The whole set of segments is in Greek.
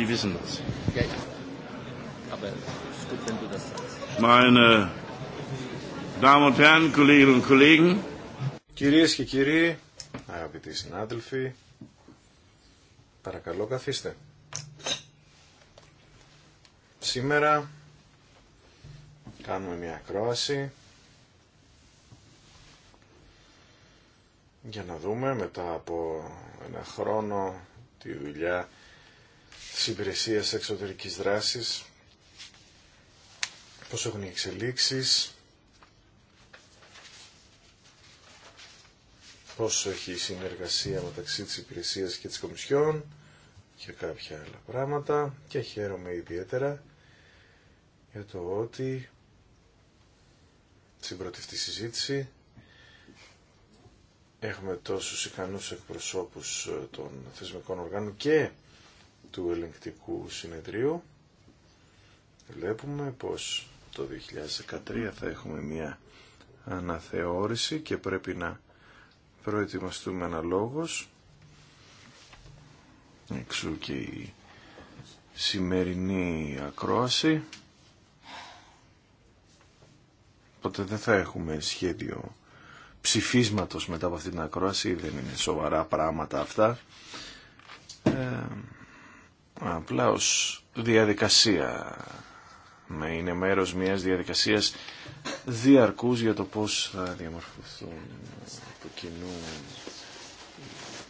die wissen das. Meine Damen und Herren, Kolleginnen und Kollegen. Κυρίες και κύριοι, αγαπητοί συνάδελφοι, παρακαλώ καθίστε. Σήμερα κάνουμε μια ακρόαση για να δούμε μετά από ένα χρόνο τη δουλειά της υπηρεσίας εξωτερικής δράσης, πώς έχουν οι εξελίξεις, πόσο έχει η συνεργασία μεταξύ της υπηρεσίας και της Κομισιόν και κάποια άλλα πράγματα και χαίρομαι ιδιαίτερα για το ότι στην πρώτη συζήτηση έχουμε τόσους ικανούς εκπροσώπους των θεσμικών οργάνων και του ελεγκτικού συνεδρίου βλέπουμε πως το 2013 θα έχουμε μια αναθεώρηση και πρέπει να προετοιμαστούμε αναλόγως εξού και η σημερινή ακρόαση οπότε δεν θα έχουμε σχέδιο ψηφίσματος μετά από αυτή την ακρόαση δεν είναι σοβαρά πράγματα αυτά ε, απλά ως διαδικασία. Είναι μέρος μιας διαδικασίας διαρκούς για το πώς θα διαμορφωθούν το κοινού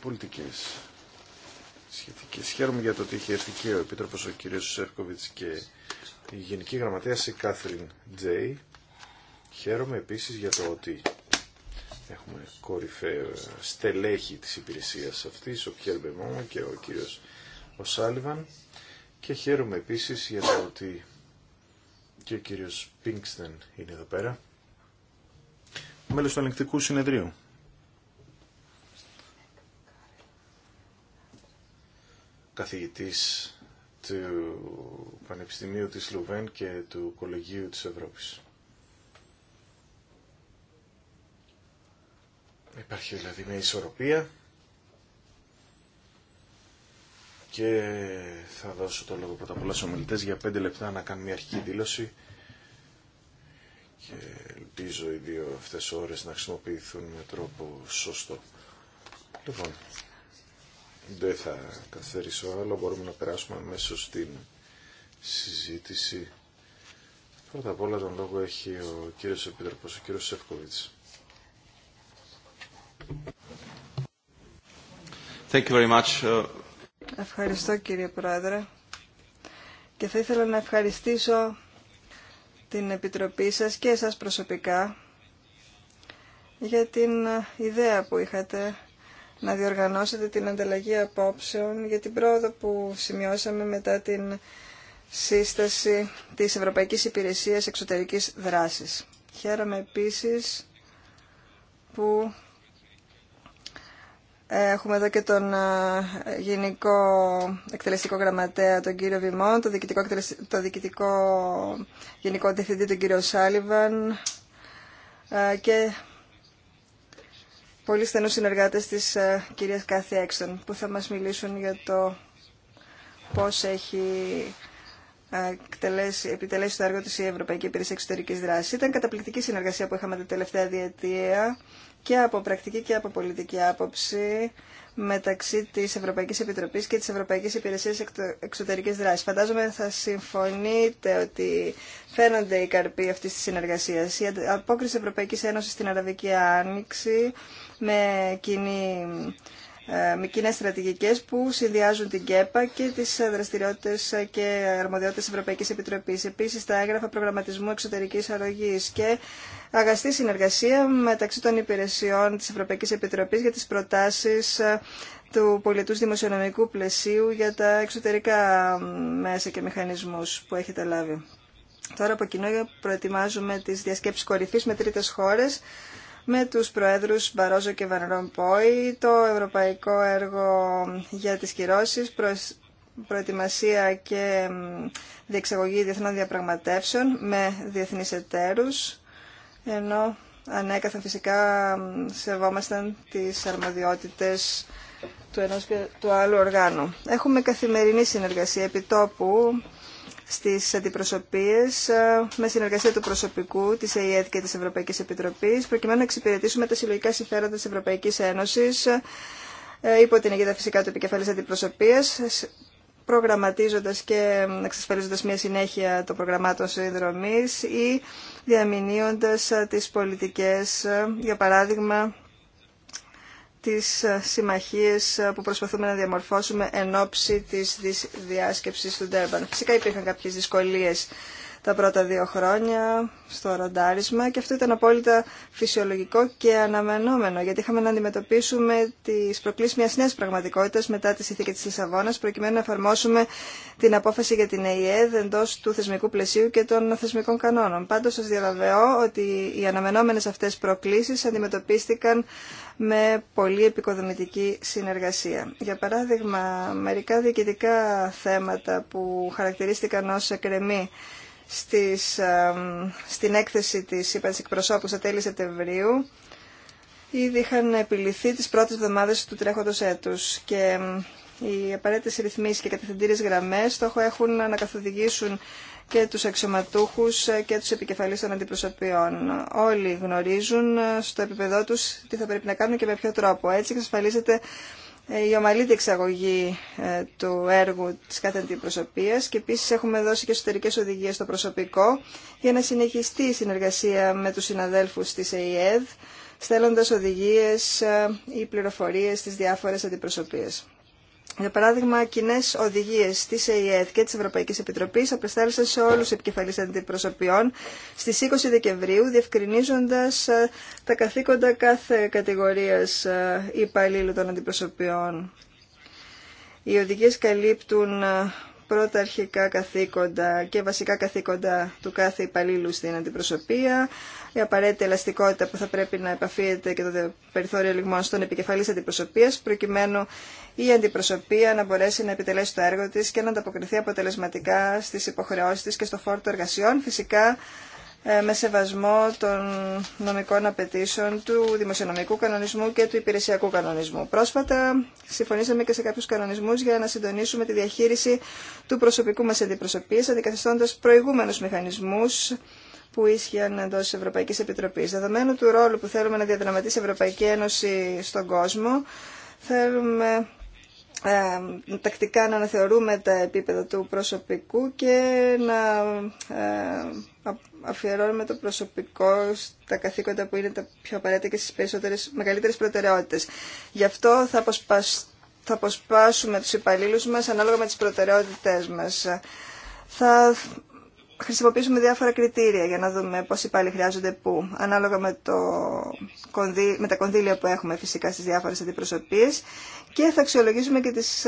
πολιτικές σχετικές. Χαίρομαι για το ότι είχε έρθει και ο Επίτροπος ο κ. Σεύκοβιτς και η Γενική Γραμματέας η Κάθριν Τζέι. Χαίρομαι επίσης για το ότι έχουμε κορυφαίο στελέχη της υπηρεσίας αυτής, ο Πιέρ Μπεμό και ο κύριος ο Σάλιβαν και χαίρομαι επίσης για το ότι και ο κύριος Πίνξτεν είναι εδώ πέρα, μέλος του Ελεγκτικού Συνεδρίου. καθηγητής του Πανεπιστημίου της Λουβέν και του Κολεγίου της Ευρώπης. Υπάρχει δηλαδή μια ισορροπία και θα δώσω το λόγο πρώτα απ' όλα στους για πέντε λεπτά να κάνουν μια αρχική δήλωση και ελπίζω οι δύο αυτές ώρες να χρησιμοποιηθούν με τρόπο σωστό. Λοιπόν, δεν θα καθαρίσω άλλο, μπορούμε να περάσουμε μέσω στην συζήτηση. Πρώτα απ' όλα τον λόγο έχει ο κύριος Επιτροπός, ο κύριος Σεύκοβιτς. Thank you uh, Ευχαριστώ κύριε Πρόεδρε και θα ήθελα να ευχαριστήσω την Επιτροπή σας και εσάς προσωπικά για την ιδέα που είχατε να διοργανώσετε την ανταλλαγή απόψεων για την πρόοδο που σημειώσαμε μετά την σύσταση της Ευρωπαϊκής Υπηρεσίας Εξωτερικής Δράσης. Χαίρομαι επίσης που Έχουμε εδώ και τον Γενικό Εκτελεστικό Γραμματέα, τον κύριο Βημόν, τον Διοικητικό, το Διοικητικό Γενικό Διευθυντή, τον κύριο Σάλιβαν και πολύ στενούς συνεργάτες της κυρίας Κάθη Έξτον που θα μας μιλήσουν για το πώς έχει επιτελέσει το έργο της η Ευρωπαϊκή Υπηρεσία Εξωτερικής Δράσης. Ήταν καταπληκτική συνεργασία που είχαμε τα τελευταία διετία και από πρακτική και από πολιτική άποψη μεταξύ της Ευρωπαϊκής Επιτροπής και της Ευρωπαϊκής Υπηρεσίας Εξωτερική Δράση. Φαντάζομαι θα συμφωνείτε ότι φαίνονται οι καρποί αυτή τη συνεργασία. Η απόκριση Ευρωπαϊκής Ένωσης στην Αραβική Άνοιξη με κοινή ε, με κοινέ στρατηγικές που συνδυάζουν την ΚΕΠΑ και τι δραστηριότητε και αρμοδιότητες Ευρωπαϊκή Επιτροπή, επίση, τα έγγραφα προγραμματισμού Εξωτερική αρρωγή και αγαστή συνεργασία μεταξύ των υπηρεσιών τη Ευρωπαϊκή Επιτροπή για τι προτάσει ε, του πολιτού δημοσιονομικού πλαισίου για τα εξωτερικά μέσα και μηχανισμού που έχετε λάβει. Τώρα από κοινό προετοιμάζουμε τις διασκέψεις κορυφής με τρίτες χώρες με τους Προέδρους Μπαρόζο και Βανερόν Πόη, το Ευρωπαϊκό Έργο για τις Κυρώσεις, προετοιμασία και διεξαγωγή διεθνών διαπραγματεύσεων με διεθνείς εταίρους, ενώ ανέκαθεν φυσικά σεβόμασταν τις αρμοδιότητες του ενός και του άλλου οργάνου. Έχουμε καθημερινή συνεργασία επιτόπου στις αντιπροσωπείες ε, με συνεργασία του προσωπικού της ΕΕΔ και της Ευρωπαϊκής Επιτροπής προκειμένου να εξυπηρετήσουμε τα συλλογικά συμφέροντα της Ευρωπαϊκής Ένωσης ε, υπό την αιγύδα φυσικά του επικεφαλής αντιπροσωπείας προγραμματίζοντας και εξασφαλίζοντας μια συνέχεια των προγραμμάτων συνδρομής ή διαμηνύοντας ε, τις πολιτικές, για παράδειγμα, τις ε, συμμαχίες ε, που προσπαθούμε να διαμορφώσουμε εν ώψη της διάσκεψης του Ντέρμπαν. Φυσικά υπήρχαν κάποιες δυσκολίες τα πρώτα δύο χρόνια στο ροντάρισμα και αυτό ήταν απόλυτα φυσιολογικό και αναμενόμενο γιατί είχαμε να αντιμετωπίσουμε τις προκλήσεις μιας νέας πραγματικότητας μετά τη συνθήκη της Λισαβόνας προκειμένου να εφαρμόσουμε την απόφαση για την ΕΙΕΔ εντός του θεσμικού πλαισίου και των θεσμικών κανόνων. Πάντως σας διαβεβαιώ ότι οι αναμενόμενες αυτές προκλήσεις αντιμετωπίστηκαν με πολύ επικοδομητική συνεργασία. Για παράδειγμα, μερικά διοικητικά θέματα που χαρακτηρίστηκαν ως εκρεμή στις, στην έκθεση της είπαν εκπροσώπου στα τέλη Σεπτεμβρίου ήδη είχαν επιληθεί τις πρώτες εβδομάδες του τρέχοντος έτους και οι απαραίτητες ρυθμίσεις και κατευθυντήριες γραμμές στόχο έχουν να καθοδηγήσουν και τους αξιωματούχους και τους επικεφαλείς των αντιπροσωπιών. Όλοι γνωρίζουν στο επίπεδό τους τι θα πρέπει να κάνουν και με ποιο τρόπο. Έτσι εξασφαλίζεται ε, η ομαλή διεξαγωγή ε, του έργου της κάθε αντιπροσωπείας και επίσης έχουμε δώσει και εσωτερικές οδηγίες στο προσωπικό για να συνεχιστεί η συνεργασία με τους συναδέλφους της ΕΙΕΔ στέλνοντας οδηγίες ε, ή πληροφορίες στις διάφορες αντιπροσωπείες. Για παράδειγμα, κοινέ οδηγίε τη ΕΕΔ και τη Ευρωπαϊκή Επιτροπή απεστάλησαν σε όλου του επικεφαλεί αντιπροσωπιών στι 20 Δεκεμβρίου, διευκρινίζοντα ε, τα καθήκοντα κάθε κατηγορία ε, υπαλλήλου των αντιπροσωπιών. Οι οδηγίε καλύπτουν ε, πρώτα αρχικά καθήκοντα και βασικά καθήκοντα του κάθε υπαλλήλου στην αντιπροσωπεία, η απαραίτητη ελαστικότητα που θα πρέπει να επαφίεται και το περιθώριο λιγμών στον επικεφαλής αντιπροσωπείας, προκειμένου η αντιπροσωπεία να μπορέσει να επιτελέσει το έργο της και να ανταποκριθεί αποτελεσματικά στις υποχρεώσεις της και στο φόρτο εργασιών, φυσικά ε, με σεβασμό των νομικών απαιτήσεων του δημοσιονομικού κανονισμού και του υπηρεσιακού κανονισμού. Πρόσφατα συμφωνήσαμε και σε κάποιους κανονισμούς για να συντονίσουμε τη διαχείριση του προσωπικού μας αντιπροσωπείας, αντικαθιστώντας προηγούμενους μηχανισμούς που ίσχυαν εντό τη Ευρωπαϊκή Επιτροπή. Δεδομένου του ρόλου που θέλουμε να διαδραματίσει η Ευρωπαϊκή Ένωση στον κόσμο, θέλουμε ε, τακτικά να αναθεωρούμε τα επίπεδα του προσωπικού και να ε, αφιερώνουμε το προσωπικό στα καθήκοντα που είναι τα πιο απαραίτητα και στις περισσότερες, μεγαλύτερες προτεραιότητες. Γι' αυτό θα, θα αποσπάσουμε τους υπαλλήλους μας ανάλογα με τις προτεραιότητές μας. Θα χρησιμοποιήσουμε διάφορα κριτήρια για να δούμε πόσοι πάλι χρειάζονται πού, ανάλογα με, το, με τα κονδύλια που έχουμε φυσικά στις διάφορες αντιπροσωπείες και θα αξιολογήσουμε και, τις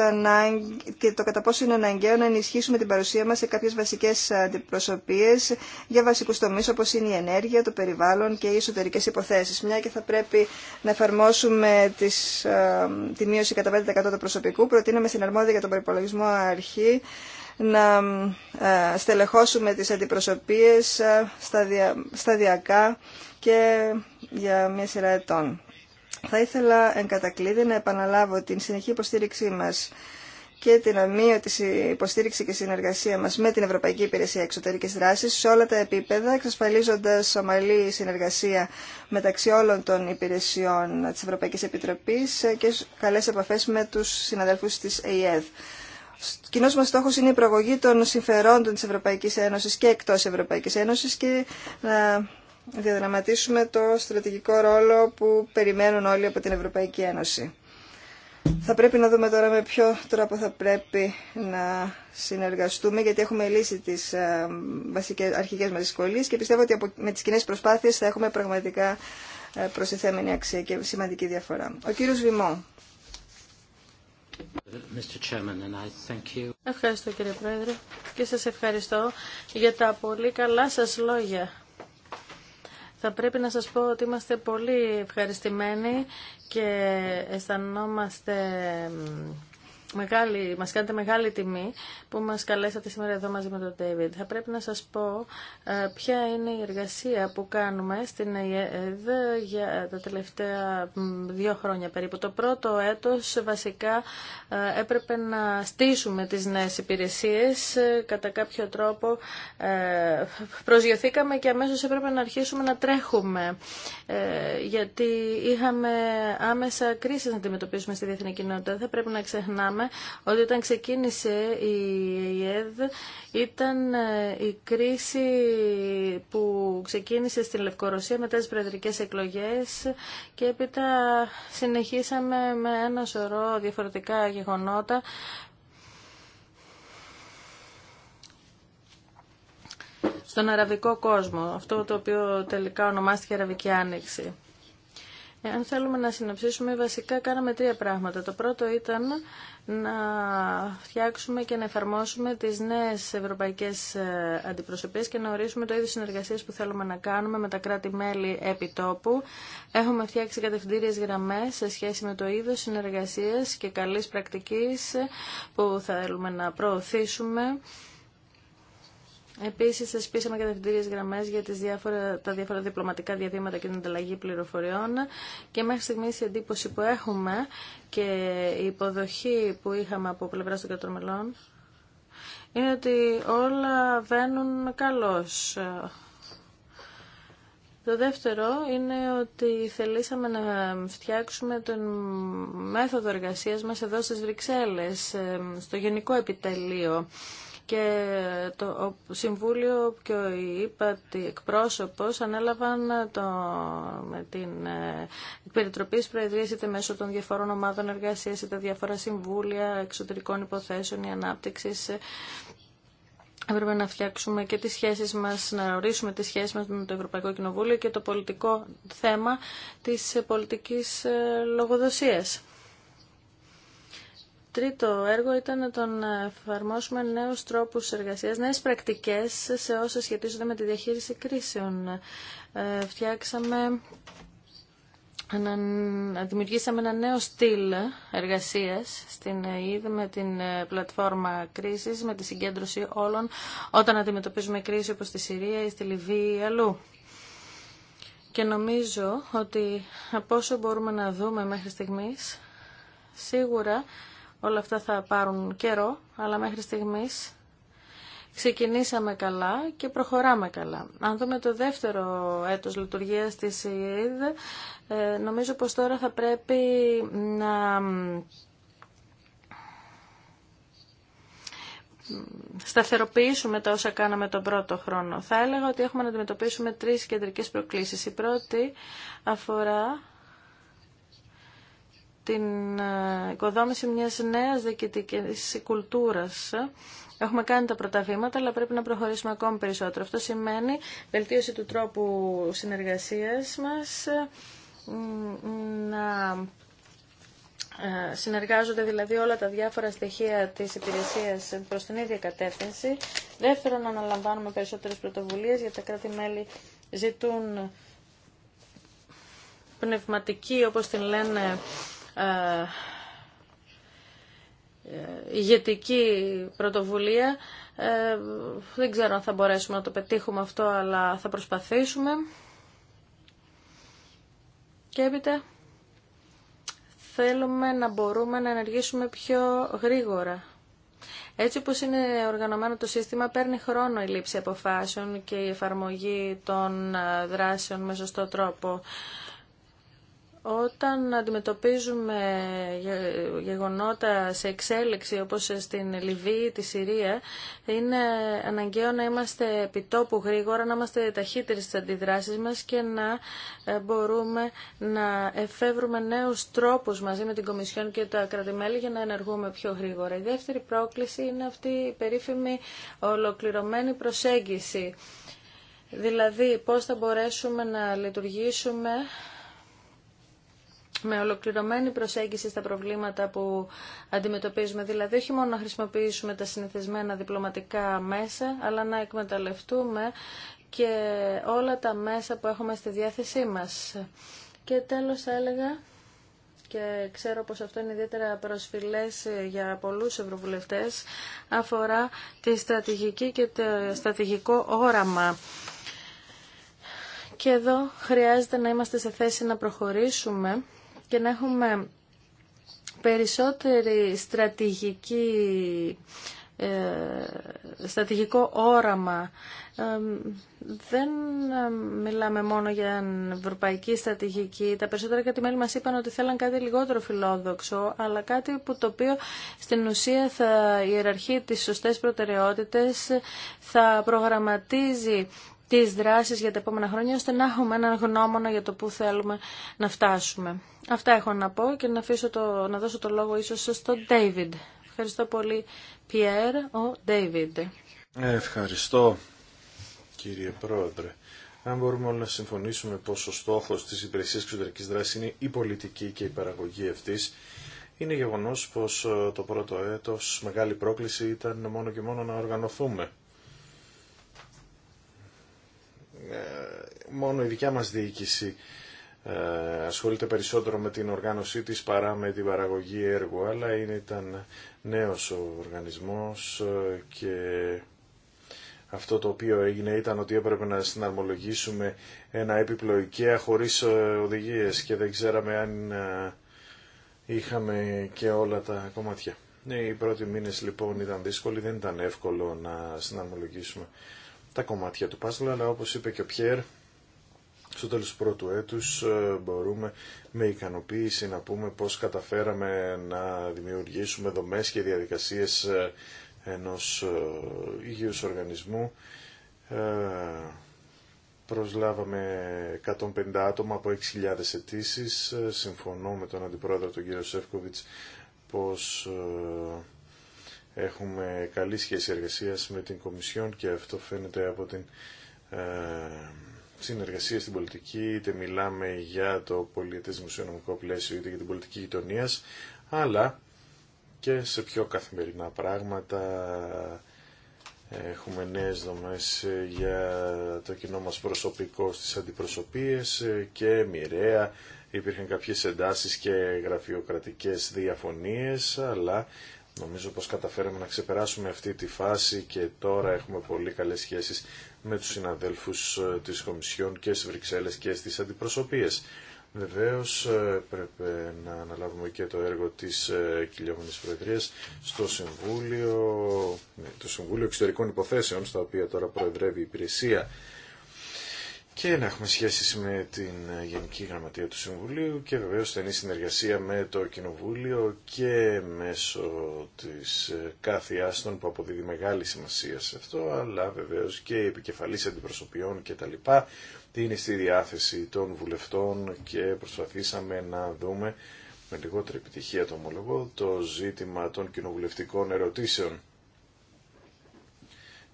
και το κατά πόσο είναι αναγκαίο να ενισχύσουμε την παρουσία μας σε κάποιες βασικές αντιπροσωπείες για βασικούς τομείς όπως είναι η ενέργεια, το περιβάλλον και οι εσωτερικές υποθέσεις. Μια και θα πρέπει να εφαρμόσουμε τις, ε, τη μείωση κατά 5% του προσωπικού, προτείναμε στην αρμόδια για τον προπολογισμό αρχή να ε, στελεχώσουμε τις αντιπροσωπείες ε, σταδιακά και για μια σειρά ετών. Θα ήθελα εν κατακλείδη να επαναλάβω την συνεχή υποστήριξή μας και την αμύωτη υποστήριξη και συνεργασία μας με την Ευρωπαϊκή Υπηρεσία Εξωτερικής Δράσης σε όλα τα επίπεδα, εξασφαλίζοντας ομαλή συνεργασία μεταξύ όλων των υπηρεσιών της Ευρωπαϊκής Επιτροπής και καλές επαφές με τους συναδελφούς της ΕΙΕΔ κοινό μα στόχο είναι η προγωγή των συμφερόντων τη Ευρωπαϊκή Ένωση και εκτό Ευρωπαϊκή Ένωση και να διαδραματίσουμε το στρατηγικό ρόλο που περιμένουν όλοι από την Ευρωπαϊκή Ένωση. Θα πρέπει να δούμε τώρα με ποιο τρόπο θα πρέπει να συνεργαστούμε, γιατί έχουμε λύσει τι ε, βασικές, αρχικές μας και πιστεύω ότι με τι κοινέ προσπάθειε θα έχουμε πραγματικά ε, προσεθέμενη αξία και σημαντική διαφορά. Ο κύριο Βημό. Ευχαριστώ κύριε Πρόεδρε και σας ευχαριστώ για τα πολύ καλά σας λόγια. Θα πρέπει να σας πω ότι είμαστε πολύ ευχαριστημένοι και αισθανόμαστε μεγάλη, μας κάνετε μεγάλη τιμή που μας καλέσατε σήμερα εδώ μαζί με τον David. Θα πρέπει να σας πω ε, ποια είναι η εργασία που κάνουμε στην ΕΕΔ για τα τελευταία δύο χρόνια περίπου. Το πρώτο έτος βασικά ε, έπρεπε να στήσουμε τις νέες υπηρεσίες ε, κατά κάποιο τρόπο προσγειωθήκαμε και αμέσως έπρεπε να αρχίσουμε να τρέχουμε γιατί είχαμε άμεσα κρίσεις να αντιμετωπίσουμε στη διεθνή κοινότητα. Δεν θα πρέπει να ξεχνάμε ότι όταν ξεκίνησε η ΕΕΔ ήταν ε, η κρίση που ξεκίνησε στην Λευκορωσία μετά τις προεδρικές εκλογές και έπειτα συνεχίσαμε με ένα σωρό διαφορετικά γεγονότα στον αραβικό κόσμο, αυτό το οποίο τελικά ονομάστηκε Αραβική Άνοιξη. Αν θέλουμε να συνοψίσουμε, βασικά κάναμε τρία πράγματα. Το πρώτο ήταν να φτιάξουμε και να εφαρμόσουμε τις νέες ευρωπαϊκές ε, αντιπροσωπείες και να ορίσουμε το είδος συνεργασίας που θέλουμε να κάνουμε με τα κράτη-μέλη επί τόπου. Έχουμε φτιάξει κατευθυντήριες γραμμές σε σχέση με το είδος συνεργασίας και καλής πρακτικής που θέλουμε να προωθήσουμε Επίσης, θεσπίσαμε κατευθυντήριες γραμμές για τις διάφορα, τα διάφορα διπλωματικά διαβήματα και την ανταλλαγή πληροφοριών και μέχρι στιγμή η εντύπωση που έχουμε και η υποδοχή που είχαμε από πλευρά των κρατών είναι ότι όλα βαίνουν καλώς. Το δεύτερο είναι ότι θελήσαμε να φτιάξουμε τον μέθοδο εργασίας μας εδώ στις Βρυξέλλες, στο Γενικό Επιτελείο και το Συμβούλιο και ο ΥΠΑΤΗ εκπρόσωπος ανέλαβαν το, με την ε, περιτροπή της Προεδρίας είτε μέσω των διαφορών ομάδων εργασίας είτε διάφορα συμβούλια εξωτερικών υποθέσεων ή ανάπτυξης Έπρεπε να φτιάξουμε και τις σχέσεις μας, να ορίσουμε τις σχέσεις μας με το Ευρωπαϊκό Κοινοβούλιο και το πολιτικό θέμα της πολιτικής ε, λογοδοσίας τρίτο έργο ήταν να να εφαρμόσουμε νέους τρόπους εργασίας, νέες πρακτικές σε όσα σχετίζονται με τη διαχείριση κρίσεων. Ε, φτιάξαμε δημιουργήσαμε ένα νέο στυλ εργασίας στην ΕΙΔ με την ε, πλατφόρμα κρίσης, με τη συγκέντρωση όλων όταν αντιμετωπίζουμε κρίση όπως στη Συρία ή στη Λιβύη ή αλλού. Και νομίζω ότι από όσο μπορούμε να δούμε μέχρι στιγμής, σίγουρα Όλα αυτά θα πάρουν καιρό, αλλά μέχρι στιγμής ξεκινήσαμε καλά και προχωράμε καλά. Αν δούμε το δεύτερο έτος λειτουργίας της ΕΕΔ, ε, νομίζω πως τώρα θα πρέπει να σταθεροποιήσουμε τα όσα κάναμε τον πρώτο χρόνο. Θα έλεγα ότι έχουμε να αντιμετωπίσουμε τρεις κεντρικές προκλήσεις. Η πρώτη αφορά την ε, οικοδόμηση μιας νέας διοικητικής κουλτούρας. Έχουμε κάνει τα πρώτα βήματα, αλλά πρέπει να προχωρήσουμε ακόμη περισσότερο. Αυτό σημαίνει βελτίωση του τρόπου συνεργασίας μας, να ε, συνεργάζονται δηλαδή όλα τα διάφορα στοιχεία της υπηρεσίας προς την ίδια κατεύθυνση. Δεύτερον, να αναλαμβάνουμε περισσότερες πρωτοβουλίες γιατί τα κράτη-μέλη ζητούν πνευματική, όπως την λένε, ε, ε, ηγετική πρωτοβουλία. Ε, δεν ξέρω αν θα μπορέσουμε να το πετύχουμε αυτό, αλλά θα προσπαθήσουμε. Και έπειτα θέλουμε να μπορούμε να ενεργήσουμε πιο γρήγορα. Έτσι όπως είναι οργανωμένο το σύστημα, παίρνει χρόνο η λήψη αποφάσεων και η εφαρμογή των δράσεων με σωστό τρόπο. Όταν αντιμετωπίζουμε γεγονότα σε εξέλιξη όπως στην Λιβύη, τη Συρία, είναι αναγκαίο να είμαστε επιτόπου γρήγορα, να είμαστε ταχύτεροι στις αντιδράσεις μας και να ε, μπορούμε να εφεύρουμε νέους τρόπους μαζί με την Κομισιόν και τα κρατημέλη για να ενεργούμε πιο γρήγορα. Η δεύτερη πρόκληση είναι αυτή η περίφημη ολοκληρωμένη προσέγγιση. Δηλαδή, πώς θα μπορέσουμε να λειτουργήσουμε με ολοκληρωμένη προσέγγιση στα προβλήματα που αντιμετωπίζουμε. Δηλαδή, όχι μόνο να χρησιμοποιήσουμε τα συνηθισμένα διπλωματικά μέσα, αλλά να εκμεταλλευτούμε και όλα τα μέσα που έχουμε στη διάθεσή μας. Και τέλος έλεγα και ξέρω πως αυτό είναι ιδιαίτερα προσφυλές για πολλούς ευρωβουλευτές, αφορά τη στρατηγική και το στρατηγικό όραμα. Και εδώ χρειάζεται να είμαστε σε θέση να προχωρήσουμε και να έχουμε περισσότερη στρατηγική ε, στρατηγικό όραμα. Ε, δεν ε, μιλάμε μόνο για ευρωπαϊκή στρατηγική. Τα περισσότερα μέλη μας είπαν ότι θέλαν κάτι λιγότερο φιλόδοξο, αλλά κάτι που το οποίο στην ουσία θα ιεραρχεί τις σωστές προτεραιότητες, θα προγραμματίζει τις δράσεις για τα επόμενα χρόνια, ώστε να έχουμε έναν γνώμονα για το που θέλουμε να φτάσουμε. Αυτά έχω να πω και να, αφήσω το, να δώσω το λόγο ίσως στον David. Ευχαριστώ πολύ, Πιέρ, ο David. Ευχαριστώ, κύριε Πρόεδρε. Αν μπορούμε όλοι να συμφωνήσουμε πως ο στόχος της υπηρεσίας εξωτερικής δράσης είναι η πολιτική και η παραγωγή αυτής, είναι γεγονός πως ε, το πρώτο έτος μεγάλη πρόκληση ήταν μόνο και μόνο να οργανωθούμε. Ε, μόνο η δικιά μας διοίκηση ε, ασχολείται περισσότερο με την οργάνωσή της παρά με την παραγωγή έργου, αλλά είναι, ήταν νέος ο οργανισμός ε, και αυτό το οποίο έγινε ήταν ότι έπρεπε να συναρμολογήσουμε ένα έπιπλο χωρίς οδηγίες και δεν ξέραμε αν είχαμε και όλα τα κομμάτια. Οι πρώτοι μήνες λοιπόν ήταν δύσκολοι, δεν ήταν εύκολο να συναρμολογήσουμε τα κομμάτια του παζλ, αλλά όπως είπε και ο Πιέρ, στο τέλος του πρώτου έτους ε, μπορούμε με ικανοποίηση να πούμε πώς καταφέραμε να δημιουργήσουμε δομές και διαδικασίες ε, ενός ε, υγιούς οργανισμού. Προσλάβαμε 150 άτομα από 6.000 αιτήσει. Συμφωνώ με τον Αντιπρόεδρο τον κύριο Σεύκοβιτς πως έχουμε καλή σχέση εργασίας με την Κομισιόν και αυτό φαίνεται από την ε, συνεργασία στην πολιτική, είτε μιλάμε για το πολιετές δημοσιονομικό πλαίσιο, είτε για την πολιτική γειτονία, αλλά και σε πιο καθημερινά πράγματα. Έχουμε νέες δομές για το κοινό μας προσωπικό στις αντιπροσωπείες και μοιραία υπήρχαν κάποιες εντάσεις και γραφειοκρατικές διαφωνίες, αλλά Νομίζω πως καταφέραμε να ξεπεράσουμε αυτή τη φάση και τώρα έχουμε πολύ καλές σχέσεις με τους συναδέλφους ε, της Κομισιόν και στις Βρυξέλλες και στις αντιπροσωπείες. Βεβαίως ε, πρέπει να αναλάβουμε και το έργο της ε, κυλιόμενης Προεδρίας στο Συμβούλιο, το Συμβούλιο Εξωτερικών Υποθέσεων, στα οποία τώρα προεδρεύει η υπηρεσία και να έχουμε σχέσεις με την Γενική Γραμματεία του Συμβουλίου και βεβαίως στενή συνεργασία με το Κοινοβούλιο και μέσω της ε, κάθε άστων που αποδίδει μεγάλη σημασία σε αυτό, αλλά βεβαίως και η επικεφαλής αντιπροσωπιών και τα λοιπά είναι στη διάθεση των βουλευτών και προσπαθήσαμε να δούμε με λιγότερη επιτυχία το ομολογώ το ζήτημα των κοινοβουλευτικών ερωτήσεων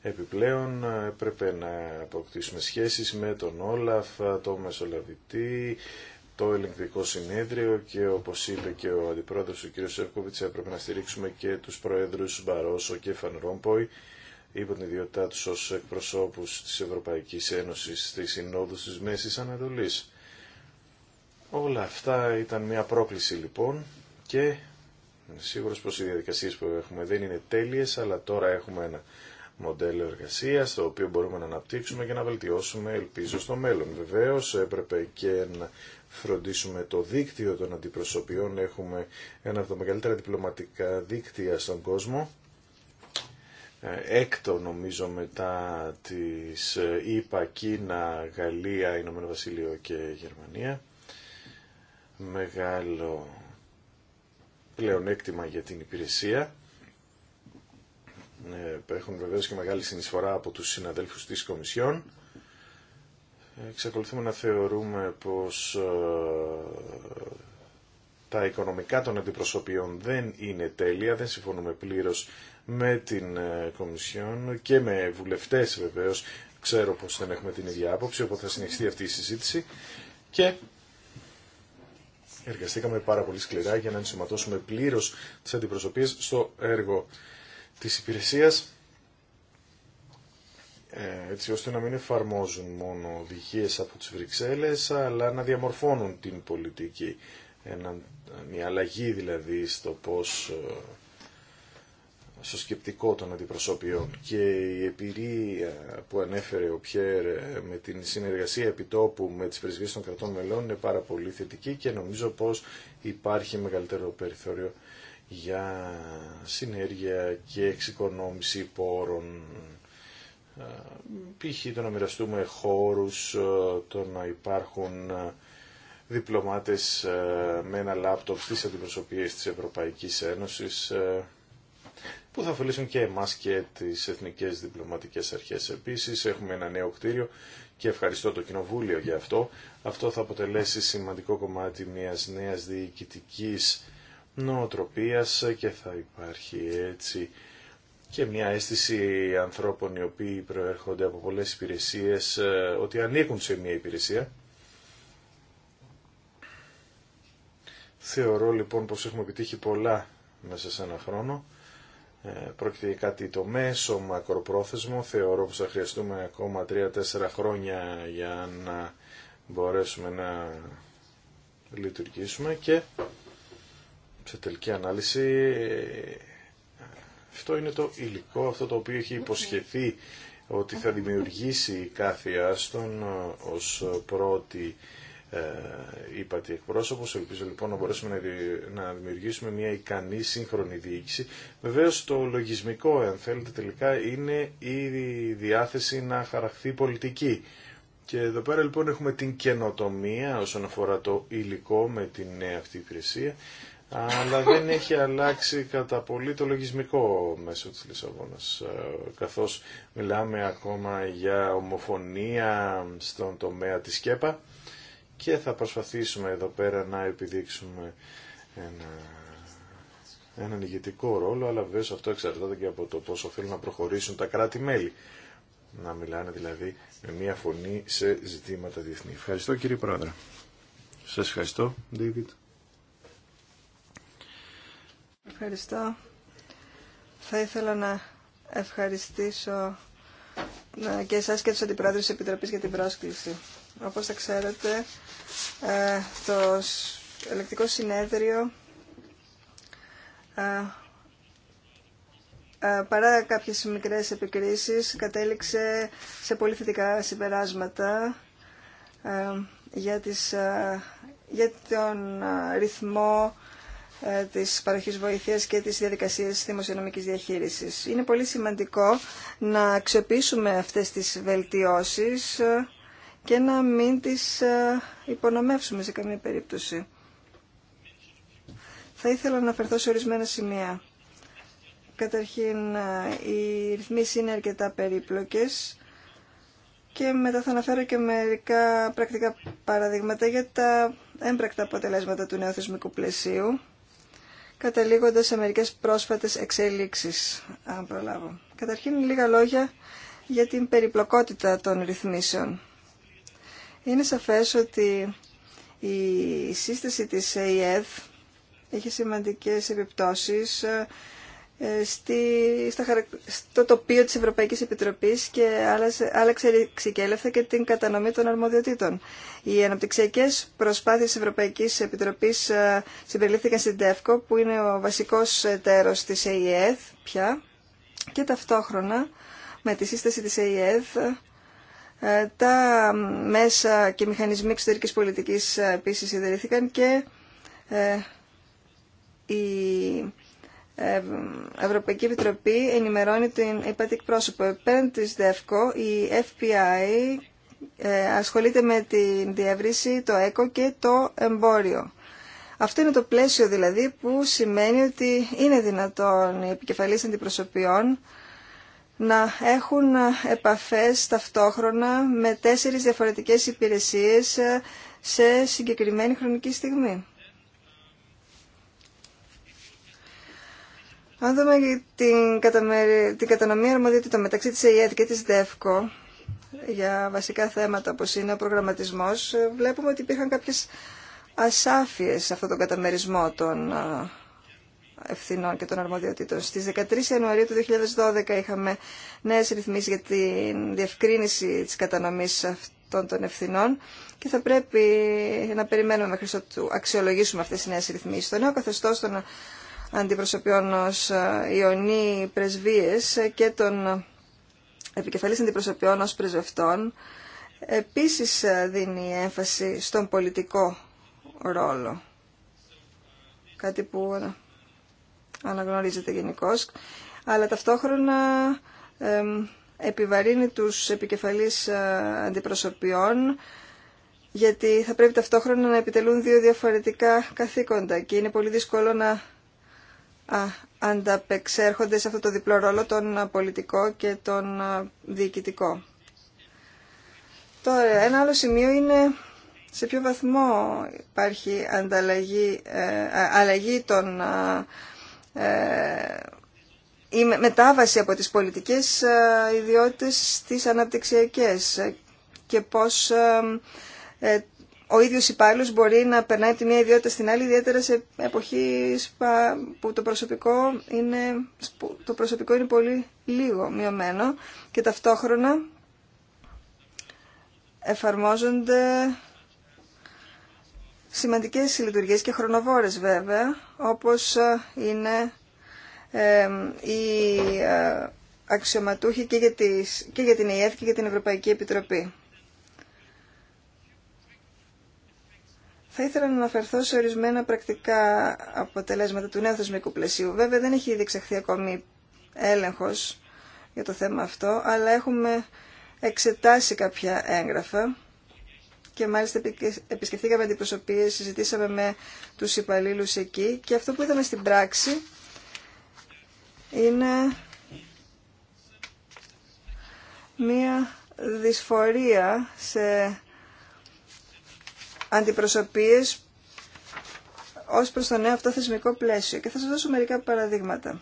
Επιπλέον ε, έπρεπε να αποκτήσουμε σχέσεις με τον Όλαφ, ε, το Μεσολαβητή, το Ελεγκτικό Συνέδριο και όπως είπε και ο Αντιπρόεδρος ο κ. Σεύκοβιτς έπρεπε να στηρίξουμε και τους Προέδρους Μπαρόσο και Φαν Ρόμποϊ υπό την ιδιότητά τους ως εκπροσώπους της Ευρωπαϊκής Ένωσης στη Συνόδου της Μέσης Ανατολής. Όλα αυτά ήταν μια πρόκληση λοιπόν και σίγουρος πως οι διαδικασίες που έχουμε δεν είναι τέλειες αλλά τώρα έχουμε ένα μοντέλο εργασία το οποίο μπορούμε να αναπτύξουμε και να βελτιώσουμε ελπίζω στο μέλλον. Βεβαίω έπρεπε και να φροντίσουμε το δίκτυο των αντιπροσωπιών. Έχουμε ένα από τα μεγαλύτερα διπλωματικά δίκτυα στον κόσμο. Ε, έκτο νομίζω μετά τις ΗΠΑ, ε, Κίνα, Γαλλία, Ηνωμένο Βασίλειο και Γερμανία. Μεγάλο πλεονέκτημα για την υπηρεσία ναι, έχουν βεβαίως και μεγάλη συνεισφορά από τους συναδέλφους της Κομισιόν. Εξακολουθούμε να θεωρούμε πως ε, τα οικονομικά των αντιπροσωπιών δεν είναι τέλεια, δεν συμφωνούμε πλήρως με την ε, Κομισιόν και με βουλευτές βεβαίως. Ξέρω πως δεν έχουμε την ίδια άποψη, οπότε θα συνεχιστεί αυτή η συζήτηση και εργαστήκαμε πάρα πολύ σκληρά για να ενσωματώσουμε πλήρως τις αντιπροσωπίες στο έργο της υπηρεσίας ε, έτσι ώστε να μην εφαρμόζουν μόνο οδηγίες από τις Βρυξέλλες αλλά να διαμορφώνουν την πολιτική. Ένα, μια αλλαγή δηλαδή στο πώς ε, στο σκεπτικό των αντιπροσώπιων και η εμπειρία που ανέφερε ο Πιέρ ε, με την συνεργασία επιτόπου με τις πρεσβείες των κρατών μελών είναι πάρα πολύ θετική και νομίζω πως υπάρχει μεγαλύτερο περιθώριο για συνέργεια και εξοικονόμηση πόρων ε, π.χ. το να μοιραστούμε χώρους, ε, το να υπάρχουν ε, διπλωμάτες με ένα λάπτοπ στις αντιπροσωπείες της Ευρωπαϊκής Ένωσης που θα ωφελήσουν και εμάς και τις εθνικές διπλωματικές αρχές. Επίσης έχουμε ένα νέο κτίριο και ευχαριστώ το Κοινοβούλιο για αυτό. Αυτό θα αποτελέσει σημαντικό κομμάτι μιας νέας διοικητικής νοοτροπίας και θα υπάρχει έτσι και μια αίσθηση ανθρώπων οι οποίοι προέρχονται από πολλές υπηρεσίες ε, ότι ανήκουν σε μια υπηρεσία. Θεωρώ λοιπόν πως έχουμε επιτύχει πολλά μέσα σε ένα χρόνο. Ε, πρόκειται για κάτι το μέσο μακροπρόθεσμο. Θεωρώ πως θα χρειαστούμε ακόμα 3-4 χρόνια για να μπορέσουμε να λειτουργήσουμε και σε τελική ανάλυση αυτό είναι το υλικό, αυτό το οποίο έχει υποσχεθεί ότι θα δημιουργήσει κάθε άστον ε, ως πρώτη ε, είπατε Ελπίζω λοιπόν να μπορέσουμε να δημιουργήσουμε μια ικανή σύγχρονη διοίκηση. Βεβαίω το λογισμικό, αν θέλετε, τελικά είναι η διάθεση να χαραχθεί πολιτική. Και εδώ πέρα λοιπόν έχουμε την καινοτομία όσον αφορά το υλικό με την νέα αυτή υπηρεσία αλλά δεν έχει αλλάξει κατά πολύ το λογισμικό μέσω της Λισαβόνας, ε, καθώς μιλάμε ακόμα για ομοφωνία στον τομέα της ΚΕΠΑ και θα προσπαθήσουμε εδώ πέρα να επιδείξουμε ένα, έναν ηγετικό ρόλο, αλλά βέβαια αυτό εξαρτάται και από το πόσο θέλουν να προχωρήσουν τα κράτη-μέλη. Να μιλάνε δηλαδή με μία φωνή σε ζητήματα διεθνή. Ευχαριστώ κύριε Πρόεδρε. Σας ευχαριστώ, David. Ευχαριστώ. Θα ήθελα να ευχαριστήσω και εσάς και τους αντιπρόεδρους της Επιτροπής για την πρόσκληση. Όπως θα ξέρετε, ε, το ελεκτικό συνέδριο ε, ε, παρά κάποιες μικρές επικρίσεις κατέληξε σε πολύ θετικά συμπεράσματα για, τις, για τον ρυθμό ε, της παροχής βοήθειας και της διαδικασίας δημοσιονομική διαχείρισης. Είναι πολύ σημαντικό να αξιοποιήσουμε αυτές τις βελτιώσεις ε, και να μην τις ε, υπονομεύσουμε σε καμία περίπτωση. Θα ήθελα να αναφερθώ σε ορισμένα σημεία. Καταρχήν, οι ρυθμίσεις είναι αρκετά περίπλοκες και μετά θα αναφέρω και μερικά πρακτικά παραδείγματα για τα έμπρακτα αποτελέσματα του νέου θεσμικού πλαισίου καταλήγοντας σε μερικές πρόσφατες εξελίξεις, αν προλάβω. Καταρχήν λίγα λόγια για την περιπλοκότητα των ρυθμίσεων. Είναι σαφές ότι η σύσταση της ΑΕΔ έχει σημαντικές επιπτώσεις ε, ε, στο τοπίο της Ευρωπαϊκής Επιτροπής και άλλαξε ξεκέλευθε και την κατανομή των αρμοδιοτήτων. Οι αναπτυξιακές προσπάθειες της Ευρωπαϊκής Επιτροπής ε, συμπεριλήφθηκαν στην ΤΕΦΚΟ που είναι ο βασικός εταίρος της ΑΕΕΘ πια και ταυτόχρονα με τη σύσταση της ΑΕΕΘ τα μέσα και μηχανισμοί εξωτερικής πολιτικής ε, επίσης ιδρύθηκαν και η ε, Ευρωπαϊκή Επιτροπή ενημερώνει την υπατή εκπρόσωπο. Πέραν της ΔΕΦΚΟ, η FPI ε, ασχολείται με την διεύρυνση, το ΕΚΟ και το εμπόριο. Αυτό είναι το πλαίσιο δηλαδή που σημαίνει ότι είναι δυνατόν οι επικεφαλής αντιπροσωπιών να έχουν επαφές ταυτόχρονα με τέσσερις διαφορετικές υπηρεσίες ε, σε συγκεκριμένη χρονική στιγμή. Αν δούμε την, καταμερι... την κατανομή αρμοδιότητα μεταξύ της ΕΙΕΔ και της ΔΕΦΚΟ για βασικά θέματα όπως είναι ο προγραμματισμός, βλέπουμε ότι υπήρχαν κάποιες ασάφειες σε αυτόν τον καταμερισμό των ε, ευθυνών και των αρμοδιοτήτων. Στις 13 Ιανουαρίου του 2012 είχαμε νέες ρυθμίσεις για την διευκρίνηση της κατανομής αυτών των ευθυνών και θα πρέπει να περιμένουμε μέχρι ότου αξιολογήσουμε αυτές τις νέες ρυθμίσεις. Το νέο καθεστώς των αντιπροσωπιών ως ε, Ιωνί πρεσβείες και των ε, επικεφαλής αντιπροσωπιών ως πρεσβευτών επίσης ε, δίνει έμφαση στον πολιτικό ρόλο. Κάτι που αναγνωρίζεται γενικώ, αλλά ταυτόχρονα επιβαρύνει τους επικεφαλής αντιπροσωπιών γιατί θα πρέπει ταυτόχρονα να επιτελούν δύο διαφορετικά καθήκοντα και είναι πολύ δύσκολο να ανταπεξέρχονται σε αυτό το διπλό ρόλο, τον πολιτικό και τον διοικητικό. Τώρα, ένα άλλο σημείο είναι σε ποιο βαθμό υπάρχει ε, αλλαγή των ε, η μετάβαση από τις πολιτικές ιδιότητες στις αναπτυξιακές και πώς ε, ο ίδιος υπάλληλο μπορεί να περνάει τη μία ιδιότητα στην άλλη, ιδιαίτερα σε εποχή που το προσωπικό είναι, το προσωπικό είναι πολύ λίγο μειωμένο και ταυτόχρονα εφαρμόζονται σημαντικές λειτουργίες και χρονοβόρες βέβαια, όπως ε, είναι ε, η ε, αξιωματούχοι και για, και για την ΕΕ και για την Ευρωπαϊκή Επιτροπή. Θα ήθελα να αναφερθώ σε ορισμένα πρακτικά αποτελέσματα του νέου θεσμικού πλαισίου. Βέβαια δεν έχει ήδη ακόμη έλεγχος για το θέμα αυτό, αλλά έχουμε εξετάσει κάποια έγγραφα και μάλιστα την αντιπροσωπείες, συζητήσαμε με τους υπαλλήλους εκεί και αυτό που είδαμε στην πράξη είναι μία δυσφορία σε αντιπροσωπείες ως προς το νέο αυτό θεσμικό πλαίσιο. Και θα σας δώσω μερικά παραδείγματα.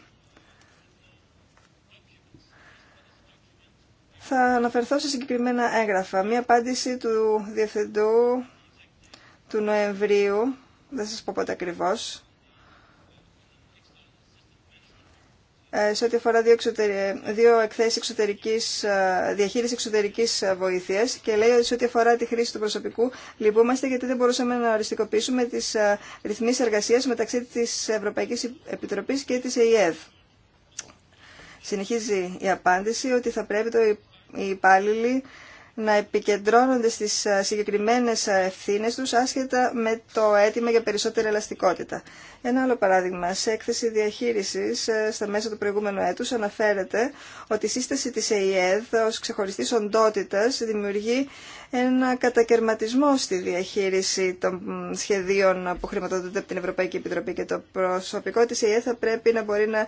Θα αναφερθώ σε συγκεκριμένα έγγραφα. Μία απάντηση του Διευθυντού του Νοεμβρίου, δεν σας πω πότε ακριβώς, Ε, σε ό,τι αφορά δύο, εξωτερι... δύο εκθέσεις εξωτερικής, ε, διαχείρισης εξωτερικής ε, βοήθειας και λέει ότι σε ό,τι αφορά τη χρήση του προσωπικού λυπούμαστε γιατί δεν μπορούσαμε να οριστικοποιήσουμε τις ρυθμίσεις εργασίας μεταξύ της Ευρωπαϊκής Επιτροπής και της ΕΙΕΔ. Συνεχίζει η απάντηση ότι θα πρέπει το οι υπάλληλοι να επικεντρώνονται στις ε, συγκεκριμένες ε, ευθύνες τους άσχετα με το αίτημα για περισσότερη ελαστικότητα. Ένα άλλο παράδειγμα, σε έκθεση διαχείρισης ε, στα μέσα του προηγούμενου έτους αναφέρεται ότι η σύσταση της ΕΙΕΔ ως ξεχωριστής οντότητας δημιουργεί ένα κατακαιρματισμό στη διαχείριση των σχεδίων που χρηματοδοτούνται από την Ευρωπαϊκή Επιτροπή και το προσωπικό της ΕΕΔ θα πρέπει να μπορεί να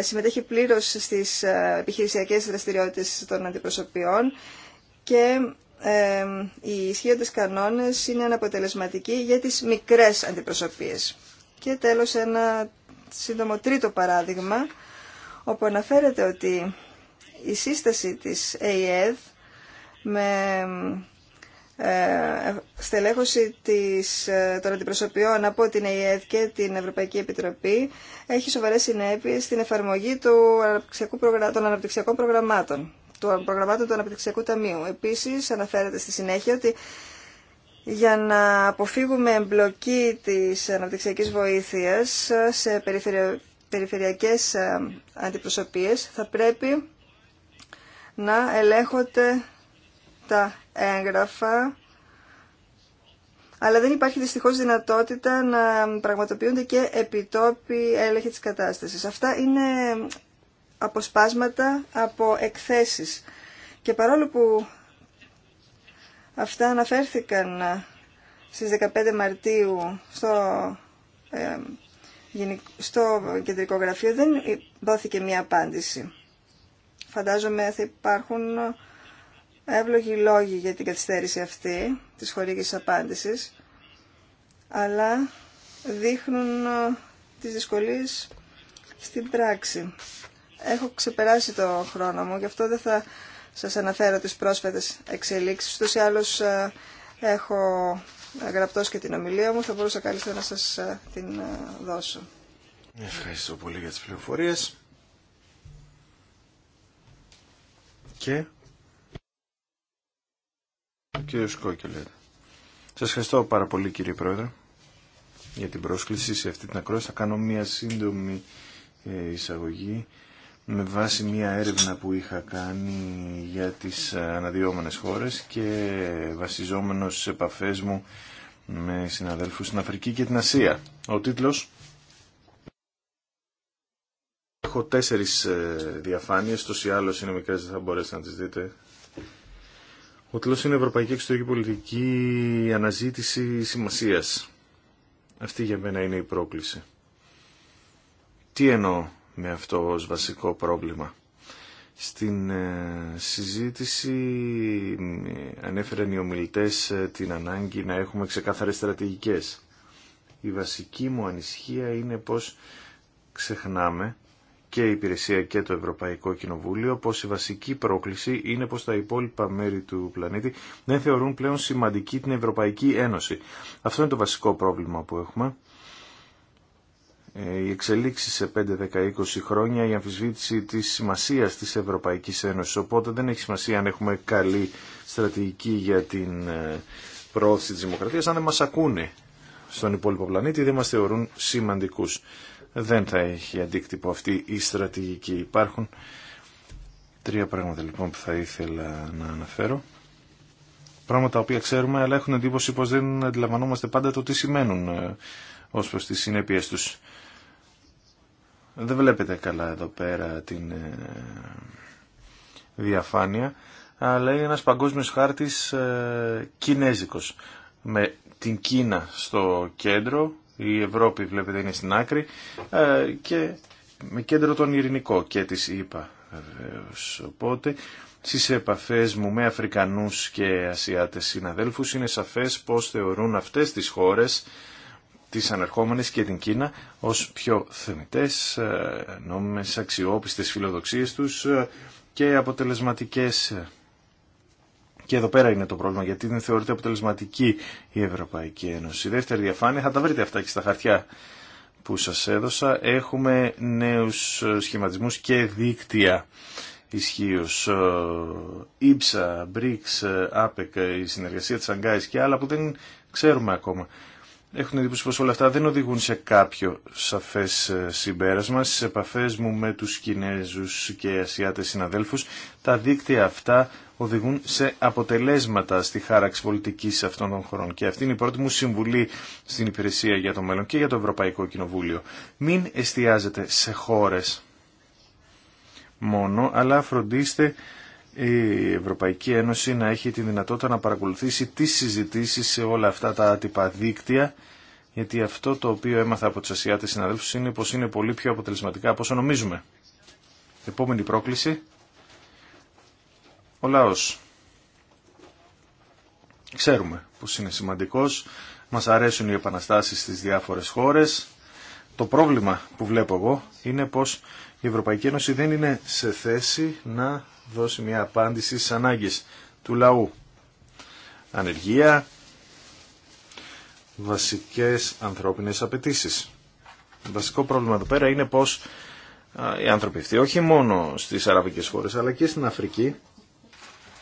συμμετέχει πλήρως στις επιχειρησιακές δραστηριότητες των αντιπροσωπιών και ε, οι ισχύοντες κανόνες είναι αναποτελεσματικοί για τις μικρές αντιπροσωπείες. Και τέλος ένα σύντομο τρίτο παράδειγμα, όπου αναφέρεται ότι η σύσταση της ΑΕΔ με ε, στελέχωση της, ε, των αντιπροσωπιών από την ΑΕΔ και την Ευρωπαϊκή Επιτροπή έχει σοβαρές συνέπειες στην εφαρμογή του των αναπτυξιακών προγραμμάτων του προγραμμάτων του Αναπτυξιακού Ταμείου. Επίσης αναφέρεται στη συνέχεια ότι για να αποφύγουμε εμπλοκή της αναπτυξιακής βοήθειας σε περιφερειακές ε, αντιπροσωπείες θα πρέπει να ελέγχονται τα έγγραφα αλλά δεν υπάρχει δυστυχώς δυνατότητα να πραγματοποιούνται και επιτόπιοι έλεγχοι της κατάστασης. Αυτά είναι αποσπάσματα από εκθέσεις. Και παρόλο που αυτά αναφέρθηκαν στις 15 Μαρτίου στο, ε, στο κεντρικό γραφείο, δεν δόθηκε μία απάντηση. Φαντάζομαι θα υπάρχουν εύλογοι λόγοι για την καθυστέρηση αυτή της χωρίς απάντησης, αλλά δείχνουν ε, τις δυσκολίες στην πράξη. Έχω ξεπεράσει το χρόνο μου, γι' αυτό δεν θα σας αναφέρω τις πρόσφατες εξελίξεις. Τους ή ε, έχω γραπτός και την ομιλία μου, θα μπορούσα καλύτερα να σας ε, την ε, δώσω. Ευχαριστώ πολύ για τις πληροφορίες. Και... Κύριε σας ευχαριστώ πάρα πολύ κύριε Πρόεδρε για την πρόσκληση σε αυτή την ακρόαση. Θα κάνω μία σύντομη εισαγωγή με βάση μια έρευνα που είχα κάνει για τις αναδυόμενες χώρες και βασιζόμενος σε επαφές μου με συναδέλφους στην Αφρική και την Ασία. Ο τίτλος Έχω τέσσερις ε, διαφάνειες, τόσο ή είναι μικρές, δεν θα μπορέσετε να τις δείτε. Ο τίτλος είναι Ευρωπαϊκή Εξωτερική Πολιτική Αναζήτηση Σημασίας. Αυτή για μένα είναι η πρόκληση. Τι εννοώ με αυτό ως βασικό πρόβλημα. Στην ε, συζήτηση ε, ανέφεραν οι ομιλητές ε, την ανάγκη να έχουμε ξεκάθαρες στρατηγικές. Η βασική μου ανησυχία είναι πως ξεχνάμε και η Υπηρεσία και το Ευρωπαϊκό Κοινοβούλιο πως η βασική πρόκληση είναι πως τα υπόλοιπα μέρη του πλανήτη δεν θεωρούν πλέον σημαντική την Ευρωπαϊκή Ένωση. Αυτό είναι το βασικό πρόβλημα που έχουμε ε, οι εξελίξεις σε 5, 10, 20 χρόνια, η αμφισβήτηση της σημασίας της Ευρωπαϊκής Ένωσης. Οπότε δεν έχει σημασία αν έχουμε καλή στρατηγική για την ε, προώθηση τη δημοκρατίας, αν δεν μας ακούνε στον υπόλοιπο πλανήτη, δεν μας θεωρούν σημαντικούς. Δεν θα έχει αντίκτυπο αυτή η στρατηγική. Υπάρχουν τρία πράγματα λοιπόν που θα ήθελα να αναφέρω. Πράγματα τα οποία ξέρουμε, αλλά έχουν εντύπωση πως δεν αντιλαμβανόμαστε πάντα το τι σημαίνουν ε, ως προς τις συνέπειε τους. Δεν βλέπετε καλά εδώ πέρα την ε, διαφάνεια, αλλά είναι ένας παγκόσμιος χάρτης ε, κινέζικος. Με την Κίνα στο κέντρο, η Ευρώπη βλέπετε είναι στην άκρη ε, και με κέντρο τον ειρηνικό και της είπα βεβαίως. Οπότε στις επαφές μου με Αφρικανούς και Ασιάτες συναδέλφους είναι σαφές πως θεωρούν αυτές τις χώρες τις ανερχόμενες και την Κίνα ως πιο θεμητές, ε, νόμιμες, αξιόπιστες φιλοδοξίες τους ε, και αποτελεσματικές. Και εδώ πέρα είναι το πρόβλημα, γιατί δεν θεωρείται αποτελεσματική η Ευρωπαϊκή Ένωση. Η δεύτερη διαφάνεια, θα τα βρείτε αυτά και στα χαρτιά που σας έδωσα, έχουμε νέους ε, σχηματισμούς και δίκτυα ισχύω. Ήψα, BRICS, APEC, η συνεργασία της Αγκάης και άλλα που δεν ξέρουμε ακόμα έχουν εντύπωση πως όλα αυτά δεν οδηγούν σε κάποιο σαφές ε, συμπέρασμα. Στις επαφές μου με τους Κινέζους και Ασιάτες συναδέλφους, τα δίκτυα αυτά οδηγούν σε αποτελέσματα στη χάραξη πολιτικής αυτών των χωρών. Και αυτή είναι η πρώτη μου συμβουλή στην υπηρεσία για το μέλλον και για το Ευρωπαϊκό Κοινοβούλιο. Μην εστιάζετε σε χώρες μόνο, αλλά φροντίστε η Ευρωπαϊκή Ένωση να έχει τη δυνατότητα να παρακολουθήσει τις συζητήσεις σε όλα αυτά τα άτυπα δίκτυα γιατί αυτό το οποίο έμαθα από τις Ασιάτες συναδέλφους είναι πως είναι πολύ πιο αποτελεσματικά από όσο νομίζουμε. Επόμενη πρόκληση, ο λαός. Ξέρουμε πως είναι σημαντικός, μας αρέσουν οι επαναστάσεις στις διάφορες χώρες. Το πρόβλημα που βλέπω εγώ είναι πως η Ευρωπαϊκή Ένωση δεν είναι σε θέση να δώσει μια απάντηση στις ανάγκες του λαού. Ανεργία, βασικές ανθρώπινες απαιτήσει. Βασικό πρόβλημα εδώ πέρα είναι πως οι άνθρωποι αυτοί, όχι μόνο στις αραβικές χώρες, αλλά και στην Αφρική,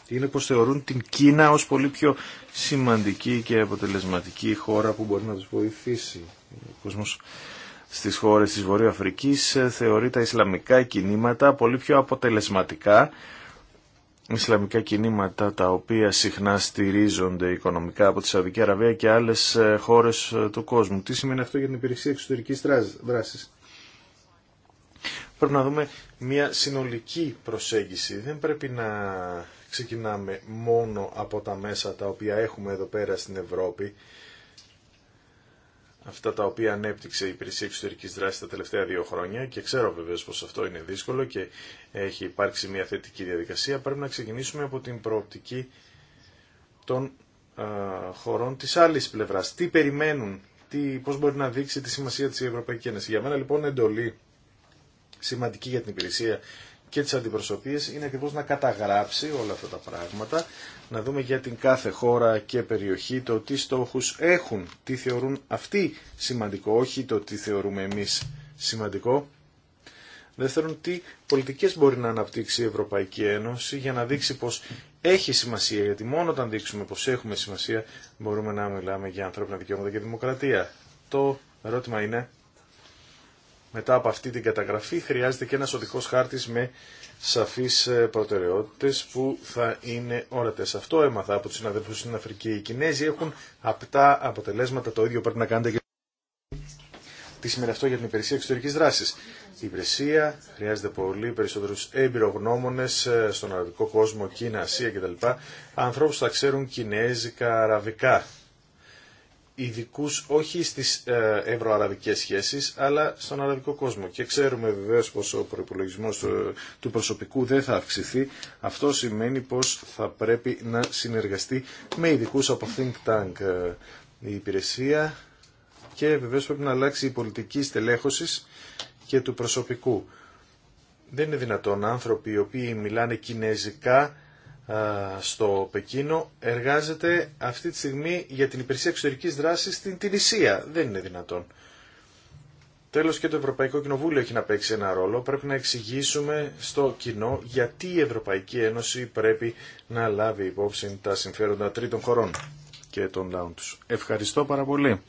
είναι πως θεωρούν την Κίνα ως πολύ πιο σημαντική και αποτελεσματική χώρα που μπορεί να τους βοηθήσει. Ο κόσμος στις χώρες της Βορειοαφρικής ε, θεωρεί τα Ισλαμικά κινήματα πολύ πιο αποτελεσματικά Ισλαμικά κινήματα τα οποία συχνά στηρίζονται οικονομικά από τη Σαουδική Αραβία και άλλες ε, χώρες ε, του κόσμου. Τι σημαίνει αυτό για την υπηρεσία εξωτερικής δράσης. Πρέπει να δούμε μια συνολική προσέγγιση. Δεν πρέπει να ξεκινάμε μόνο από τα μέσα τα οποία έχουμε εδώ πέρα στην Ευρώπη αυτά τα οποία ανέπτυξε η υπηρεσία εξωτερική δράση τα τελευταία δύο χρόνια και ξέρω βεβαίω πω αυτό είναι δύσκολο και έχει υπάρξει μια θετική διαδικασία, πρέπει να ξεκινήσουμε από την προοπτική των α, χωρών της άλλη πλευράς. Τι περιμένουν, τι, πώς μπορεί να δείξει τη σημασία της Ευρωπαϊκή Ένωση. Για μένα λοιπόν εντολή σημαντική για την υπηρεσία και τις αντιπροσωπείες είναι ακριβώς να καταγράψει όλα αυτά τα πράγματα, να δούμε για την κάθε χώρα και περιοχή το τι στόχους έχουν, τι θεωρούν αυτοί σημαντικό, όχι το τι θεωρούμε εμείς σημαντικό. Δεύτερον, τι πολιτικές μπορεί να αναπτύξει η Ευρωπαϊκή Ένωση για να δείξει πως έχει σημασία, γιατί μόνο όταν δείξουμε πως έχουμε σημασία μπορούμε να μιλάμε για ανθρώπινα δικαιώματα και δημοκρατία. Το ερώτημα είναι μετά από αυτή την καταγραφή χρειάζεται και ένας οδικός χάρτης με σαφείς ε, προτεραιότητες που θα είναι όρατες. Αυτό έμαθα από τους συναδελφούς στην Αφρική. Οι Κινέζοι έχουν απτά αποτελέσματα, το ίδιο πρέπει να κάνετε και τι σημαίνει αυτό για την υπηρεσία εξωτερική δράση. Η υπηρεσία χρειάζεται πολύ περισσότερου έμπειρογνώμονε ε, στον αραβικό κόσμο, Κίνα, Ασία κτλ. Ανθρώπου θα ξέρουν κινέζικα, αραβικά ειδικού όχι στις ε, ευρωαραβικές σχέσεις αλλά στον αραβικό κόσμο και ξέρουμε βεβαίω πως ο προπολογισμό ε, του προσωπικού δεν θα αυξηθεί αυτό σημαίνει πως θα πρέπει να συνεργαστεί με ειδικού από Think Tank ε, η υπηρεσία και βεβαίως πρέπει να αλλάξει η πολιτική στελέχωσης και του προσωπικού. Δεν είναι δυνατόν άνθρωποι οι οποίοι μιλάνε κινέζικα στο Πεκίνο εργάζεται αυτή τη στιγμή για την υπηρεσία εξωτερικής δράσης στην Τινησία. Δεν είναι δυνατόν. Τέλος και το Ευρωπαϊκό Κοινοβούλιο έχει να παίξει ένα ρόλο. Πρέπει να εξηγήσουμε στο κοινό γιατί η Ευρωπαϊκή Ένωση πρέπει να λάβει υπόψη τα συμφέροντα τρίτων χωρών και των λαών τους. Ευχαριστώ πάρα πολύ.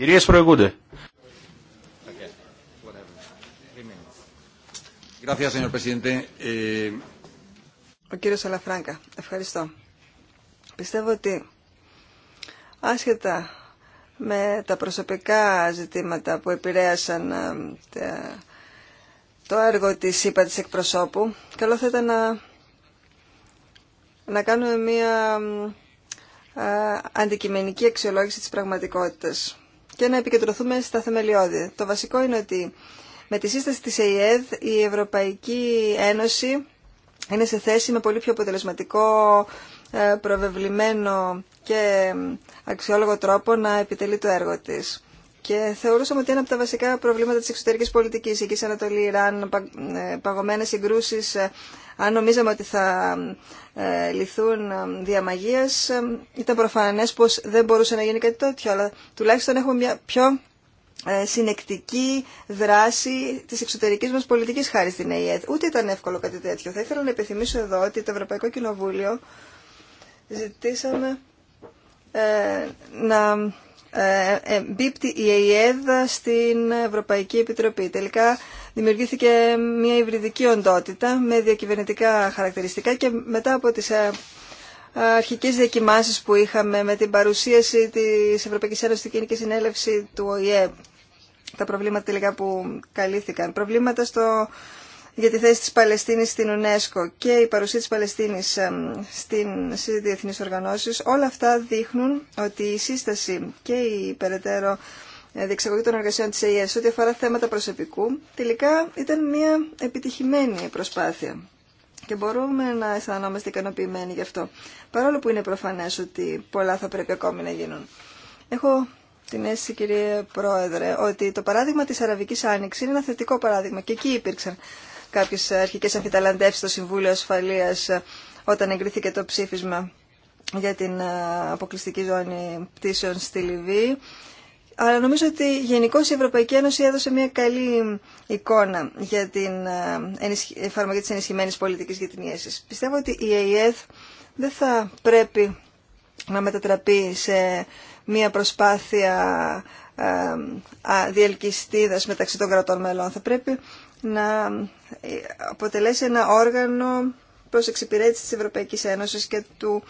Κυρίες προηγούνται. Ο κύριο Αλαφράγκα, ευχαριστώ. Πιστεύω ότι άσχετα με τα προσωπικά ζητήματα που επηρέασαν ε, το έργο της ΥΠΑ της εκπροσώπου, καλό θα ήταν να, να κάνουμε μια ε, αντικειμενική αξιολόγηση της πραγματικότητας και να επικεντρωθούμε στα θεμελιώδη. Το βασικό είναι ότι με τη σύσταση της ΕΙΕΔ η Ευρωπαϊκή Ένωση είναι σε θέση με πολύ πιο αποτελεσματικό, ε, προβεβλημένο και αξιόλογο τρόπο να επιτελεί το έργο της και θεωρούσαμε ότι ένα από τα βασικά προβλήματα της εξωτερικής πολιτικής εκεί σε Ανατολή Ιράν, ε, παγωμένες συγκρούσεις, ε, αν νομίζαμε ότι θα ε, λυθούν διαμαγείας, ήταν προφανές πως δεν μπορούσε να γίνει κάτι τέτοιο, αλλά τουλάχιστον έχουμε μια πιο συνεκτική δράση τη εξωτερική μα πολιτική χάρη στην ΕΕ. Ούτε ήταν εύκολο κάτι τέτοιο. Θα ήθελα να επιθυμίσω εδώ ότι το Ευρωπαϊκό Κοινοβούλιο ζητήσαμε ε, να ε, ε, εμπίπτει η ΕΙΕΔ στην Ευρωπαϊκή Επιτροπή. Τελικά δημιουργήθηκε μια υβριδική οντότητα με διακυβερνητικά χαρακτηριστικά και μετά από τις ε, αρχικές διακοιμάνσεις που είχαμε με την παρουσίαση της Ευρωπαϊκής Ένωσης στην Κοινική Συνέλευση του ΟΗΕ τα προβλήματα τελικά που καλύφθηκαν. Προβλήματα στο για τη θέση της Παλαιστίνης στην UNESCO και η παρουσία της Παλαιστίνης στην, στις διεθνείς οργανώσεις, όλα αυτά δείχνουν ότι η σύσταση και η περαιτέρω ε, διεξαγωγή των εργασιών της ΑΕΣ ό,τι αφορά θέματα προσωπικού, τελικά ήταν μια επιτυχημένη προσπάθεια. Και μπορούμε να αισθανόμαστε ικανοποιημένοι γι' αυτό. Παρόλο που είναι προφανές ότι πολλά θα πρέπει ακόμη να γίνουν. Έχω την αίσθηση, κύριε Πρόεδρε, ότι το παράδειγμα της Αραβικής Άνοιξης είναι ένα θετικό παράδειγμα. Και εκεί υπήρξαν κάποιες αρχικές αμφιταλαντεύσεις στο Συμβούλιο Ασφαλείας όταν εγκρίθηκε το ψήφισμα για την ε, αποκλειστική ζώνη πτήσεων στη Λιβύη. Αλλά νομίζω ότι γενικώ η Ευρωπαϊκή Ένωση έδωσε μια καλή εικόνα για την ε, εφαρμογή της ενισχυμένης πολιτικής ΙΕΣΥΣ. Πιστεύω ότι η ΕΕΔ δεν θα πρέπει να μετατραπεί σε μια προσπάθεια ε, διελκυστίδας μεταξύ των κρατών μελών. Θα πρέπει να ε, αποτελέσει ένα όργανο προς εξυπηρέτηση της Ευρωπαϊκής Ένωσης και του,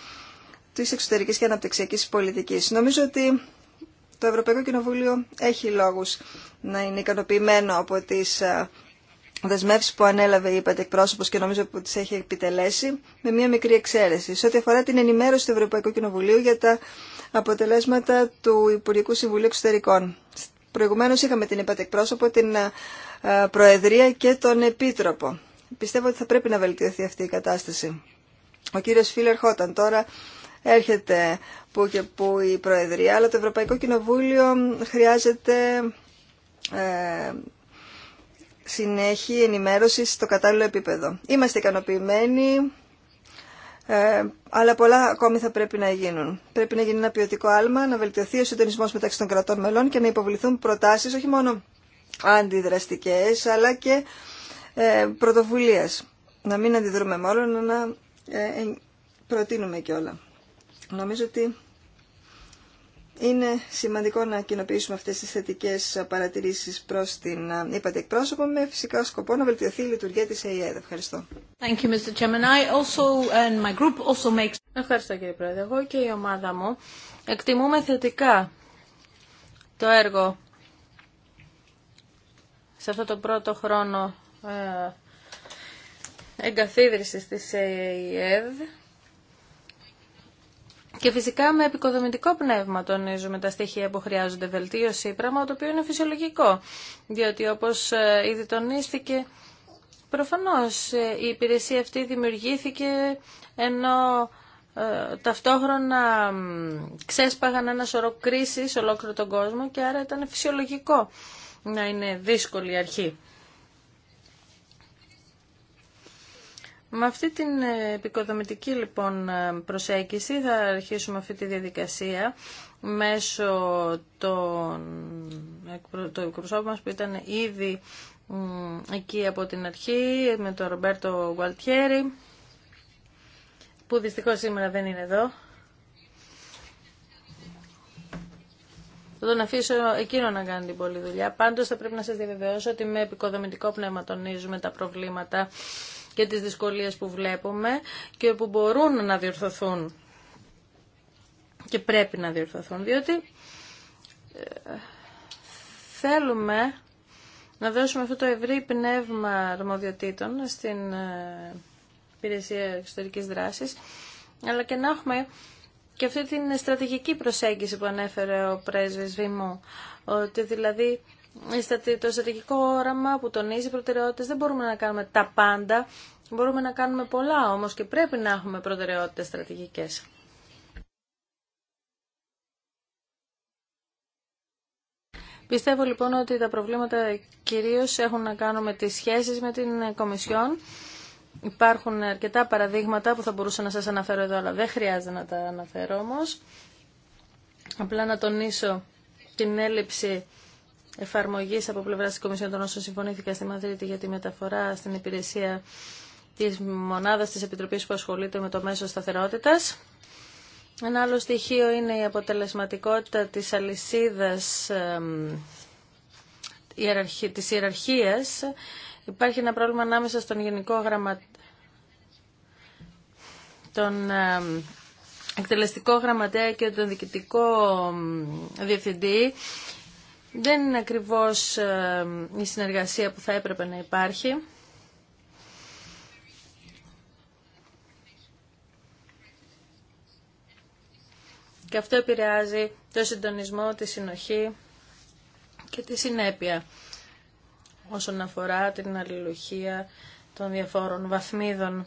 της εξωτερικής και αναπτυξιακής πολιτικής. Νομίζω ότι το Ευρωπαϊκό Κοινοβούλιο έχει λόγους να είναι ικανοποιημένο από τις ε, δεσμεύσεις που ανέλαβε η πρόσωπο και νομίζω που τις έχει επιτελέσει με μια μικρή εξαίρεση. Σε ό,τι αφορά την ενημέρωση του Ευρωπαϊκού Κοινοβουλίου για τα αποτελέσματα του Υπουργικού Συμβουλίου Εξωτερικών. Προηγουμένως είχαμε την υπατεκπρόσωπο, την ε, ε, Προεδρία και τον Επίτροπο. Πιστεύω ότι θα πρέπει να βελτιωθεί αυτή η κατάσταση. Ο κύριος Φίλερ Χόταν τώρα έρχεται που και που η Προεδρία, αλλά το Ευρωπαϊκό Κοινοβούλιο χρειάζεται ε, συνέχεια ενημέρωση στο κατάλληλο επίπεδο. Είμαστε ικανοποιημένοι, ε, αλλά πολλά ακόμη θα πρέπει να γίνουν. Πρέπει να γίνει ένα ποιοτικό άλμα, να βελτιωθεί ο συντονισμό μεταξύ των κρατών μελών και να υποβληθούν προτάσει όχι μόνο αντιδραστικές αλλά και ε, πρωτοβουλίας. Να μην αντιδρούμε μόνο, να ε, προτείνουμε και όλα. Νομίζω ότι είναι σημαντικό να κοινοποιήσουμε αυτές τις θετικές παρατηρήσεις προς την ε, είπατε εκπρόσωπο με φυσικά σκοπό να βελτιωθεί η λειτουργία της ΕΕΔ. Ευχαριστώ. Thank you, Mr. Chairman. I also, and my group also makes... Ευχαριστώ κύριε Πρόεδρε. Εγώ και η ομάδα μου εκτιμούμε θετικά το έργο σε αυτό το πρώτο χρόνο ε, εγκαθίδρυσης της ΕΕΔ και φυσικά με επικοδομητικό πνεύμα τονίζουμε τα στοιχεία που χρειάζονται βελτίωση, πράγμα το οποίο είναι φυσιολογικό, διότι όπως ε, ήδη τονίστηκε, προφανώς ε, η υπηρεσία αυτή δημιουργήθηκε ενώ ταυτόχρονα ξέσπαγαν ένα σωρό κρίσεις σε ολόκληρο τον κόσμο και άρα ήταν φυσιολογικό να είναι δύσκολη αρχή. Με αυτή την ε, επικοδομητική λοιπόν ε, προσέγγιση θα αρχίσουμε αυτή τη διαδικασία μέσω των το εκπροσώπου μας που ήταν ήδη εκεί από την αρχή με τον Ρομπέρτο Γουαλτιέρη που δυστυχώς σήμερα δεν είναι εδώ Θα τον αφήσω εκείνο να κάνει την πολλή δουλειά. Πάντως θα πρέπει να σας διαβεβαιώσω ότι με επικοδομητικό πνεύμα τονίζουμε τα προβλήματα και τις δυσκολίες που βλέπουμε και που μπορούν να διορθωθούν και πρέπει να διορθωθούν, διότι ε, θέλουμε να δώσουμε αυτό το ευρύ πνεύμα αρμοδιοτήτων στην ε, υπηρεσία εξωτερικής δράσης, αλλά και να έχουμε και αυτή την στρατηγική προσέγγιση που ανέφερε ο πρέσβης Βήμου, ότι δηλαδή το στρατηγικό όραμα που τονίζει προτεραιότητες δεν μπορούμε να κάνουμε τα πάντα, μπορούμε να κάνουμε πολλά όμως και πρέπει να έχουμε προτεραιότητες στρατηγικές. Πιστεύω λοιπόν ότι τα προβλήματα κυρίως έχουν να κάνουν με τις σχέσεις με την Κομισιόν Υπάρχουν αρκετά παραδείγματα που θα μπορούσα να σας αναφέρω εδώ, αλλά δεν χρειάζεται να τα αναφέρω όμως. Απλά να τονίσω την έλλειψη εφαρμογής από πλευρά της Κομισιόν των όσων συμφωνήθηκα στη Μαδρίτη για τη μεταφορά στην υπηρεσία της μονάδας της Επιτροπής που ασχολείται με το μέσο σταθερότητα. Ένα άλλο στοιχείο είναι η αποτελεσματικότητα της αλυσίδας της ιεραρχίας Υπάρχει ένα πρόβλημα ανάμεσα στον Γενικό τον εκτελεστικό γραμματέα και τον διοικητικό διευθυντή. Δεν είναι ακριβώς η συνεργασία που θα έπρεπε να υπάρχει. Και αυτό επηρεάζει το συντονισμό, τη συνοχή και τη συνέπεια όσον αφορά την αλληλουχία των διαφόρων βαθμίδων.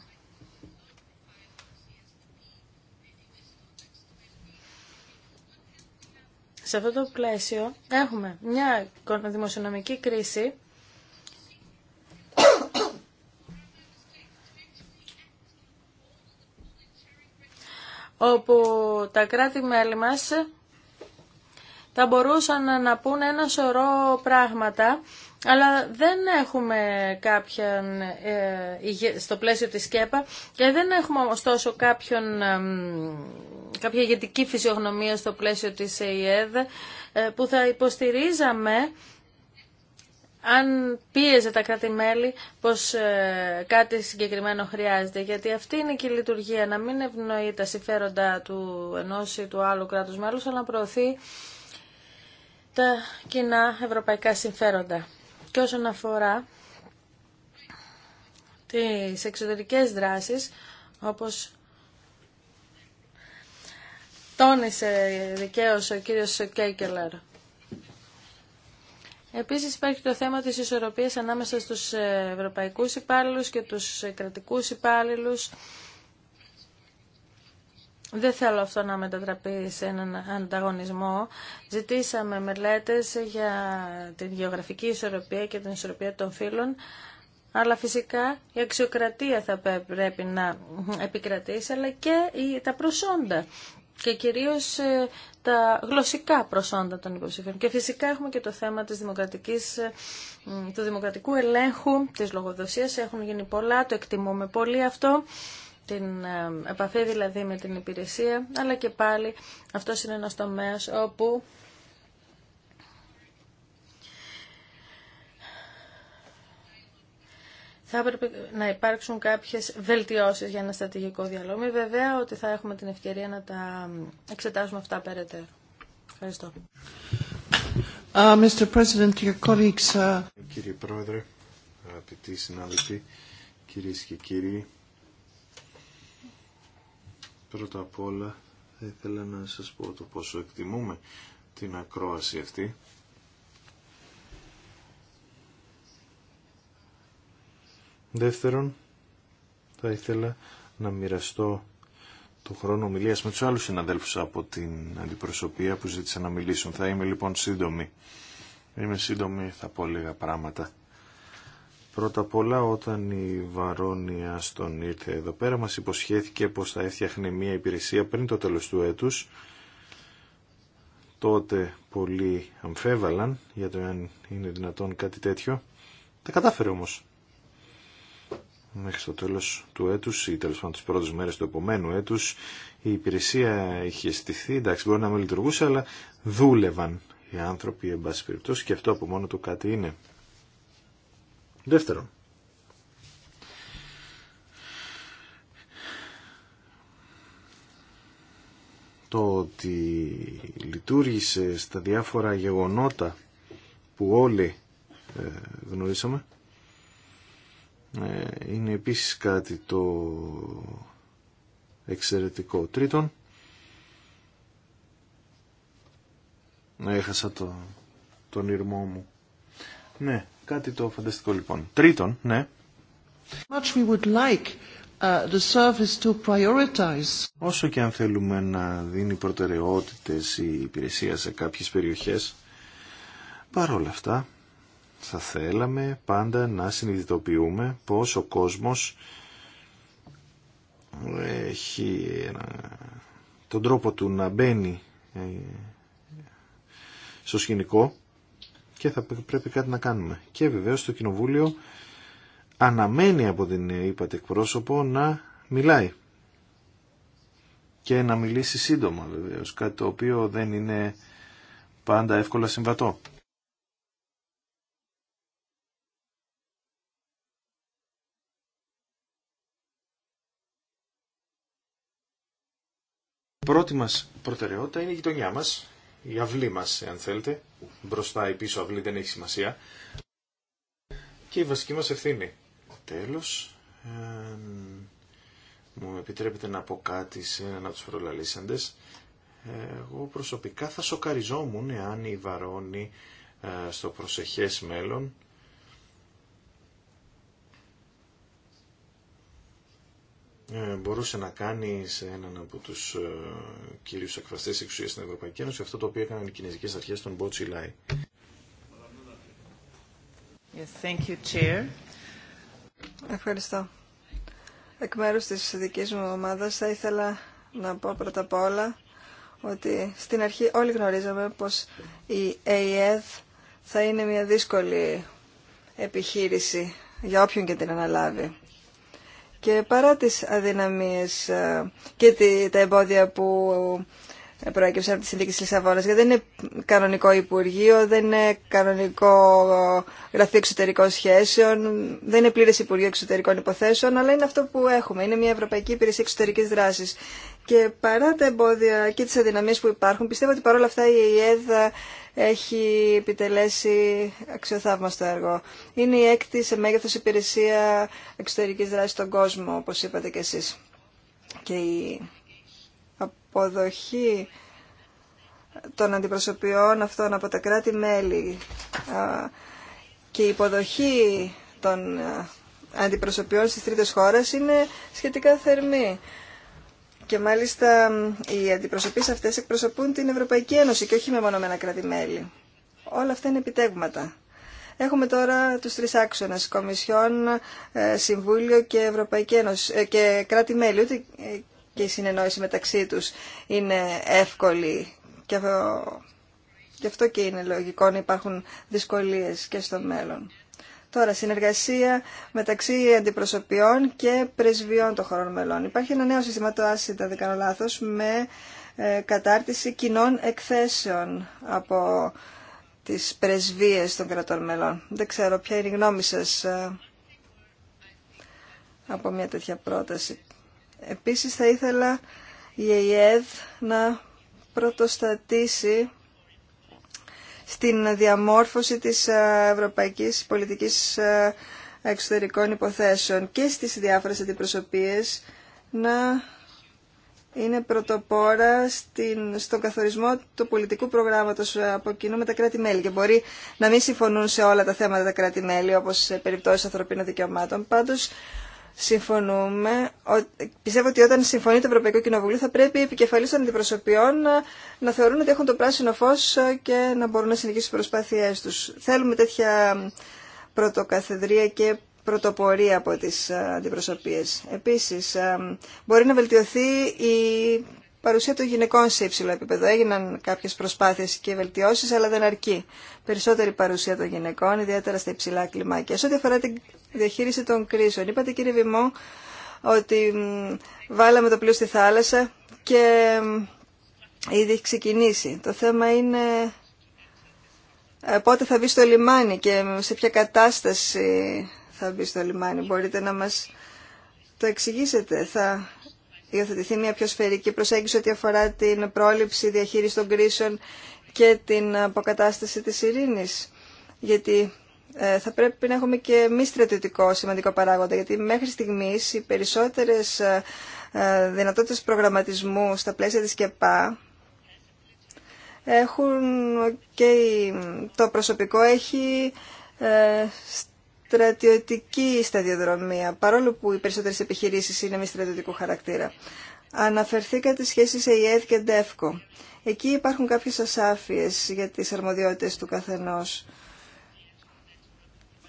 Σε αυτό το πλαίσιο έχουμε μια δημοσιονομική κρίση όπου τα κράτη-μέλη μας θα μπορούσαν να πούν ένα σωρό πράγματα αλλά δεν έχουμε κάποιον ε, στο πλαίσιο της ΚΕΠΑ και δεν έχουμε ωστόσο κάποιον, κάποια ηγετική φυσιογνωμία στο πλαίσιο της ΕΙΕΔ ε, που θα υποστηρίζαμε αν πίεζε τα κράτη-μέλη πως ε, κάτι συγκεκριμένο χρειάζεται. Γιατί αυτή είναι και η λειτουργία, να μην ευνοεί τα συμφέροντα του ενός ή του άλλου κράτους μέλους, αλλά να προωθεί τα κοινά ευρωπαϊκά συμφέροντα. Και όσον αφορά τις εξωτερικές δράσεις, όπως τόνισε δικαίως ο κύριος Κέικελερ. Επίσης υπάρχει το θέμα της ισορροπίας ανάμεσα στους ευρωπαϊκούς υπάλληλους και τους κρατικούς υπάλληλους δεν θέλω αυτό να μετατραπεί σε έναν ανταγωνισμό. Ζητήσαμε μελέτες για την γεωγραφική ισορροπία και την ισορροπία των φύλων, αλλά φυσικά η αξιοκρατία θα πρέπει να επικρατήσει, αλλά και τα προσόντα και κυρίως ε, τα γλωσσικά προσόντα των υποψηφίων. Και φυσικά έχουμε και το θέμα της δημοκρατικής, ε, του δημοκρατικού ελέγχου, της λογοδοσίας. Έχουν γίνει πολλά, το εκτιμούμε πολύ αυτό την ε, επαφή δηλαδή με την υπηρεσία, αλλά και πάλι αυτό είναι ένας τομέας όπου θα έπρεπε να υπάρξουν κάποιες βελτιώσεις για ένα στρατηγικό διαλόγη Βέβαια ότι θα έχουμε την ευκαιρία να τα εξετάσουμε αυτά περαιτέρω. Ευχαριστώ. Uh, Mr. President, your colleagues, uh, Κύριε Πρόεδρε, αγαπητοί συνάδελφοι, κυρίες και κύριοι, Πρώτα απ' όλα θα ήθελα να σας πω το πόσο εκτιμούμε την ακρόαση αυτή. Δεύτερον, θα ήθελα να μοιραστώ το χρόνο ομιλίας με τους άλλους συναδέλφους από την αντιπροσωπεία που ζήτησαν να μιλήσουν. Θα είμαι λοιπόν σύντομη. Είμαι σύντομη, θα πω λίγα πράγματα. Πρώτα απ' όλα όταν η Βαρόνια στον ήρθε εδώ πέρα μας υποσχέθηκε πως θα έφτιαχνε μια υπηρεσία πριν το τέλος του έτους. Τότε πολλοί αμφέβαλαν για το αν είναι δυνατόν κάτι τέτοιο. Τα κατάφερε όμως. Μέχρι το τέλος του έτους ή τέλος πάντων τις πρώτες μέρες του επομένου έτους η υπηρεσία είχε στηθεί, εντάξει μπορεί να μην λειτουργούσε αλλά δούλευαν οι άνθρωποι εν πάση περιπτώσει και αυτό από μόνο του κάτι είναι. Δεύτερον, το ότι λειτουργήσε στα διάφορα γεγονότα που όλοι ε, γνωρίσαμε ε, είναι επίσης κάτι το εξαιρετικό. Τρίτον, έχασα το, τον ήρμό μου. Ναι, Κάτι το φανταστικό λοιπόν. Τρίτον, ναι. Much we would like, uh, the service to prioritize. Όσο και αν θέλουμε να δίνει προτεραιότητες η υπηρεσία σε κάποιες περιοχές, παρόλα αυτά θα θέλαμε πάντα να συνειδητοποιούμε πως ο κόσμος έχει τον τρόπο του να μπαίνει ε, στο σκηνικό και θα πρέπει κάτι να κάνουμε. Και βεβαίως το Κοινοβούλιο αναμένει από την ε, είπατε εκπρόσωπο να μιλάει και να μιλήσει σύντομα βεβαίως, κάτι το οποίο δεν είναι πάντα εύκολα συμβατό. πρώτη μας προτεραιότητα είναι η γειτονιά μας η αυλή μας, αν θέλετε. Μπροστά ή πίσω αυλή δεν έχει σημασία. Και η βασική μας ευθύνη. Τέλος, μου επιτρέπετε να πω κάτι σε έναν από τους προλαλήσαντες. Εγώ προσωπικά θα σοκαριζόμουν εάν η Βαρώνη ε, στο προσεχές μέλλον Ε, μπορούσε να κάνει σε έναν από τους ε, κύριου εκφραστές εξουσία στην Ευρωπαϊκή Ένωση αυτό το οποίο έκαναν οι κινέζικε αρχές στον Μπότσι Λάι. Yes, thank you, Chair. Ευχαριστώ. Εκ μέρου τη δική μου ομάδα θα ήθελα να πω πρώτα απ' όλα ότι στην αρχή όλοι γνωρίζαμε πως η ΑΕΔ θα είναι μια δύσκολη επιχείρηση για όποιον και την αναλάβει και παρά τις αδυναμίες ε, και τα εμπόδια που προέκυψαν από τη συνθήκη της Λισαβόνας, γιατί δεν είναι κανονικό Υπουργείο, δεν είναι κανονικό Γραφείο Εξωτερικών Σχέσεων, δεν είναι πλήρες Υπουργείο Εξωτερικών Υποθέσεων, αλλά είναι αυτό που έχουμε. Είναι μια Ευρωπαϊκή Υπηρεσία Εξωτερικής Δράσης. Και παρά τα εμπόδια και τις αδυναμίες που υπάρχουν, πιστεύω ότι παρόλα αυτά η ΕΕΔ έχει επιτελέσει αξιοθαύμαστο έργο. Είναι η έκτη σε μέγεθος υπηρεσία εξωτερικής δράσης στον κόσμο, όπως είπατε κι εσείς. Και η αποδοχή των αντιπροσωπιών αυτών από τα κράτη-μέλη και η υποδοχή των αντιπροσωπιών στις τρίτες χώρες είναι σχετικά θερμή. Και μάλιστα οι αντιπροσωπείς αυτές εκπροσωπούν την Ευρωπαϊκή Ένωση και όχι μεμονωμένα κράτη-μέλη. Όλα αυτά είναι επιτέγματα. Έχουμε τώρα τους τρεις άξονες, Κομισιόν, ε, Συμβούλιο και Ευρωπαϊκή Ένωση ε, και κράτη-μέλη. Ούτε ε, και η συνεννόηση μεταξύ τους είναι εύκολη και αυτό και είναι λογικό να υπάρχουν δυσκολίες και στο μέλλον. Τώρα, συνεργασία μεταξύ αντιπροσωπιών και πρεσβειών των χωρών μελών. Υπάρχει ένα νέο σύστημα, το άσυντα, δεν κάνω με ε, κατάρτιση κοινών εκθέσεων από τις πρεσβείες των κρατών μελών. Δεν ξέρω ποια είναι η γνώμη σας ε, από μια τέτοια πρόταση. Επίσης θα ήθελα η ΕΕΔ να πρωτοστατήσει στην διαμόρφωση της ε, ευρωπαϊκής πολιτικής ε, εξωτερικών υποθέσεων και στις διάφορες αντιπροσωπείες να είναι πρωτοπόρα στην, στον καθορισμό του πολιτικού προγράμματος από κοινού με τα κράτη-μέλη και μπορεί να μην συμφωνούν σε όλα τα θέματα τα κράτη-μέλη όπως σε περιπτώσεις ανθρωπίνων δικαιωμάτων. Πάντως συμφωνούμε, πιστεύω ότι όταν συμφωνεί το Ευρωπαϊκό Κοινοβουλίο θα πρέπει οι επικεφαλείς των αντιπροσωπιών ε, να θεωρούν ότι έχουν το πράσινο φως ε, και να μπορούν να συνεχίσουν τις προσπάθειές τους. Θέλουμε τέτοια πρωτοκαθεδρία και πρωτοπορία από τις ε, αντιπροσωπείες. Επίσης, μπορεί να βελτιωθεί η παρουσία των γυναικών σε υψηλό επίπεδο. Έγιναν κάποιε προσπάθειε και βελτιώσει, αλλά δεν αρκεί. Περισσότερη παρουσία των γυναικών, ιδιαίτερα στα υψηλά κλιμάκια. Σε ό,τι αφορά τη διαχείριση των κρίσεων, είπατε κύριε Βημό ότι βάλαμε το πλοίο στη θάλασσα και ήδη έχει ξεκινήσει. Το θέμα είναι ε, πότε θα μπει στο λιμάνι και σε ποια κατάσταση θα μπει στο λιμάνι. Μπορείτε να μας το εξηγήσετε. Θα υιοθετηθεί μια πιο σφαιρική προσέγγιση ό,τι αφορά την πρόληψη, διαχείριση των κρίσεων και την αποκατάσταση της ειρήνης. Γιατί ε, θα πρέπει να έχουμε και μη στρατιωτικό σημαντικό παράγοντα, γιατί μέχρι στιγμής οι περισσότερες ε, ε, δυνατότητες προγραμματισμού στα πλαίσια της ΚΕΠΑ έχουν και το προσωπικό έχει στρατιωτική σταδιοδρομία, παρόλο που οι περισσότερες επιχειρήσεις είναι μη στρατιωτικού χαρακτήρα. Αναφερθήκατε σχέσεις ΕΙΕΔ και ΝΤΕΦΚΟ. Εκεί υπάρχουν κάποιες ασάφειες για τις αρμοδιότητες του καθενός.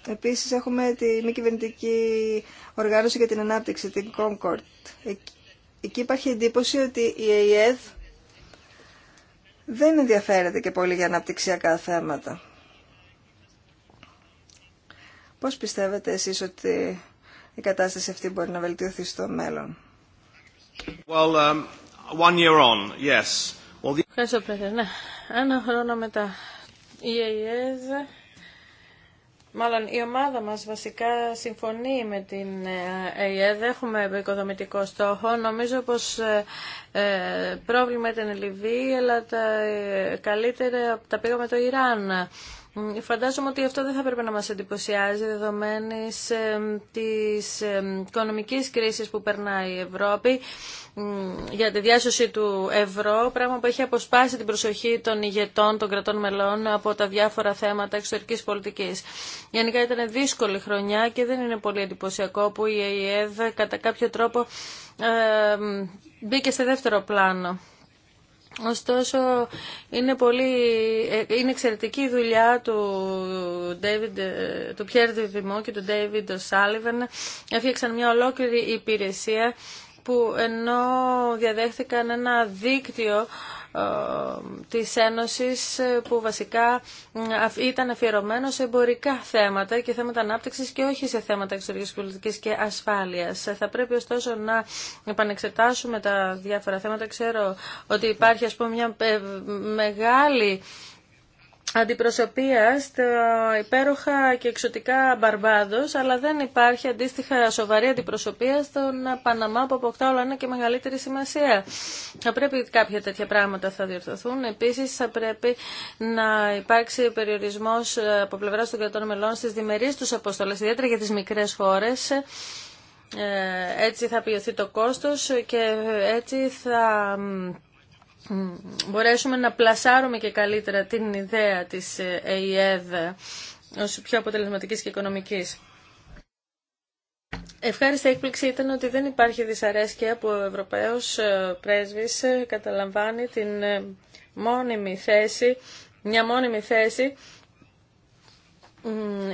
Επίσης έχουμε τη μη κυβερνητική οργάνωση για την ανάπτυξη, την Concord. Εκεί υπάρχει εντύπωση ότι η ΕΙΕΔ δεν ενδιαφέρεται και πολύ για αναπτυξιακά θέματα. Πώς πιστεύετε εσείς ότι η κατάσταση αυτή μπορεί να βελτιωθεί στο μέλλον. Well, um, one year on, yes. Ευχαριστώ, Πρόεδρε. Ναι, ένα χρόνο μετά. Η ΕΕ, μάλλον η ομάδα μας βασικά συμφωνεί με την ΕΕ. Έχουμε οικοδομητικό στόχο. Νομίζω πως ε, ε, πρόβλημα ήταν η Λιβύη, αλλά τα ε, καλύτερα τα πήγαμε το Ιράν. Φαντάζομαι ότι αυτό δεν θα πρέπει να μας εντυπωσιάζει δεδομένης της οικονομικής κρίσης που περνάει η Ευρώπη για τη διάσωση του ευρώ, πράγμα που έχει αποσπάσει την προσοχή των ηγετών των κρατών μελών από τα διάφορα θέματα εξωτερικής πολιτικής. Γενικά ήταν δύσκολη χρονιά και δεν είναι πολύ εντυπωσιακό που η ΕΕΔ κατά κάποιο τρόπο μπήκε σε δεύτερο πλάνο. Ωστόσο, είναι, πολύ, ε, είναι εξαιρετική η δουλειά του, David, ε, του Pierre και του David O'Sullivan. Έφτιαξαν μια ολόκληρη υπηρεσία που ενώ διαδέχθηκαν ένα δίκτυο της Ένωσης ε, που βασικά ήταν αφιερωμένο σε εμπορικά θέματα και θέματα ανάπτυξης και όχι σε θέματα εξωτερικής πολιτικής και ασφάλειας. Θα πρέπει ωστόσο να επανεξετάσουμε τα διάφορα θέματα. Ξέρω ότι υπάρχει ας πούμε μια ε, μεγάλη αντιπροσωπεία στα υπέροχα και εξωτικά Μπαρμπάδος, αλλά δεν υπάρχει αντίστοιχα σοβαρή αντιπροσωπεία στον Παναμά που αποκτά όλο ένα και μεγαλύτερη σημασία. Θα πρέπει κάποια τέτοια πράγματα θα διορθωθούν. Επίσης θα πρέπει να υπάρξει περιορισμός από πλευρά των κρατών μελών στις διμερείς τους αποστολές, ιδιαίτερα για τις μικρές χώρες. Ε, έτσι θα ποιωθεί το κόστος και έτσι θα μπορέσουμε να πλασάρουμε και καλύτερα την ιδέα της ΕΙΕΔ ως πιο αποτελεσματικής και οικονομικής. Ευχάριστη έκπληξη ήταν ότι δεν υπάρχει δυσαρέσκεια που ο Ευρωπαίος ε, πρέσβης ε, καταλαμβάνει την ε, μόνιμη θέση, μια μόνιμη θέση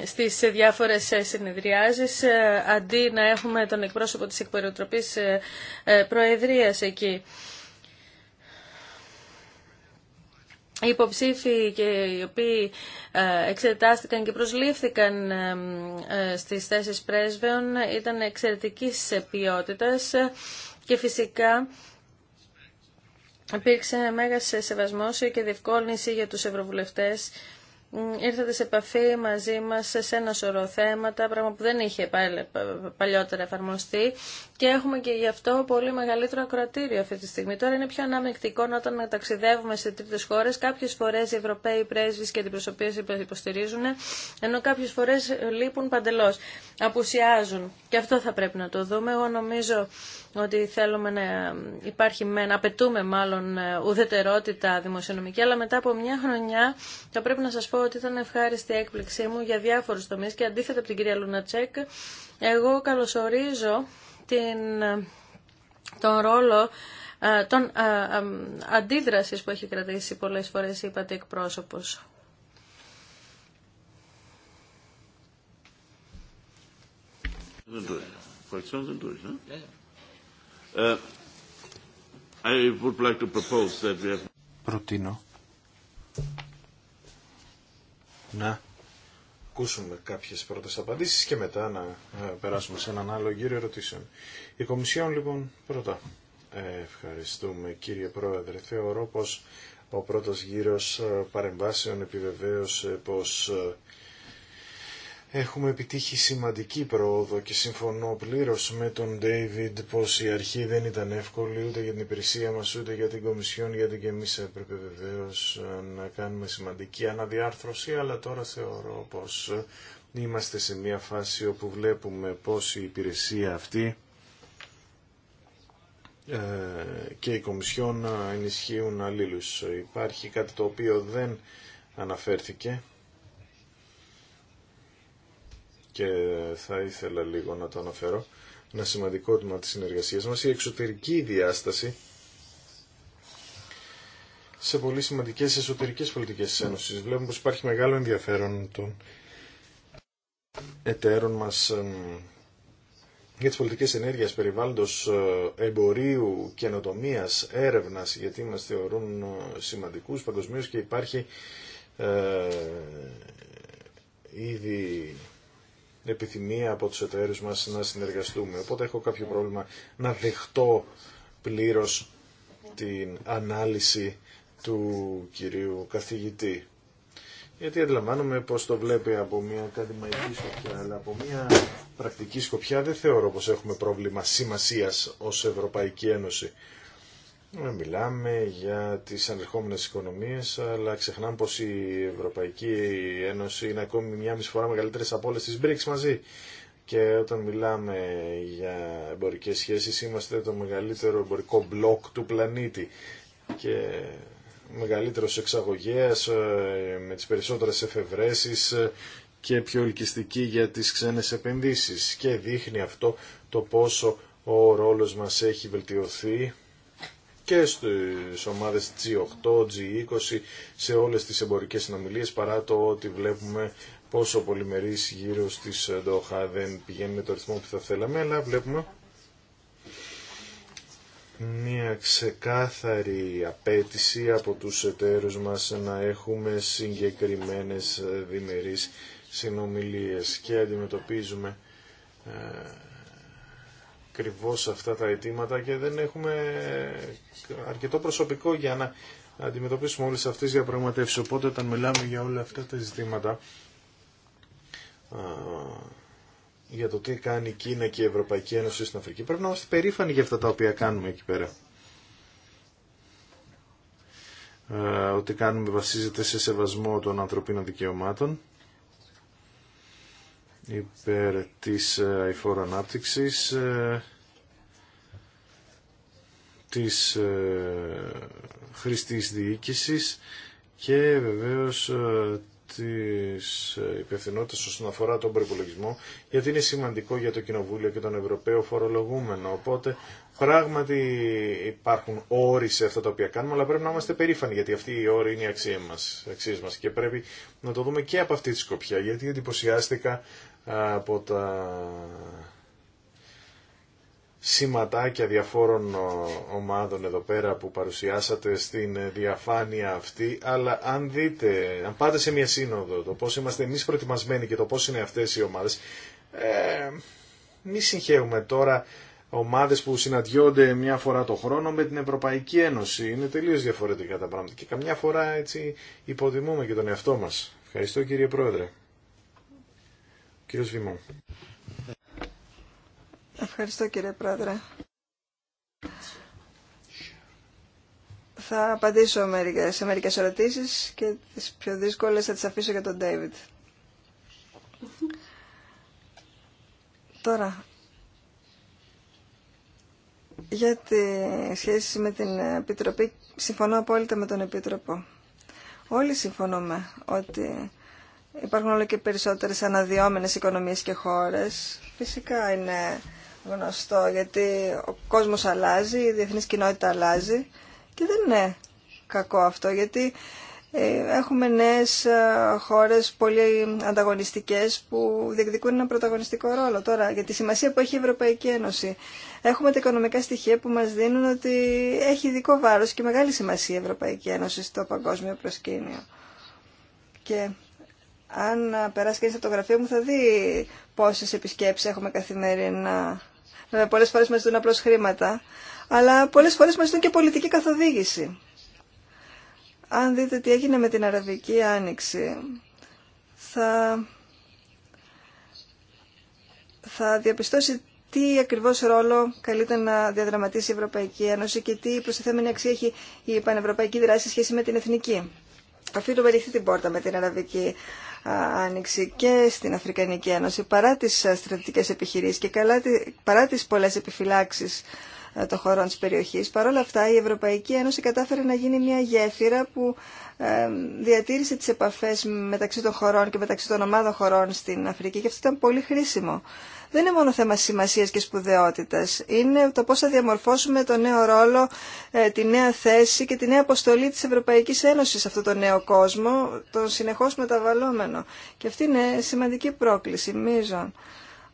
στις διάφορες συνεδριάζεις, αντί να έχουμε τον εκπρόσωπο της εκπεριοτροπής προεδρίας εκεί. οι υποψήφοι και οι οποίοι ε, εξετάστηκαν και προσλήφθηκαν ε, ε, στις θέσεις πρέσβεων ήταν εξαιρετικής ποιότητας και φυσικά υπήρξε μέγας σεβασμός και διευκόλυνση για τους ευρωβουλευτές ήρθατε σε επαφή μαζί μας σε ένα σωρό θέματα, πράγμα που δεν είχε παλιότερα εφαρμοστεί και έχουμε και γι' αυτό πολύ μεγαλύτερο ακροατήριο αυτή τη στιγμή. Τώρα είναι πιο αναμεκτικό όταν ταξιδεύουμε σε τρίτε χώρε. Κάποιε φορέ οι Ευρωπαίοι πρέσβει και αντιπροσωπείε υποστηρίζουν, ενώ κάποιε φορέ λείπουν παντελώ. Απουσιάζουν. Και αυτό θα πρέπει να το δούμε. Εγώ νομίζω ότι θέλουμε να υπάρχει με, να απαιτούμε μάλλον ε, ουδετερότητα δημοσιονομική, αλλά μετά από μια χρονιά θα πρέπει να σα πω ότι ήταν ευχάριστη έκπληξή μου για διάφορου τομεί και αντίθετα από την κυρία Λουνατσέκ, εγώ καλωσορίζω την, τον ρόλο ε, των ε, ε, αντίδρασης που έχει κρατήσει πολλές φορές η πατή εκπρόσωπος. Προτείνω να ακούσουμε κάποιες πρώτε και μετά να ε, περάσουμε σε έναν άλλο γύρο ερωτήσεων. Η Κομισιόν λοιπόν πρώτα. Ε, ευχαριστούμε κύριε Πρόεδρε. Θεωρώ πως ο πρώτος γύρος ε, παρεμβάσεων επιβεβαίωσε πως Έχουμε επιτύχει σημαντική πρόοδο και συμφωνώ πλήρως με τον David πως η αρχή δεν ήταν εύκολη ούτε για την υπηρεσία μας ούτε για την Κομισιόν γιατί και εμείς έπρεπε βεβαίω να κάνουμε σημαντική αναδιάρθρωση αλλά τώρα θεωρώ πως είμαστε σε μια φάση όπου βλέπουμε πως η υπηρεσία αυτή ε, και η Κομισιόν ενισχύουν αλλήλους. Υπάρχει κάτι το οποίο δεν αναφέρθηκε και θα ήθελα λίγο να το αναφέρω, ένα σημαντικό τμήμα της συνεργασίας μας, η εξωτερική διάσταση σε πολύ σημαντικές εσωτερικές πολιτικές της Ένωσης. Βλέπουμε πως υπάρχει μεγάλο ενδιαφέρον των εταίρων μας για τις πολιτικές ενέργειας, περιβάλλοντος, ε, εμπορίου, καινοτομίας, έρευνας, γιατί μας θεωρούν ε, σημαντικούς παγκοσμίως και υπάρχει ε, ήδη επιθυμία από τους εταίρους μας να συνεργαστούμε. Οπότε έχω κάποιο πρόβλημα να δεχτώ πλήρως την ανάλυση του κυρίου καθηγητή. Γιατί αντιλαμβάνομαι πως το βλέπει από μια ακαδημαϊκή σκοπιά, αλλά από μια πρακτική σκοπιά δεν θεωρώ πως έχουμε πρόβλημα σημασίας ως Ευρωπαϊκή Ένωση. Μιλάμε για τις ανερχόμενες οικονομίες, αλλά ξεχνάμε πως η Ευρωπαϊκή Ένωση είναι ακόμη μια μισή φορά μεγαλύτερη από όλες τις BRICS μαζί. Και όταν μιλάμε για εμπορικές σχέσεις, είμαστε το μεγαλύτερο εμπορικό μπλοκ του πλανήτη. Και μεγαλύτερος εξαγωγέας, ε, με τις περισσότερες εφευρέσεις και πιο ελκυστική για τις ξένες επενδύσεις. Και δείχνει αυτό το πόσο ο ρόλος μας έχει βελτιωθεί και στις ομάδες G8, G20, σε όλες τις εμπορικές συνομιλίες, παρά το ότι βλέπουμε πόσο πολυμερείς γύρω στις Ντόχα δεν πηγαίνει με το ρυθμό που θα θέλαμε, αλλά βλέπουμε μια ξεκάθαρη απέτηση από τους εταίρους μας να έχουμε συγκεκριμένες διμερείς συνομιλίες και αντιμετωπίζουμε ε, ακριβώ αυτά τα αιτήματα και δεν έχουμε αρκετό προσωπικό για να αντιμετωπίσουμε όλες αυτές τι διαπραγματεύσει. Οπότε όταν μιλάμε για όλα αυτά τα ζητήματα, για το τι κάνει η Κίνα και η Ευρωπαϊκή Ένωση στην Αφρική, πρέπει να είμαστε περήφανοι για αυτά τα οποία κάνουμε εκεί πέρα. Ότι κάνουμε βασίζεται σε σεβασμό των ανθρωπίνων δικαιωμάτων υπέρ της ε, αηφόρου ανάπτυξης, ε, της ε, χρηστής διοίκησης και βεβαίως της υπευθυνότητας όσον αφορά τον προπολογισμό, γιατί είναι σημαντικό για το Κοινοβούλιο και τον Ευρωπαίο φορολογούμενο. Οπότε πράγματι υπάρχουν όροι σε αυτά τα οποία κάνουμε, αλλά πρέπει να είμαστε περήφανοι, γιατί αυτή η όρη είναι η αξία μας, μας και πρέπει να το δούμε και από αυτή τη σκοπιά, γιατί εντυπωσιάστηκα από τα σηματάκια διαφόρων ομάδων εδώ πέρα που παρουσιάσατε στην ε, διαφάνεια αυτή, αλλά αν δείτε, αν πάτε σε μια σύνοδο, το πώς είμαστε εμείς προετοιμασμένοι και το πώς είναι αυτές οι ομάδες, ε, μη συγχαίουμε τώρα ομάδες που συναντιόνται μια φορά το χρόνο με την Ευρωπαϊκή Ένωση. Είναι τελείως διαφορετικά τα πράγματα και καμιά φορά έτσι υποδημούμε και τον εαυτό μας. Ευχαριστώ κύριε Πρόεδρε. Κύριος Ευχαριστώ κύριε Πρόεδρε. Θα απαντήσω σε μερικές ερωτήσεις και τις πιο δύσκολες θα τις αφήσω για τον Ντέιβιτ. Τώρα, για τη σχέση με την Επιτροπή, συμφωνώ απόλυτα με τον Επίτροπο. Όλοι συμφωνούμε ότι Υπάρχουν όλο και περισσότερες αναδυόμενες οικονομίες και χώρες. Φυσικά είναι γνωστό γιατί ο κόσμος αλλάζει, η διεθνής κοινότητα αλλάζει και δεν είναι κακό αυτό γιατί ε, έχουμε νέες ε, χώρες πολύ ανταγωνιστικές που διεκδικούν έναν πρωταγωνιστικό ρόλο τώρα για τη σημασία που έχει η Ευρωπαϊκή Ένωση. Έχουμε τα οικονομικά στοιχεία που μας δίνουν ότι έχει ειδικό βάρος και μεγάλη σημασία η Ευρωπαϊκή Ένωση στο παγκόσμιο προσκήνιο. Και αν περάσει κανείς από το γραφείο μου θα δει πόσες επισκέψεις έχουμε καθημερινά. Βέβαια πολλές φορές μας ζητούν απλώς χρήματα, αλλά πολλές φορές μας ζητούν και πολιτική καθοδήγηση. Αν δείτε τι έγινε με την Αραβική Άνοιξη, θα, θα διαπιστώσει τι ακριβώς ρόλο καλείται να διαδραματίσει η Ευρωπαϊκή Ένωση και τι προστιθέμενη αξία έχει η πανευρωπαϊκή δράση σχέση με την εθνική. Αφήνουμε να την πόρτα με την Αραβική Άνοιξη και στην Αφρικανική Ένωση, παρά τις στρατιωτικές επιχειρήσεις και καλά, παρά τις πολλές επιφυλάξεις των χωρών της περιοχής. Παρ' όλα αυτά η Ευρωπαϊκή Ένωση κατάφερε να γίνει μια γέφυρα που ε, διατήρησε τις επαφές μεταξύ των χωρών και μεταξύ των ομάδων χωρών στην Αφρική και αυτό ήταν πολύ χρήσιμο δεν είναι μόνο θέμα σημασίας και σπουδαιότητας. Είναι το πώς θα διαμορφώσουμε το νέο ρόλο, ε, τη νέα θέση και τη νέα αποστολή της Ευρωπαϊκής Ένωσης σε αυτό το νέο κόσμο, τον συνεχώς μεταβαλλόμενο. Και αυτή είναι σημαντική πρόκληση, μίζων.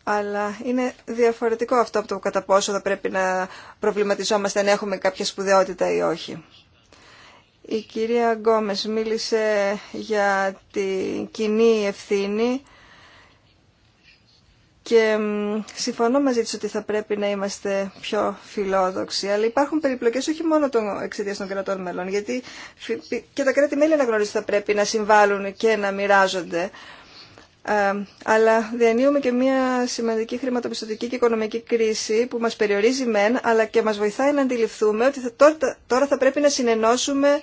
Αλλά είναι διαφορετικό αυτό από το κατά πόσο θα πρέπει να προβληματιζόμαστε αν έχουμε κάποια σπουδαιότητα ή όχι. Η κυρία Γκόμες μίλησε για την κοινή ευθύνη και συμφωνώ μαζί της ότι θα πρέπει να είμαστε πιο φιλόδοξοι, αλλά υπάρχουν περιπλοκές όχι μόνο των εξαιτία των κρατών μελών, γιατί και τα κράτη-μέλη αναγνωρίζουν θα πρέπει να συμβάλλουν και να μοιράζονται. Ε, αλλά διανύουμε και μια σημαντική χρηματοπιστωτική και οικονομική κρίση που μας περιορίζει μεν, αλλά και μας βοηθάει να αντιληφθούμε ότι τώρα, θα πρέπει να συνενώσουμε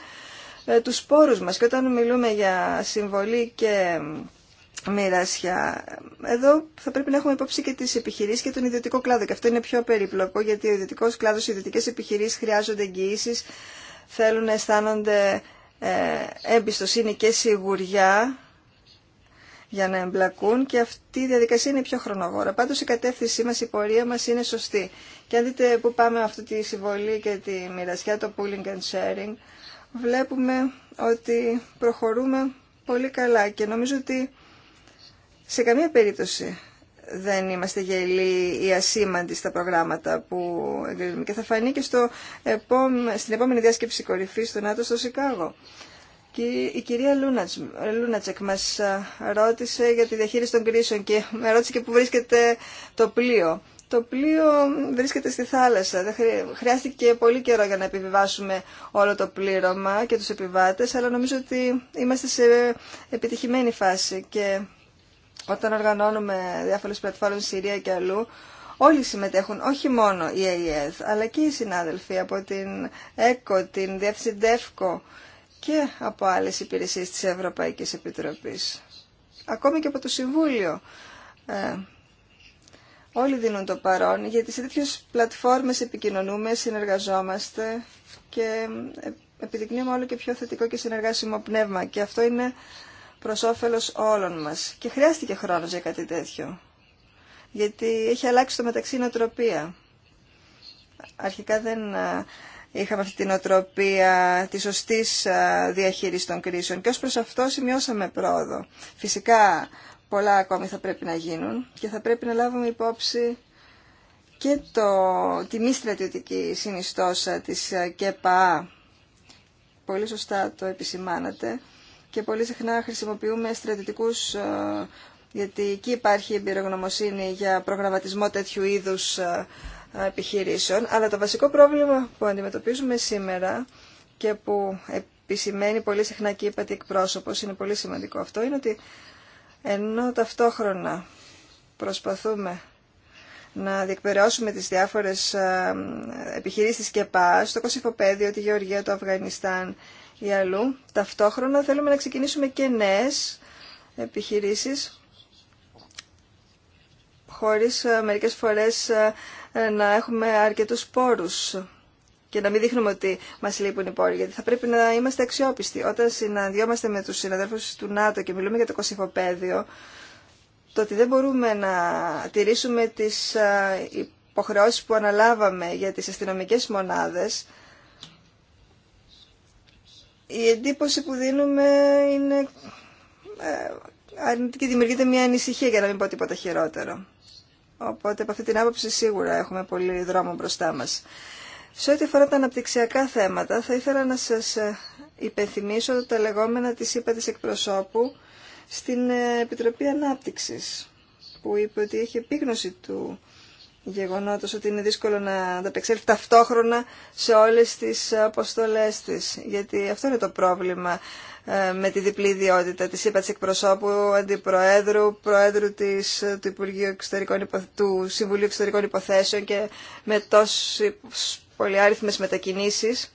ε, τους σπόρους μας. Και όταν μιλούμε για συμβολή και μοιρασιά. Εδώ θα πρέπει να έχουμε υπόψη και τι επιχειρήσει και τον ιδιωτικό κλάδο. Και αυτό είναι πιο περίπλοκο γιατί ο ιδιωτικό κλάδο, οι ιδιωτικέ επιχειρήσει χρειάζονται εγγυήσει, θέλουν να αισθάνονται ε, εμπιστοσύνη και σιγουριά για να εμπλακούν και αυτή η διαδικασία είναι πιο χρονοβόρα. Πάντως η κατεύθυνσή μας, η πορεία μας είναι σωστή. Και αν δείτε που πάμε αυτή τη συμβολή και τη μοιρασιά, το pooling and sharing, βλέπουμε ότι προχωρούμε πολύ καλά και νομίζω ότι σε καμία περίπτωση δεν είμαστε γελοί ή ασήμαντοι στα προγράμματα που εγκρίνουμε. Και θα φανεί και στο στην επόμενη διάσκεψη κορυφή του ΝΑΤΟ στο Σικάγο. Και η κυρία Λούνατσεκ μας ρώτησε για τη διαχείριση των κρίσεων και με ρώτησε και πού βρίσκεται το πλοίο. Το πλοίο βρίσκεται στη θάλασσα. χρειάστηκε πολύ καιρό για να επιβιβάσουμε όλο το πλήρωμα και τους επιβάτες, αλλά νομίζω ότι είμαστε σε επιτυχημένη φάση και όταν οργανώνουμε διάφορες πλατφόρμες Συρία και αλλού, όλοι συμμετέχουν, όχι μόνο η ΑΕΔ, e αλλά και οι συνάδελφοι από την ΕΚΟ, την Διεύθυνση ΔΕΦΚΟ και από άλλες υπηρεσίες της Ευρωπαϊκής Επιτροπής. Ακόμη και από το Συμβούλιο. Ε, όλοι δίνουν το παρόν, γιατί σε τέτοιες πλατφόρμες επικοινωνούμε, συνεργαζόμαστε και ε, επιδεικνύουμε όλο και πιο θετικό και συνεργάσιμο πνεύμα. Και αυτό είναι προς όφελος όλων μας. Και χρειάστηκε χρόνος για κάτι τέτοιο. Γιατί έχει αλλάξει το μεταξύ νοοτροπία. Αρχικά δεν ε, είχαμε αυτή την νοοτροπία τη σωστή ε, διαχείριση των κρίσεων και ως προς αυτό σημειώσαμε πρόοδο. Φυσικά πολλά ακόμη θα πρέπει να γίνουν και θα πρέπει να λάβουμε υπόψη και το, τη μη στρατιωτική συνιστόσα της ε, ΚΕΠΑ. Πολύ σωστά το επισημάνατε και πολύ συχνά χρησιμοποιούμε στρατητικούς ε, γιατί εκεί υπάρχει εμπειρογνωμοσύνη για προγραμματισμό τέτοιου είδους ε, επιχειρήσεων. Αλλά το βασικό πρόβλημα που αντιμετωπίζουμε σήμερα και που επισημαίνει πολύ συχνά και είπατε εκπρόσωπος, είναι πολύ σημαντικό αυτό, είναι ότι ενώ ταυτόχρονα προσπαθούμε να διεκπαιρεώσουμε τις διάφορες ε, επιχειρήσεις και ΚΕΠΑ στο Κωσυφοπέδιο, τη Γεωργία, το Αφγανιστάν ή αλλού. Ταυτόχρονα θέλουμε να ξεκινήσουμε και νέες επιχειρήσεις χωρίς ε, μερικές φορές ε, ε, να έχουμε αρκετούς πόρους και να μην δείχνουμε ότι μας λείπουν οι πόροι, γιατί θα πρέπει να είμαστε αξιόπιστοι. Όταν συναντιόμαστε με τους συναδέλφους του ΝΑΤΟ και μιλούμε για το κοσυφοπαίδιο, το ότι δεν μπορούμε να τηρήσουμε τις υποχρεώσεις που αναλάβαμε για τις αστυνομικές μονάδες, η εντύπωση που δίνουμε είναι ε, αρνητική, δημιουργείται μια ανησυχία για να μην πω τίποτα χειρότερο. Οπότε από αυτή την άποψη σίγουρα έχουμε πολύ δρόμο μπροστά μας. Σε ό,τι αφορά τα αναπτυξιακά θέματα, θα ήθελα να σας ε, υπενθυμίσω τα λεγόμενα της είπα της εκπροσώπου στην ε, Επιτροπή Ανάπτυξης, που είπε ότι έχει επίγνωση του γεγονότος ότι είναι δύσκολο να ανταπεξέλθει ταυτόχρονα σε όλες τις αποστολές της. Γιατί αυτό είναι το πρόβλημα ε, με τη διπλή ιδιότητα της είπα εκπροσώπου, αντιπροέδρου, προέδρου της, του, Υπουργείου Εξωτερικών, του Συμβουλίου Εξωτερικών Υποθέσεων και με τόσες πολυάριθμες μετακινήσεις.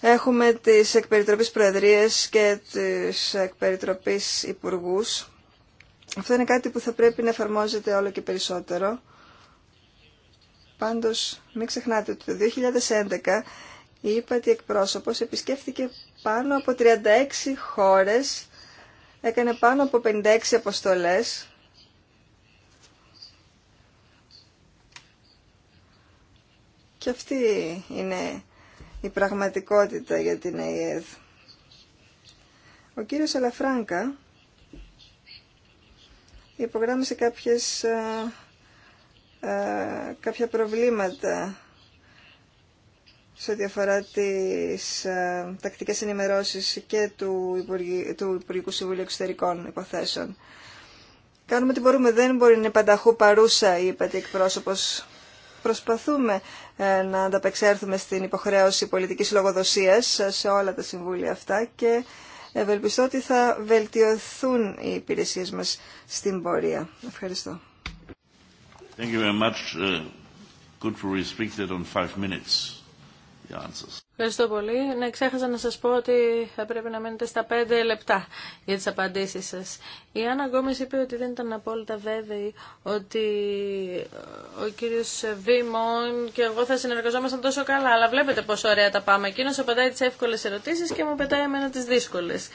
Έχουμε τις εκπεριτροπής προεδρίες και τις εκπεριτροπής υπουργούς. Αυτό είναι κάτι που θα πρέπει να εφαρμόζεται όλο και περισσότερο Πάντως, μην ξεχνάτε ότι το 2011 η ΥΠΑΤΗ εκπρόσωπος επισκέφθηκε πάνω από 36 χώρες, έκανε πάνω από 56 αποστολές και αυτή είναι η πραγματικότητα για την ΑΕΔ. Ο κύριος Αλαφράνκα υπογράμμισε κάποιες ε, ε, κάποια προβλήματα σε ό,τι αφορά τις ε, τακτικές ενημερώσεις και του, του Υπουργικού Συμβουλίου Εξωτερικών Υποθέσεων. Κάνουμε ό,τι μπορούμε. Δεν μπορεί να είναι πανταχού παρούσα η υπατή εκπρόσωπος. Προσπαθούμε ε, να ανταπεξέλθουμε στην υποχρέωση πολιτικής λογοδοσίας σε όλα τα συμβούλια αυτά και ευελπιστώ ότι θα βελτιωθούν οι υπηρεσίες μας στην πορεία. Ευχαριστώ. Thank you very much. Uh, good for on minutes. Ευχαριστώ πολύ. Να ξέχασα να σας πω ότι θα πρέπει να μένετε στα πέντε λεπτά για τις απαντήσεις σας. Η Άννα Γκόμες είπε ότι δεν ήταν απόλυτα βέβαιη ότι ε, ο κύριος Βίμον, και εγώ θα συνεργαζόμασταν τόσο καλά, αλλά βλέπετε πόσο ωραία τα πάμε. Εκείνος απαντάει τις εύκολες ερωτήσεις και μου πετάει εμένα τις δύσκολες.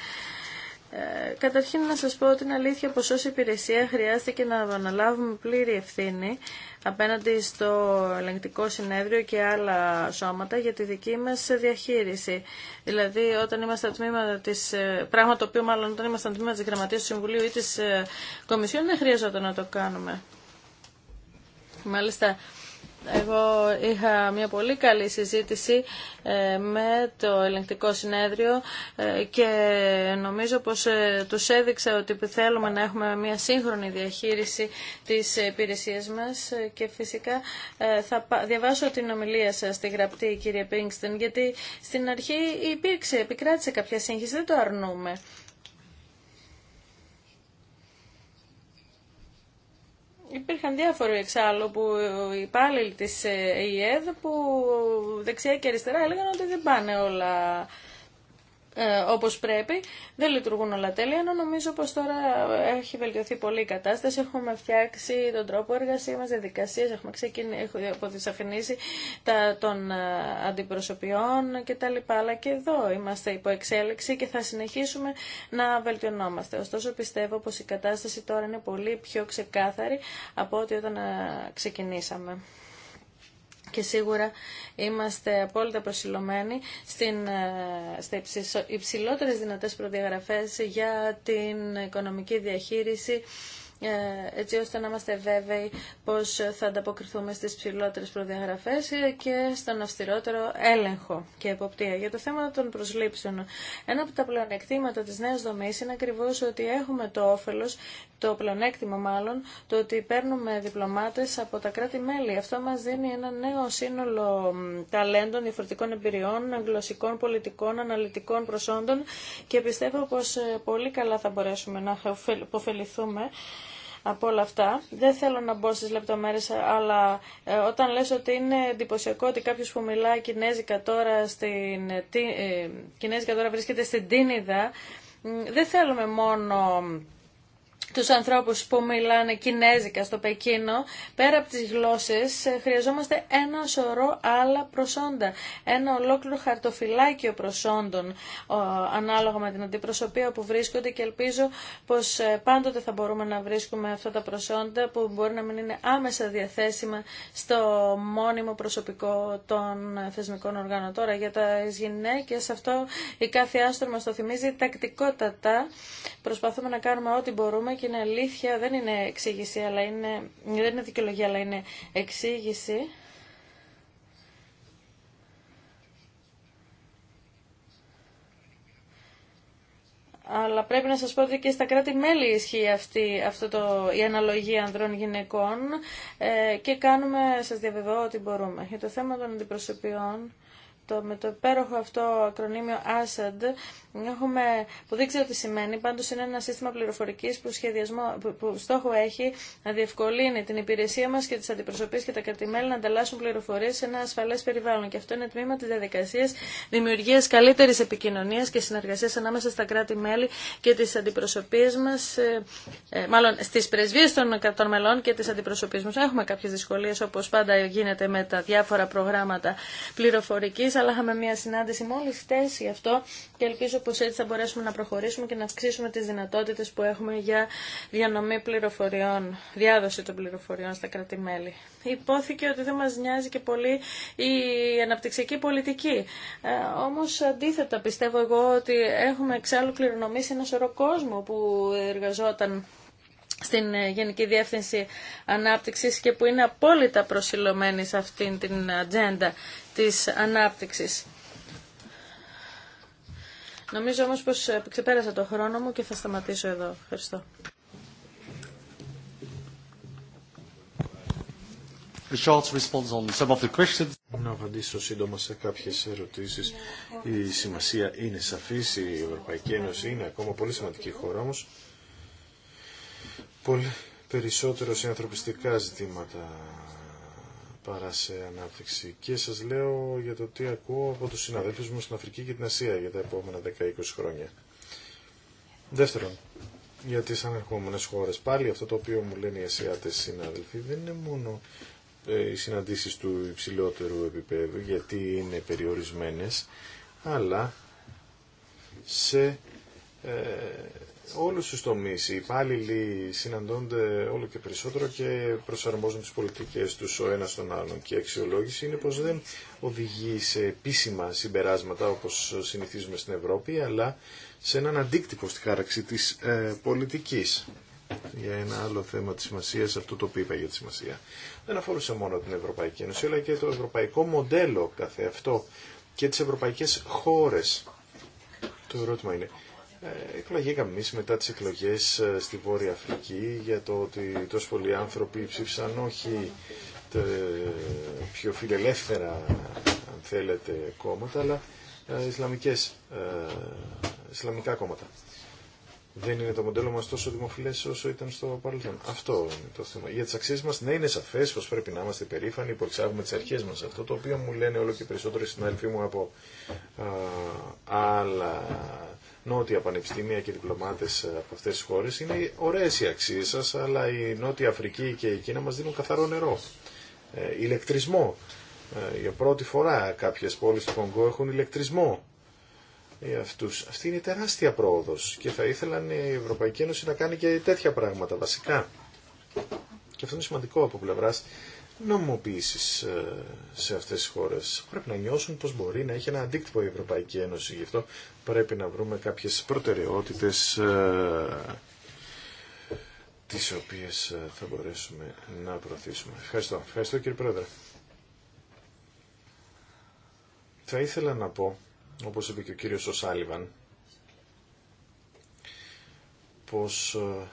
Ε, καταρχήν να σας πω την αλήθεια πως ως υπηρεσία χρειάστηκε να αναλάβουμε πλήρη ευθύνη απέναντι στο ελεγκτικό συνέδριο και άλλα σώματα για τη δική μας διαχείριση. Δηλαδή όταν ήμασταν τμήμα της, ε, πράγμα το οποίο μάλλον όταν ήμασταν τμήμα της Γραμματείας του Συμβουλίου ή της ε, Κομισιόν δεν χρειαζόταν να το κάνουμε. Μάλιστα εγώ είχα μια πολύ καλή συζήτηση ε, με το ελεγκτικό συνέδριο ε, και νομίζω πως ε, τους έδειξα ότι θέλουμε να έχουμε μια σύγχρονη διαχείριση της υπηρεσίας μας και φυσικά θα διαβάσω την ομιλία σας στη γραπτή κύριε Πίνγκστεν γιατί στην αρχή υπήρξε, επικράτησε κάποια σύγχυση, δεν το αρνούμε. Υπήρχαν διάφοροι εξάλλου που οι υπάλληλοι της ΕΙΕΔ που δεξιά και αριστερά έλεγαν ότι δεν πάνε όλα ε, όπως πρέπει. Δεν λειτουργούν όλα τέλεια, ενώ νομίζω πως τώρα έχει βελτιωθεί πολύ η κατάσταση. Έχουμε φτιάξει τον τρόπο εργασία μας, διαδικασίες, έχουμε ξεκινήσει, τα των ε, αντιπροσωπιών κτλ. Αλλά και εδώ είμαστε υπό εξέλιξη και θα συνεχίσουμε να βελτιωνόμαστε. Ωστόσο πιστεύω πως η κατάσταση τώρα είναι πολύ πιο ξεκάθαρη από ό,τι όταν ε, ξεκινήσαμε και σίγουρα είμαστε απόλυτα προσιλωμένοι στην, ε, στα υψηλότερες δυνατές προδιαγραφές για την οικονομική διαχείριση ε, έτσι ώστε να είμαστε βέβαιοι πως θα ανταποκριθούμε στις ψηλότερες προδιαγραφές και στον αυστηρότερο έλεγχο και εποπτεία. Για το θέμα των προσλήψεων, ένα από τα πλεονεκτήματα της νέας δομής είναι ακριβώς ότι έχουμε το όφελος, το πλεονέκτημα μάλλον, το ότι παίρνουμε διπλωμάτες από τα κράτη-μέλη. Αυτό μας δίνει ένα νέο σύνολο ταλέντων, διαφορετικών εμπειριών, γλωσσικών, πολιτικών, αναλυτικών προσόντων και πιστεύω πως ε, πολύ καλά θα μπορέσουμε να υποφεληθούμε από όλα αυτά. Δεν θέλω να μπω στι λεπτομέρειες, αλλά ε, όταν λες ότι είναι εντυπωσιακό ότι κάποιο που μιλάει κινέζικα τώρα, στην, ε, ε, κινέζικα τώρα βρίσκεται στην Τίνιδα, δεν θέλουμε μόνο του ανθρώπου που μιλάνε κινέζικα στο Πεκίνο, πέρα από τι γλώσσε ε, χρειαζόμαστε ένα σωρό άλλα προσόντα, ένα ολόκληρο χαρτοφυλάκιο προσόντων ανάλογα με την αντιπροσωπεία που βρίσκονται και ελπίζω πω ε, πάντοτε θα μπορούμε να βρίσκουμε αυτά τα προσόντα που μπορεί να μην είναι άμεσα διαθέσιμα στο μόνιμο προσωπικό των ε, θεσμικών οργάνων. Τώρα για τα γυναίκε, αυτό η κάθε άστρο μα το θυμίζει τακτικότατα. Προσπαθούμε να κάνουμε ό,τι μπορούμε και είναι αλήθεια, δεν είναι εξήγηση, αλλά είναι, δεν είναι δικαιολογία, αλλά είναι εξήγηση. Αλλά πρέπει να σας πω ότι και στα κράτη-μέλη ισχύει αυτή, αυτό το, η αναλογία ανδρών-γυναικών ε, και κάνουμε, σας διαβεβαιώ ότι μπορούμε. Για το θέμα των αντιπροσωπιών, το, με το υπέροχο αυτό ακρονίμιο ASAD έχουμε, που δεν ξέρω τι σημαίνει, πάντως είναι ένα σύστημα πληροφορικής που, σχεδιασμό, που, στόχο έχει να διευκολύνει την υπηρεσία μας και τις αντιπροσωπείς και τα κρατημέλη να ανταλλάσσουν πληροφορίες σε ένα ασφαλές περιβάλλον. Και αυτό είναι τμήμα της διαδικασίας δημιουργίας καλύτερης επικοινωνίας και συνεργασίας ανάμεσα στα κράτη-μέλη και τις αντιπροσωπείς μας, ε, ε, μάλλον στις πρεσβείες των κρατών μελών και τις αντιπροσωπείς μας. Έχουμε κάποιες δυσκολίες όπως πάντα γίνεται με τα διάφορα προγράμματα πληροφορικής αλλά είχαμε μια συνάντηση μόλι χτε γι' αυτό και ελπίζω πω έτσι θα μπορέσουμε να προχωρήσουμε και να αυξήσουμε τι δυνατότητε που έχουμε για διανομή πληροφοριών, διάδοση των πληροφοριών στα κράτη-μέλη. Υπόθηκε ότι δεν μα νοιάζει και πολύ η αναπτυξιακή πολιτική. Ε, αντίθετα πιστεύω εγώ ότι έχουμε εξάλλου κληρονομήσει ένα σωρό κόσμο που εργαζόταν στην Γενική Διεύθυνση Ανάπτυξης και που είναι απόλυτα προσιλωμένη σε αυτήν την ατζέντα της ανάπτυξης. Νομίζω όμως πως ε, ξεπέρασα το χρόνο μου και θα σταματήσω εδώ. Ευχαριστώ. Να απαντήσω σύντομα σε κάποιε ερωτήσει. Η σημασία είναι σαφή. η Ευρωπαϊκή Ένωση είναι ακόμα πολύ σημαντική χώρα όμω. Πολύ περισσότερο σε ανθρωπιστικά ζητήματα παρά σε ανάπτυξη. Και σας λέω για το τι ακούω από του συναδέλφους μου στην Αφρική και την Ασία για τα επόμενα 10-20 χρόνια. Δεύτερον, για τι σε χώρες. Πάλι αυτό το οποίο μου λένε οι Ασιάτες συνάδελφοι δεν είναι μόνο ε, οι συναντήσει του υψηλότερου επίπεδου γιατί είναι περιορισμένες αλλά σε ε, όλους τους τομείς. Οι υπάλληλοι συναντώνται όλο και περισσότερο και προσαρμόζουν τις πολιτικές τους ο ένας τον άλλον και η αξιολόγηση είναι πως δεν οδηγεί σε επίσημα συμπεράσματα όπως συνηθίζουμε στην Ευρώπη αλλά σε έναν αντίκτυπο στη χάραξη της ε, πολιτικής. Για ένα άλλο θέμα της σημασία, αυτό το οποίο είπα για τη σημασία. Δεν αφορούσε μόνο την Ευρωπαϊκή Ένωση αλλά και το ευρωπαϊκό μοντέλο καθεαυτό και τις ευρωπαϊκές χώρες. Το ερώτημα είναι, ε, εκλογήκαμε εμεί μετά τι εκλογέ ε, στη Βόρεια Αφρική για το ότι τόσο πολλοί άνθρωποι ψήφισαν όχι τε, πιο φιλελεύθερα αν θέλετε κόμματα αλλά ε, ε, ισλαμικά κόμματα. Δεν είναι το μοντέλο μα τόσο δημοφιλέ όσο ήταν στο παρελθόν. Αυτό είναι το θέμα. Για τις αξίε μα ναι είναι σαφές πως πρέπει να είμαστε περήφανοι που εξάγουμε τι αρχέ μα Αυτό το οποίο μου λένε όλο και περισσότερο στην συνάδελφοί μου από άλλα νότια πανεπιστήμια και διπλωμάτε ε, από αυτέ τι χώρε Είναι ωραίες οι αξίες σα, αλλά η Νότια Αφρική και η Κίνα μα δίνουν καθαρό νερό. Ε, ηλεκτρισμό. Ε, για πρώτη φορά κάποιε πόλεις του Κονγκό έχουν ηλεκτρισμό. Για ε, αυτούς. Αυτή είναι τεράστια πρόοδο. και θα ήθελαν η Ευρωπαϊκή Ένωση να κάνει και τέτοια πράγματα βασικά. Και αυτό είναι σημαντικό από πλευρά νομιμοποίηση σε αυτέ τι χώρε. Πρέπει να νιώσουν πω μπορεί να έχει ένα αντίκτυπο η Ευρωπαϊκή Ένωση. Γι' αυτό πρέπει να βρούμε κάποιες προτεραιότητες ε, τις οποίες ε, θα μπορέσουμε να προωθήσουμε. Ευχαριστώ. Ευχαριστώ κύριε Πρόεδρε. Θα ήθελα να πω, όπως είπε και ο κύριος Σάλιβαν, πως ε,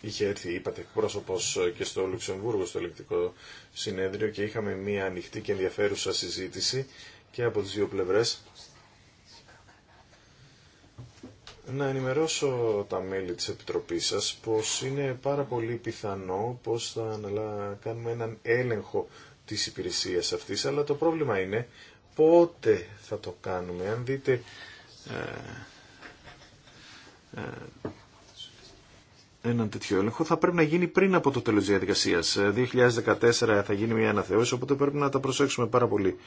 είχε έρθει, είπατε, πρόσωπος και στο Λουξεμβούργο, στο ελεκτικό συνέδριο και είχαμε μία ανοιχτή και ενδιαφέρουσα συζήτηση και από τις δύο πλευρές να ενημερώσω τα μέλη της Επιτροπής σας πως είναι πάρα πολύ πιθανό πως θα κάνουμε έναν έλεγχο της υπηρεσίας αυτής, αλλά το πρόβλημα είναι πότε θα το κάνουμε. Αν δείτε ε, ε έναν τέτοιο έλεγχο θα πρέπει να γίνει πριν από το τέλος της διαδικασίας. 2014 ε, θα γίνει μια αναθεώρηση, οπότε πρέπει να τα προσέξουμε πάρα πολύ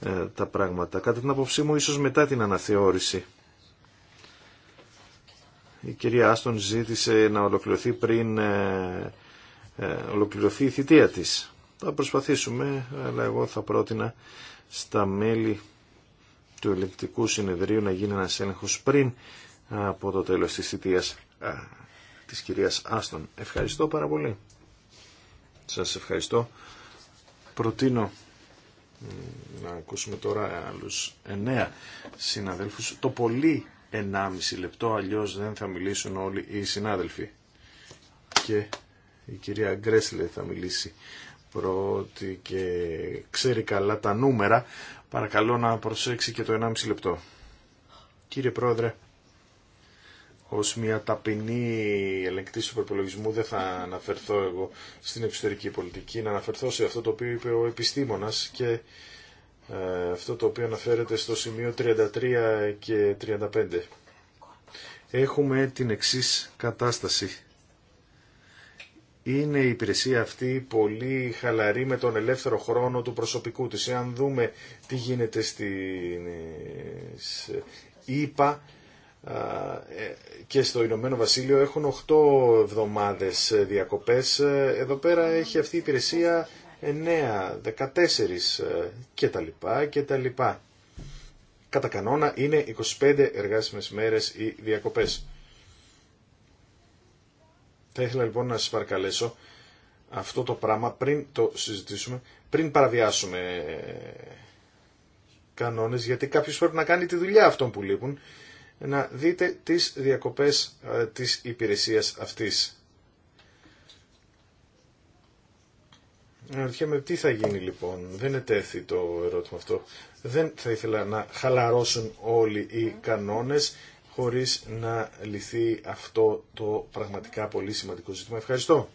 ε, τα πράγματα. Κατά την άποψή μου, ίσως μετά την αναθεώρηση η κυρία Άστον ζήτησε να ολοκληρωθεί πριν ε, ε, ολοκληρωθεί η θητεία της. Θα προσπαθήσουμε, αλλά εγώ θα πρότεινα στα μέλη του ελεκτικού συνεδρίου να γίνει ένας έλεγχος πριν από το τέλος της θητείας της κυρίας Άστον. Ευχαριστώ πάρα πολύ. Σας ευχαριστώ. Προτείνω να ακούσουμε τώρα άλλους εννέα συναδέλφους. Το πολύ 1,5 λεπτό, αλλιώς δεν θα μιλήσουν όλοι οι συνάδελφοι. Και η κυρία Γκρέσλε θα μιλήσει πρώτη και ξέρει καλά τα νούμερα. Παρακαλώ να προσέξει και το 1,5 λεπτό. Κύριε Πρόεδρε, ως μια ταπεινή ελεγκτής του προπολογισμού δεν θα αναφερθώ εγώ στην εξωτερική πολιτική, να αναφερθώ σε αυτό το οποίο είπε ο επιστήμονας και ε, αυτό το οποίο αναφέρεται στο σημείο 33 και 35. Έχουμε την εξής κατάσταση. Είναι η υπηρεσία αυτή πολύ χαλαρή με τον ελεύθερο χρόνο του προσωπικού της. Εάν δούμε τι γίνεται στην ΙΠΑ ε, και στο Ηνωμένο Βασίλειο έχουν 8 εβδομάδες διακοπές. Ε, εδώ πέρα έχει αυτή η υπηρεσία 9, 14 κτλ. λοιπά. Κατά κανόνα είναι 25 εργάσιμες μέρες οι διακοπές. Θα ήθελα λοιπόν να σας παρακαλέσω αυτό το πράγμα πριν το συζητήσουμε, πριν παραβιάσουμε ε, κανόνες, γιατί κάποιος πρέπει να κάνει τη δουλειά αυτών που λείπουν, να δείτε τις διακοπές ε, της υπηρεσίας αυτής. Αναρωτιέμαι τι θα γίνει λοιπόν. Δεν ετέθη το ερώτημα αυτό. Δεν θα ήθελα να χαλαρώσουν όλοι οι κανόνες χωρίς να λυθεί αυτό το πραγματικά πολύ σημαντικό ζήτημα. Ευχαριστώ.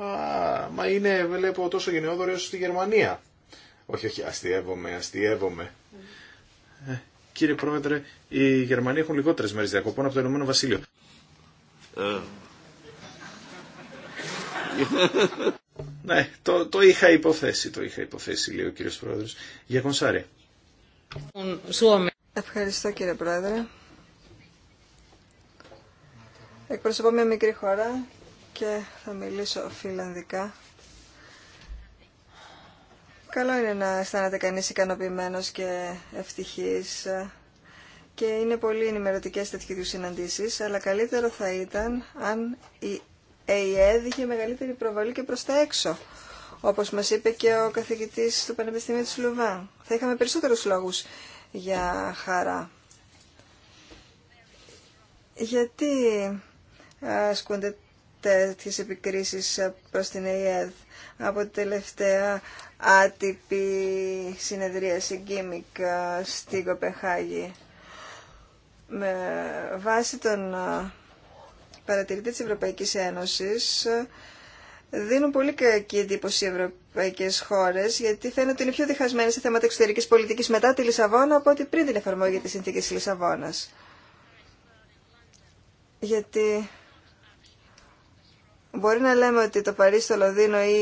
Α, μα είναι, βλέπω, τόσο γενναιόδοροι όσο στη Γερμανία. Όχι, όχι, αστείευομαι, αστείευομαι. Ε, κύριε Πρόεδρε, οι Γερμανοί έχουν λιγότερες μέρες διακοπών από το Ηνωμένο Βασίλειο. Ε. Ναι, το, το είχα υποθέσει, το είχα υποθέσει, λέει ο κύριος Πρόεδρος. Για κονσάρε. Ευχαριστώ κύριε Πρόεδρε. Εκπροσωπώ μια μικρή χώρα και θα μιλήσω φιλανδικά. Καλό είναι να αισθάνεται κανείς ικανοποιημένος και ευτυχής και είναι πολύ ενημερωτικέ τέτοιου συναντήσεις, αλλά καλύτερο θα ήταν αν οι ε, η ΕΙΕΔ είχε μεγαλύτερη προβολή και προς τα έξω, όπως μας είπε και ο καθηγητής του Πανεπιστημίου της Λουβά. Θα είχαμε περισσότερους λόγους για χαρά. Γιατί ε, ασκούνται τέτοιες επικρίσεις ε, προς την ΕΙΕΔ από τελευταία άτυπη συνεδρίαση γκίμικ στην Κοπεχάγη. Με βάση τον παρατηρητή της Ευρωπαϊκής Ένωσης δίνουν πολύ κακή εντύπωση οι ευρωπαϊκές χώρες, γιατί φαίνεται ότι είναι πιο διχασμένες σε θέματα εξωτερικής πολιτικής μετά τη Λισαβόνα από ότι πριν την εφαρμογή της συνθήκης της Λισαβόνας. Γιατί μπορεί να λέμε ότι το Παρίσι, το Λονδίνο ή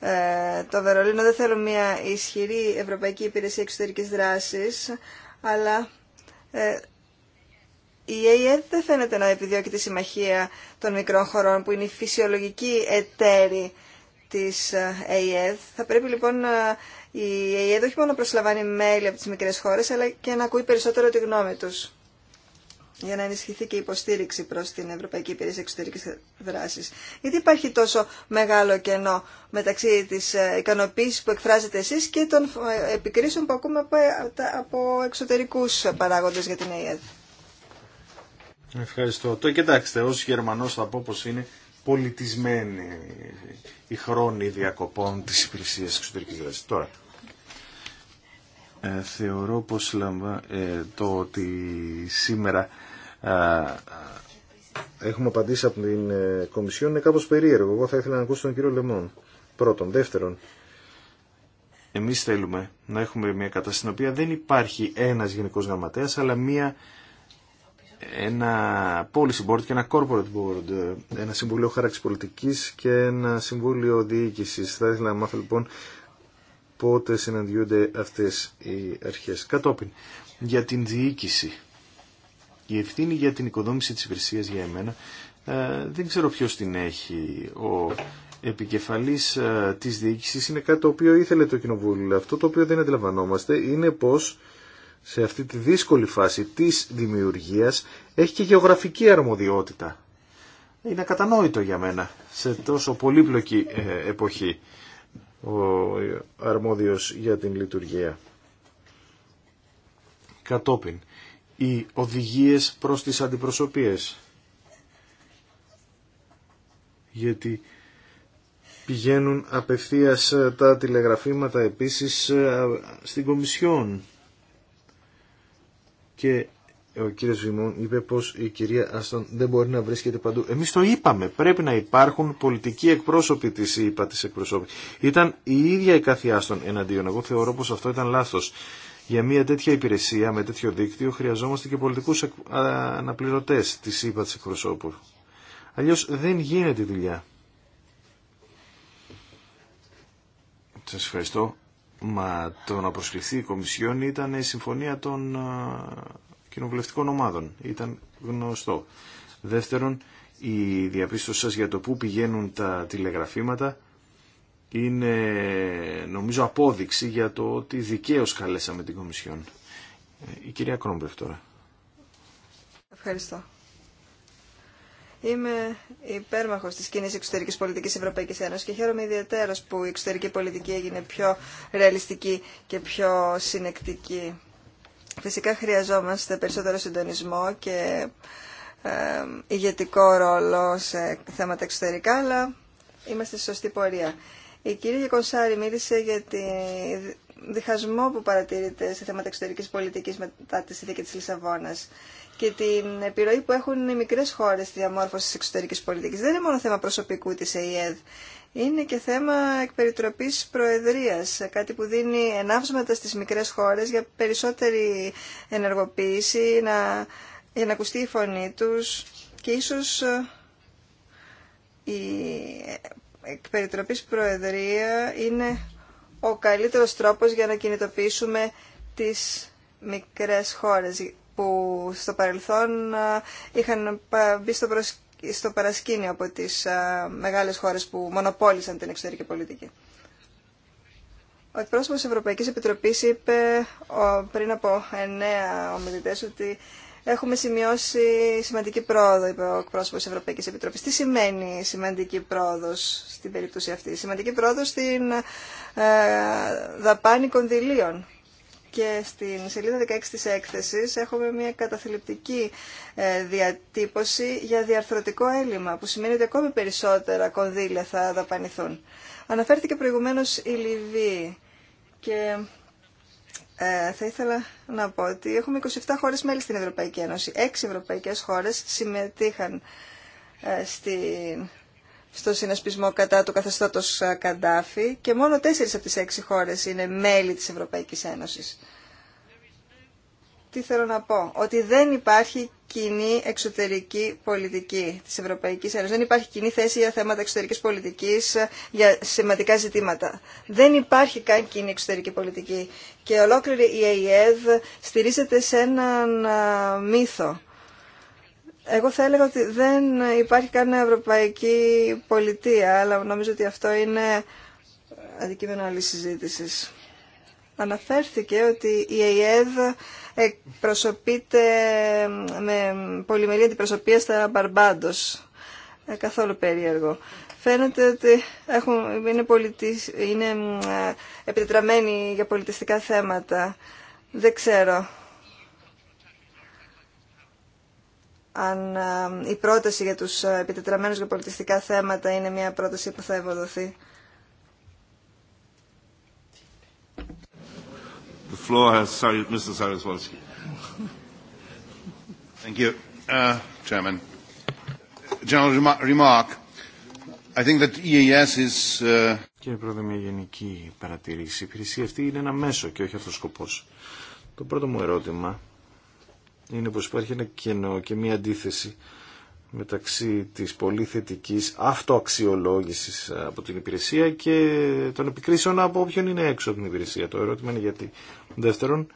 ε, το Βερολίνο δεν θέλουν μια ισχυρή Ευρωπαϊκή Υπηρεσία Εξωτερικής Δράσης, αλλά ε, η ΑΕΔ δεν φαίνεται να επιδιώκει τη συμμαχία των μικρών χωρών που είναι η φυσιολογική εταίρη της ε, ΑΕΔ. Θα πρέπει λοιπόν ε, η ΑΕΔ όχι μόνο να προσλαμβάνει μέλη από τις μικρές χώρες αλλά και να ακούει περισσότερο τη γνώμη τους για να ενισχυθεί και η υποστήριξη προς την Ευρωπαϊκή Υπηρεσία Εξωτερικής Δράσης. Γιατί υπάρχει τόσο μεγάλο κενό μεταξύ της ε, ικανοποίησης που εκφράζετε εσείς και των επικρίσεων που ακούμε από εξωτερικούς παράγοντες για την ΕΕ. Ευχαριστώ. Το κοιτάξτε, ω Γερμανός θα πω πω είναι πολιτισμένη η χρόνη διακοπών τη υπηρεσία εξωτερική δράση. Τώρα, ε, θεωρώ πώ ε, το ότι σήμερα έχουμε απαντήσει από την ε, Κομισιόν είναι κάπω περίεργο. Εγώ θα ήθελα να ακούσω τον κύριο Λεμόν. Πρώτον. Δεύτερον, εμεί θέλουμε να έχουμε μια κατάσταση στην οποία δεν υπάρχει ένα γενικό γραμματέα, αλλά μια ένα policy board και ένα corporate board, ένα συμβούλιο χάραξη πολιτικής και ένα συμβούλιο διοίκησης. Θα ήθελα να μάθω λοιπόν πότε συναντιούνται αυτές οι αρχές. Κατόπιν, για την διοίκηση. Η ευθύνη για την οικοδόμηση της υπηρεσία για εμένα ε, δεν ξέρω ποιος την έχει. Ο επικεφαλής ε, της διοίκησης είναι κάτι το οποίο ήθελε το κοινοβούλιο. Αυτό το οποίο δεν αντιλαμβανόμαστε είναι πως σε αυτή τη δύσκολη φάση της δημιουργίας έχει και γεωγραφική αρμοδιότητα. Είναι κατανόητο για μένα σε τόσο πολύπλοκη ε, εποχή ο αρμόδιος για την λειτουργία. Κατόπιν, οι οδηγίες προς τις αντιπροσωπίες. Γιατί πηγαίνουν απευθείας ε, τα τηλεγραφήματα επίσης ε, στην Κομισιόν και ο κύριος Βημούν είπε πως η κυρία Άστον δεν μπορεί να βρίσκεται παντού. Εμείς το είπαμε, πρέπει να υπάρχουν πολιτικοί εκπρόσωποι της ΕΥΠΑ ΕΕ. της Ήταν η ίδια η κάθε Άστον εναντίον. Εγώ θεωρώ πως αυτό ήταν λάθος. Για μια τέτοια υπηρεσία με τέτοιο δίκτυο χρειαζόμαστε και πολιτικούς αναπληρωτές της ΕΥΠΑ ΕΕ, της Αλλιώς δεν γίνεται η δουλειά. Σας ευχαριστώ Μα το να προσκληθεί η Κομισιόν ήταν η συμφωνία των ε, κοινοβουλευτικών ομάδων. Ήταν γνωστό. Δεύτερον, η διαπίστωση σας για το πού πηγαίνουν τα τηλεγραφήματα είναι νομίζω απόδειξη για το ότι δικαίως καλέσαμε την Κομισιόν. Ε, η κυρία Κρόμπρεφ τώρα. Ευχαριστώ. Είμαι υπέρμαχο τη κοινή εξωτερική πολιτική Ευρωπαϊκή Ένωση και χαίρομαι ιδιαίτερα που η εξωτερική πολιτική έγινε πιο ρεαλιστική και πιο συνεκτική. Φυσικά χρειαζόμαστε περισσότερο συντονισμό και ε, ηγετικό ρόλο σε θέματα εξωτερικά, αλλά είμαστε στη σωστή πορεία. Η κυρία Κονσάρη μίλησε για τη διχασμό που παρατηρείται σε θέματα εξωτερικής πολιτικής μετά τη συνθήκη της Λισαβόνας και την επιρροή που έχουν οι μικρές χώρες στη διαμόρφωση τη εξωτερικής πολιτικής. Δεν είναι μόνο θέμα προσωπικού της ΕΙΕΔ, είναι και θέμα εκπεριτροπής προεδρίας, κάτι που δίνει ενάψματα στις μικρές χώρες για περισσότερη ενεργοποίηση, να, για να ακουστεί η φωνή τους και ίσως ε, η εκπεριτροπής προεδρία είναι ο καλύτερος τρόπος για να κινητοποιήσουμε τις μικρές χώρες που στο παρελθόν ε, είχαν μπει στο, παρασκήνιο από τις ε, μεγάλες χώρες που μονοπόλησαν την εξωτερική πολιτική. Ο εκπρόσωπος της Ευρωπαϊκής Επιτροπής είπε πριν από εννέα ομιλητές ότι έχουμε σημειώσει σημαντική πρόοδο, είπε ο εκπρόσωπος της Ευρωπαϊκής Επιτροπής. Τι σημαίνει σημαντική πρόοδος στην περίπτωση αυτή. Σημαντική πρόοδος στην ε, δαπάνη κονδυλίων και στην σελίδα 16 της έκθεσης έχουμε μια καταθλιπτική ε, διατύπωση για διαρθρωτικό έλλειμμα, που σημαίνει ότι ακόμη περισσότερα κονδύλια θα δαπανηθούν. Αναφέρθηκε προηγουμένως η Λιβύη και ε, θα ήθελα να πω ότι έχουμε 27 χώρες μέλη στην Ευρωπαϊκή Ένωση. Έξι ευρωπαϊκές χώρες συμμετείχαν ε, στην στο συνασπισμό κατά του καθεστώτος Καντάφη και μόνο τέσσερις από τις έξι χώρες είναι μέλη της Ευρωπαϊκής Ένωσης. Τι θέλω να πω, ότι δεν υπάρχει κοινή εξωτερική πολιτική της Ευρωπαϊκής Ένωσης. Δεν υπάρχει κοινή θέση για θέματα εξωτερικής πολιτικής, για σημαντικά ζητήματα. Δεν υπάρχει καν κοινή εξωτερική πολιτική. Και ολόκληρη η ΑΕΔ στηρίζεται σε έναν μύθο εγώ θα έλεγα ότι δεν υπάρχει κανένα ευρωπαϊκή πολιτεία, αλλά νομίζω ότι αυτό είναι αντικείμενο άλλη συζήτηση. Αναφέρθηκε ότι η ΕΕΔ εκπροσωπείται με πολυμερή αντιπροσωπεία στα Μπαρμπάντος. Ε, καθόλου περίεργο. Φαίνεται ότι έχουν, είναι, πολιτισ, είναι ε, επιτετραμένοι για πολιτιστικά θέματα. Δεν ξέρω αν ε, η πρόταση για τους ε, επιτετραμένους γεωπολιτιστικά θέματα είναι μια πρόταση που θα ευοδοθεί. The floor has, sorry, Mr. Thank you, uh, Chairman. General remark. I think that EAS is. Uh... Κύριε Πρόεδρε, μια γενική παρατηρήση. Η υπηρεσία αυτή είναι ένα μέσο και όχι αυτός ο σκοπός. Το πρώτο μου ερώτημα είναι πως υπάρχει ένα κενό και μία αντίθεση μεταξύ της πολύ θετική αυτοαξιολόγησης ε, από την υπηρεσία και των επικρίσεων από όποιον είναι έξω από την υπηρεσία. Το ερώτημα είναι γιατί. Δεύτερον,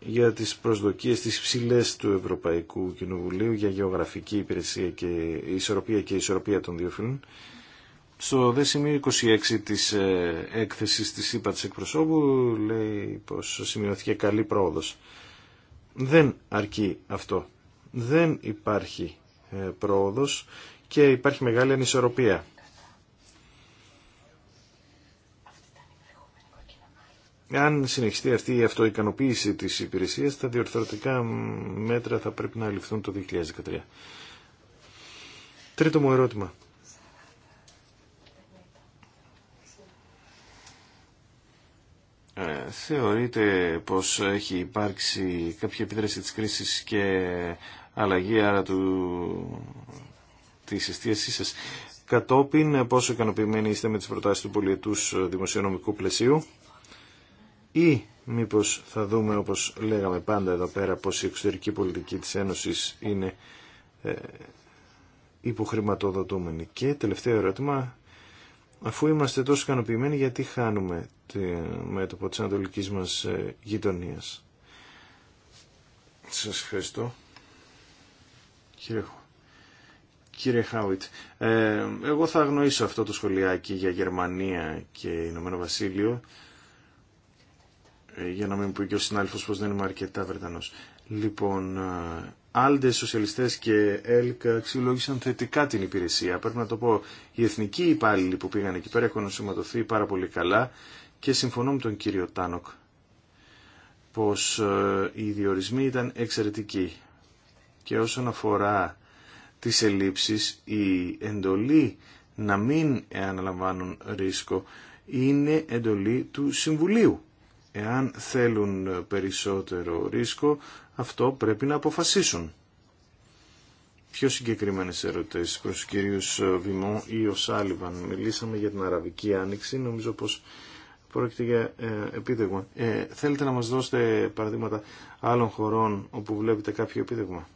για τις προσδοκίες της ψηλές του Ευρωπαϊκού Κοινοβουλίου για γεωγραφική υπηρεσία και ισορροπία και ισορροπία των δύο φίλων. Στο δε σημείο 26 της ε, έκθεσης της ΥΠΑ της εκπροσώπου λέει πως σημειώθηκε καλή πρόοδος δεν αρκεί αυτό. Δεν υπάρχει ε, πρόοδος και υπάρχει μεγάλη ανισορροπία. Αν συνεχιστεί αυτή η αυτοικανοποίηση της υπηρεσίας, τα διορθωτικά μέτρα θα πρέπει να ληφθούν το 2013. Τρίτο μου ερώτημα. Ε, θεωρείτε πως έχει υπάρξει κάποια επίδραση της κρίσης και αλλαγή άρα του... της εστίασής σας. Κατόπιν, πόσο ικανοποιημένοι είστε με τις προτάσεις του πολιετούς δημοσιονομικού πλαισίου ή μήπως θα δούμε όπως λέγαμε πάντα εδώ πέρα πως η εξωτερική πολιτική της Ένωσης είναι ε, υποχρηματοδοτούμενη. Και τελευταίο ερώτημα, αφού είμαστε τόσο ικανοποιημένοι γιατί χάνουμε το μέτωπο της ανατολικής μας ε, γειτονίας. Σας ευχαριστώ. Κύριε, Κύριε Χάουιτ, ε, εγώ θα αγνοήσω αυτό το σχολιάκι για Γερμανία και Ηνωμένο Βασίλειο, ε, για να μην πω και ο συνάδελφο, πως δεν είμαι αρκετά Βρετανός. Λοιπόν, ε, Άλντε, σοσιαλιστέ και ΕΛΚ αξιολόγησαν θετικά την υπηρεσία. Πρέπει να το πω, οι εθνικοί υπάλληλοι που πήγαν εκεί πέρα έχουν ενσωματωθεί πάρα πολύ καλά και συμφωνώ με τον κύριο Τάνοκ πως ε, οι διορισμοί ήταν εξαιρετικοί. Και όσον αφορά τις ελλείψεις, η εντολή να μην αναλαμβάνουν ρίσκο είναι εντολή του Συμβουλίου. Εάν θέλουν περισσότερο ρίσκο αυτό πρέπει να αποφασίσουν. Πιο ερωτήσει προ προς κυρίου Βημό ή ο Σάλιβαν. Μιλήσαμε για την Αραβική Άνοιξη, νομίζω πως πρόκειται για ε, επίδεγμα. Ε, θέλετε να μας δώσετε παραδείγματα άλλων χωρών όπου βλέπετε κάποιο επίδεγμα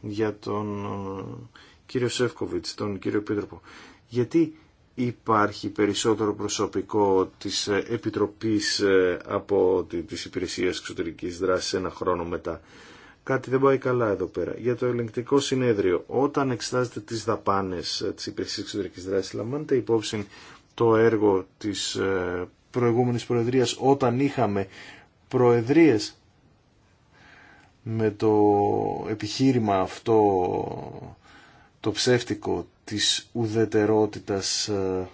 για τον ε, κύριο Σεύκοβιτ, τον κύριο Επίτροπο. Γιατί υπάρχει περισσότερο προσωπικό της ε, Επιτροπής ε, από της Υπηρεσίας Εξωτερικής Δράσης ένα χρόνο μετά. Κάτι δεν πάει καλά εδώ πέρα. Για το ελεγκτικό συνέδριο, όταν εξετάζετε τις δαπάνες ε, της Υπηρεσίας Εξωτερικής Δράσης, λαμβάνετε υπόψη το έργο της προηγούμενης Προεδρίας όταν είχαμε Προεδρίες με το επιχείρημα αυτό το ψεύτικο της ουδετερότητας ε,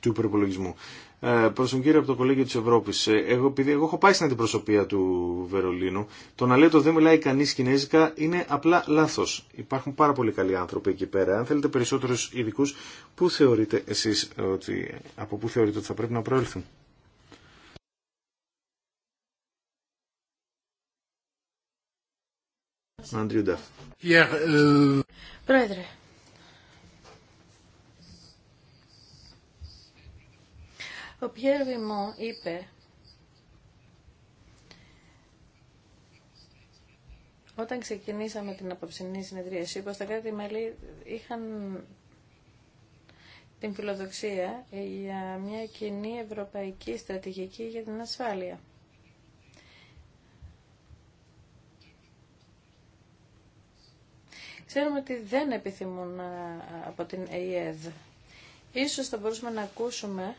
του υπερπολογισμού. Ε, Προ τον κύριο από το Κολέγιο τη Ευρώπη, ε, εγώ, επειδή εγώ έχω πάει στην αντιπροσωπεία του Βερολίνου, το να λέτε ότι δεν μιλάει κανεί Κινέζικα είναι απλά λάθο. Υπάρχουν πάρα πολύ καλοί άνθρωποι εκεί πέρα. Αν θέλετε περισσότερου ειδικού, πού θεωρείτε εσεί ότι, από πού θεωρείτε ότι θα πρέπει να προέλθουν. Πρόεδρε, Ο Πιέρ είπε Όταν ξεκινήσαμε την απόψινή συνεδρίαση, πως τα κράτη-μέλη είχαν την φιλοδοξία για μια κοινή ευρωπαϊκή στρατηγική για την ασφάλεια. Ξέρουμε ότι δεν επιθυμούν ε, από την ΕΙΕΔ. Ίσως θα μπορούσαμε να ακούσουμε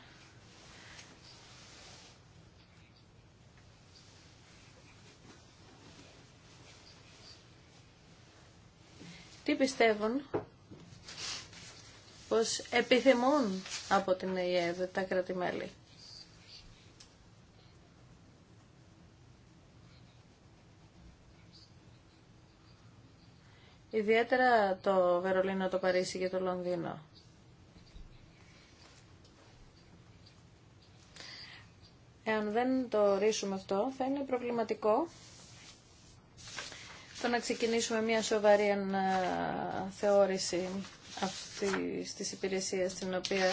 τι πιστεύουν πως επιθυμούν από την ΕΕ τα κράτη-μέλη. Ιδιαίτερα το Βερολίνο, το Παρίσι και το Λονδίνο. Εάν δεν το ορίσουμε αυτό, θα είναι προβληματικό στο να ξεκινήσουμε μια σοβαρή ε, θεώρηση αυτή της υπηρεσία την οποία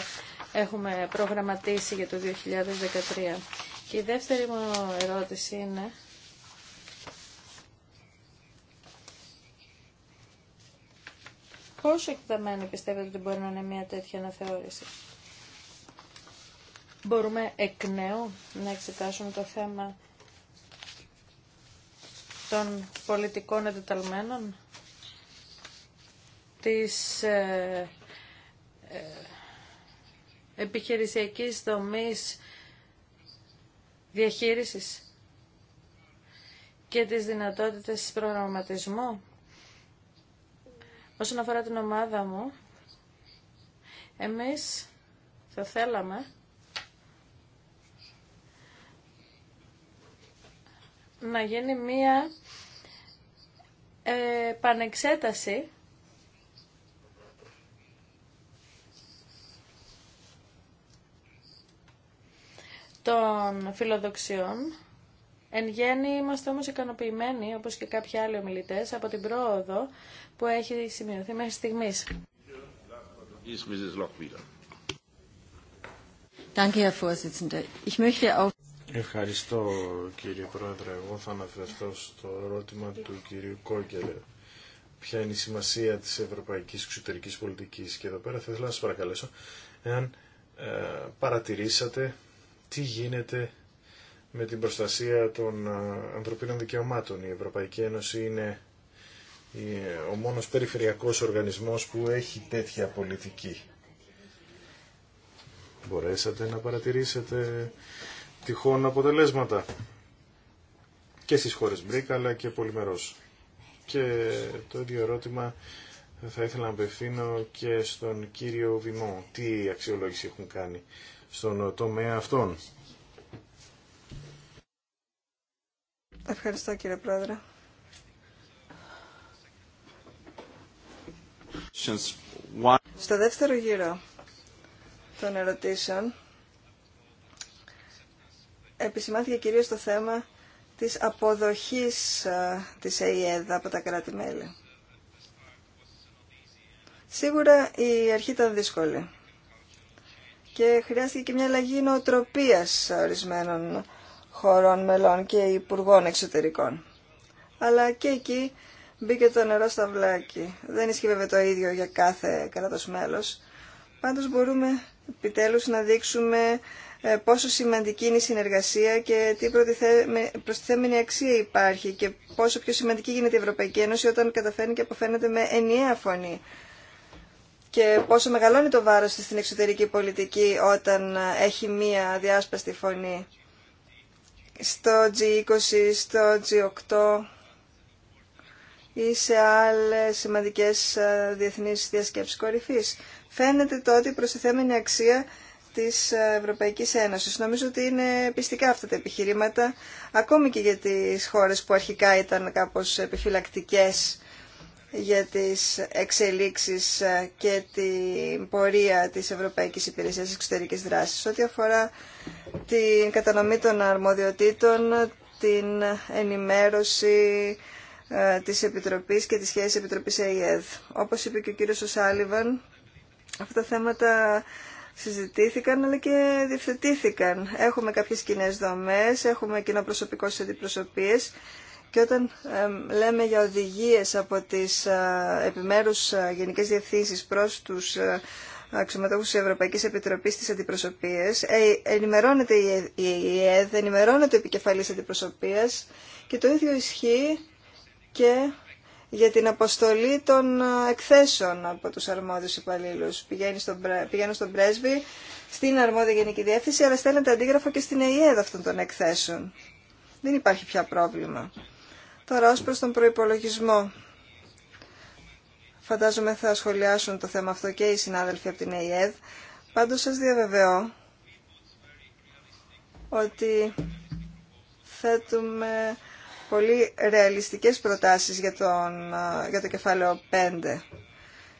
έχουμε προγραμματίσει για το 2013. Και η δεύτερη μου ερώτηση είναι πόσο εκτεταμένη πιστεύετε ότι μπορεί να είναι μια τέτοια αναθεώρηση. Μπορούμε εκ νέου να εξετάσουμε το θέμα των πολιτικών εντεταλμένων, της ε, ε, επιχειρησιακής δομής διαχείρισης και τις δυνατότητες προγραμματισμού. Όσον αφορά την ομάδα μου, εμείς θα θέλαμε να γίνει μία ε, πανεξέταση των φιλοδοξιών. Εν γέννη είμαστε όμως ικανοποιημένοι, όπως και κάποιοι άλλοι ομιλητές, από την πρόοδο που έχει σημειωθεί μέχρι στιγμής. Danke, Herr Vorsitzender. Ευχαριστώ κύριε Πρόεδρε. Εγώ θα αναφερθώ στο ερώτημα του κυρίου Κόγκελε. Ποια είναι η σημασία της ευρωπαϊκής εξωτερικής πολιτικής. Και εδώ πέρα θα ήθελα να σας παρακαλέσω εάν ε, παρατηρήσατε τι γίνεται με την προστασία των ε, ανθρωπίνων δικαιωμάτων. Η Ευρωπαϊκή Ένωση είναι ο μόνος περιφερειακός οργανισμός που έχει τέτοια πολιτική. Μπορέσατε να παρατηρήσετε τυχόν αποτελέσματα και στις χώρες Μπρίκ αλλά και πολυμερός. Και το ίδιο ερώτημα θα ήθελα να απευθύνω και στον κύριο Βημό. Τι αξιολόγηση έχουν κάνει στον τομέα αυτών. Ευχαριστώ κύριε Πρόεδρε. Στο δεύτερο γύρο των ερωτήσεων επισημάθηκε κυρίως το θέμα της αποδοχής της ΑΕΔ από τα κράτη-μέλη. Σίγουρα η αρχή ήταν δύσκολη και χρειάστηκε και μια αλλαγή νοοτροπίας ορισμένων χωρών μελών και υπουργών εξωτερικών. Αλλά και εκεί μπήκε το νερό στα βλάκι. Δεν ισχύει βέβαια το ίδιο για κάθε κράτος μέλος. Πάντως μπορούμε επιτέλους να δείξουμε ε, πόσο σημαντική είναι η συνεργασία και τι προστιθέμενη αξία υπάρχει και πόσο πιο σημαντική γίνεται η Ευρωπαϊκή Ένωση όταν καταφέρνει και αποφαίνεται με ενιαία φωνή και πόσο μεγαλώνει το βάρος της στην εξωτερική πολιτική όταν έχει μία διάσπαστη φωνή στο G20, στο G8 ή σε άλλες σημαντικές ε, διεθνείς διασκέψεις κορυφής. Φαίνεται τότε η προστιθέμενη αξία της Ευρωπαϊκής Ένωσης. Νομίζω ότι είναι πιστικά αυτά τα επιχειρήματα, ακόμη και για τις χώρες που αρχικά ήταν κάπως επιφυλακτικές για τις εξελίξεις και την πορεία της Ευρωπαϊκής Υπηρεσίας Εξωτερικής Δράσης. Ό,τι αφορά την κατανομή των αρμοδιοτήτων, την ενημέρωση ε, της Επιτροπής και τις σχέσεις Επιτροπής ΑΕΔ. Όπως είπε και ο κύριος Σάλιβαν, αυτά τα θέματα συζητήθηκαν αλλά και διευθετήθηκαν. Έχουμε κάποιες κοινέ δομές, έχουμε κοινό προσωπικό σε αντιπροσωπείες και όταν λέμε για οδηγίες από τις ε, επιμέρους ε, γενικές διευθύνσεις προς τους ε, αξιωματούχους της Ευρωπαϊκής Επιτροπής στις Ε, ενημερώνεται η ΕΕΔ, ενημερώνεται ο επικεφαλή Αντιπροσωπεία και το ίδιο ισχύει και για την αποστολή των ε, εκθέσεων από τους αρμόδιους υπαλλήλους. Πηγαίνει στον, πηγαίνουν στον πρέσβη, στην αρμόδια γενική διεύθυνση, αλλά στέλνετε αντίγραφο και στην ΕΙΕΔ ΕΕ αυτών των εκθέσεων. Δεν υπάρχει πια πρόβλημα. Τώρα ως προς τον προϋπολογισμό. Φαντάζομαι θα σχολιάσουν το θέμα αυτό και οι συνάδελφοι από την ΕΙΕΔ. Πάντως σας διαβεβαιώ ότι θέτουμε πολύ ρεαλιστικές προτάσεις για, τον, για το κεφάλαιο 5.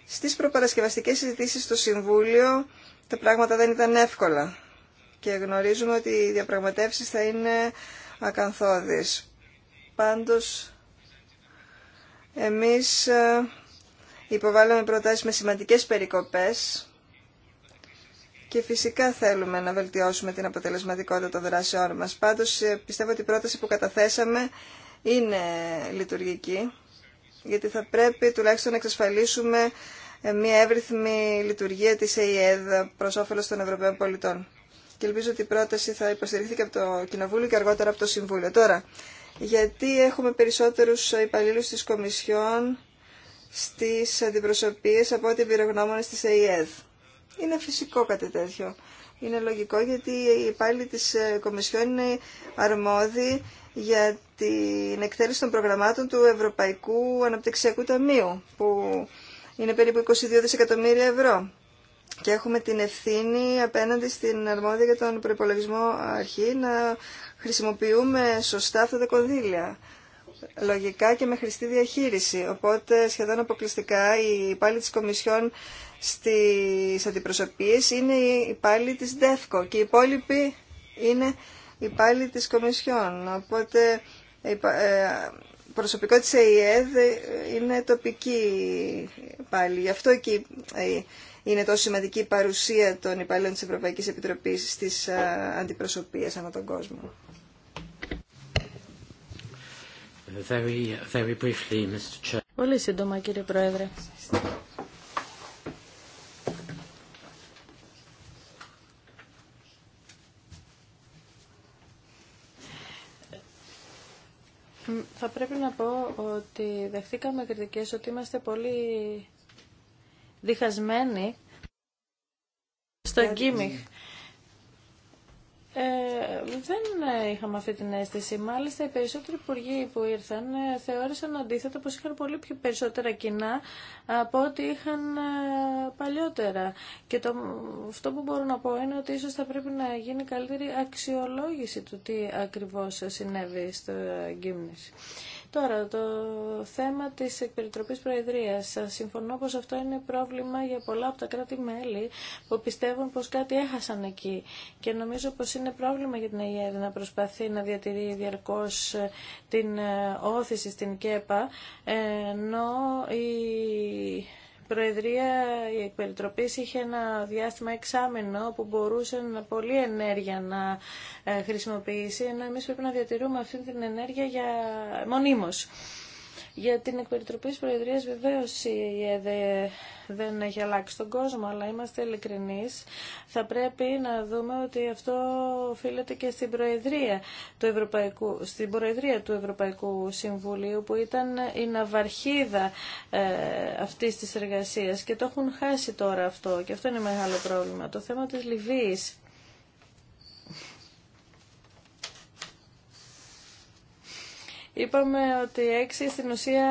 Στις προπαρασκευαστικές συζητήσεις στο Συμβούλιο τα πράγματα δεν ήταν εύκολα και γνωρίζουμε ότι οι διαπραγματεύσεις θα είναι ακαθόδεις. Πάντως, εμείς υποβάλαμε προτάσεις με σημαντικές περικοπές και φυσικά θέλουμε να βελτιώσουμε την αποτελεσματικότητα των δράσεών μας. Πάντως ε, πιστεύω ότι η πρόταση που καταθέσαμε είναι λειτουργική, γιατί θα πρέπει τουλάχιστον να εξασφαλίσουμε ε, μια εύρυθμη λειτουργία της ΕΙΕΔ προς όφελος των Ευρωπαίων πολιτών. Και ελπίζω ότι η πρόταση θα υποστηριχθεί και από το Κοινοβούλιο και αργότερα από το Συμβούλιο. Τώρα, γιατί έχουμε περισσότερους υπαλλήλους της Κομισιόν στις αντιπροσωπείες από ό,τι εμπειρογνώμονες της ΕΙΕΔ. Είναι φυσικό κάτι τέτοιο. Είναι λογικό γιατί οι υπάλληλοι της ε, Κομισιόν είναι αρμόδιοι για την εκτέλεση των προγραμμάτων του Ευρωπαϊκού Αναπτυξιακού Ταμείου, που είναι περίπου 22 δισεκατομμύρια ευρώ. Και έχουμε την ευθύνη απέναντι στην αρμόδια για τον προπολογισμό αρχή να χρησιμοποιούμε σωστά αυτά τα κονδύλια. Λογικά και με χρηστή διαχείριση. Οπότε σχεδόν αποκλειστικά οι υπάλληλοι της Κομισιόν στις αντιπροσωπείες είναι οι υπάλληλοι της ΔΕΦΚΟ και οι υπόλοιποι είναι υπάλληλοι της Κομισιόν. Οπότε ε, προσωπικό της ΕΙΕΔ είναι τοπική πάλι. Γι' αυτό και ε, είναι τόσο σημαντική η παρουσία των υπαλλήλων της Ευρωπαϊκής Επιτροπής στις ε, αντιπροσωπείες ανά τον κόσμο. Πολύ σύντομα κύριε Πρόεδρε. δεχτήκαμε κριτικές ότι είμαστε πολύ διχασμένοι στο γκίμιχ. Ε, δεν ε, είχαμε αυτή την αίσθηση. Μάλιστα, οι περισσότεροι υπουργοί που ήρθαν ε, θεώρησαν αντίθετα πως είχαν πολύ πιο περισσότερα κοινά από ό,τι είχαν ε, παλιότερα. Και το, αυτό που μπορώ να πω είναι ότι ίσως θα πρέπει να γίνει καλύτερη αξιολόγηση του τι ακριβώς συνέβη στο γκίμνηση. Τώρα, το θέμα της εκπεριτροπής προεδρίας. Συμφωνώ πως αυτό είναι πρόβλημα για πολλά από τα κράτη-μέλη που πιστεύουν πως κάτι έχασαν εκεί. Και νομίζω πως είναι πρόβλημα για την ΑΕΔ να προσπαθεί να διατηρεί διαρκώς ε, την ε, όθηση στην ΚΕΠΑ, ε, ενώ η Προεδρία η περιτροπή είχε ένα διάστημα εξάμεινο που μπορούσε να πολύ ενέργεια να ε, χρησιμοποιήσει, ενώ εμείς πρέπει να διατηρούμε αυτή την ενέργεια για μονίμως. Για την εκπεριτροπή τη Προεδρίας βεβαίως η ΕΔΕ δεν έχει αλλάξει τον κόσμο, αλλά είμαστε ειλικρινεί. Θα πρέπει να δούμε ότι αυτό οφείλεται και στην Προεδρία του Ευρωπαϊκού, στην Προεδρία του Ευρωπαϊκού Συμβουλίου, που ήταν η ναυαρχίδα ε, αυτής της εργασίας και το έχουν χάσει τώρα αυτό και αυτό είναι μεγάλο πρόβλημα. Το θέμα τη Λιβύη Είπαμε ότι έξι στην ουσία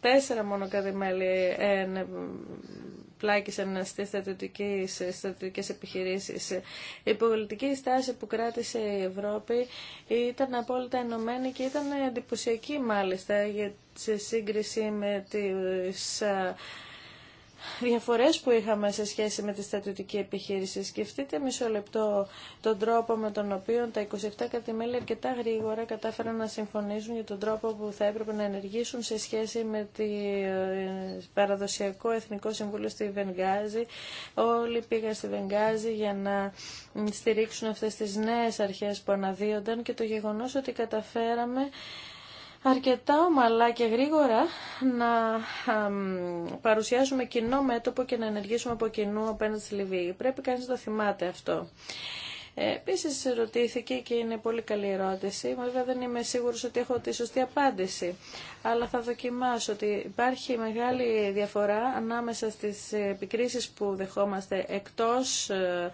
τέσσερα μόνο καδημέλη ε, ε, πλάκησαν στις στρατιωτικές, στρατιωτικές επιχειρήσεις. Η πολιτική στάση που κράτησε η Ευρώπη ήταν απόλυτα ενωμένη και ήταν εντυπωσιακή μάλιστα σε σύγκριση με τις ε, διαφορές που είχαμε σε σχέση με τη στατιωτική επιχείρηση. Σκεφτείτε μισό λεπτό τον τρόπο με τον οποίο τα 27 κατημέλη αρκετά γρήγορα κατάφεραν να συμφωνήσουν για τον τρόπο που θα έπρεπε να ενεργήσουν σε σχέση με το ε, παραδοσιακό Εθνικό Συμβούλιο στη Βενγάζη. Όλοι πήγαν στη Βενγάζη για να στηρίξουν αυτές τις νέες αρχές που αναδύονταν και το γεγονός ότι καταφέραμε αρκετά ομαλά και γρήγορα να παρουσιάσουμε κοινό μέτωπο και να ενεργήσουμε από κοινού απέναντι στη Λιβύη. Πρέπει κανείς να το θυμάται αυτό. Ε, Επίση ρωτήθηκε και είναι πολύ καλή ερώτηση. Βέβαια δεν είμαι σίγουρο ότι έχω τη σωστή απάντηση. Αλλά θα δοκιμάσω ότι υπάρχει μεγάλη διαφορά ανάμεσα στι επικρίσεις που δεχόμαστε εκτός ε,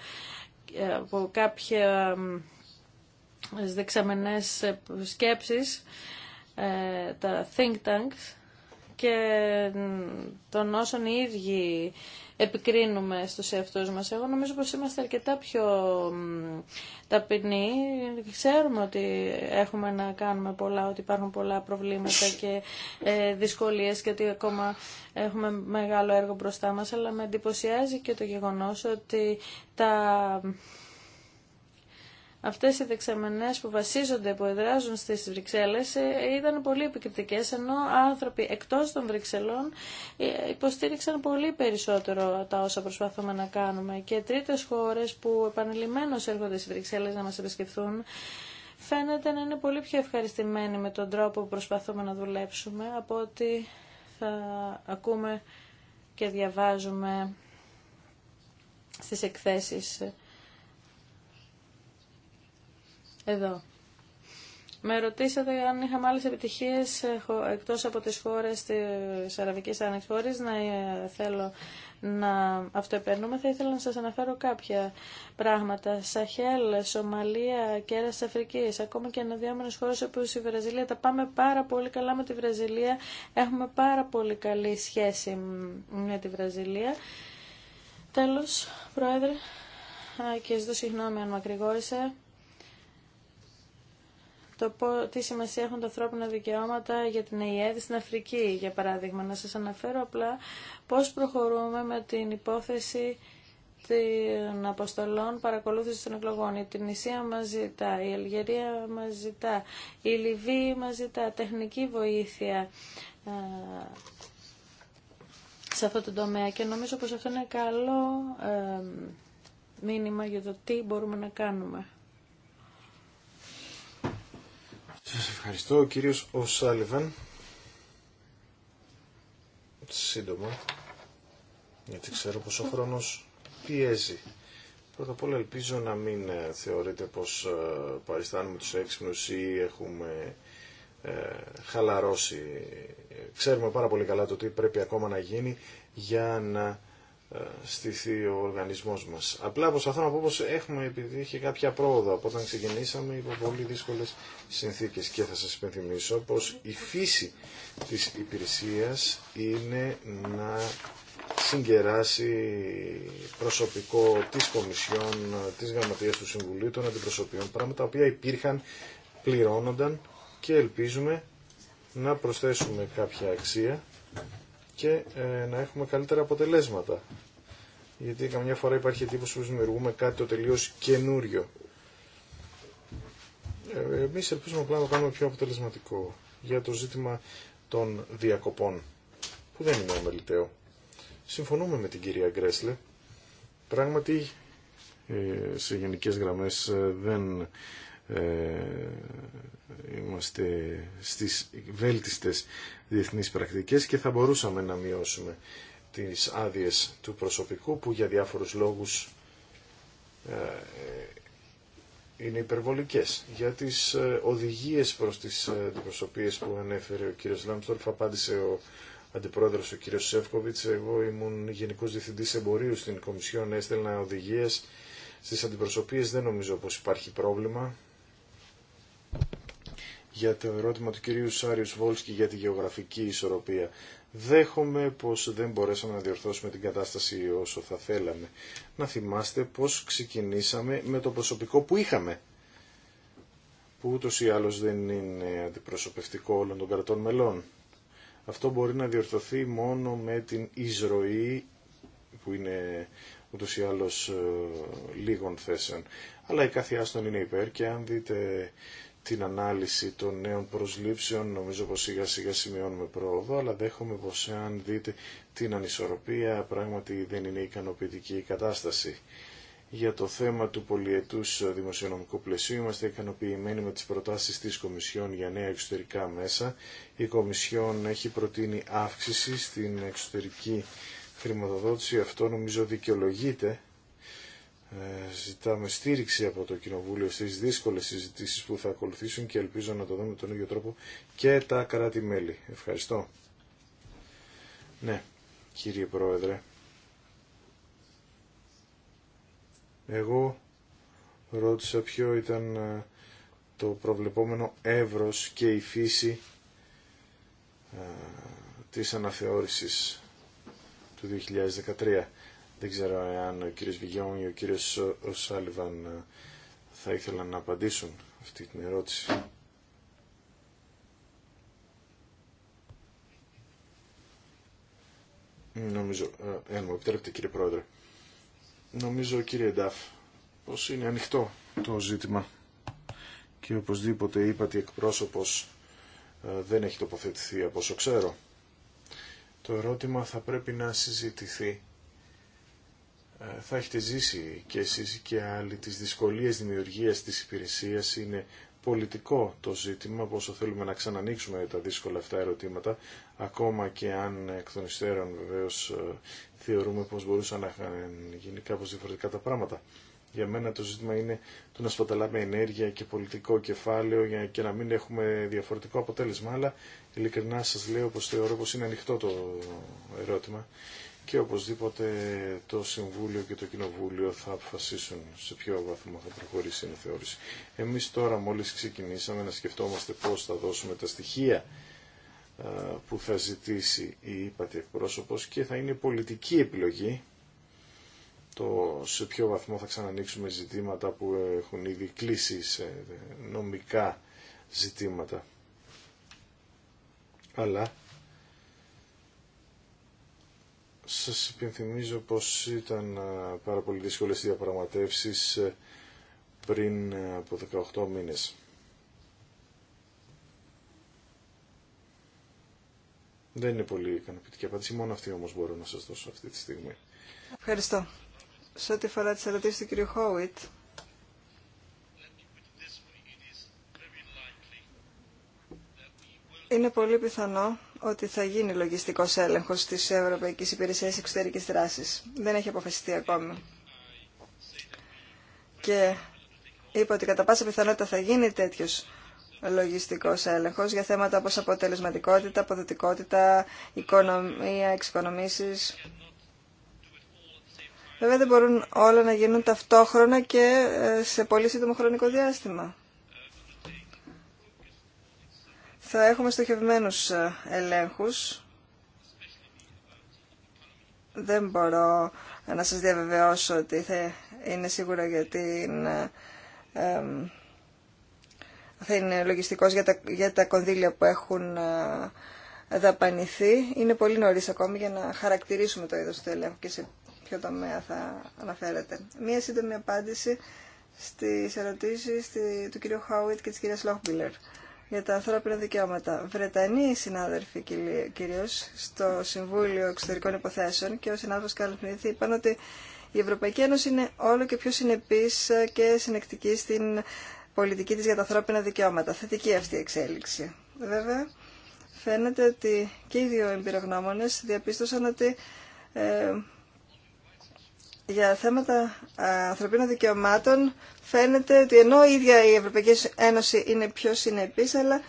από κάποια δεξαμενές σκέψεις τα think tanks και των όσων οι ίδιοι επικρίνουμε στους εαυτούς μας. Εγώ νομίζω πως είμαστε αρκετά πιο ταπεινοί. Ξέρουμε ότι έχουμε να κάνουμε πολλά, ότι υπάρχουν πολλά προβλήματα και ε, δυσκολίες και ότι ακόμα έχουμε μεγάλο έργο μπροστά μας, αλλά με εντυπωσιάζει και το γεγονός ότι τα Αυτές οι δεξαμενές που βασίζονται, που εδράζουν στις Βρυξέλλες ε, ήταν πολύ επικριτικές, ενώ άνθρωποι εκτός των Βρυξελών ε, υποστήριξαν πολύ περισσότερο τα όσα προσπαθούμε να κάνουμε. Και τρίτες χώρες που επανειλημμένως έρχονται στις Βρυξέλλες να μας επισκεφθούν, φαίνεται να είναι πολύ πιο ευχαριστημένοι με τον τρόπο που προσπαθούμε να δουλέψουμε από ότι θα ακούμε και διαβάζουμε στις εκθέσεις εδώ. Με ρωτήσατε αν είχαμε άλλες επιτυχίες εκτός από τις χώρες τη Αραβικής Άνοιξη, χωρί να ε, θέλω να αυτοεπαίρνουμε. θα ήθελα να σας αναφέρω κάποια πράγματα. Σαχέλ, Σομαλία, Κέρας Αφρικής, ακόμα και αναδυόμενες χώρες όπω η Βραζιλία. Τα πάμε πάρα πολύ καλά με τη Βραζιλία. Έχουμε πάρα πολύ καλή σχέση με τη Βραζιλία. Τέλος, Πρόεδρε, και ζητώ συγγνώμη αν μακρηγόρησα το τι σημασία έχουν τα ανθρώπινα δικαιώματα για την Αιέδη στην Αφρική, για παράδειγμα. Να σας αναφέρω απλά πώς προχωρούμε με την υπόθεση των αποστολών παρακολούθηση των εκλογών. Η Τινησία μας ζητά, η Αλγερία μας ζητά, η Λιβύη μας ζητά τεχνική βοήθεια ε, σε αυτό το τομέα και νομίζω πως αυτό είναι καλό ε, μήνυμα για το τι μπορούμε να κάνουμε. Σας ευχαριστώ. Ο κύριος Οσάλιβαν. Σύντομα. Γιατί ξέρω πως ο χρόνος πιέζει. Πρώτα απ' όλα ελπίζω να μην ε, θεωρείτε πως ε, παριστάνουμε τους έξυπνους ή έχουμε ε, χαλαρώσει. Ε, ξέρουμε πάρα πολύ καλά το τι πρέπει ακόμα να γίνει για να ε, στηθεί ο οργανισμός μας. Απλά προσπαθώ να πω πως έχουμε επιτύχει κάποια πρόοδο από όταν ξεκινήσαμε υπό πολύ δύσκολες συνθήκες και θα σας υπενθυμίσω πως η φύση της υπηρεσίας είναι να συγκεράσει προσωπικό της Κομισιόν, της Γραμματείας του Συμβουλίου, των αντιπροσωπείων, πράγματα τα οποία υπήρχαν, πληρώνονταν και ελπίζουμε να προσθέσουμε κάποια αξία και ε, να έχουμε καλύτερα αποτελέσματα. Γιατί καμιά φορά υπάρχει εντύπωση που δημιουργούμε κάτι το τελείω καινούριο. Ε, Εμεί ελπίζουμε απλά να το κάνουμε πιο αποτελεσματικό για το ζήτημα των διακοπών, που δεν είναι αμεληταίο. Συμφωνούμε με την κυρία Γκρέσλε. Πράγματι, ε, σε γενικές γραμμές δεν ε, είμαστε στις βέλτιστες διεθνείς πρακτικές και θα μπορούσαμε να μειώσουμε τις άδειες του προσωπικού που για διάφορους λόγους ε, είναι υπερβολικές. Για τις ε, οδηγίες προς τις αντιπροσωπείες που ανέφερε ο κύριος Λάμπστορφ απάντησε ο αντιπρόεδρος ο κύριος Σεύκοβιτς. Εγώ ήμουν γενικός διευθυντής εμπορίου στην Κομισιόν, έστελνα οδηγίες στις αντιπροσωπίες Δεν νομίζω πως υπάρχει πρόβλημα για το ερώτημα του κυρίου Σάριου Βόλσκι για τη γεωγραφική ισορροπία. Δέχομαι πως δεν μπορέσαμε να διορθώσουμε την κατάσταση όσο θα θέλαμε. Να θυμάστε πως ξεκινήσαμε με το προσωπικό που είχαμε, που ούτως ή άλλως δεν είναι αντιπροσωπευτικό όλων των κρατών μελών. Αυτό μπορεί να διορθωθεί μόνο με την εισρωή, που είναι ούτως ή άλλως ε, λίγων θέσεων. Αλλά η κάθε άστον είναι υπέρ και αν δείτε την ανάλυση των νέων προσλήψεων. Νομίζω πως σιγά σιγά σημειώνουμε πρόοδο, αλλά δέχομαι πως αν δείτε την ανισορροπία πράγματι δεν είναι ικανοποιητική η κατάσταση. Για το θέμα του πολιετούς δημοσιονομικού πλαισίου είμαστε ικανοποιημένοι με τις προτάσεις της Κομισιόν για νέα εξωτερικά μέσα. Η Κομισιόν έχει προτείνει αύξηση στην εξωτερική χρηματοδότηση. Αυτό νομίζω δικαιολογείται ε, ζητάμε στήριξη από το Κοινοβούλιο στις δύσκολες συζητήσεις που θα ακολουθήσουν και ελπίζω να το δούμε τον ίδιο τρόπο και τα κράτη-μέλη. Ευχαριστώ. Ναι, κύριε Πρόεδρε. Εγώ ρώτησα ποιο ήταν ε, το προβλεπόμενο εύρος και η φύση ε, της αναθεώρησης του 2013. Δεν ξέρω αν ο κύριος Βιγιόμ ή ο κύριος Σάλιβαν ε, θα ήθελαν να απαντήσουν αυτή την ερώτηση. Νομίζω, ε, εάν μου επιτρέπετε κύριε Πρόεδρε, νομίζω κύριε Ντάφ πως είναι ανοιχτό το ζήτημα και οπωσδήποτε είπα ότι εκπρόσωπος ε, δεν έχει τοποθετηθεί από όσο ξέρω. Το ερώτημα θα πρέπει να συζητηθεί ε, θα έχετε ζήσει και εσείς και άλλοι τις δυσκολίες δημιουργίας της υπηρεσίας είναι πολιτικό το ζήτημα, πόσο θέλουμε να ξανανοίξουμε τα δύσκολα αυτά ερωτήματα, ακόμα και αν εκ των υστέρων βεβαίως ε, θεωρούμε πως μπορούσαν να γίνει κάπως διαφορετικά τα πράγματα. Για μένα το ζήτημα είναι το να σπαταλάμε ενέργεια και πολιτικό κεφάλαιο και να μην έχουμε διαφορετικό αποτέλεσμα, αλλά ειλικρινά σας λέω πως θεωρώ πως είναι ανοιχτό το ερώτημα και οπωσδήποτε το Συμβούλιο και το Κοινοβούλιο θα αποφασίσουν σε ποιο βαθμό θα προχωρήσει η θεώρηση. Εμείς τώρα μόλις ξεκινήσαμε να σκεφτόμαστε πώς θα δώσουμε τα στοιχεία που θα ζητήσει η ύπατη εκπρόσωπος και θα είναι πολιτική επιλογή το σε ποιο βαθμό θα ξανανοίξουμε ζητήματα που έχουν ήδη κλείσει σε νομικά ζητήματα. Αλλά σας υπενθυμίζω πως ήταν πάρα πολύ δύσκολες διαπραγματεύσεις ε, πριν ε, από 18 μήνες. Δεν είναι πολύ ικανοποιητική απάντηση, μόνο αυτή όμως μπορώ να σας δώσω αυτή τη στιγμή. Ευχαριστώ. Σε ό,τι αφορά τις ερωτήσεις του κ. Χόουιτ, είναι πολύ πιθανό ότι θα γίνει λογιστικό έλεγχο τη Ευρωπαϊκή Υπηρεσία Εξωτερική δράση. Δεν έχει αποφασιστεί ακόμη. Και είπα ότι κατά πάσα πιθανότητα θα γίνει τέτοιο λογιστικό έλεγχο για θέματα όπως αποτελεσματικότητα, αποδοτικότητα, οικονομία, εξοικονομήσεις. Βέβαια δεν μπορούν όλα να γίνουν ταυτόχρονα και ε, σε πολύ σύντομο χρονικό διάστημα θα έχουμε στοχευμένους ε, ελέγχους. Δεν μπορώ να σας διαβεβαιώσω ότι θα είναι σίγουρα γιατί ε, θα είναι λογιστικός για τα, για τα κονδύλια που έχουν ε, δαπανηθεί. Είναι πολύ νωρίς ακόμη για να χαρακτηρίσουμε το είδος του ελέγχου και σε ποιο τομέα θα αναφέρεται. Μία σύντομη απάντηση στις ερωτήσεις του κ. Χάουιτ και της κυρίας Λόχμπιλερ για τα ανθρώπινα δικαιώματα. Βρετανοί συνάδελφοι κυρίω στο Συμβούλιο Εξωτερικών Υποθέσεων και ο συνάδελφος Καλπνίθ είπαν ότι η Ευρωπαϊκή Ένωση είναι όλο και πιο συνεπής και συνεκτική στην πολιτική τη για τα ανθρώπινα δικαιώματα. Θετική αυτή η εξέλιξη. Βέβαια, φαίνεται ότι και οι δύο εμπειρογνώμονε διαπίστωσαν ότι ε, για θέματα ανθρωπίνων δικαιωμάτων φαίνεται ότι ενώ η ίδια η Ευρωπαϊκή Ένωση είναι πιο συνεπής, αλλά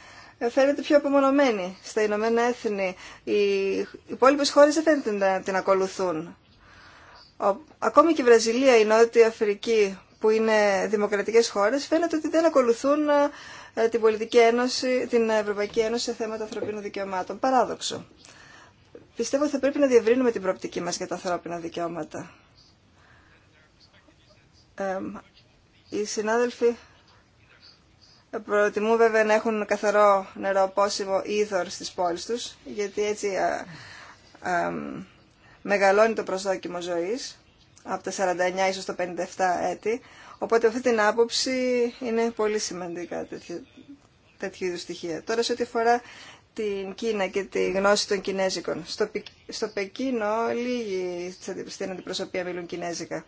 φαίνεται πιο απομονωμένη. Στα Ηνωμένα Έθνη οι υπόλοιπε χώρες δεν φαίνεται να την ακολουθούν. Ακόμη και η Βραζιλία, η Νότια Αφρική που είναι δημοκρατικές χώρες φαίνεται ότι δεν ακολουθούν την, Πολιτική Ένωση, την Ευρωπαϊκή Ένωση σε θέματα ανθρωπίνων δικαιωμάτων. Παράδοξο. Πιστεύω ότι θα πρέπει να διευρύνουμε την προοπτική μας για τα ανθρώπινα δικαιώματα οι συνάδελφοι προτιμούν βέβαια να έχουν καθαρό νερό πόσιμο είδωρ στις πόλεις τους, γιατί έτσι μεγαλώνει το προσδόκιμο ζωής από τα 49 ίσως το 57 έτη. Οπότε αυτή την άποψη είναι πολύ σημαντικά τέτοιου, τέτοιου είδους στοιχεία. Τώρα σε ό,τι αφορά την Κίνα και τη γνώση των Κινέζικων. Στο, στο Πεκίνο λίγοι στην αντιπροσωπεία μιλούν Κινέζικα.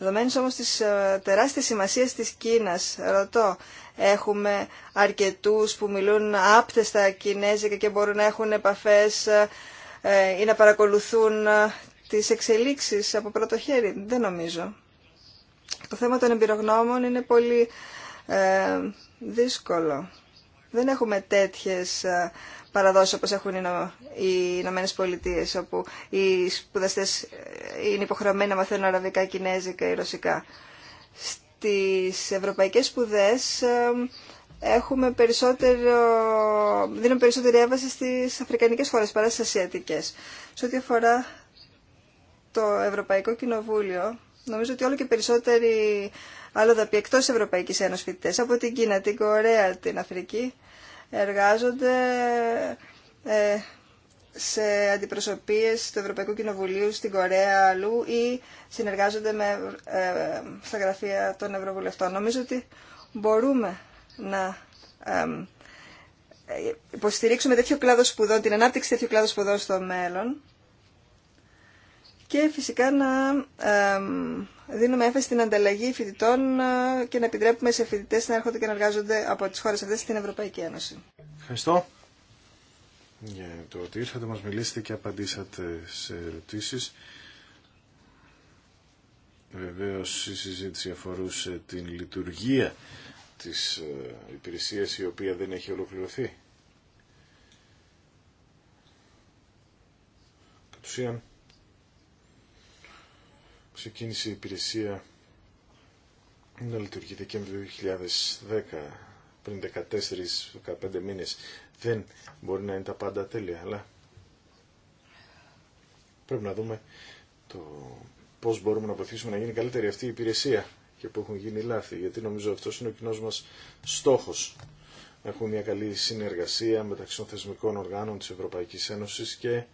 Δεδομένως όμως της ε, τεράστιας σημασίας της Κίνας, ρωτώ, έχουμε αρκετούς που μιλούν άπτεστα κινέζικα και μπορούν να έχουν επαφές ε, ε, ή να παρακολουθούν τις εξελίξεις από πρώτο χέρι. Δεν νομίζω. Το θέμα των εμπειρογνώμων είναι πολύ δύσκολο δεν έχουμε τέτοιες ε, παραδόσεις όπως έχουν οι Ηνωμένε Πολιτείε, όπου οι σπουδαστέ, ε, είναι υποχρεωμένοι να μαθαίνουν αραβικά, κινέζικα ή ρωσικά. Στις ευρωπαϊκές σπουδές ε, έχουμε περισσότερο, δίνουμε περισσότερη έμβαση στις αφρικανικές χώρες παρά στις ασιατικές. Σε ό,τι αφορά το Ευρωπαϊκό Κοινοβούλιο, νομίζω ότι όλο και περισσότεροι άλλο θα πει εκτός Ευρωπαϊκής από την Κίνα, την Κορέα, την Αφρική εργάζονται ε, σε αντιπροσωπείες του Ευρωπαϊκού Κοινοβουλίου στην Κορέα αλλού ή συνεργάζονται με, ε, στα γραφεία των Ευρωβουλευτών. Νομίζω ότι μπορούμε να ε, υποστηρίξουμε τέτοιο κλάδο σπουδών, την ανάπτυξη τέτοιου κλάδου σπουδών στο μέλλον και φυσικά να δίνουμε έμφαση στην ανταλλαγή φοιτητών ε, και να επιτρέπουμε σε φοιτητέ να έρχονται και να εργάζονται από τι χώρε αυτέ στην Ευρωπαϊκή Ένωση. Ευχαριστώ για το ότι ήρθατε, μας μιλήσετε και απαντήσατε σε ερωτήσεις. Βεβαίως η συζήτηση αφορούσε την λειτουργία της ε, υπηρεσία η οποία δεν έχει ολοκληρωθεί. Κατ' ξεκίνησε η υπηρεσία να λειτουργεί Δεκέμβριο 2010, πριν 14-15 μήνες. Δεν μπορεί να είναι τα πάντα τέλεια, αλλά πρέπει να δούμε το πώς μπορούμε να βοηθήσουμε να γίνει καλύτερη αυτή η υπηρεσία και που έχουν γίνει λάθη, γιατί νομίζω αυτός είναι ο κοινός μας στόχος. Να έχουμε μια καλή συνεργασία μεταξύ των θεσμικών οργάνων της Ευρωπαϊκής Ένωσης και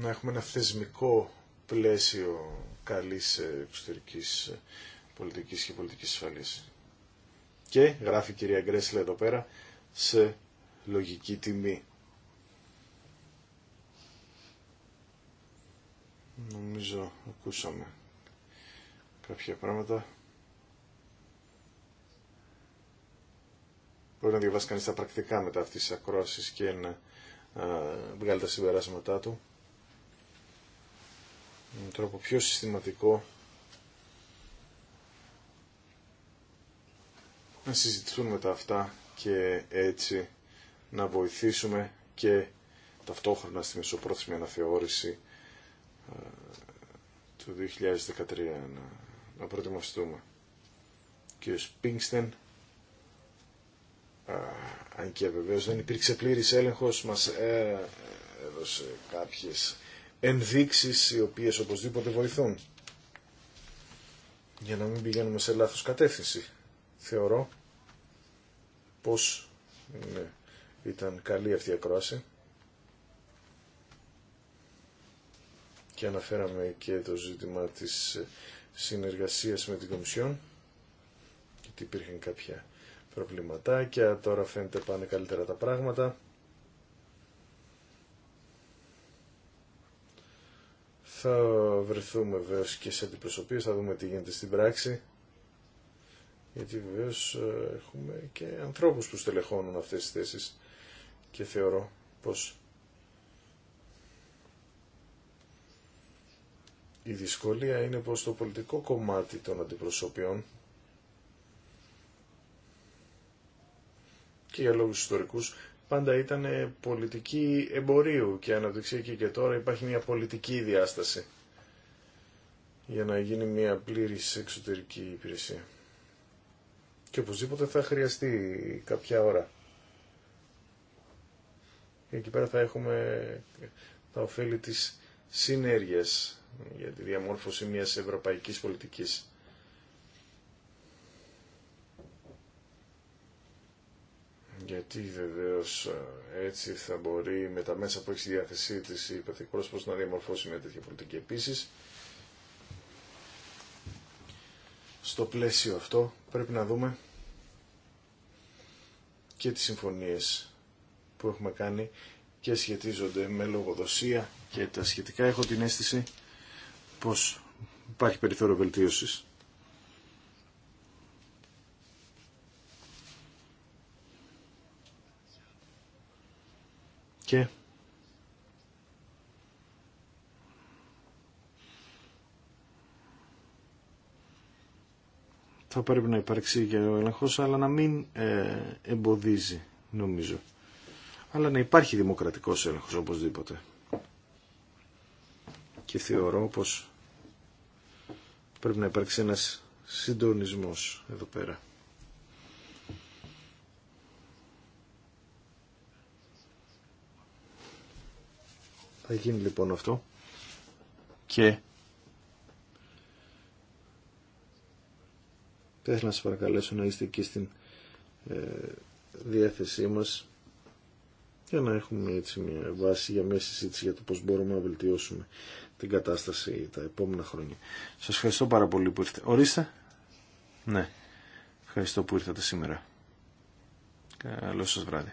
να έχουμε ένα θεσμικό πλαίσιο καλής εξωτερικής πολιτικής και πολιτικής ασφαλής. Και, γράφει η κυρία Γκρέσλε εδώ πέρα, σε λογική τιμή. Νομίζω ακούσαμε κάποια πράγματα. Μπορεί να διαβάσει κανείς τα πρακτικά μετά αυτής της ακρόασης και να βγάλει τα συμπεράσματά του με τρόπο πιο συστηματικό να συζητηθούν τα αυτά και έτσι να βοηθήσουμε και ταυτόχρονα στη μεσοπρόθεσμη αναθεώρηση ε, του 2013 να, να προετοιμαστούμε. Και ο Σπίνγκστεν, ε, αν και βεβαίως δεν υπήρξε πλήρης έλεγχος, μας ε, έδωσε κάποιες ενδείξεις οι οποίες οπωσδήποτε βοηθούν. Για να μην πηγαίνουμε σε λάθος κατεύθυνση. Θεωρώ πως ναι, ήταν καλή αυτή η ακρόαση. Και αναφέραμε και το ζήτημα της συνεργασίας με την Κομισιόν. Γιατί υπήρχαν κάποια προβληματάκια, τώρα φαίνεται πάνε καλύτερα τα πράγματα. Θα βρεθούμε βεβαίω και σε αντιπροσωπείες, θα δούμε τι γίνεται στην πράξη. Γιατί βεβαίω ε, έχουμε και ανθρώπους που στελεχώνουν αυτές τις θέσεις και θεωρώ πως η δυσκολία είναι πως το πολιτικό κομμάτι των αντιπροσωπιών και για λόγους ιστορικούς πάντα ήταν πολιτική εμπορίου και αναπτυξιακή και τώρα υπάρχει μια πολιτική διάσταση για να γίνει μια πλήρης εξωτερική υπηρεσία. Και οπωσδήποτε θα χρειαστεί κάποια ώρα. εκεί πέρα θα έχουμε τα ωφέλη της συνέργειας για τη διαμόρφωση μιας ευρωπαϊκής πολιτικής. γιατί βεβαίως ε, έτσι θα μπορεί με τα μέσα που έχει στη διάθεσή της η να διαμορφώσει μια τέτοια πολιτική. Επίσης, στο πλαίσιο αυτό πρέπει να δούμε και τις συμφωνίες που έχουμε κάνει και σχετίζονται με λογοδοσία και τα σχετικά. Έχω την αίσθηση πως υπάρχει περιθώριο βελτίωσης. και θα πρέπει να υπάρξει και ο έλεγχος, αλλά να μην ε, εμποδίζει, νομίζω. Αλλά να υπάρχει δημοκρατικός έλεγχος οπωσδήποτε. Και θεωρώ πως πρέπει να υπάρξει ένας συντονισμός εδώ πέρα. Θα γίνει λοιπόν αυτό και θέλω να σας παρακαλέσω να είστε εκεί στην ε, διάθεσή μας για να έχουμε έτσι μια βάση για μέση συζήτηση για το πώς μπορούμε να βελτιώσουμε την κατάσταση τα επόμενα χρόνια. Σας ευχαριστώ πάρα πολύ που ήρθατε. Ορίστε. Ναι. Ευχαριστώ που ήρθατε σήμερα. Καλό σας βράδυ.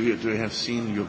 Do I have seen your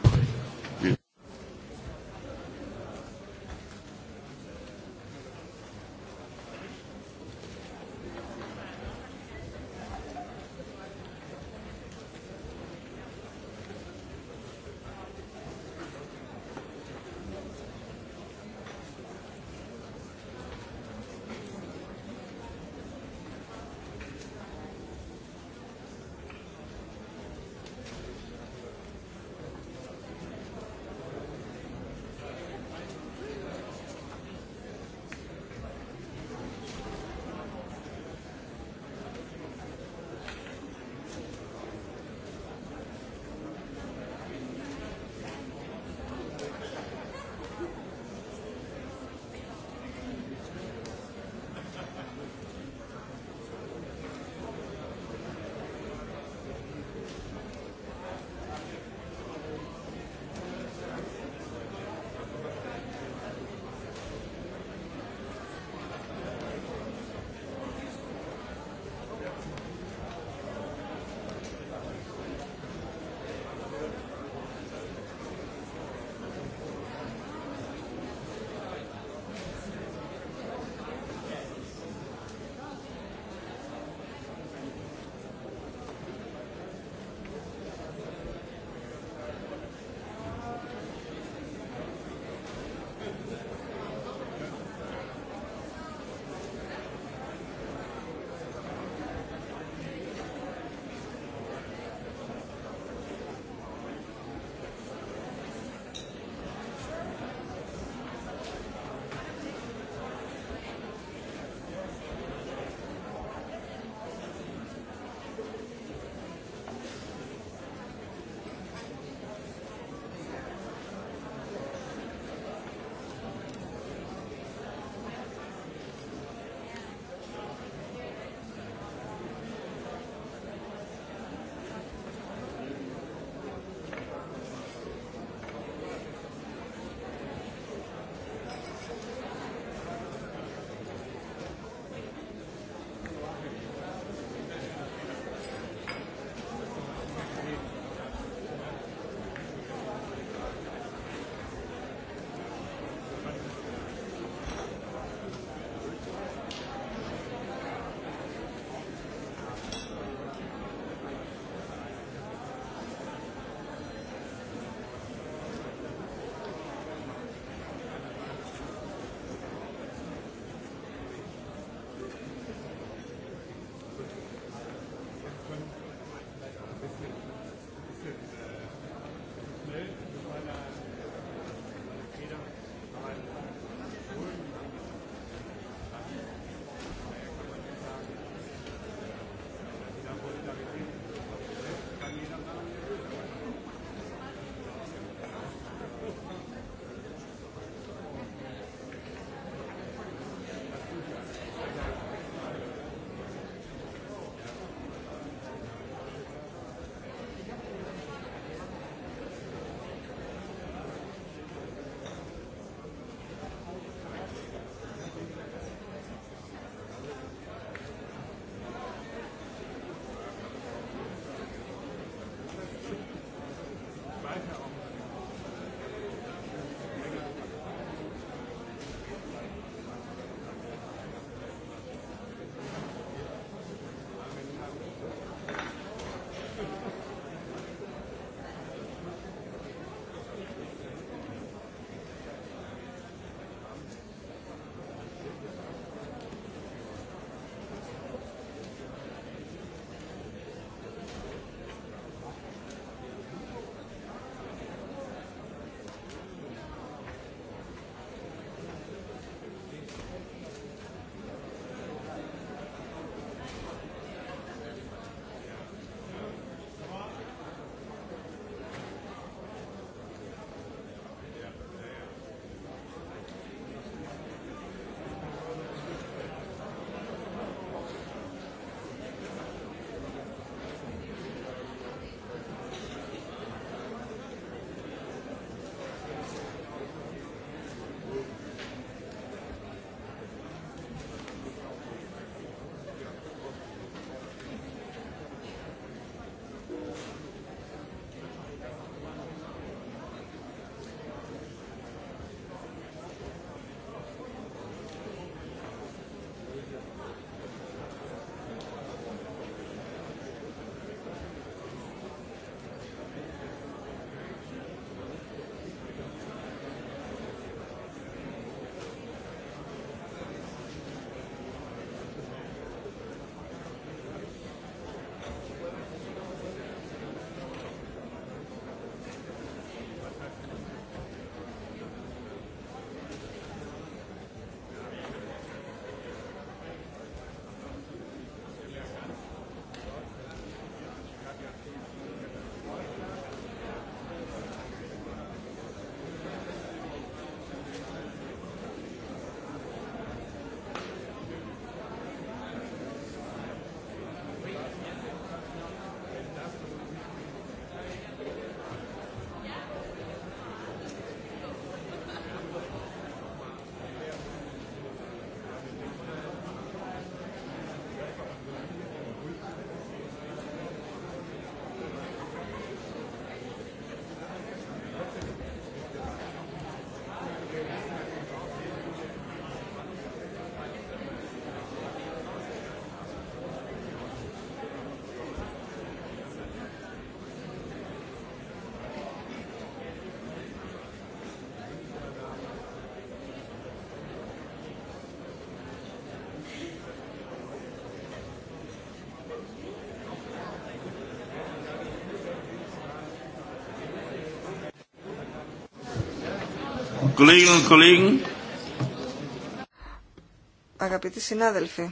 Αγαπητοί συνάδελφοι,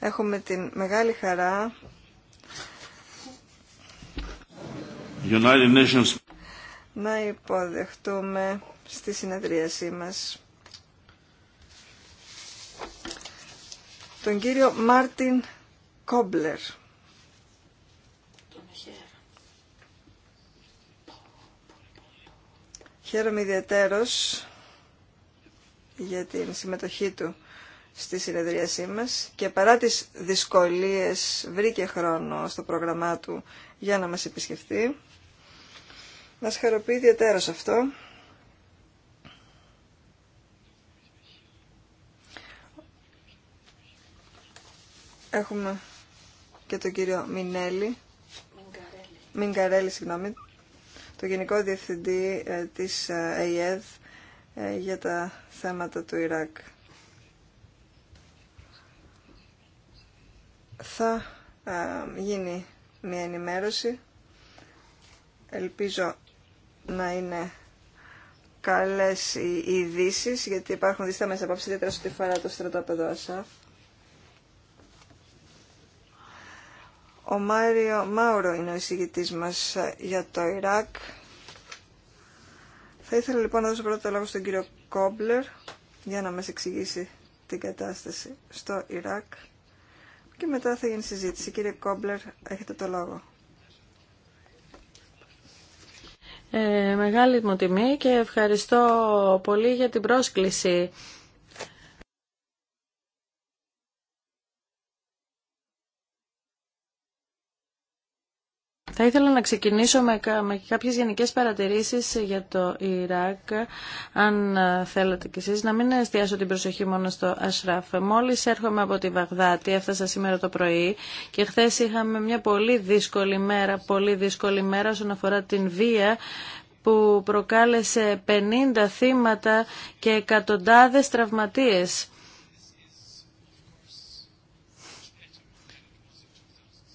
έχουμε την μεγάλη χαρά να υποδεχτούμε στη συνεδρίασή μας τον κύριο Μάρτιν Κόμπλερ. Χαίρομαι ιδιαίτερο για την συμμετοχή του στη συνεδρίασή μας και παρά τις δυσκολίες βρήκε χρόνο στο πρόγραμμά του για να μας επισκεφτεί. Μας χαροποιεί ιδιαίτερο αυτό. Έχουμε και τον κύριο Μινέλη. Μιγκαρέλη, Μιγκαρέλη συγγνώμη, το Γενικό Διευθυντή ε, της ε, ΑΕΔ ε, για τα θέματα του Ιράκ. Θα γίνει μια ενημέρωση. Ελπίζω να είναι καλές οι ειδήσει, γιατί υπάρχουν δίσταμες μέσα ιδιαίτερα στο τη φορά το στρατόπεδο ΑΣΑΦ. Ο Μάριο Μάουρο είναι ο εισηγητής μας για το Ιράκ. Θα ήθελα λοιπόν να δώσω πρώτα το λόγο στον κύριο Κόμπλερ για να μας εξηγήσει την κατάσταση στο Ιράκ και μετά θα γίνει συζήτηση. Κύριε Κόμπλερ, έχετε το λόγο. Ε, μεγάλη μου τιμή και ευχαριστώ πολύ για την πρόσκληση Θα ήθελα να ξεκινήσω με, με κάποιες γενικές παρατηρήσεις για το Ιράκ, αν θέλετε κι εσείς, να μην εστιάσω την προσοχή μόνο στο Ασράφ. Μόλις έρχομαι από τη Βαγδάτη, έφτασα σήμερα το πρωί και χθε είχαμε μια πολύ δύσκολη μέρα, πολύ δύσκολη μέρα όσον αφορά την βία που προκάλεσε 50 θύματα και εκατοντάδες τραυματίες.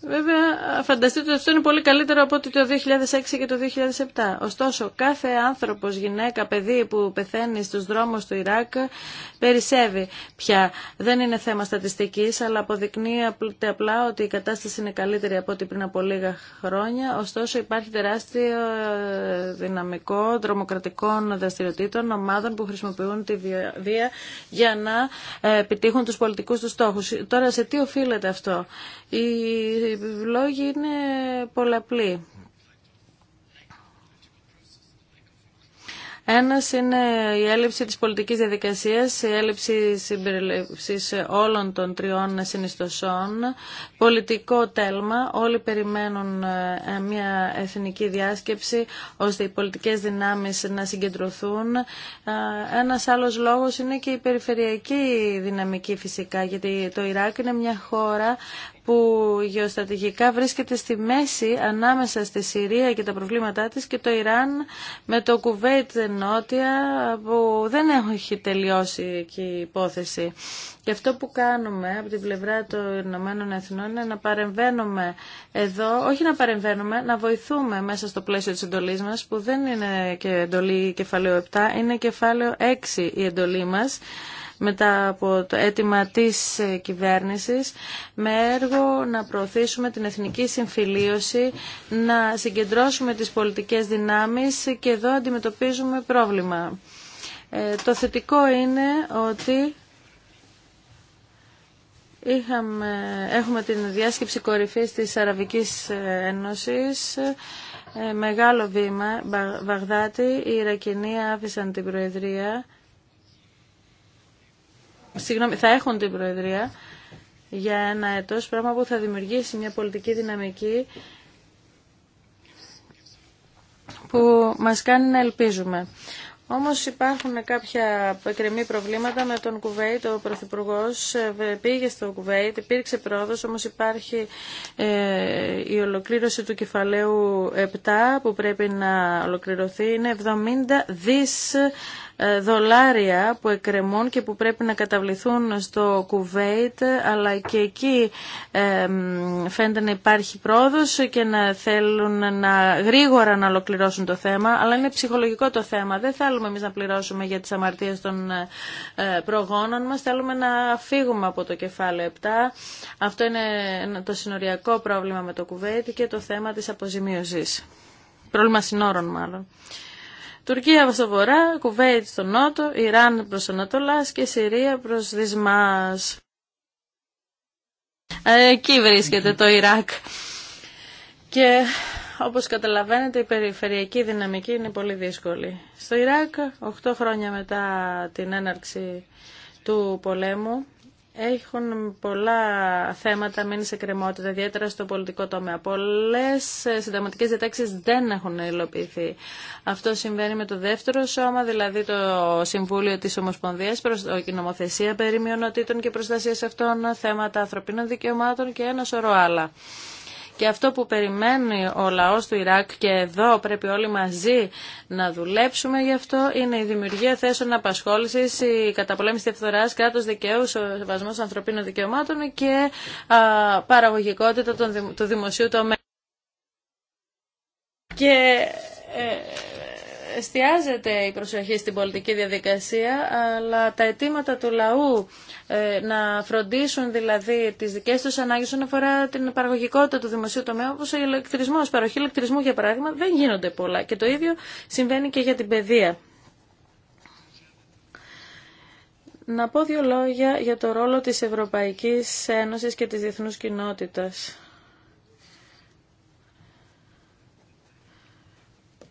Βέβαια, φανταστείτε ότι αυτό είναι πολύ καλύτερο από ότι το 2006 και το 2007. Ωστόσο, κάθε άνθρωπος, γυναίκα, παιδί που πεθαίνει στους δρόμους του Ιράκ περισσεύει πια. Δεν είναι θέμα στατιστικής, αλλά αποδεικνύει απλά ότι η κατάσταση είναι καλύτερη από ό,τι πριν από λίγα χρόνια. Ωστόσο, υπάρχει τεράστιο ε, δυναμικό δρομοκρατικών δραστηριοτήτων, ομάδων που χρησιμοποιούν τη βία για να ε, επιτύχουν τους πολιτικούς τους στόχου. Τώρα, σε τι οφείλεται αυτό οι λόγοι είναι πολλαπλοί. Ένας είναι η έλλειψη της πολιτικής διαδικασίας, η έλλειψη συμπεριλήψης όλων των τριών συνιστοσών, πολιτικό τέλμα, όλοι περιμένουν ε, μια εθνική διάσκεψη ώστε οι πολιτικές δυνάμεις να συγκεντρωθούν. Ε, ένας άλλος λόγος είναι και η περιφερειακή δυναμική φυσικά, γιατί το Ιράκ είναι μια χώρα που γεωστατηγικά βρίσκεται στη μέση ανάμεσα στη Συρία και τα προβλήματά της και το Ιράν με το Κουβέιτ νότια που δεν έχει τελειώσει εκεί η υπόθεση. Και αυτό που κάνουμε από την πλευρά των Ηνωμένων Εθνών είναι να παρεμβαίνουμε εδώ, όχι να παρεμβαίνουμε, να βοηθούμε μέσα στο πλαίσιο της εντολής μας που δεν είναι και εντολή κεφαλαίο 7, είναι κεφάλαιο 6 η εντολή μας μετά από το αίτημα της κυβέρνησης με έργο να προωθήσουμε την εθνική συμφιλίωση, να συγκεντρώσουμε τις πολιτικές δυνάμεις και εδώ αντιμετωπίζουμε πρόβλημα. Ε, το θετικό είναι ότι Είχαμε, έχουμε την διάσκεψη κορυφής της Αραβικής Ένωσης, ε, μεγάλο βήμα, Βαγδάτη, οι Ιρακινοί άφησαν την Προεδρία συγγνώμη, θα έχουν την Προεδρία για ένα έτος, πράγμα που θα δημιουργήσει μια πολιτική δυναμική που μας κάνει να ελπίζουμε. Όμως υπάρχουν κάποια εκκρεμή προβλήματα με τον Κουβέιτ, ο Πρωθυπουργό ε, πήγε στο Κουβέιτ, υπήρξε πρόοδος, όμως υπάρχει ε, η ολοκλήρωση του κεφαλαίου 7 που πρέπει να ολοκληρωθεί, είναι 70 δις ε, δολάρια που εκκρεμούν και που πρέπει να καταβληθούν στο Κουβέιτ αλλά και εκεί φαίνεται να υπάρχει πρόοδος και να θέλουν να γρήγορα να ολοκληρώσουν το θέμα αλλά είναι ψυχολογικό το θέμα. Δεν θέλουμε εμείς να πληρώσουμε για τις αμαρτίες των ε, ε, προγόνων μας. Θέλουμε να φύγουμε από το κεφάλαιο 7. Αυτό είναι το συνοριακό πρόβλημα με το Κουβέιτ και το θέμα της αποζημίωσης. Πρόβλημα συνόρων μάλλον. Τουρκία το βορρά, Κουβέιτ στο νότο, Ιράν προς Ανατολάς και Συρία προς Δυσμάς. Ε, εκεί βρίσκεται το Ιράκ. Και όπως καταλαβαίνετε η περιφερειακή δυναμική είναι πολύ δύσκολη. Στο Ιράκ, 8 χρόνια μετά την έναρξη του πολέμου, έχουν πολλά θέματα μείνει σε κρεμότητα, ιδιαίτερα στο πολιτικό τομέα. Πολλέ ε, συνταγματικέ διατάξει δεν έχουν υλοποιηθεί. Αυτό συμβαίνει με το δεύτερο σώμα, δηλαδή το Συμβούλιο τη Ομοσπονδία, η νομοθεσία περί μειονοτήτων και προστασία αυτών, θέματα ανθρωπίνων δικαιωμάτων και ένα σωρό άλλα. Και αυτό που περιμένει ο λαός του Ιράκ και εδώ πρέπει όλοι μαζί να δουλέψουμε γι' αυτό είναι η δημιουργία θέσεων απασχόλησης, η καταπολέμηση της ευθοράς, κράτος δικαίου, ο σεβασμός ανθρωπίνων δικαιωμάτων και α, παραγωγικότητα του δημοσίου τομέα. Και ε, εστιάζεται η προσοχή στην πολιτική διαδικασία, αλλά τα αιτήματα του λαού ε, να φροντίσουν δηλαδή τις δικέ τους ανάγκε. όσον αφορά την παραγωγικότητα του δημοσίου τομέα, όπω ο ηλεκτρισμό, παροχή ηλεκτρισμού για παράδειγμα, δεν γίνονται πολλά. Και το ίδιο συμβαίνει και για την παιδεία. Να πω δύο λόγια για το ρόλο της Ευρωπαϊκής Ένωσης και της διεθνούς κοινότητας.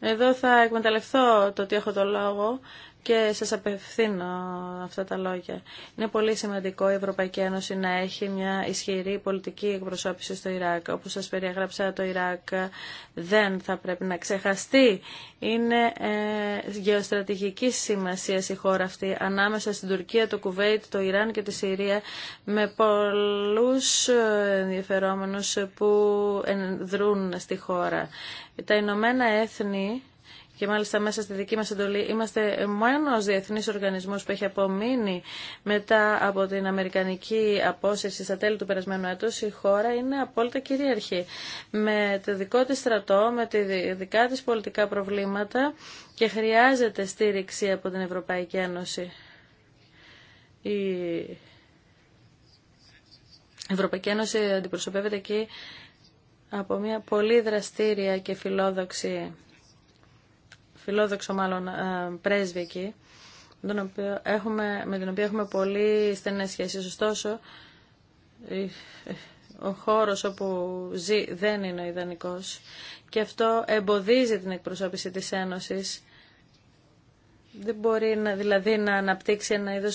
Εδώ θα εκμεταλλευτώ το ότι έχω το λόγο και σας απευθύνω αυτά τα λόγια. Είναι πολύ σημαντικό η Ευρωπαϊκή Ένωση να έχει μια ισχυρή πολιτική εκπροσώπηση στο Ιράκ. Όπως σας περιέγραψα, το Ιράκ δεν θα πρέπει να ξεχαστεί. Είναι ε, γεωστρατηγική σημασία η χώρα αυτή ανάμεσα στην Τουρκία, το Κουβέιτ, το Ιράν και τη Συρία με πολλούς ε, ενδιαφερόμενους που ενδρούν στη χώρα. Τα Ηνωμένα Έθνη και μάλιστα μέσα στη δική μας εντολή είμαστε μόνος διεθνής οργανισμός που έχει απομείνει μετά από την Αμερικανική απόσυρση στα τέλη του περασμένου έτους η χώρα είναι απόλυτα κυρίαρχη με το δικό της στρατό, με τη δικά της πολιτικά προβλήματα και χρειάζεται στήριξη από την Ευρωπαϊκή Ένωση. Η... Η Ευρωπαϊκή Ένωση αντιπροσωπεύεται εκεί από μια πολύ δραστήρια και φιλόδοξη φιλόδοξο μάλλον ε, πρέσβη εκεί, με έχουμε, με την οποία έχουμε πολύ στενές σχέσεις. Ωστόσο, ο χώρος όπου ζει δεν είναι ο ιδανικός και αυτό εμποδίζει την εκπροσώπηση της Ένωσης δεν μπορεί να, δηλαδή να αναπτύξει ένα είδο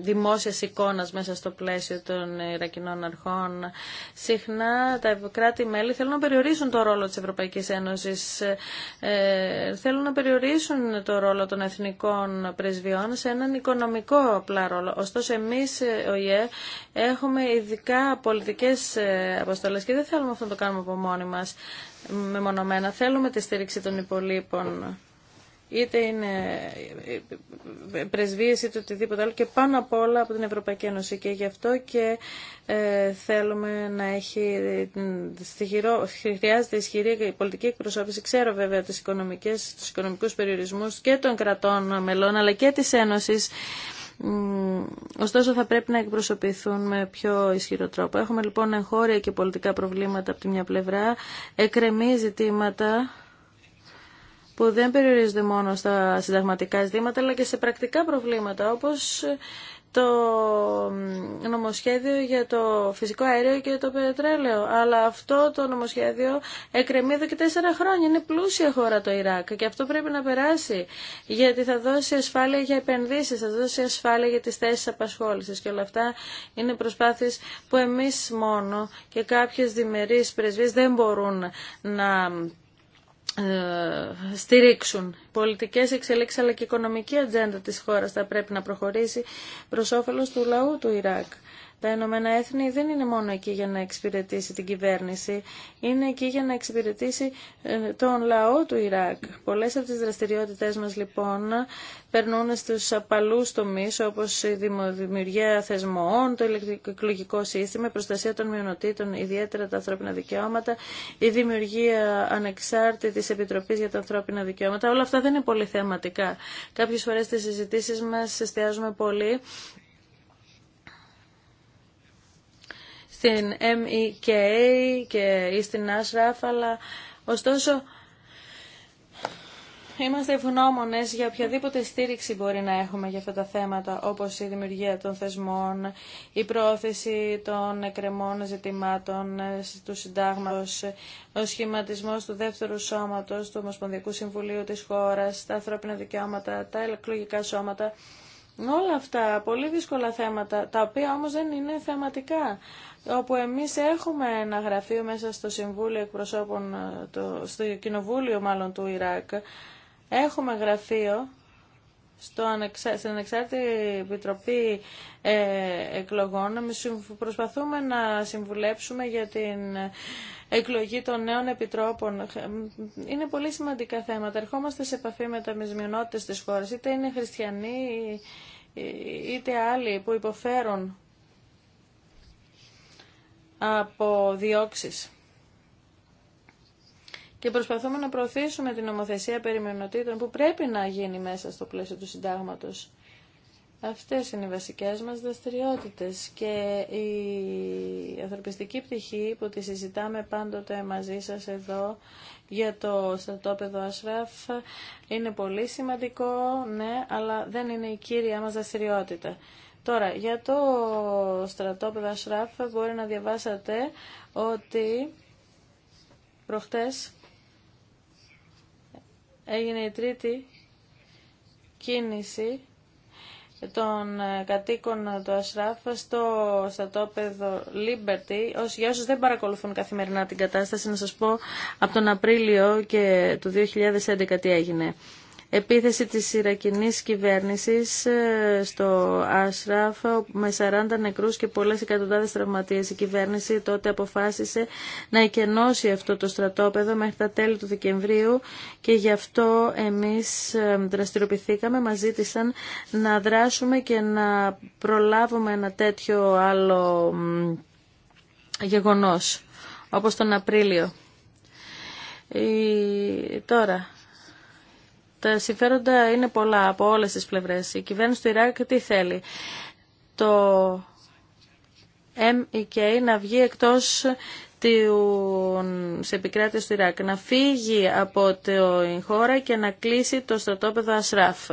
δημόσια εικόνας μέσα στο πλαίσιο των Ιρακινών αρχών. Συχνά τα κράτη-μέλη θέλουν να περιορίσουν το ρόλο της Ευρωπαϊκής Ένωσης, ε, θέλουν να περιορίσουν το ρόλο των εθνικών πρεσβειών σε έναν οικονομικό απλά ρόλο. Ωστόσο εμείς, ε, ο ΙΕ, έχουμε ειδικά πολιτικές ε, αποστολέ και δεν θέλουμε αυτό να το κάνουμε από μόνοι μα μεμονωμένα. Θέλουμε τη στήριξη των υπολείπων είτε είναι πρεσβείες είτε οτιδήποτε άλλο και πάνω απ' όλα από την Ευρωπαϊκή Ένωση και γι' αυτό και ε, θέλουμε να έχει χρειάζεται ισχυρή πολιτική εκπροσώπηση ξέρω βέβαια του οικονομικές, τους οικονομικούς περιορισμούς και των κρατών μελών αλλά και της Ένωσης Ωστόσο θα πρέπει να εκπροσωπηθούν με πιο ισχυρό τρόπο. Έχουμε λοιπόν εγχώρια και πολιτικά προβλήματα από τη μια πλευρά, εκρεμή ζητήματα που δεν περιορίζονται μόνο στα συνταγματικά ζητήματα αλλά και σε πρακτικά προβλήματα όπως το νομοσχέδιο για το φυσικό αέριο και το πετρέλαιο. Αλλά αυτό το νομοσχέδιο εκρεμεί εδώ και τέσσερα χρόνια. Είναι πλούσια χώρα το Ιράκ και αυτό πρέπει να περάσει. Γιατί θα δώσει ασφάλεια για επενδύσει, θα δώσει ασφάλεια για τι θέσει απασχόληση. Και όλα αυτά είναι προσπάθειε που εμεί μόνο και κάποιε διμερεί πρεσβείε δεν μπορούν να ε, στηρίξουν. Πολιτικές εξελίξεις αλλά και οικονομική ατζέντα της χώρας θα πρέπει να προχωρήσει προς όφελος του λαού του Ιράκ. Τα Ηνωμένα Έθνη δεν είναι μόνο εκεί για να εξυπηρετήσει την κυβέρνηση, είναι εκεί για να εξυπηρετήσει ε, τον λαό του Ιράκ. Πολλές από τις δραστηριότητες μας λοιπόν περνούν στους απαλούς τομείς όπως η δημιουργία θεσμών, το εκλογικό σύστημα, η προστασία των μειονοτήτων, ιδιαίτερα τα ανθρώπινα δικαιώματα, η δημιουργία ανεξάρτητης επιτροπής για τα ανθρώπινα δικαιώματα. Όλα αυτά δεν είναι πολύ θεματικά. Κάποιες φορές στις συζητήσεις μας εστιάζουμε πολύ στην MEK και ή στην Ashraf, αλλά ωστόσο είμαστε ευγνώμονε για οποιαδήποτε στήριξη μπορεί να έχουμε για αυτά τα θέματα, όπω η δημιουργία των θεσμών, η πρόθεση των εκκρεμών ζητημάτων του συντάγματος, ο σχηματισμό του δεύτερου σώματος, του Ομοσπονδιακού Συμβουλίου της χώρας, τα ανθρώπινα δικαιώματα, τα εκλογικά σώματα. Όλα αυτά πολύ δύσκολα θέματα, τα οποία όμως δεν είναι θεματικά όπου εμείς έχουμε ένα γραφείο μέσα στο Συμβούλιο Εκπροσώπων, ε, το, στο Κοινοβούλιο μάλλον του Ιράκ, έχουμε γραφείο στο ανεξά, στην Ανεξάρτητη Επιτροπή ε, Εκλογών. προσπαθούμε να συμβουλέψουμε για την εκλογή των νέων επιτρόπων. Είναι πολύ σημαντικά θέματα. Ερχόμαστε σε επαφή με τα μισμιονότητες της χώρας, είτε είναι χριστιανοί είτε άλλοι που υποφέρουν από διώξεις. Και προσπαθούμε να προωθήσουμε την νομοθεσία περιμενωτήτων που πρέπει να γίνει μέσα στο πλαίσιο του συντάγματος. Αυτές είναι οι βασικές μας δραστηριότητε. και η ανθρωπιστική πτυχή που τη συζητάμε πάντοτε μαζί σας εδώ για το στρατόπεδο Ασράφ είναι πολύ σημαντικό, ναι, αλλά δεν είναι η κύρια μας δραστηριότητα. Τώρα, για το στρατόπεδο Ασράφ μπορεί να διαβάσατε ότι προχτές έγινε η τρίτη κίνηση των κατοίκων του Ασράφ στο στρατόπεδο Liberty. Όσοι, για όσους δεν παρακολουθούν καθημερινά την κατάσταση, να σας πω από τον Απρίλιο και του 2011 τι έγινε επίθεση της Ιρακινής κυβέρνησης ε, στο Ασράφ με 40 νεκρούς και πολλές εκατοντάδες τραυματίες. Η κυβέρνηση τότε αποφάσισε να εκενώσει αυτό το στρατόπεδο μέχρι τα τέλη του Δεκεμβρίου και γι' αυτό εμείς ε, δραστηριοποιηθήκαμε, μας ζήτησαν να δράσουμε και να προλάβουμε ένα τέτοιο άλλο γεγονός, όπως τον Απρίλιο. Τώρα, τα συμφέροντα είναι πολλά από όλες τις πλευρές. Η κυβέρνηση του Ιράκ τι θέλει. Το MEK να βγει εκτός του επικράτειας του Ιράκ, να φύγει από την χώρα και να κλείσει το στρατόπεδο Ασράφ.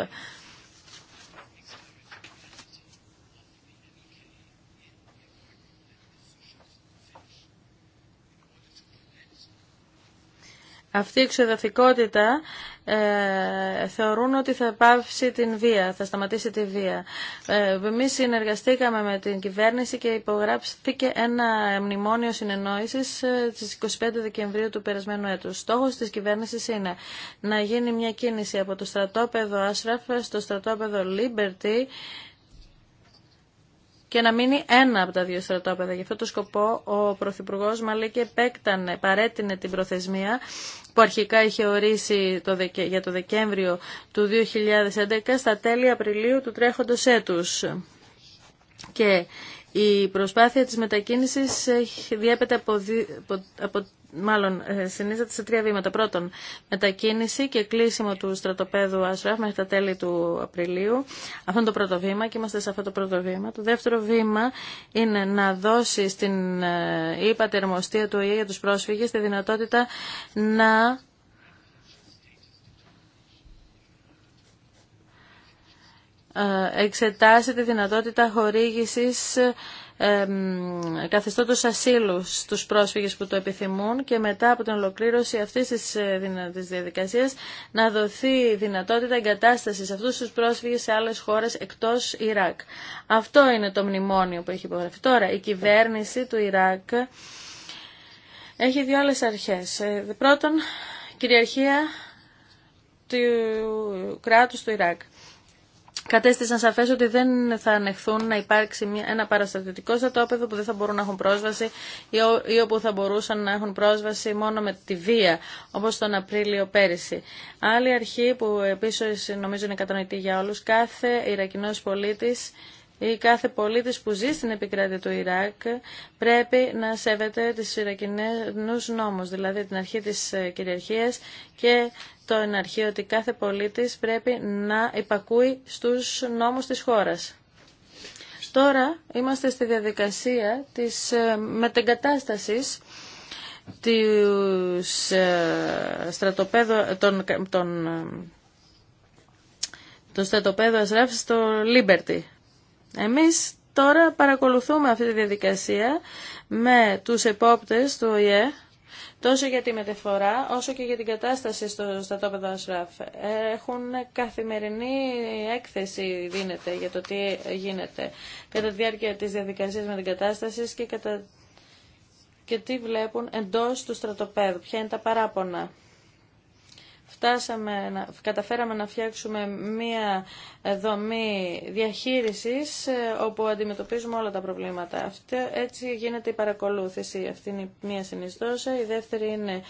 αυτή η εξεδαφικότητα ε, θεωρούν ότι θα πάψει την βία, θα σταματήσει τη βία. Ε, εμείς συνεργαστήκαμε με την κυβέρνηση και υπογράψθηκε ένα μνημόνιο συνεννόησης ε, στις 25 Δεκεμβρίου του περασμένου έτους. Στόχος της κυβέρνησης είναι να γίνει μια κίνηση από το στρατόπεδο Άσραφ στο στρατόπεδο Liberty και να μείνει ένα από τα δύο στρατόπεδα. Γι' αυτό το σκοπό ο Πρωθυπουργό Μαλέκη επέκτανε, παρέτεινε την προθεσμία που αρχικά είχε ορίσει το για το Δεκέμβριο του 2011 στα τέλη Απριλίου του τρέχοντος έτους. Και η προσπάθεια της μετακίνησης διέπεται από, δι... από μάλλον ε, συνίσταται σε τρία βήματα. Πρώτον, μετακίνηση και κλείσιμο του στρατοπέδου Ασράφ μέχρι τα τέλη του Απριλίου. Αυτό είναι το πρώτο βήμα και είμαστε σε αυτό το πρώτο βήμα. Το δεύτερο βήμα είναι να δώσει στην ε, ΥΠΑ του ΟΗΕ για τους πρόσφυγες τη δυνατότητα να ε, εξετάσει τη δυνατότητα χορήγησης καθεστώτος ασύλου στους πρόσφυγες που το επιθυμούν και μετά από την ολοκλήρωση αυτής της, ε, της διαδικασίας να δοθεί δυνατότητα εγκατάστασης αυτούς τους πρόσφυγες σε άλλες χώρες εκτός Ιράκ. Αυτό είναι το μνημόνιο που έχει υπογραφεί. Τώρα, η κυβέρνηση του Ιράκ έχει δύο άλλες αρχές. Ε, πρώτον, κυριαρχία του κράτους του Ιράκ κατέστησαν σαφές ότι δεν θα ανεχθούν να υπάρξει ένα παραστατικό στρατόπεδο που δεν θα μπορούν να έχουν πρόσβαση ή όπου θα μπορούσαν να έχουν πρόσβαση μόνο με τη βία, όπως τον Απρίλιο πέρυσι. Άλλη αρχή που επίσης νομίζω είναι κατανοητή για όλους, κάθε Ιρακινός πολίτης ή κάθε πολίτης που ζει στην επικράτεια του Ιράκ πρέπει να σέβεται τις Ιρακινένους νόμους, δηλαδή την αρχή της ε, κυριαρχίας και το εναρχείο ότι κάθε πολίτης πρέπει να υπακούει στους νόμους της χώρας. Τώρα είμαστε στη διαδικασία της ε, μετεγκατάστασης του ε, στρατοπέδου των, των, των Ασράφης στο Λίμπερτι. Εμείς τώρα παρακολουθούμε αυτή τη διαδικασία με τους επόπτες του ΟΗΕ, τόσο για τη μεταφορά όσο και για την κατάσταση στο στρατόπεδο ΑΣΡΑΦ. Έχουν καθημερινή έκθεση δίνεται για το τι γίνεται κατά τη διάρκεια της διαδικασίας με την κατάσταση και, και τι βλέπουν εντός του στρατοπέδου, ποια είναι τα παράπονα φτάσαμε, καταφέραμε να φτιάξουμε μία δομή διαχείρισης ε, όπου αντιμετωπίζουμε όλα τα προβλήματα. Αυτή, έτσι γίνεται η παρακολούθηση. Αυτή είναι μία συνιστόσα. Η δεύτερη είναι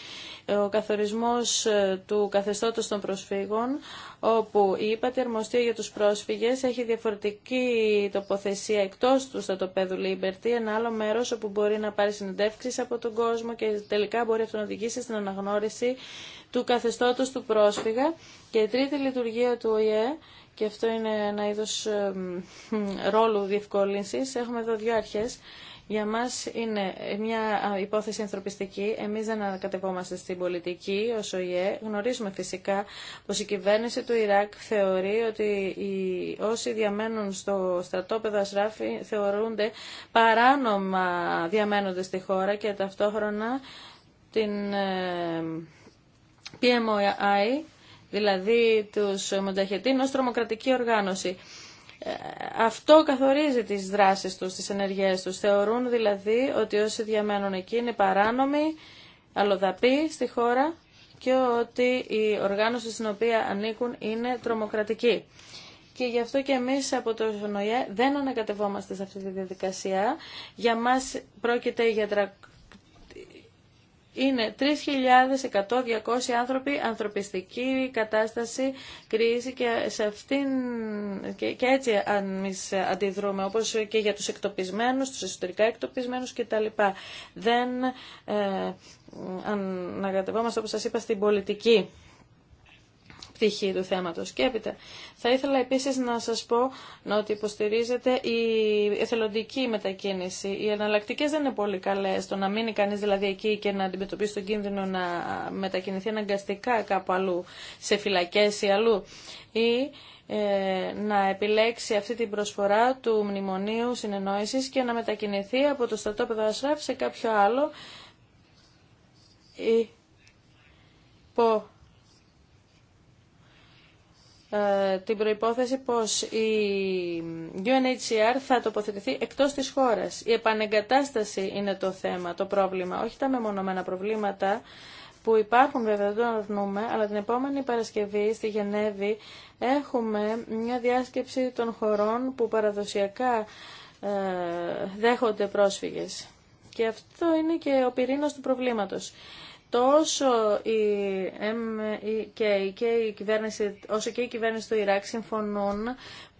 ο καθορισμός ε, του καθεστώτος των προσφύγων όπου η ΥΠΑΤΗ για τους πρόσφυγες έχει διαφορετική τοποθεσία εκτός του στατοπέδου Λίμπερτη, ένα άλλο μέρος όπου μπορεί να πάρει συνεντεύξεις από τον κόσμο και τελικά μπορεί αυτό να οδηγήσει στην αναγνώριση του καθεστώτος του πρόσφυγα. Και η τρίτη λειτουργία του ΟΗΕ και αυτό είναι ένα είδος ρόλου διευκόλυνσης. Έχουμε εδώ δύο αρχές. Για μας είναι μια υπόθεση ανθρωπιστική. Εμεί δεν ανακατευόμαστε στην πολιτική ω ΟΗΕ. Γνωρίζουμε φυσικά πως η κυβέρνηση του Ιράκ θεωρεί ότι οι όσοι διαμένουν στο στρατόπεδο Ασράφη θεωρούνται παράνομα διαμένονται στη χώρα και ταυτόχρονα την ε, PMOI δηλαδή τους Μονταχετίν ως τρομοκρατική οργάνωση. Αυτό καθορίζει τις δράσεις τους, τις ενεργειές τους. Θεωρούν δηλαδή ότι όσοι διαμένουν εκεί είναι παράνομοι, αλλοδαποί στη χώρα και ότι η οργάνωση στην οποία ανήκουν είναι τρομοκρατική. Και γι' αυτό και εμείς από το ΝΟΙΕ δεν ανακατευόμαστε σε αυτή τη διαδικασία. Για μας πρόκειται για είναι 3.100-200 άνθρωποι, ανθρωπιστική κατάσταση, κρίση και, σε αυτήν, και, έτσι αν αντιδρούμε, όπως και για τους εκτοπισμένους, τους εσωτερικά εκτοπισμένους κτλ. Δεν ε, ανακατευόμαστε, όπως σας είπα, στην πολιτική πτυχή του θέματος. Και έπειτα, θα ήθελα επίσης να σας πω ότι υποστηρίζεται η εθελοντική μετακίνηση. Οι εναλλακτικέ δεν είναι πολύ καλές. Το να μείνει κανείς δηλαδή εκεί και να αντιμετωπίσει τον κίνδυνο να μετακινηθεί αναγκαστικά κάπου αλλού, σε φυλακές ή αλλού. Ή ε, να επιλέξει αυτή την προσφορά του μνημονίου συνεννόησης και να μετακινηθεί από το στρατόπεδο Ασράφ σε κάποιο άλλο υπό ε, την προϋπόθεση πως η UNHCR θα τοποθετηθεί εκτός της χώρας. Η επανεγκατάσταση είναι το θέμα, το πρόβλημα, όχι τα μεμονωμένα προβλήματα που υπάρχουν βέβαια, δεν το αρνούμε, αλλά την επόμενη Παρασκευή στη Γενέβη έχουμε μια διάσκεψη των χωρών που παραδοσιακά ε, δέχονται πρόσφυγες. Και αυτό είναι και ο πυρήνας του προβλήματος τόσο η e και η κυβέρνηση, όσο και η κυβέρνηση του Ιράκ συμφωνούν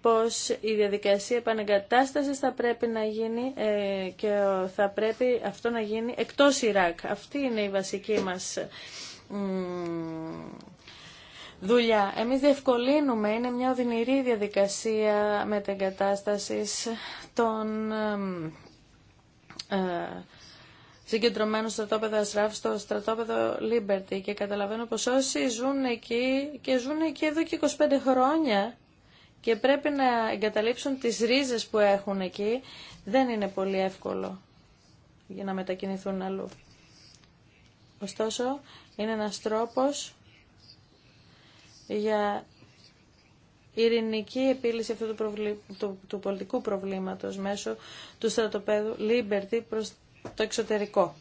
πως η διαδικασία επανεγκατάστασης θα πρέπει να γίνει ε, και θα πρέπει αυτό να γίνει εκτός Ιράκ. Αυτή είναι η βασική μας δουλειά. Εμείς διευκολύνουμε, είναι μια οδυνηρή διαδικασία μετεγκατάστασης των ε, ε, συγκεντρωμένο στρατόπεδο Ασράφ στο στρατόπεδο Λίμπερτι και καταλαβαίνω πως όσοι ζουν εκεί και ζουν εκεί εδώ και 25 χρόνια και πρέπει να εγκαταλείψουν τις ρίζες που έχουν εκεί, δεν είναι πολύ εύκολο για να μετακινηθούν αλλού. Ωστόσο, είναι ένας τρόπος για ειρηνική επίλυση αυτού του, πολιτικού προβλήματος μέσω του στρατοπέδου Liberty προς το εξωτερικό.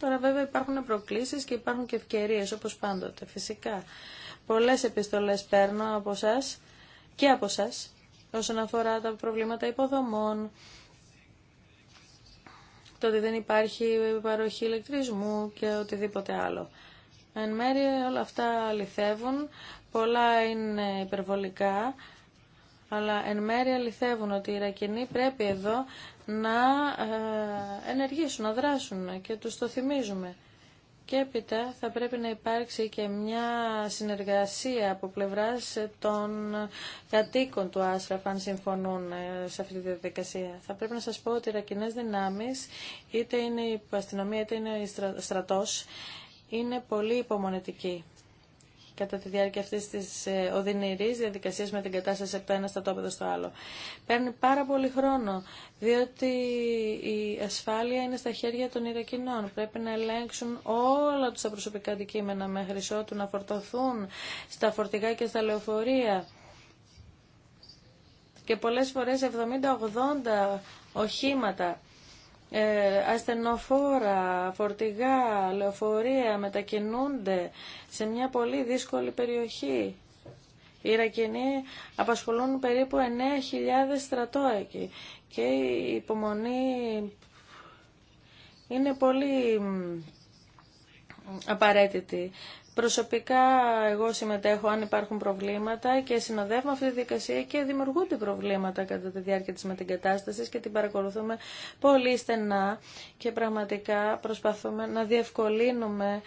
Τώρα βέβαια υπάρχουν προκλήσεις και υπάρχουν και ευκαιρίες όπως πάντοτε φυσικά. Πολλές επιστολές παίρνω από εσά και από εσά όσον αφορά τα προβλήματα υποδομών, το ότι δεν υπάρχει παροχή ηλεκτρισμού και οτιδήποτε άλλο. Εν μέρει όλα αυτά αληθεύουν, πολλά είναι υπερβολικά, αλλά εν μέρει αληθεύουν ότι οι Ιρακινοί πρέπει εδώ να ε, ενεργήσουν, να δράσουν και τους το θυμίζουμε. Και έπειτα θα πρέπει να υπάρξει και μια συνεργασία από πλευράς των κατοίκων του Άσραφ, αν συμφωνούν ε, σε αυτή τη διαδικασία. Θα πρέπει να σας πω ότι οι ρακινές δυνάμεις, είτε είναι η αστυνομία είτε είναι στρατός, είναι πολύ υπομονετικοί κατά τη διάρκεια αυτή τη ε, οδυνηρή διαδικασία με την κατάσταση από το ένα στρατόπεδο στο άλλο. Παίρνει πάρα πολύ χρόνο, διότι η ασφάλεια είναι στα χέρια των Ιρακινών. Πρέπει να ελέγξουν όλα του τα προσωπικά αντικείμενα μέχρι ότου να φορτωθούν στα φορτηγά και στα λεωφορεία. Και πολλές φορές 70-80 οχήματα ε, ασθενοφόρα, φορτηγά, λεωφορεία μετακινούνται σε μια πολύ δύσκολη περιοχή. Οι Ιρακινοί απασχολούν περίπου 9.000 εκεί και η υπομονή είναι πολύ απαραίτητη. Προσωπικά εγώ συμμετέχω αν υπάρχουν προβλήματα και συνοδεύουμε αυτή τη δικασία και δημιουργούνται προβλήματα κατά τη διάρκεια της μετεγκατάστασης και την παρακολουθούμε πολύ στενά και πραγματικά προσπαθούμε να διευκολύνουμε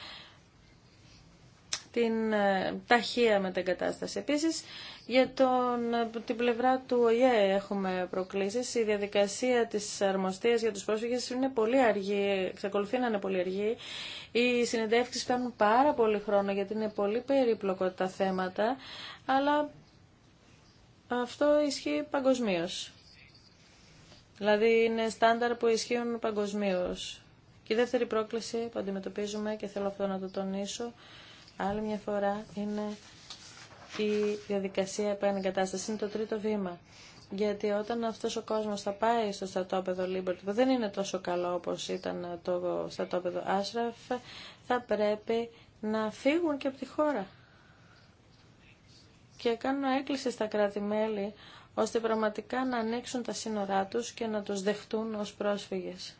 την ε, ταχεία μετεγκατάσταση. Επίσης, για τον, την πλευρά του ΟΙΕ έχουμε προκλήσεις. Η διαδικασία της αρμοστίας για τους πρόσφυγες είναι πολύ αργή, εξακολουθεί να είναι πολύ αργή. Οι συνεντεύξεις παίρνουν πάρα πολύ χρόνο γιατί είναι πολύ περίπλοκο τα θέματα, αλλά αυτό ισχύει παγκοσμίω. Δηλαδή είναι στάνταρ που ισχύουν παγκοσμίω. Και η δεύτερη πρόκληση που αντιμετωπίζουμε και θέλω αυτό να το τονίσω άλλη μια φορά είναι η διαδικασία επανεγκατάσταση είναι το τρίτο βήμα. Γιατί όταν αυτός ο κόσμος θα πάει στο στρατόπεδο Λίμπερτ, που δεν είναι τόσο καλό όπως ήταν το στρατόπεδο Άσραφ, θα πρέπει να φύγουν και από τη χώρα. Και κάνω έκκληση στα κράτη-μέλη, ώστε πραγματικά να ανοίξουν τα σύνορά τους και να τους δεχτούν ως πρόσφυγες.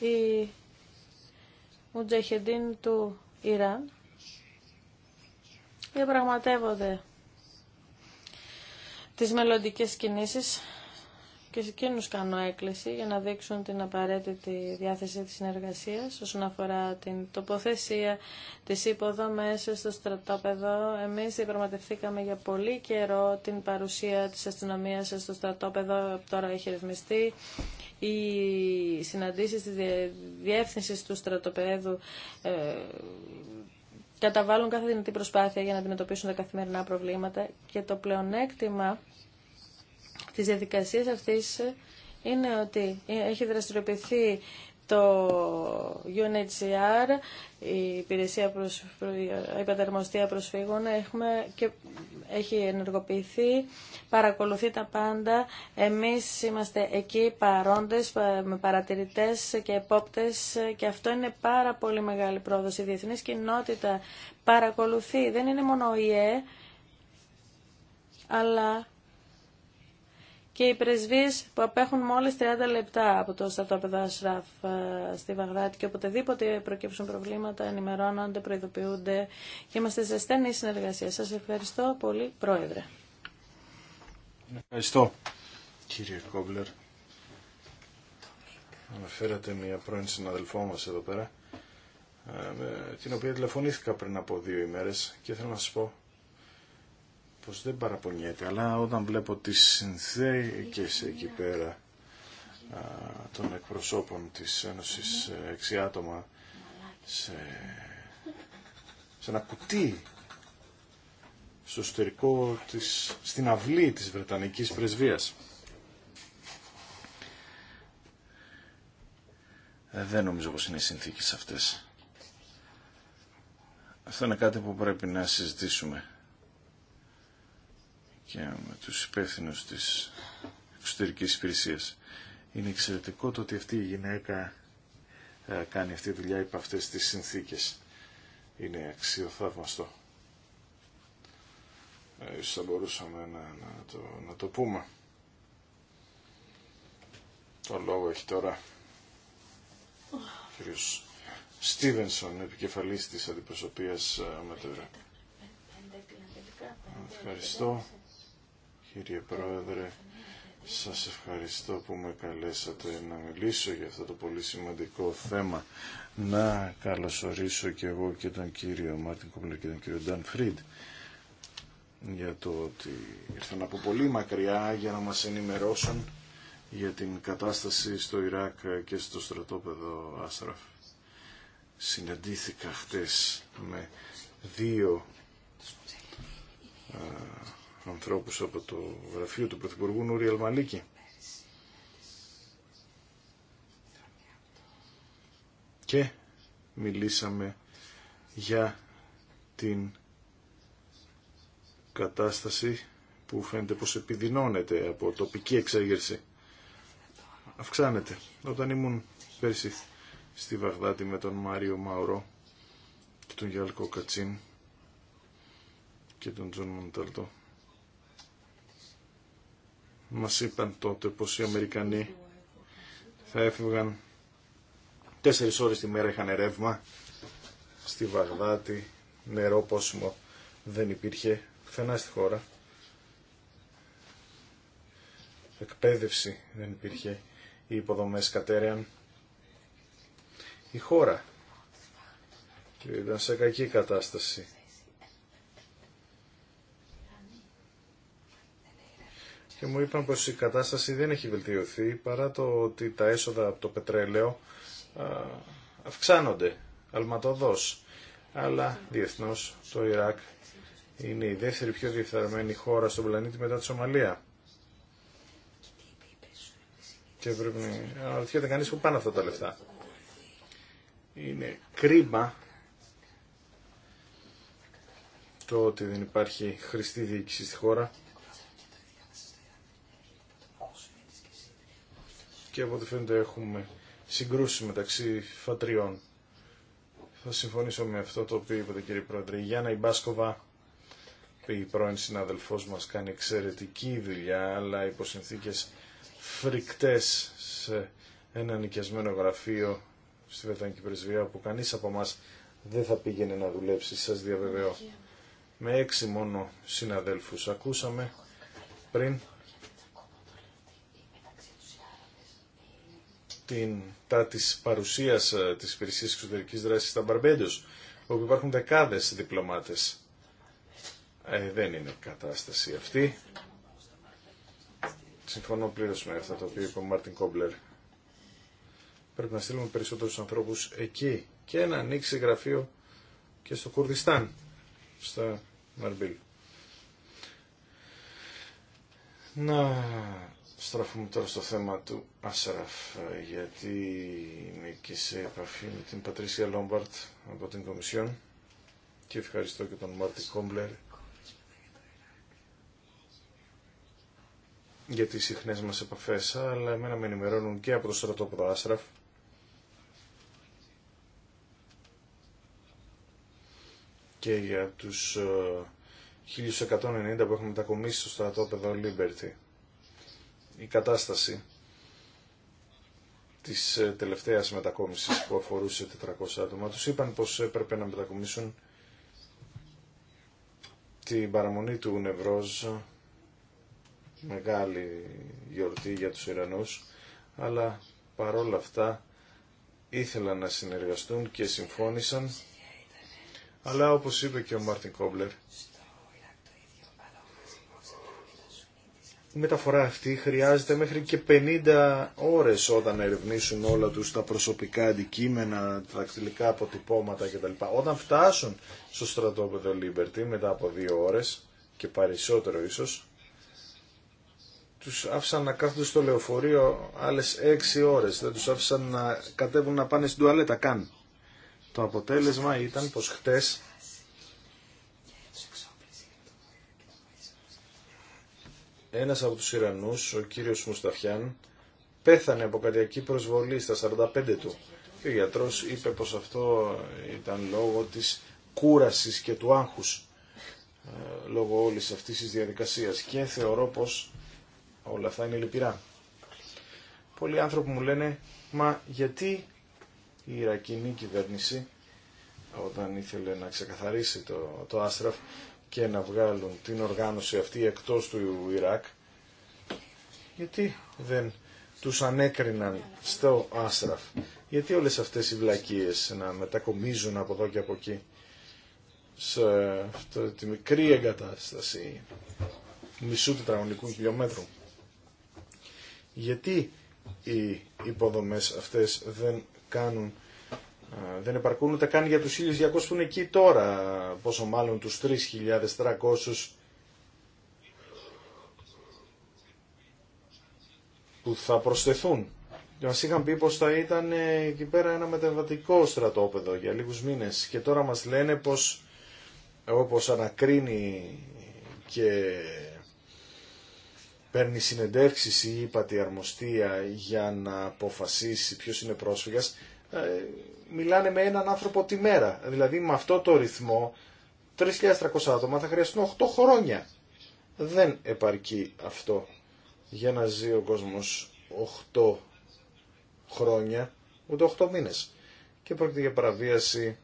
Η Μουτζαχεντίν του Ιράν διαπραγματεύονται τις μελλοντικέ κινήσεις και σε εκείνους κάνω έκκληση για να δείξουν την απαραίτητη διάθεση της συνεργασίας όσον αφορά την τοποθεσία, της υποδομές στο στρατόπεδο. Εμείς διαπραγματευθήκαμε για πολύ καιρό την παρουσία της αστυνομίας στο στρατόπεδο, τώρα έχει ρυθμιστεί. Οι συναντήσεις της διεύθυνση του στρατοπέδου ε, καταβάλουν κάθε δυνατή προσπάθεια για να αντιμετωπίσουν τα καθημερινά προβλήματα και το πλεονέκτημα της διαδικασίας αυτής είναι ότι έχει δραστηριοποιηθεί το UNHCR, η υπηρεσία προς, η προσφύγων, έχουμε και έχει ενεργοποιηθεί, παρακολουθεί τα πάντα. Εμείς είμαστε εκεί παρόντες, με παρατηρητές και επόπτες και αυτό είναι πάρα πολύ μεγάλη πρόοδος. Η διεθνής κοινότητα παρακολουθεί, δεν είναι μόνο ο ΙΕ, αλλά και οι πρεσβείς που απέχουν μόλις 30 λεπτά από το στρατόπεδο Ασράφ ε, στη Βαγδάτη και οποτεδήποτε προκύψουν προβλήματα ενημερώνονται, προειδοποιούνται και είμαστε σε στενή συνεργασία. Σας ευχαριστώ πολύ Πρόεδρε. Ευχαριστώ κύριε Κόμπλερ. Αναφέρατε μια πρώην συναδελφό μας εδώ πέρα, ε, την οποία τηλεφωνήθηκα πριν από δύο ημέρες και θέλω να σας πω πως δεν παραπονιέται, αλλά όταν βλέπω τις συνθήκες εκεί πέρα των εκπροσώπων της Ένωσης 6 ε, άτομα σε, σε ένα κουτί στο εσωτερικό της, στην αυλή της Βρετανικής Πρεσβείας. Ε, δεν νομίζω πως είναι οι συνθήκες αυτές. Αυτό είναι κάτι που πρέπει να συζητήσουμε και με τους υπεύθυνου της εξωτερικής υπηρεσία. Είναι εξαιρετικό το ότι αυτή η γυναίκα ε, κάνει αυτή τη δουλειά υπό αυτές τις συνθήκες. Είναι αξιοθαύμαστο. Ε, ίσως θα μπορούσαμε να, το, να το πούμε. Το λόγο έχει τώρα κ. Στίβενσον, επικεφαλής της αντιπροσωπείας ε, με Ευχαριστώ κύριε Πρόεδρε. Σας ευχαριστώ που με καλέσατε να μιλήσω για αυτό το πολύ σημαντικό θέμα. Να καλωσορίσω και εγώ και τον κύριο Μάρτιν Κομπλερ και τον κύριο Νταν Φρίντ για το ότι ήρθαν από πολύ μακριά για να μας ενημερώσουν για την κατάσταση στο Ιράκ και στο στρατόπεδο Άστραφ. Συναντήθηκα χτες με δύο ανθρώπους από το γραφείο του Πρωθυπουργού Νούρι Αλμαλίκη. Και μιλήσαμε για την κατάσταση που φαίνεται πως επιδεινώνεται από τοπική εξέγερση. Αυξάνεται. Όταν ήμουν πέρσι στη Βαγδάτη με τον Μάριο Μαουρό και τον Γιάλκο Κατσίν και τον Τζον Μονταλτό μας είπαν τότε πως οι Αμερικανοί θα έφυγαν τέσσερις ώρες τη μέρα είχαν ρεύμα στη Βαγδάτη, νερό πόσιμο δεν υπήρχε πουθενά στη χώρα. Εκπαίδευση δεν υπήρχε, οι υποδομές κατέρεαν. Η χώρα και ήταν σε κακή κατάσταση. και μου είπαν πως η κατάσταση δεν έχει βελτιωθεί παρά το ότι τα έσοδα από το πετρέλαιο αυξάνονται αλματοδός. Αλλά διεθνώς το Ιράκ είναι η δεύτερη πιο διεφθαρμένη χώρα στον πλανήτη μετά τη Σομαλία. Και πρέπει να ρωτιέται κανείς που πάνε αυτά τα λεφτά. Είναι κρίμα το ότι δεν υπάρχει χρηστή διοίκηση στη χώρα και από ό,τι φαίνεται έχουμε συγκρούσει μεταξύ φατριών. Θα συμφωνήσω με αυτό το οποίο είπατε κύριε Πρόεδρε. Η Γιάννα Ιμπάσκοβα, η πρώην συνάδελφός μας, κάνει εξαιρετική δουλειά, αλλά υπό συνθήκες φρικτές σε ένα νοικιασμένο γραφείο στη Βρετανική Πρεσβεία που κανείς από εμά δεν θα πήγαινε να δουλέψει, σας διαβεβαιώ. Με έξι μόνο συναδέλφους ακούσαμε πριν την, τα της παρουσίας ε, της υπηρεσίας εξωτερικής δράσης στα Μπαρμπέντος, όπου υπάρχουν δεκάδες διπλωμάτες. Ε, δεν είναι κατάσταση αυτή. Συμφωνώ πλήρω με αυτά τα οποία είπε ο Μάρτιν Κόμπλερ. Πρέπει να στείλουμε περισσότερους ανθρώπους εκεί και να ανοίξει γραφείο και στο Κουρδιστάν, στα Μαρμπίλ. Να στραφούμε τώρα στο θέμα του ΑΣΡΑΦ γιατί είμαι και σε επαφή με την Πατρίσια Λόμπαρτ από την Κομισιόν και ευχαριστώ και τον Μάρτι Κόμπλερ για τις συχνές μας επαφές, αλλά εμένα με ενημερώνουν και από το στρατόπεδο Άσραφ και για τους 1190 ε, που έχουμε μετακομίσει στο στρατόπεδο Liberty η κατάσταση της ε, τελευταίας μετακόμισης που αφορούσε 400 άτομα. Τους είπαν πως έπρεπε να μετακομίσουν την παραμονή του Νευρός μεγάλη γιορτή για τους Ιρανούς, αλλά παρόλα αυτά ήθελαν να συνεργαστούν και συμφώνησαν. Αλλά όπως είπε και ο Μάρτιν Κόμπλερ, η μεταφορά αυτή χρειάζεται μέχρι και 50 ώρες όταν ερευνήσουν όλα τους τα προσωπικά αντικείμενα, τα δακτυλικά αποτυπώματα κτλ. Όταν φτάσουν στο στρατόπεδο Liberty μετά από δύο ώρες και περισσότερο ίσως, τους άφησαν να κάθονται στο λεωφορείο άλλες 6 ώρες, δεν τους άφησαν να κατέβουν να πάνε στην τουαλέτα καν. Το αποτέλεσμα ήταν πως χτες ένας από τους Ιρανούς, ο κύριος Μουσταφιάν, πέθανε από καρδιακή προσβολή στα 45 του. ο γιατρός είπε πως αυτό ήταν λόγω της κούρασης και του άγχους ε, λόγω όλης αυτής της διαδικασίας και θεωρώ πως όλα αυτά είναι λυπηρά. Πολλοί άνθρωποι μου λένε μα γιατί η Ιρακινή κυβέρνηση όταν ήθελε να ξεκαθαρίσει το, το Άστραφ και να βγάλουν την οργάνωση αυτή εκτός του Ιράκ γιατί δεν τους ανέκριναν στο Άστραφ γιατί όλες αυτές οι βλακίες να μετακομίζουν από εδώ και από εκεί σε αυτή τη μικρή εγκατάσταση μισού τετραγωνικού χιλιόμετρου γιατί οι υποδομές αυτές δεν κάνουν δεν επαρκούν ούτε καν για τους 1.200 που είναι εκεί τώρα, πόσο μάλλον τους 3.300 που θα προσθεθούν. Μα είχαν πει πως θα ήταν ε, εκεί πέρα ένα μετεβατικό στρατόπεδο για λίγους μήνες και τώρα μας λένε πως όπως ανακρίνει και παίρνει συνεντεύξεις η ύπατη αρμοστία για να αποφασίσει ποιος είναι πρόσφυγας ε, μιλάνε με έναν άνθρωπο τη μέρα. Δηλαδή με αυτό το ρυθμό 3.300 άτομα θα χρειαστούν 8 χρόνια. Δεν επαρκεί αυτό για να ζει ο κόσμος 8 χρόνια, ούτε 8 μήνες. Και πρόκειται για παραβίαση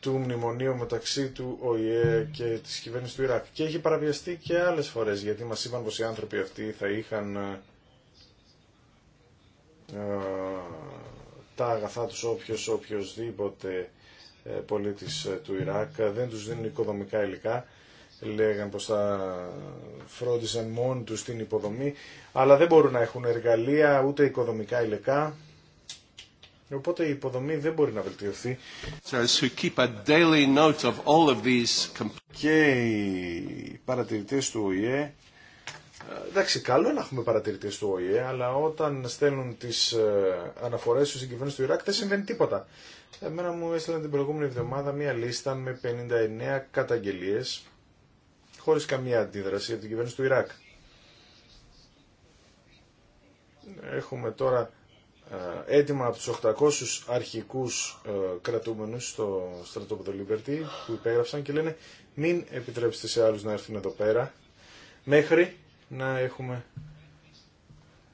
του μνημονίου μεταξύ του ΟΗΕ και της κυβέρνησης του Ιράκ. Και έχει παραβιαστεί και άλλες φορές, γιατί μας είπαν πως οι άνθρωποι αυτοί θα είχαν ε, ε, τα αγαθά τους όποιος, οποιοδήποτε ε, πολίτης ε, του Ιράκ, δεν τους δίνουν οικοδομικά υλικά, λέγαν πως θα φρόντισαν μόνοι τους την υποδομή, αλλά δεν μπορούν να έχουν εργαλεία, ούτε οικοδομικά υλικά, Οπότε η υποδομή δεν μπορεί να βελτιωθεί. Και οι παρατηρητές του ΟΗΕ Εντάξει, καλό να έχουμε παρατηρητέ του ΟΗΕ, αλλά όταν στέλνουν τι ε, αναφορέ του στην κυβέρνηση του Ιράκ δεν συμβαίνει τίποτα. Εμένα μου έστειλαν την προηγούμενη εβδομάδα μία λίστα με 59 καταγγελίε, χωρί καμία αντίδραση από την κυβέρνηση του Ιράκ. Έχουμε τώρα ε, έτοιμα από τους 800 αρχικούς ε, κρατούμενους στο στρατόπεδο Λίμπερτι που υπέγραψαν και λένε μην επιτρέψετε σε άλλους να έρθουν εδώ πέρα μέχρι να έχουμε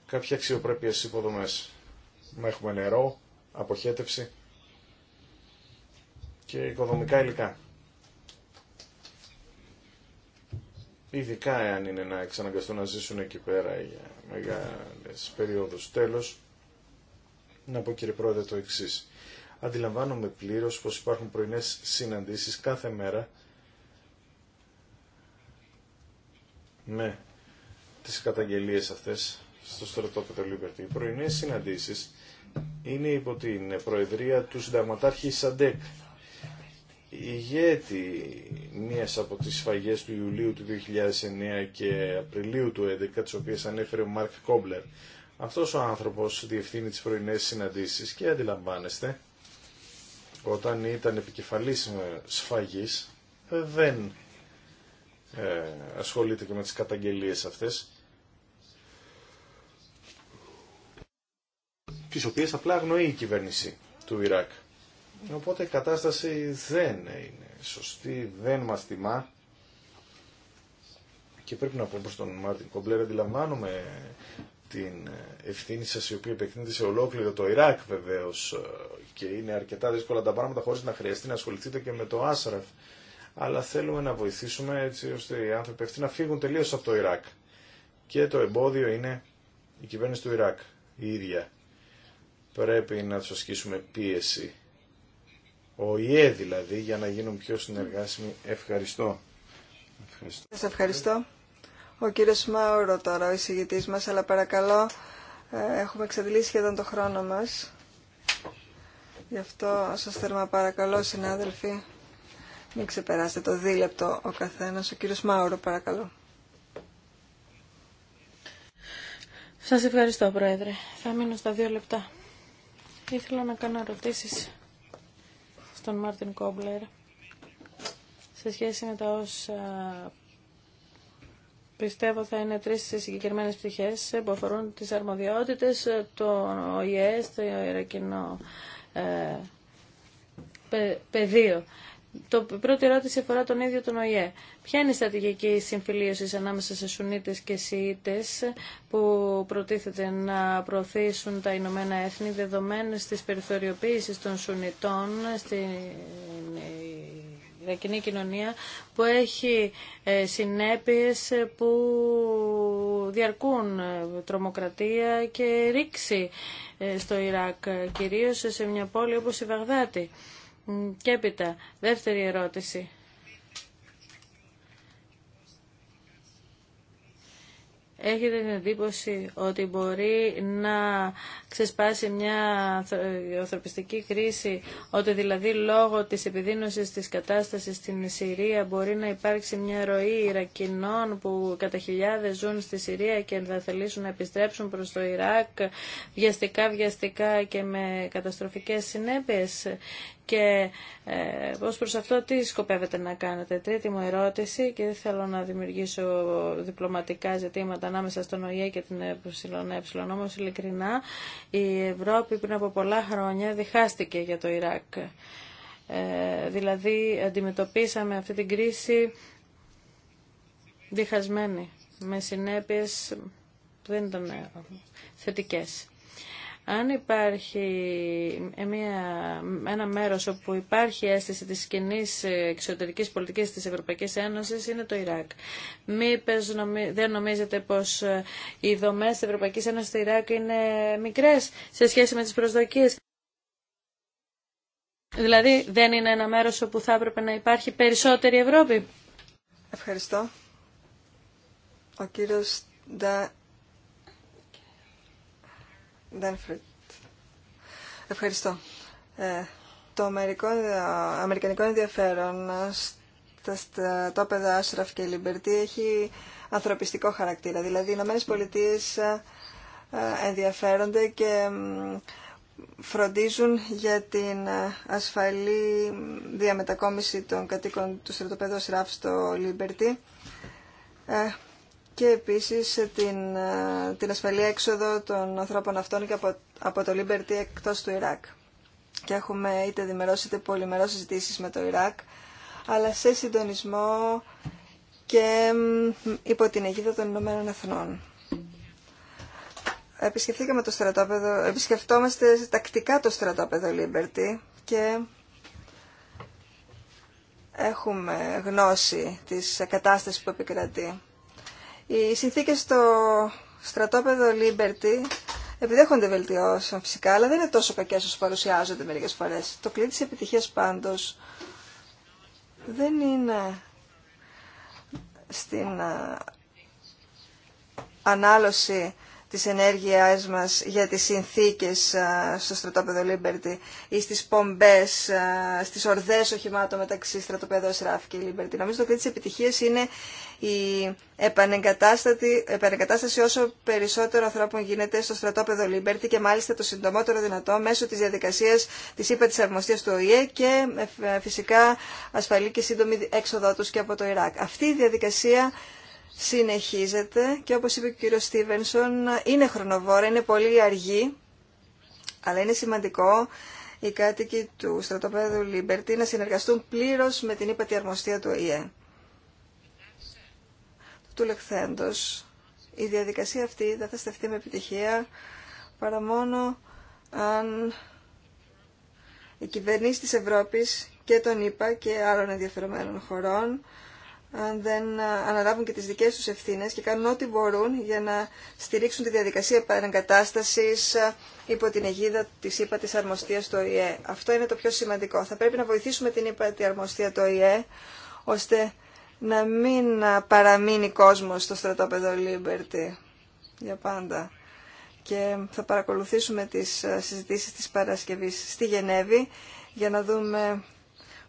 κάποια αξιοπρέπεια στις υποδομές. Να έχουμε νερό, αποχέτευση και οικοδομικά υλικά. Ειδικά εάν είναι να εξαναγκαστούν να ζήσουν εκεί πέρα για μεγάλες περιόδους. Τέλος, να πω κύριε Πρόεδρε το εξή. Αντιλαμβάνομαι πλήρως πως υπάρχουν πρωινές συναντήσεις κάθε μέρα με τις καταγγελίες αυτές στο στρατόπεδο Λίμπερτ. Οι πρωινέ συναντήσεις είναι υπό την προεδρία του συνταγματάρχη Σαντέκ, ηγέτη μίας από τις σφαγές του Ιουλίου του 2009 και Απριλίου του 2011, τις οποίες ανέφερε ο Μάρκ Κόμπλερ. Αυτός ο άνθρωπος διευθύνει τις πρωινέ συναντήσεις και αντιλαμβάνεστε, όταν ήταν επικεφαλής σφαγής, δεν ε, ασχολείται και με τις καταγγελίες αυτές τι οποίε απλά αγνοεί η κυβέρνηση του Ιράκ. Οπότε η κατάσταση δεν είναι σωστή, δεν μα τιμά και πρέπει να πω προ τον Μάρτιν Κομπλέρ, αντιλαμβάνομαι την ευθύνη σα, η οποία επεκτείνεται σε ολόκληρο το Ιράκ βεβαίω, και είναι αρκετά δύσκολα τα πράγματα χωρί να χρειαστεί να ασχοληθείτε και με το Άσραφ αλλά θέλουμε να βοηθήσουμε έτσι ώστε οι άνθρωποι αυτοί να φύγουν τελείω από το Ιράκ και το εμπόδιο είναι η κυβέρνηση του Ιράκ η ίδια πρέπει να του ασκήσουμε πίεση. Ο ΙΕ δηλαδή, για να γίνουν πιο συνεργάσιμοι. Ευχαριστώ. ευχαριστώ. Σας ευχαριστώ. Ο κύριος Μάουρο τώρα, ο εισηγητής μας, αλλά παρακαλώ, ε, έχουμε εξαντλήσει σχεδόν το χρόνο μας. Γι' αυτό σας να παρακαλώ, συνάδελφοι, μην ξεπεράσετε το δίλεπτο ο καθένας. Ο κύριος Μάουρο, παρακαλώ. Σας ευχαριστώ, Πρόεδρε. Θα μείνω στα δύο λεπτά. Ήθελα να κάνω ερωτήσεις στον Μάρτιν Κόμπλερ σε σχέση με τα όσα πιστεύω θα είναι τρεις συγκεκριμένες πτυχές που αφορούν τις αρμοδιότητες, το ΙΕΣ, το ιεροκοινό ε, πεδίο. Το πρώτη ερώτηση αφορά τον ίδιο τον ΟΗΕ. Ποια είναι η στρατηγική συμφιλίωση ανάμεσα σε Σουνίτες και Σιήτες που προτίθεται να προωθήσουν τα Ηνωμένα Έθνη δεδομένες της περιθωριοποίηση των Σουνιτών στην Ιρακινή κοινωνία που έχει ε, συνέπειες που διαρκούν ε, τρομοκρατία και ρήξη ε, στο Ιράκ, κυρίως σε μια πόλη όπως η Βαγδάτη. Και έπειτα, δεύτερη ερώτηση. Έχετε την εντύπωση ότι μπορεί να ξεσπάσει μια ανθρωπιστική κρίση, ότι δηλαδή λόγω της επιδείνωσης της κατάστασης στην Συρία μπορεί να υπάρξει μια ροή Ιρακινών που κατά χιλιάδες ζουν στη Συρία και θα θελήσουν να επιστρέψουν προς το Ιράκ βιαστικά, βιαστικά και με καταστροφικές συνέπειες. Και ε, ως προς αυτό τι σκοπεύετε να κάνετε. Τρίτη μου ερώτηση και δεν θέλω να δημιουργήσω διπλωματικά ζητήματα ανάμεσα στον ΟΗΕ και την ΕΕ. Όμως ειλικρινά η Ευρώπη πριν από πολλά χρόνια διχάστηκε για το Ιράκ. Ε, δηλαδή αντιμετωπίσαμε αυτή την κρίση διχασμένη με συνέπειες που δεν ήταν ε, θετικές. Αν υπάρχει μια, ένα μέρος όπου υπάρχει αίσθηση της κοινή εξωτερικής πολιτικής της Ευρωπαϊκής Ένωσης είναι το Ιράκ. Μήπως δεν νομίζετε πως ε, οι δομές της Ευρωπαϊκής Ένωσης στο Ιράκ είναι μικρές σε σχέση με τις προσδοκίες. Δηλαδή δεν είναι ένα μέρος όπου θα έπρεπε να υπάρχει περισσότερη Ευρώπη. Ευχαριστώ. Ο κύριος Ντα Ευχαριστώ. Ε, το αμερικό, αμερικανικό ενδιαφέρον στα τόπεδα Άσραφ και Λιμπερτή έχει ανθρωπιστικό χαρακτήρα. Δηλαδή, οι Ηνωμένε Πολιτείε ε, ενδιαφέρονται και φροντίζουν για την ε, ασφαλή διαμετακόμιση των κατοίκων του στρατοπέδου Ασράφ στο Λιμπερτή και επίσης την, ε, την ασφαλή έξοδο των ανθρώπων αυτών και από, από το Liberty εκτός του Ιράκ. Και έχουμε είτε δημερώσει είτε πολυμερώς συζητήσεις με το Ιράκ, αλλά σε συντονισμό και υπό την αιγύδα των Ηνωμένων Εθνών. Επισκεφθήκαμε το στρατόπεδο, επισκεφτόμαστε τακτικά το στρατόπεδο Liberty και έχουμε γνώση της κατάστασης που επικρατεί. Οι συνθήκες στο στρατόπεδο Liberty επιδέχονται βελτιώσει φυσικά, αλλά δεν είναι τόσο κακέ όσο παρουσιάζονται μερικές φορές. Το κλειδί της επιτυχίας πάντως δεν είναι στην ανάλωση της ενέργειάς μας για τις συνθήκες στο στρατόπεδο Liberty ή στις πομπέ, στις ορδέ οχημάτων μεταξύ στρατοπέδου ΣΡΑΦ και Λίμπερτι. Νομίζω το κλειδί της επιτυχίας είναι η επανεγκατάσταση όσο περισσότερο ανθρώπων γίνεται στο στρατόπεδο Λιμπέρτη και μάλιστα το συντομότερο δυνατό μέσω της διαδικασίας της ΥΠΑ της Αρμοστίας του ΟΗΕ και φυσικά ασφαλή και σύντομη έξοδό τους και από το Ιράκ. Αυτή η διαδικασία συνεχίζεται και όπως είπε ο κύριος Στίβενσον είναι χρονοβόρα, είναι πολύ αργή αλλά είναι σημαντικό οι κάτοικοι του στρατοπέδου Λίμπερτη να συνεργαστούν πλήρως με την ύπατη αρμοστία του ΟΗΕ του λεχθέντος. Η διαδικασία αυτή δεν θα στεφτεί με επιτυχία παρά μόνο αν οι κυβερνήσει της Ευρώπης και των ΗΠΑ και άλλων ενδιαφερομένων χωρών αν δεν αναλάβουν και τις δικές τους ευθύνες και κάνουν ό,τι μπορούν για να στηρίξουν τη διαδικασία επαναγκατάστασης υπό την αιγίδα της ΙΠΑ της αρμοστίας του ΟΗΕ. Αυτό είναι το πιο σημαντικό. Θα πρέπει να βοηθήσουμε την ΙΠΑ τη αρμοστία του ΟΗΕ ώστε να μην παραμείνει κόσμος στο στρατόπεδο Liberty για πάντα. Και θα παρακολουθήσουμε τις συζητήσεις της Παρασκευής στη Γενέβη για να δούμε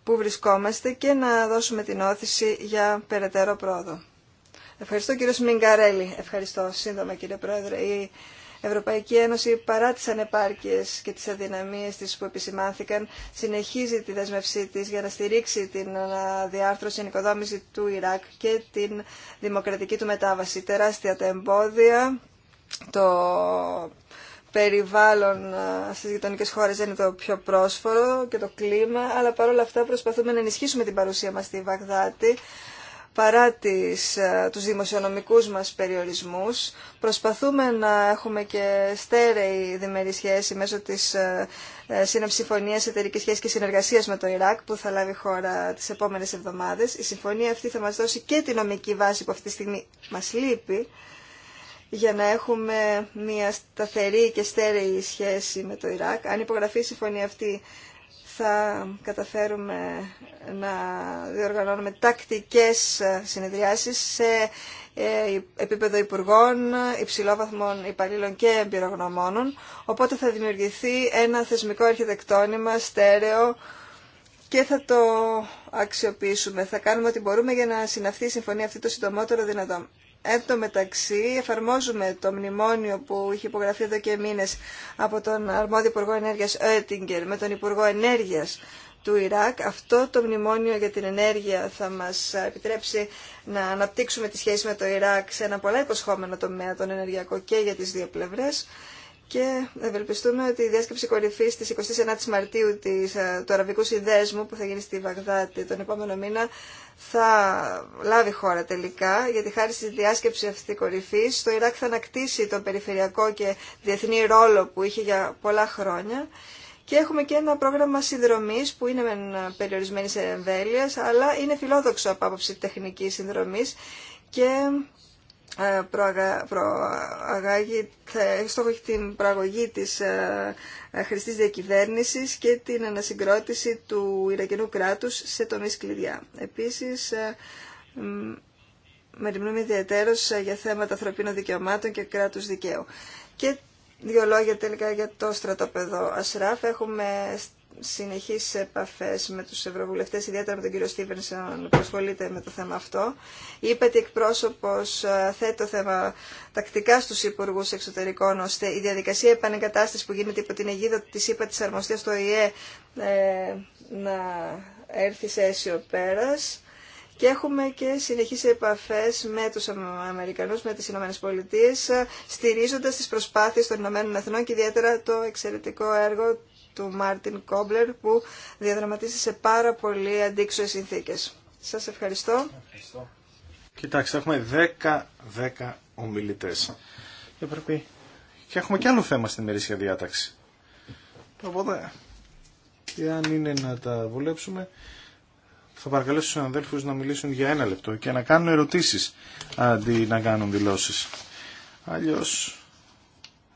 πού βρισκόμαστε και να δώσουμε την όθηση για περαιτέρω πρόοδο. Ευχαριστώ κύριο Σμιγκαρέλη. Ευχαριστώ σύντομα κύριε Πρόεδρε. Ευρωπαϊκή Ένωση παρά τις ανεπάρκειες και τις αδυναμίες της που επισημάνθηκαν συνεχίζει τη δεσμευσή της για να στηρίξει την διάρθρωση και του Ιράκ και την δημοκρατική του μετάβαση. Τεράστια τα εμπόδια, το περιβάλλον στις γειτονικές χώρες δεν είναι το πιο πρόσφορο και το κλίμα, αλλά παρόλα αυτά προσπαθούμε να ενισχύσουμε την παρουσία μας στη Βαγδάτη παρά τις, ε, τους δημοσιονομικούς μας περιορισμούς. Προσπαθούμε να έχουμε και στέρεη διμερή σχέση μέσω της ε, ε, Σύναψη συμφωνίας εταιρικής σχέσης και συνεργασίας με το Ιράκ που θα λάβει χώρα τις επόμενες εβδομάδες. Η συμφωνία αυτή θα μας δώσει και τη νομική βάση που αυτή τη στιγμή μας λείπει για να έχουμε μια σταθερή και στέρεη σχέση με το Ιράκ. Αν υπογραφεί η συμφωνία αυτή θα καταφέρουμε να διοργανώνουμε τακτικές συνεδριάσεις σε ε, επίπεδο υπουργών, υψηλόβαθμων υπαλλήλων και εμπειρογνωμόνων, οπότε θα δημιουργηθεί ένα θεσμικό αρχιτεκτόνημα στέρεο και θα το αξιοποιήσουμε. Θα κάνουμε ό,τι μπορούμε για να συναυθεί η συμφωνία αυτή το συντομότερο δυνατό. Εν τω μεταξύ εφαρμόζουμε το μνημόνιο που είχε υπογραφεί εδώ και μήνες από τον αρμόδιο Υπουργό Ενέργειας Oettinger με τον Υπουργό Ενέργειας του Ιράκ. Αυτό το μνημόνιο για την ενέργεια θα μας επιτρέψει να αναπτύξουμε τη σχέση με το Ιράκ σε ένα πολλά υποσχόμενο τομέα τον ενεργειακό και για τις δύο πλευρές. Και ευελπιστούμε ότι η διάσκεψη κορυφή τη 29η Μαρτίου της, ε, του Αραβικού Συνδέσμου που θα γίνει στη Βαγδάτη τον επόμενο μήνα θα λάβει χώρα τελικά. Γιατί χάρη στη διάσκεψη αυτή τη κορυφή το Ιράκ θα ανακτήσει τον περιφερειακό και διεθνή ρόλο που είχε για πολλά χρόνια. Και έχουμε και ένα πρόγραμμα συνδρομή που είναι περιορισμένη σε εμβέλεια αλλά είναι φιλόδοξο από άποψη τεχνική συνδρομή και ε, προαγάγει, στόχο έχει την προαγωγή της ε, ε, χρηστής διακυβέρνησης και την ανασυγκρότηση του Ιρακινού κράτους σε τομείς κλειδιά. Επίσης, μεριμνούμε ιδιαίτερως για θέματα ανθρωπίνων δικαιωμάτων και κράτους δικαίου. Και δύο λόγια τελικά για το στρατόπεδο Ασράφ. Έχουμε συνεχείς επαφές με τους ευρωβουλευτές, ιδιαίτερα με τον κύριο Στίβενσον που ασχολείται με το θέμα αυτό. Είπε ότι εκπρόσωπος ε, θέτει το θέμα τακτικά στους υπουργούς εξωτερικών, ώστε η διαδικασία επανεγκατάστασης που γίνεται υπό την αιγίδα της ΥΠΑ της αρμοστίας στο ΙΕ ε, να έρθει σε αίσιο πέρας. Και έχουμε και συνεχείς επαφές με τους Αμερικανούς, με τις Ηνωμένες Πολιτείες, στηρίζοντας τις προσπάθειες των Ηνωμένων Εθνών και ιδιαίτερα το εξαιρετικό έργο του Μάρτιν Κόμπλερ που διαδραματίζει σε πάρα πολύ αντίξωες συνθήκες. Σας ευχαριστώ. ευχαριστώ. Κοιτάξτε, έχουμε 10-10 ομιλητές. Και, πρέπει... και έχουμε και άλλο θέμα στην μερίσια διάταξη. Οπότε, και αν είναι να τα βουλέψουμε, θα παρακαλέσω τους αδέλφους να μιλήσουν για ένα λεπτό και να κάνουν ερωτήσεις αντί να κάνουν δηλώσεις. Αλλιώς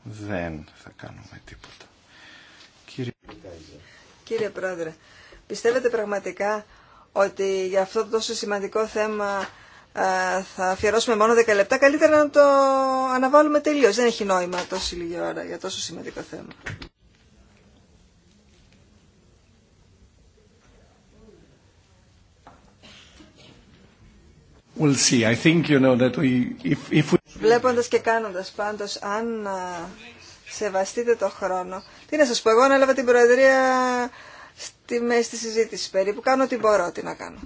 δεν θα κάνουμε τίποτα. Κύριε... Κύριε Πρόεδρε, πιστεύετε πραγματικά ότι για αυτό το τόσο σημαντικό θέμα ε, θα αφιερώσουμε μόνο 10 λεπτά. Καλύτερα να το αναβάλουμε τελείως. Δεν έχει νόημα τόση λίγη ώρα για τόσο σημαντικό θέμα. We'll see. I think, you know, that we, if, if we... Βλέποντας και κάνοντας πάντως, αν ε, Σεβαστείτε το χρόνο. Τι να σας πω, εγώ έλαβα την Προεδρία στη μέση της συζήτησης περίπου. Κάνω ό,τι μπορώ, τι να κάνω.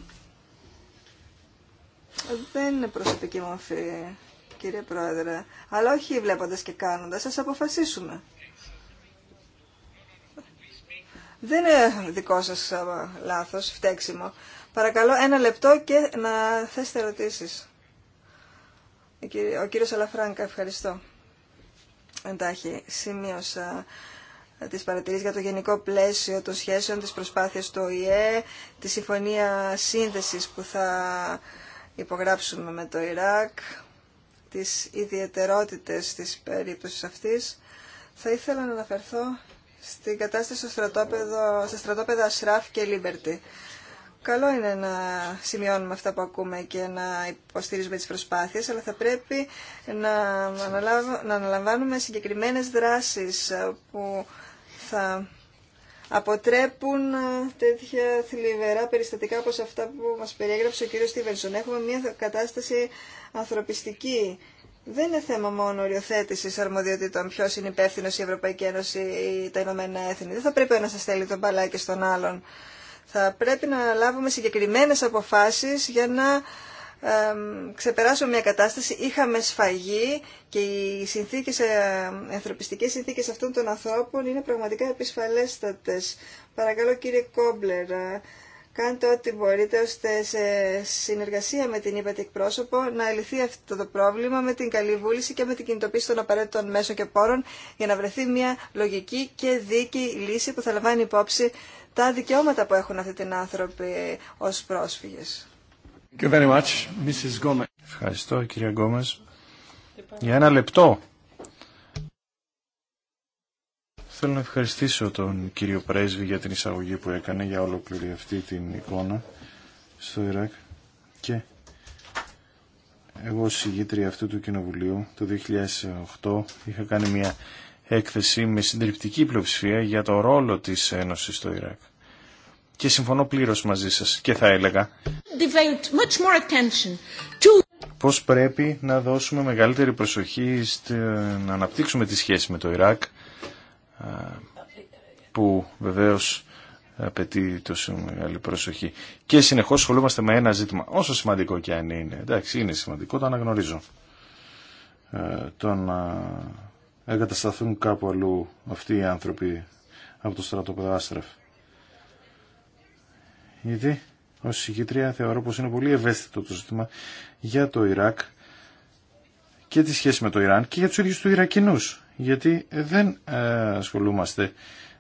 Δεν είναι προσωπική μορφή, κύριε Πρόεδρε. Αλλά όχι βλέποντας και κάνοντας, Σας αποφασίσουμε. Δεν είναι δικό σας λάθος, φταίξιμο. Παρακαλώ ένα λεπτό και να θέσετε ερωτήσεις. Ο κύριος Αλαφράνκα, ευχαριστώ εντάχει. Σημείωσα ε, τις παρατηρήσεις για το γενικό πλαίσιο των σχέσεων, τις προσπάθειες του ΟΗΕ, τη συμφωνία σύνδεσης που θα υπογράψουμε με το Ιράκ, τις ιδιαιτερότητες της περίπτωσης αυτής. Θα ήθελα να αναφερθώ στην κατάσταση στρατόπεδο, στα στρατόπεδα Ασράφ και Λίμπερτι. Καλό είναι να σημειώνουμε αυτά που ακούμε και να υποστηρίζουμε τις προσπάθειες, αλλά θα πρέπει να, να αναλαμβάνουμε συγκεκριμένες δράσεις ε, που θα αποτρέπουν ε, τέτοια θλιβερά περιστατικά όπως αυτά που μας περιέγραψε ο κύριος Στίβενσον. Έχουμε μια κατάσταση ανθρωπιστική. Δεν είναι θέμα μόνο οριοθέτηση αρμοδιοτήτων, ποιο είναι υπεύθυνο η Ευρωπαϊκή Ένωση ή τα Ηνωμένα Έθνη. Δεν θα πρέπει ο ένα να στέλνει τον μπαλάκι στον άλλον. Θα πρέπει να λάβουμε συγκεκριμένες αποφάσεις για να ξεπεράσουμε μια κατάσταση. Είχαμε σφαγή και οι συνθήκες, οι ε, ανθρωπιστικές συνθήκες αυτών των ανθρώπων είναι πραγματικά επισφαλέστατες. Παρακαλώ κύριε Κόμπλερ, Κάντε ό,τι μπορείτε ώστε σε συνεργασία με την ΥΠΑΤΗ πρόσωπο να λυθεί αυτό το πρόβλημα με την καλή βούληση και με την κινητοποίηση των απαραίτητων μέσων και πόρων για να βρεθεί μια λογική και δίκαιη λύση που θα λαμβάνει υπόψη τα δικαιώματα που έχουν αυτοί την άνθρωποι ως πρόσφυγες. Ευχαριστώ κυρία Γκόμες. Για ένα λεπτό. θέλω να ευχαριστήσω τον κύριο Πρέσβη για την εισαγωγή που έκανε για ολόκληρη αυτή την εικόνα στο Ιράκ και εγώ ως συγγήτρια αυτού του κοινοβουλίου το 2008 είχα κάνει μια έκθεση με συντριπτική πλειοψηφία για το ρόλο της Ένωσης στο Ιράκ. Και συμφωνώ πλήρως μαζί σας και θα έλεγα πώς πρέπει να δώσουμε μεγαλύτερη προσοχή να αναπτύξουμε τη σχέση με το Ιράκ που βεβαίως απαιτεί τόσο μεγάλη προσοχή. Και συνεχώς ασχολούμαστε με ένα ζήτημα, όσο σημαντικό και αν είναι. Εντάξει, είναι σημαντικό, το αναγνωρίζω. Ε, το να εγκατασταθούν κάπου αλλού αυτοί οι άνθρωποι από το στρατόπεδο Άστρεφ. Γιατί ως συγκήτρια θεωρώ πως είναι πολύ ευαίσθητο το ζήτημα για το Ιράκ και τη σχέση με το Ιράν και για τους ίδιους του Ιρακινούς γιατί δεν ε, ασχολούμαστε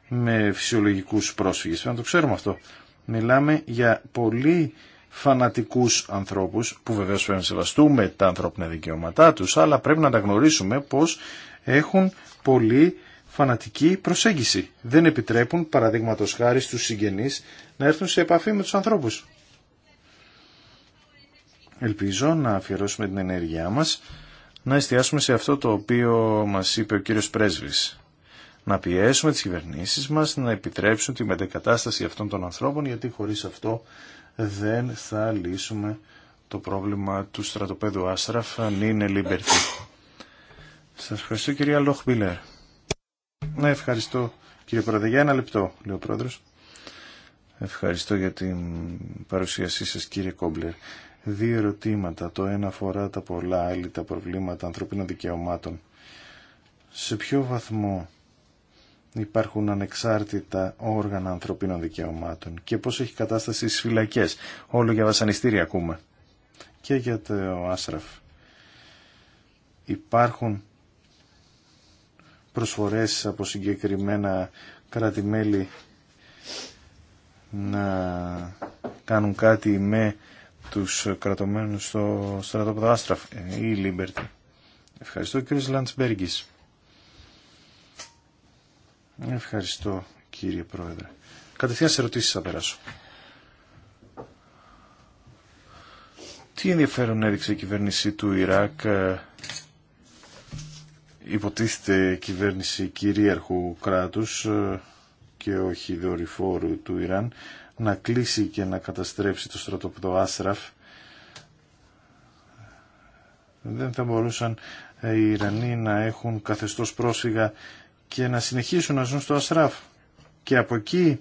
με φυσιολογικούς πρόσφυγες, να το ξέρουμε αυτό. Μιλάμε για πολύ φανατικούς ανθρώπους, που βεβαίως πρέπει να σεβαστούμε τα ανθρώπινα δικαιώματά τους, αλλά πρέπει να τα γνωρίσουμε πως έχουν πολύ φανατική προσέγγιση. Δεν επιτρέπουν, παραδείγματος χάρη στους συγγενείς, να έρθουν σε επαφή με τους ανθρώπους. Ελπίζω να αφιερώσουμε την ενέργειά μας να εστιάσουμε σε αυτό το οποίο μας είπε ο κύριος Πρέσβης. Να πιέσουμε τις κυβερνήσεις μας να επιτρέψουν τη μετεκατάσταση αυτών των ανθρώπων γιατί χωρίς αυτό δεν θα λύσουμε το πρόβλημα του στρατοπέδου Άστραφ αν είναι Λίμπερτη. Σας ευχαριστώ κυρία Λοχμπίλερ. Ναι, ευχαριστώ κύριε Πρόεδρε. Για ένα λεπτό, λέει ο Πρόεδρος. Ευχαριστώ για την παρουσίασή σας κύριε Κόμπλερ δύο ερωτήματα. Το ένα αφορά τα πολλά άλλη τα προβλήματα ανθρωπίνων δικαιωμάτων. Σε ποιο βαθμό υπάρχουν ανεξάρτητα όργανα ανθρωπίνων δικαιωμάτων και πώς έχει κατάσταση στις φυλακές. Όλο για βασανιστήρια ακούμε. Και για το Άσραφ. Υπάρχουν προσφορές από συγκεκριμένα κράτη-μέλη να κάνουν κάτι με τους κρατωμένους στο στρατόπεδο Άστραφ ή ε, Λίμπερτι. Ευχαριστώ κύριε Λαντσμπέργκης. Ευχαριστώ κύριε Πρόεδρε. Κατευθείαν σε ερωτήσεις θα περάσω. Τι ενδιαφέρον έδειξε η λιμπερτη ευχαριστω κυριε λαντσμπεργκης ευχαριστω κυριε προεδρε κατευθειαν σε ερωτησεις θα περασω τι ενδιαφερον εδειξε η κυβερνηση του Ιράκ, ε, υποτίθεται κυβέρνηση κυρίαρχου κράτους ε, και όχι δορυφόρου του Ιράν, να κλείσει και να καταστρέψει το στρατόπεδο Άσραφ. Δεν θα μπορούσαν ε, οι Ιρανοί να έχουν καθεστώς πρόσφυγα και να συνεχίσουν να ζουν στο Ασράφ και από εκεί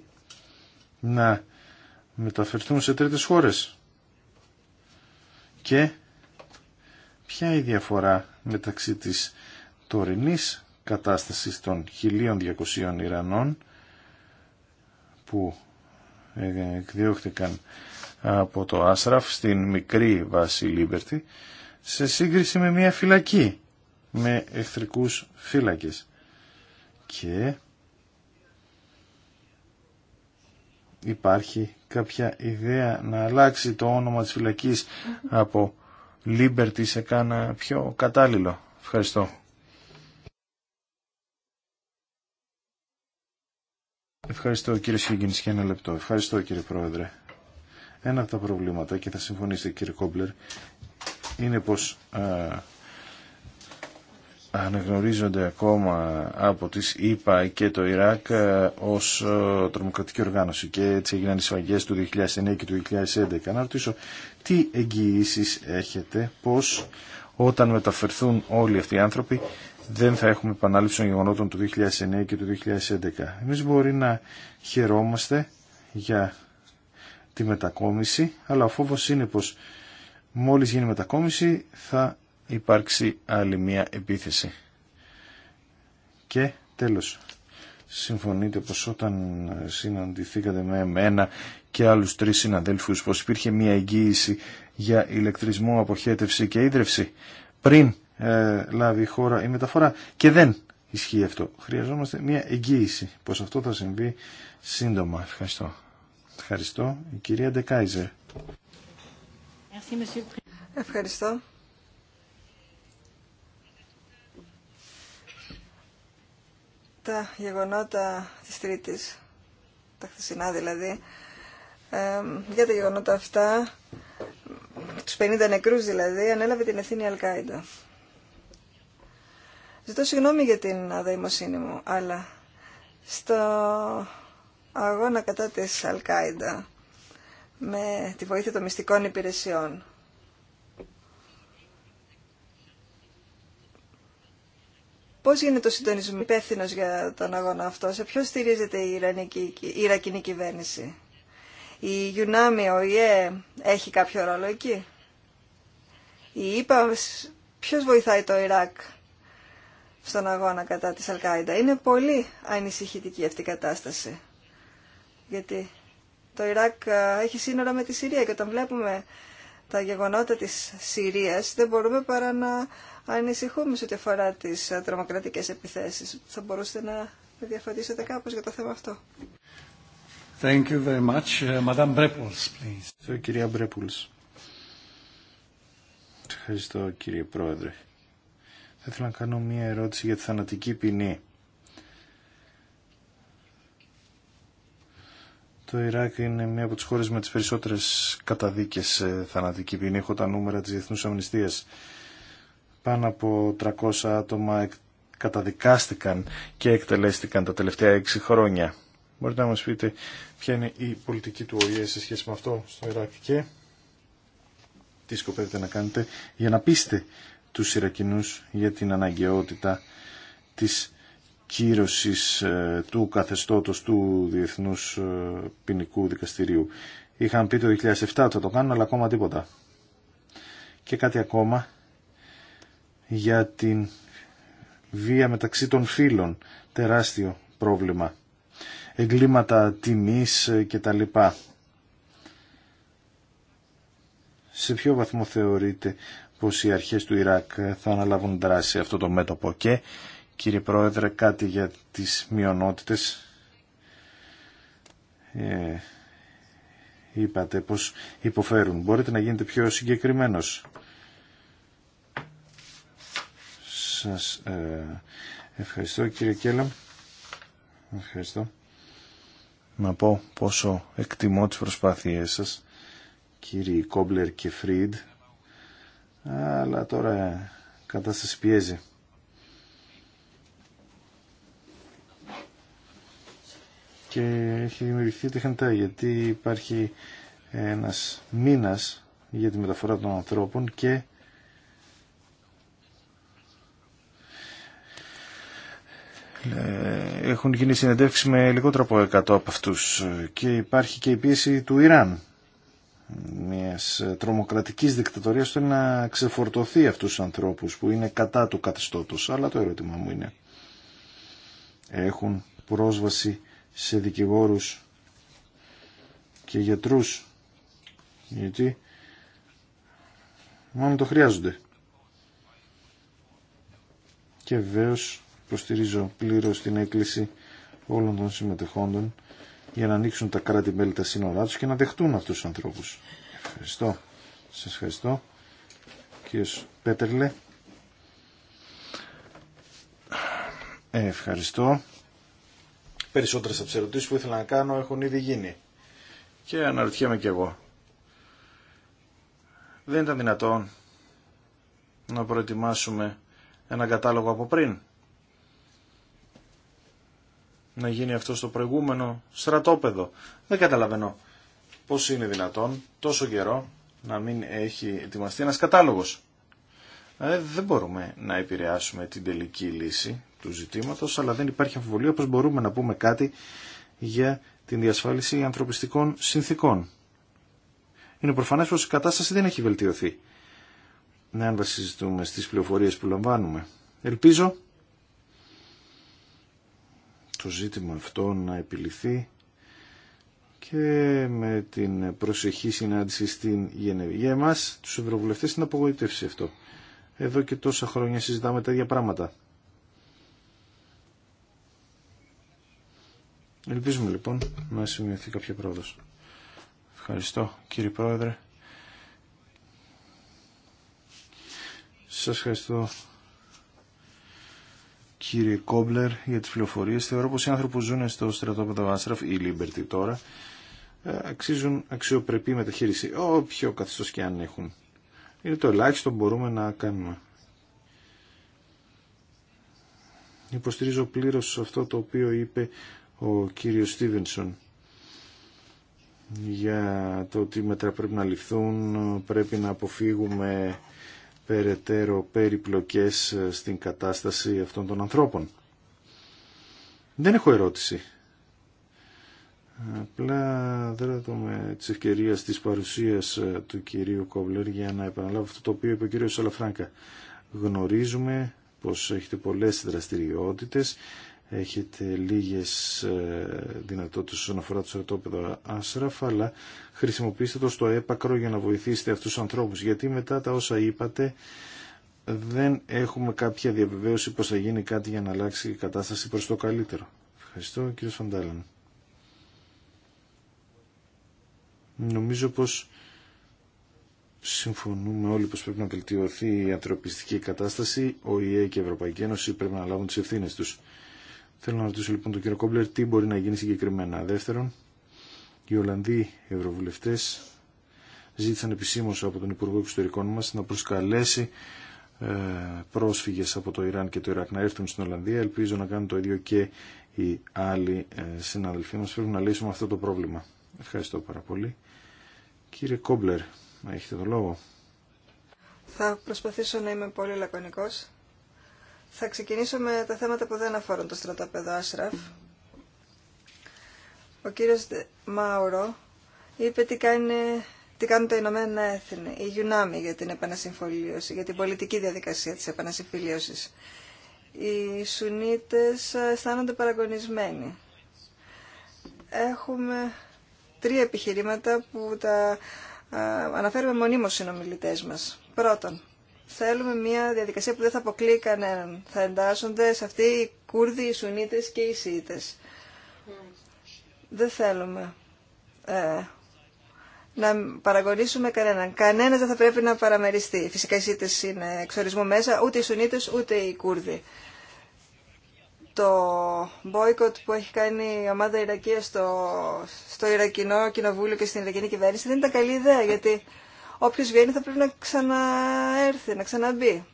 να μεταφερθούν σε τρίτες χώρες. Και ποια η διαφορά μεταξύ της τωρινής κατάστασης των 1200 Ιρανών που εκδιώχθηκαν από το Άσραφ στην μικρή βάση Λίμπερτη σε σύγκριση με μια φυλακή με εχθρικούς φύλακες και υπάρχει κάποια ιδέα να αλλάξει το όνομα της φυλακής από Λίμπερτη σε κάνα πιο κατάλληλο. Ευχαριστώ. Ευχαριστώ κύριε Σιγκίνης και ένα λεπτό. Ευχαριστώ κύριε Πρόεδρε. Ένα από τα προβλήματα και θα συμφωνήσετε κύριε Κόμπλερ είναι πως ε, αναγνωρίζονται ακόμα από τις ΙΠΑ και το Ιράκ ε, ως ε, τρομοκρατική οργάνωση και έτσι έγιναν οι σφαγές του 2009 και του 2011. Να ρωτήσω τι εγγυήσεις έχετε πως όταν μεταφερθούν όλοι αυτοί οι άνθρωποι δεν θα έχουμε επανάληψη των γεγονότων του 2009 και του 2011. Εμείς μπορεί να χαιρόμαστε για τη μετακόμιση, αλλά ο φόβος είναι πως μόλις γίνει μετακόμιση θα υπάρξει άλλη μία επίθεση. Και τέλος, συμφωνείτε πως όταν συναντηθήκατε με εμένα και άλλους τρεις συναδέλφους πως υπήρχε μία εγγύηση για ηλεκτρισμό, αποχέτευση και ίδρυυση πριν ε, λάβει η χώρα η μεταφορά και δεν ισχύει αυτό. Χρειαζόμαστε μια εγγύηση πως αυτό θα συμβεί σύντομα. Ευχαριστώ. Ευχαριστώ. Η κυρία Ντεκάιζερ. Ευχαριστώ. Τα γεγονότα της Τρίτης, τα χθεσινά δηλαδή, για τα γεγονότα αυτά, τους 50 νεκρούς δηλαδή, ανέλαβε την εθνική Αλκάιντα. Ζητώ συγγνώμη για την αδαιμοσύνη μου, αλλά στο αγώνα κατά της Αλκάιντα με τη βοήθεια των μυστικών υπηρεσιών. Πώς γίνεται ο συντονισμό υπεύθυνο για τον αγώνα αυτό, σε ποιο στηρίζεται η, Ιρανική, η κυβέρνηση. Η Γιουνάμι, ο ΙΕ, έχει κάποιο ρόλο εκεί. Η ΙΠΑ, ποιος βοηθάει το Ιράκ στον αγώνα κατά της Αλκάιντα. Είναι πολύ ανησυχητική αυτή η κατάσταση. Γιατί το Ιράκ έχει σύνορα με τη Συρία και όταν βλέπουμε τα γεγονότα της Συρίας δεν μπορούμε παρά να ανησυχούμε σε ό,τι αφορά τις τρομοκρατικές επιθέσεις. Θα μπορούσατε να διαφωτίσετε κάπως για το θέμα αυτό. Thank you very much. Ε, please. Ευχαριστώ κύριε Πρόεδρε. Θα ήθελα να κάνω μία ερώτηση για τη θανατική ποινή. Το Ιράκ είναι μία από τις χώρες με τις περισσότερες καταδίκες σε θανατική ποινή. Έχω τα νούμερα της Διεθνούς Αμνηστίας. Πάνω από 300 άτομα καταδικάστηκαν και εκτελέστηκαν τα τελευταία 6 χρόνια. Μπορείτε να μας πείτε ποια είναι η πολιτική του ΟΗΕ σε σχέση με αυτό στο Ιράκ και τι σκοπεύετε να κάνετε για να πείστε τους Ιρακινούς για την αναγκαιότητα της κύρωσης ε, του καθεστώτος του Διεθνούς ε, Ποινικού Δικαστηρίου. Είχαν πει το 2007 θα το κάνουν, αλλά ακόμα τίποτα. Και κάτι ακόμα για την βία μεταξύ των φίλων. Τεράστιο πρόβλημα. Εγκλήματα τιμής ε, και τα λοιπά. Σε ποιο βαθμό θεωρείτε πως οι αρχές του Ιράκ θα αναλάβουν δράση σε αυτό το μέτωπο και κύριε Πρόεδρε κάτι για τις μειονότητες ε, είπατε πως υποφέρουν μπορείτε να γίνετε πιο συγκεκριμένος σας ε, ευχαριστώ κύριε Κέλλαμ. ευχαριστώ να πω πόσο εκτιμώ τις προσπάθειές σας κύριοι Κόμπλερ και Φρίντ αλλά τώρα η κατάσταση πιέζει. Και έχει δημιουργηθεί τεχνητά γιατί υπάρχει ένας μήνας για τη μεταφορά των ανθρώπων και έχουν γίνει συνεντεύξεις με λιγότερο από 100 από αυτούς και υπάρχει και η πίεση του Ιράν μιας τρομοκρατικής δικτατορίας θέλει να ξεφορτωθεί αυτούς τους ανθρώπους που είναι κατά του καθεστώτος. Αλλά το ερώτημα μου είναι, έχουν πρόσβαση σε δικηγόρους και γιατρούς, γιατί μόνο το χρειάζονται. Και βεβαίω προστηρίζω πλήρως την έκκληση όλων των συμμετεχόντων για να ανοίξουν τα κράτη-μέλη τα σύνορά τους και να δεχτούν αυτούς τους ανθρώπους. Ευχαριστώ. Σας ευχαριστώ. Κύριος Πέτερλε. Ε, ευχαριστώ. Περισσότερες από τις που ήθελα να κάνω έχουν ήδη γίνει. Και αναρωτιέμαι κι εγώ. Δεν ήταν δυνατόν να προετοιμάσουμε ένα κατάλογο από πριν να γίνει αυτό στο προηγούμενο στρατόπεδο. Δεν καταλαβαίνω πώς είναι δυνατόν τόσο καιρό να μην έχει ετοιμαστεί ένας κατάλογος. Ε, δεν μπορούμε να επηρεάσουμε την τελική λύση του ζητήματος, αλλά δεν υπάρχει αμφιβολία πως μπορούμε να πούμε κάτι για την διασφάλιση ανθρωπιστικών συνθήκων. Είναι προφανές πως η κατάσταση δεν έχει βελτιωθεί. Ναι, αν βασιστούμε στις πληροφορίες που λαμβάνουμε. Ελπίζω το ζήτημα αυτό να επιληθεί και με την προσεχή συνάντηση στην Γενέβη. Για εμά, τους ευρωβουλευτέ, είναι απογοήτευση αυτό. Εδώ και τόσα χρόνια συζητάμε τα ίδια πράγματα. Ελπίζουμε λοιπόν να σημειωθεί κάποια πρόοδο. Ευχαριστώ κύριε Πρόεδρε. Σας ευχαριστώ κύριε Κόμπλερ για τις πληροφορίες. Θεωρώ πως οι άνθρωποι που ζουν στο στρατόπεδο Άστραφ ή Λίμπερτι τώρα ε, αξίζουν αξιοπρεπή μεταχείριση, όποιο καθίστος και αν έχουν. Είναι το ελάχιστο που μπορούμε να κάνουμε. Υποστηρίζω πλήρως αυτό το οποίο είπε ο κύριος Στίβενσον για το ότι μετα πρέπει να ληφθούν, πρέπει να αποφύγουμε περαιτέρω περιπλοκές ε, στην κατάσταση αυτών των ανθρώπων. Δεν έχω ερώτηση. Απλά δράτω με τις ευκαιρίες της παρουσίας ε, του κυρίου Κόβλερ για να επαναλάβω αυτό το οποίο είπε ο κύριος Σαλαφράγκα. Γνωρίζουμε πως έχετε πολλές δραστηριότητες έχετε λίγες ε, δυνατότητες όσον αφορά το στρατόπεδο Άσραφ, αλλά χρησιμοποιήστε το στο έπακρο για να βοηθήσετε αυτούς τους ανθρώπους, γιατί μετά τα όσα είπατε δεν έχουμε κάποια διαβεβαίωση πως θα γίνει κάτι για να αλλάξει η κατάσταση προς το καλύτερο. Ευχαριστώ κύριε Φαντάλαν. Νομίζω πως συμφωνούμε όλοι πως πρέπει να βελτιωθεί η ανθρωπιστική κατάσταση. Ο ΙΕ και η Ευρωπαϊκή Ένωση πρέπει να λάβουν τις ευθύνες τους. Θέλω να ρωτήσω λοιπόν τον κύριο Κόμπλερ τι μπορεί να γίνει συγκεκριμένα. Δεύτερον, οι Ολλανδοί ευρωβουλευτέ ζήτησαν επισήμω από τον Υπουργό Εξωτερικών μα να προσκαλέσει ε, πρόσφυγες από το Ιράν και το Ιράκ να έρθουν στην Ολλανδία. Ελπίζω να κάνουν το ίδιο και οι άλλοι ε, συναδελφοί μας. Πρέπει να λύσουμε αυτό το πρόβλημα. Ευχαριστώ πάρα πολύ. Κύριε Κόμπλερ, έχετε το λόγο. Θα προσπαθήσω να είμαι πολύ λακωνικός. Θα ξεκινήσω με τα θέματα που δεν αφορούν το στρατόπεδο Άσραφ. Ο κύριος Μάουρο είπε τι, κάνει, τι κάνουν τα Ηνωμένα Έθνη, η Γιουνάμι για την επανασυμφιλίωση, για την πολιτική διαδικασία της επανασυμφιλίωσης. Οι Σουνίτες αισθάνονται παραγωνισμένοι. Έχουμε τρία επιχειρήματα που τα αναφέρουμε μονίμως συνομιλητές μας. Πρώτον, θέλουμε μια διαδικασία που δεν θα αποκλείει κανέναν. Θα εντάσσονται σε αυτή οι Κούρδοι, οι Σουνίτες και οι Σύντες. Δεν θέλουμε ε, να παραγωνίσουμε κανέναν. Κανένας δεν θα πρέπει να παραμεριστεί. Φυσικά οι Σύντες είναι εξορισμού μέσα, ούτε οι Σουνίτες ούτε οι Κούρδοι. Το boycott που έχει κάνει η ομάδα Ιρακία στο, στο Ιρακινό Κοινοβούλιο και στην Ιρακινή Κυβέρνηση δεν ήταν καλή ιδέα γιατί όποιος βγαίνει θα πρέπει να ξαναέρθει, να ξαναμπεί.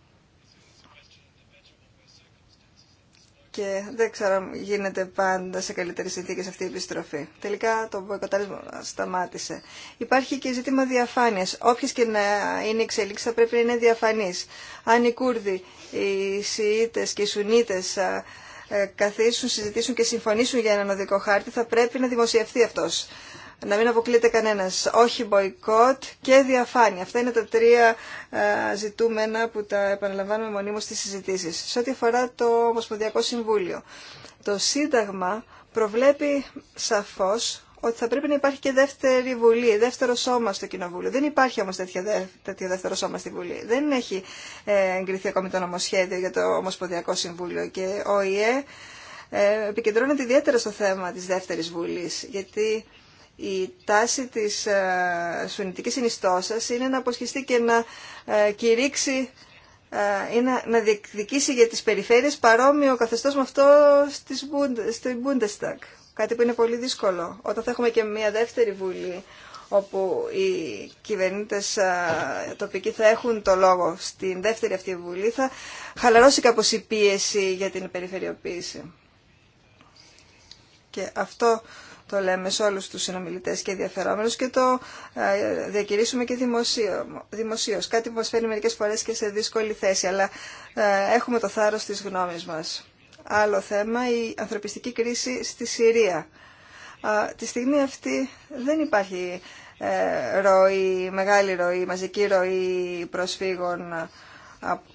Και δεν ξέρω αν γίνεται πάντα σε καλύτερες συνθήκες αυτή η επιστροφή. Τελικά το βοηκοτάρισμα σταμάτησε. Υπάρχει και ζήτημα διαφάνειας. Όποιες και να είναι εξελίξεις θα πρέπει να είναι διαφανείς. Αν οι Κούρδοι, οι Σιήτες και οι Σουνίτες ε, καθίσουν, συζητήσουν και συμφωνήσουν για έναν οδικό χάρτη, θα πρέπει να δημοσιευτεί αυτός να μην αποκλείται κανένας. Όχι μποϊκότ και διαφάνεια. Αυτά είναι τα τρία ε, ζητούμενα που τα επαναλαμβάνουμε μονίμως στις συζητήσεις. Σε ό,τι αφορά το Ομοσπονδιακό Συμβούλιο. Το Σύνταγμα προβλέπει σαφώς ότι θα πρέπει να υπάρχει και δεύτερη βουλή, δεύτερο σώμα στο Κοινοβούλιο. Δεν υπάρχει όμως τέτοιο δεύτερο σώμα στη Βουλή. Δεν έχει ε, εγκριθεί ακόμη το νομοσχέδιο για το Ομοσπονδιακό Συμβούλιο και ο ΙΕ ε, επικεντρώνεται ιδιαίτερα στο θέμα της δεύτερης βουλής, γιατί η τάση της ε, σουνητικής συνιστώσας είναι να αποσχιστεί και να ε, κηρύξει ε, ή να, διεκδικήσει για τις περιφέρειες παρόμοιο καθεστώς με αυτό στις, στη Bundestag. Κάτι που είναι πολύ δύσκολο. Όταν θα έχουμε και μια δεύτερη βουλή όπου οι κυβερνήτες τοπικοί θα έχουν το λόγο στην δεύτερη αυτή βουλή, θα χαλαρώσει κάπως η πίεση για την περιφερειοποίηση. Και αυτό το λέμε σε όλους τους συνομιλητές και ενδιαφερόμενους και το ε, διακηρύσουμε και δημοσίως. Κάτι που μας φέρνει μερικές φορές και σε δύσκολη θέση, αλλά ε, έχουμε το θάρρος της γνώμης μας. Άλλο θέμα, η ανθρωπιστική κρίση στη Συρία. Τη στιγμή αυτή δεν υπάρχει ε, ροή, μεγάλη ροή, μαζική ροή προσφύγων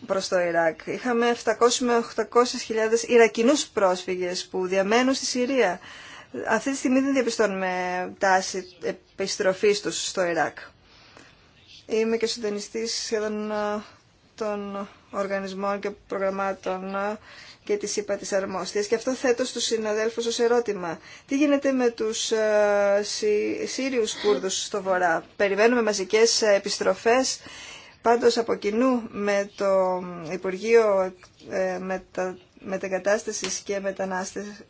προς το Ιράκ. Είχαμε 700 με 800 χιλιάδες Ιρακινούς πρόσφυγες που διαμένουν στη Συρία αυτή τη στιγμή δεν διαπιστώνουμε τάση επιστροφής τους στο Ιράκ. Είμαι και συντονιστή σχεδόν ε, των οργανισμών και προγραμμάτων ε, και της ΥΠΑ της Αρμόστιας. Και αυτό θέτω στους συναδέλφους ως ερώτημα. Τι γίνεται με τους ε, Σύριους Κούρδους στο Βορρά. Περιμένουμε μαζικές επιστροφές Πάντως από κοινού με το Υπουργείο με τα, μετεγκατάστασης και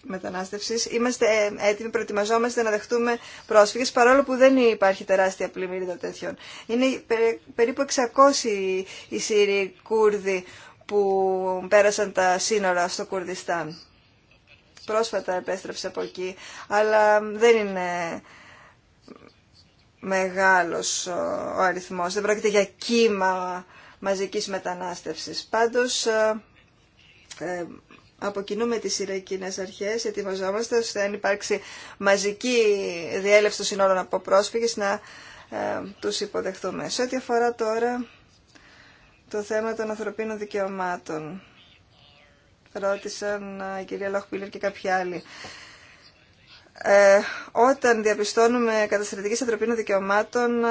μετανάστευσης είμαστε ε, έτοιμοι, προετοιμαζόμαστε να δεχτούμε πρόσφυγες παρόλο που δεν υπάρχει τεράστια πλημμύριδα τέτοιων. Είναι περίπου 600 οι Σύριοι Κούρδοι που πέρασαν τα σύνορα στο Κουρδιστάν. Πρόσφατα επέστρεψε από εκεί, αλλά δεν είναι μεγάλος ο αριθμός. Δεν πρόκειται για κύμα μαζικής μετανάστευσης. Πάντως, ε, ε, Αποκινούμε κοινού με τις Ιρακινές αρχές ετοιμαζόμαστε ώστε αν υπάρξει μαζική διέλευση των συνόρων από πρόσφυγες να ε, τους υποδεχθούμε. Σε ό,τι αφορά τώρα το θέμα των ανθρωπίνων δικαιωμάτων. Ρώτησαν ε, η κυρία Λαχπίλερ και κάποιοι άλλοι. Ε, όταν διαπιστώνουμε καταστρατηγή ανθρωπίνων δικαιωμάτων ε,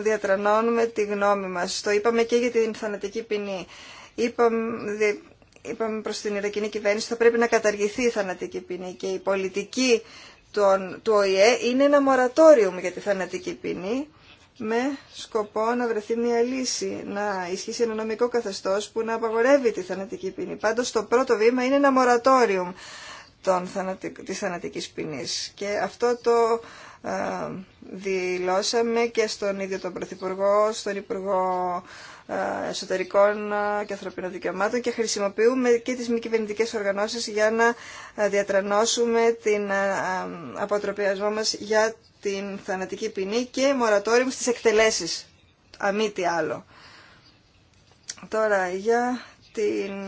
διατρανώνουμε τη γνώμη μας. Το είπαμε και για την θανατική ποινή. Είπαμε, είπαμε προς την Ιρακινή κυβέρνηση θα πρέπει να καταργηθεί η θανατική ποινή και η πολιτική των, του ΟΗΕ είναι ένα μορατόριο για τη θανατική ποινή με σκοπό να βρεθεί μια λύση, να ισχύσει ένα νομικό καθεστώς που να απαγορεύει τη θανατική ποινή. Πάντως το πρώτο βήμα είναι ένα μορατόριο θανατικ, της θανατικής ποινής και αυτό το ε, δηλώσαμε και στον ίδιο τον Πρωθυπουργό, στον Υπουργό ε, εσωτερικών ε, και ανθρωπίνων δικαιωμάτων και χρησιμοποιούμε και τις μη κυβερνητικέ οργανώσεις για να ε, διατρανώσουμε την αποτροπιασμό μας για την θανατική ποινή και μορατόριο στις εκτελέσεις, αμή τι άλλο. Τώρα, για την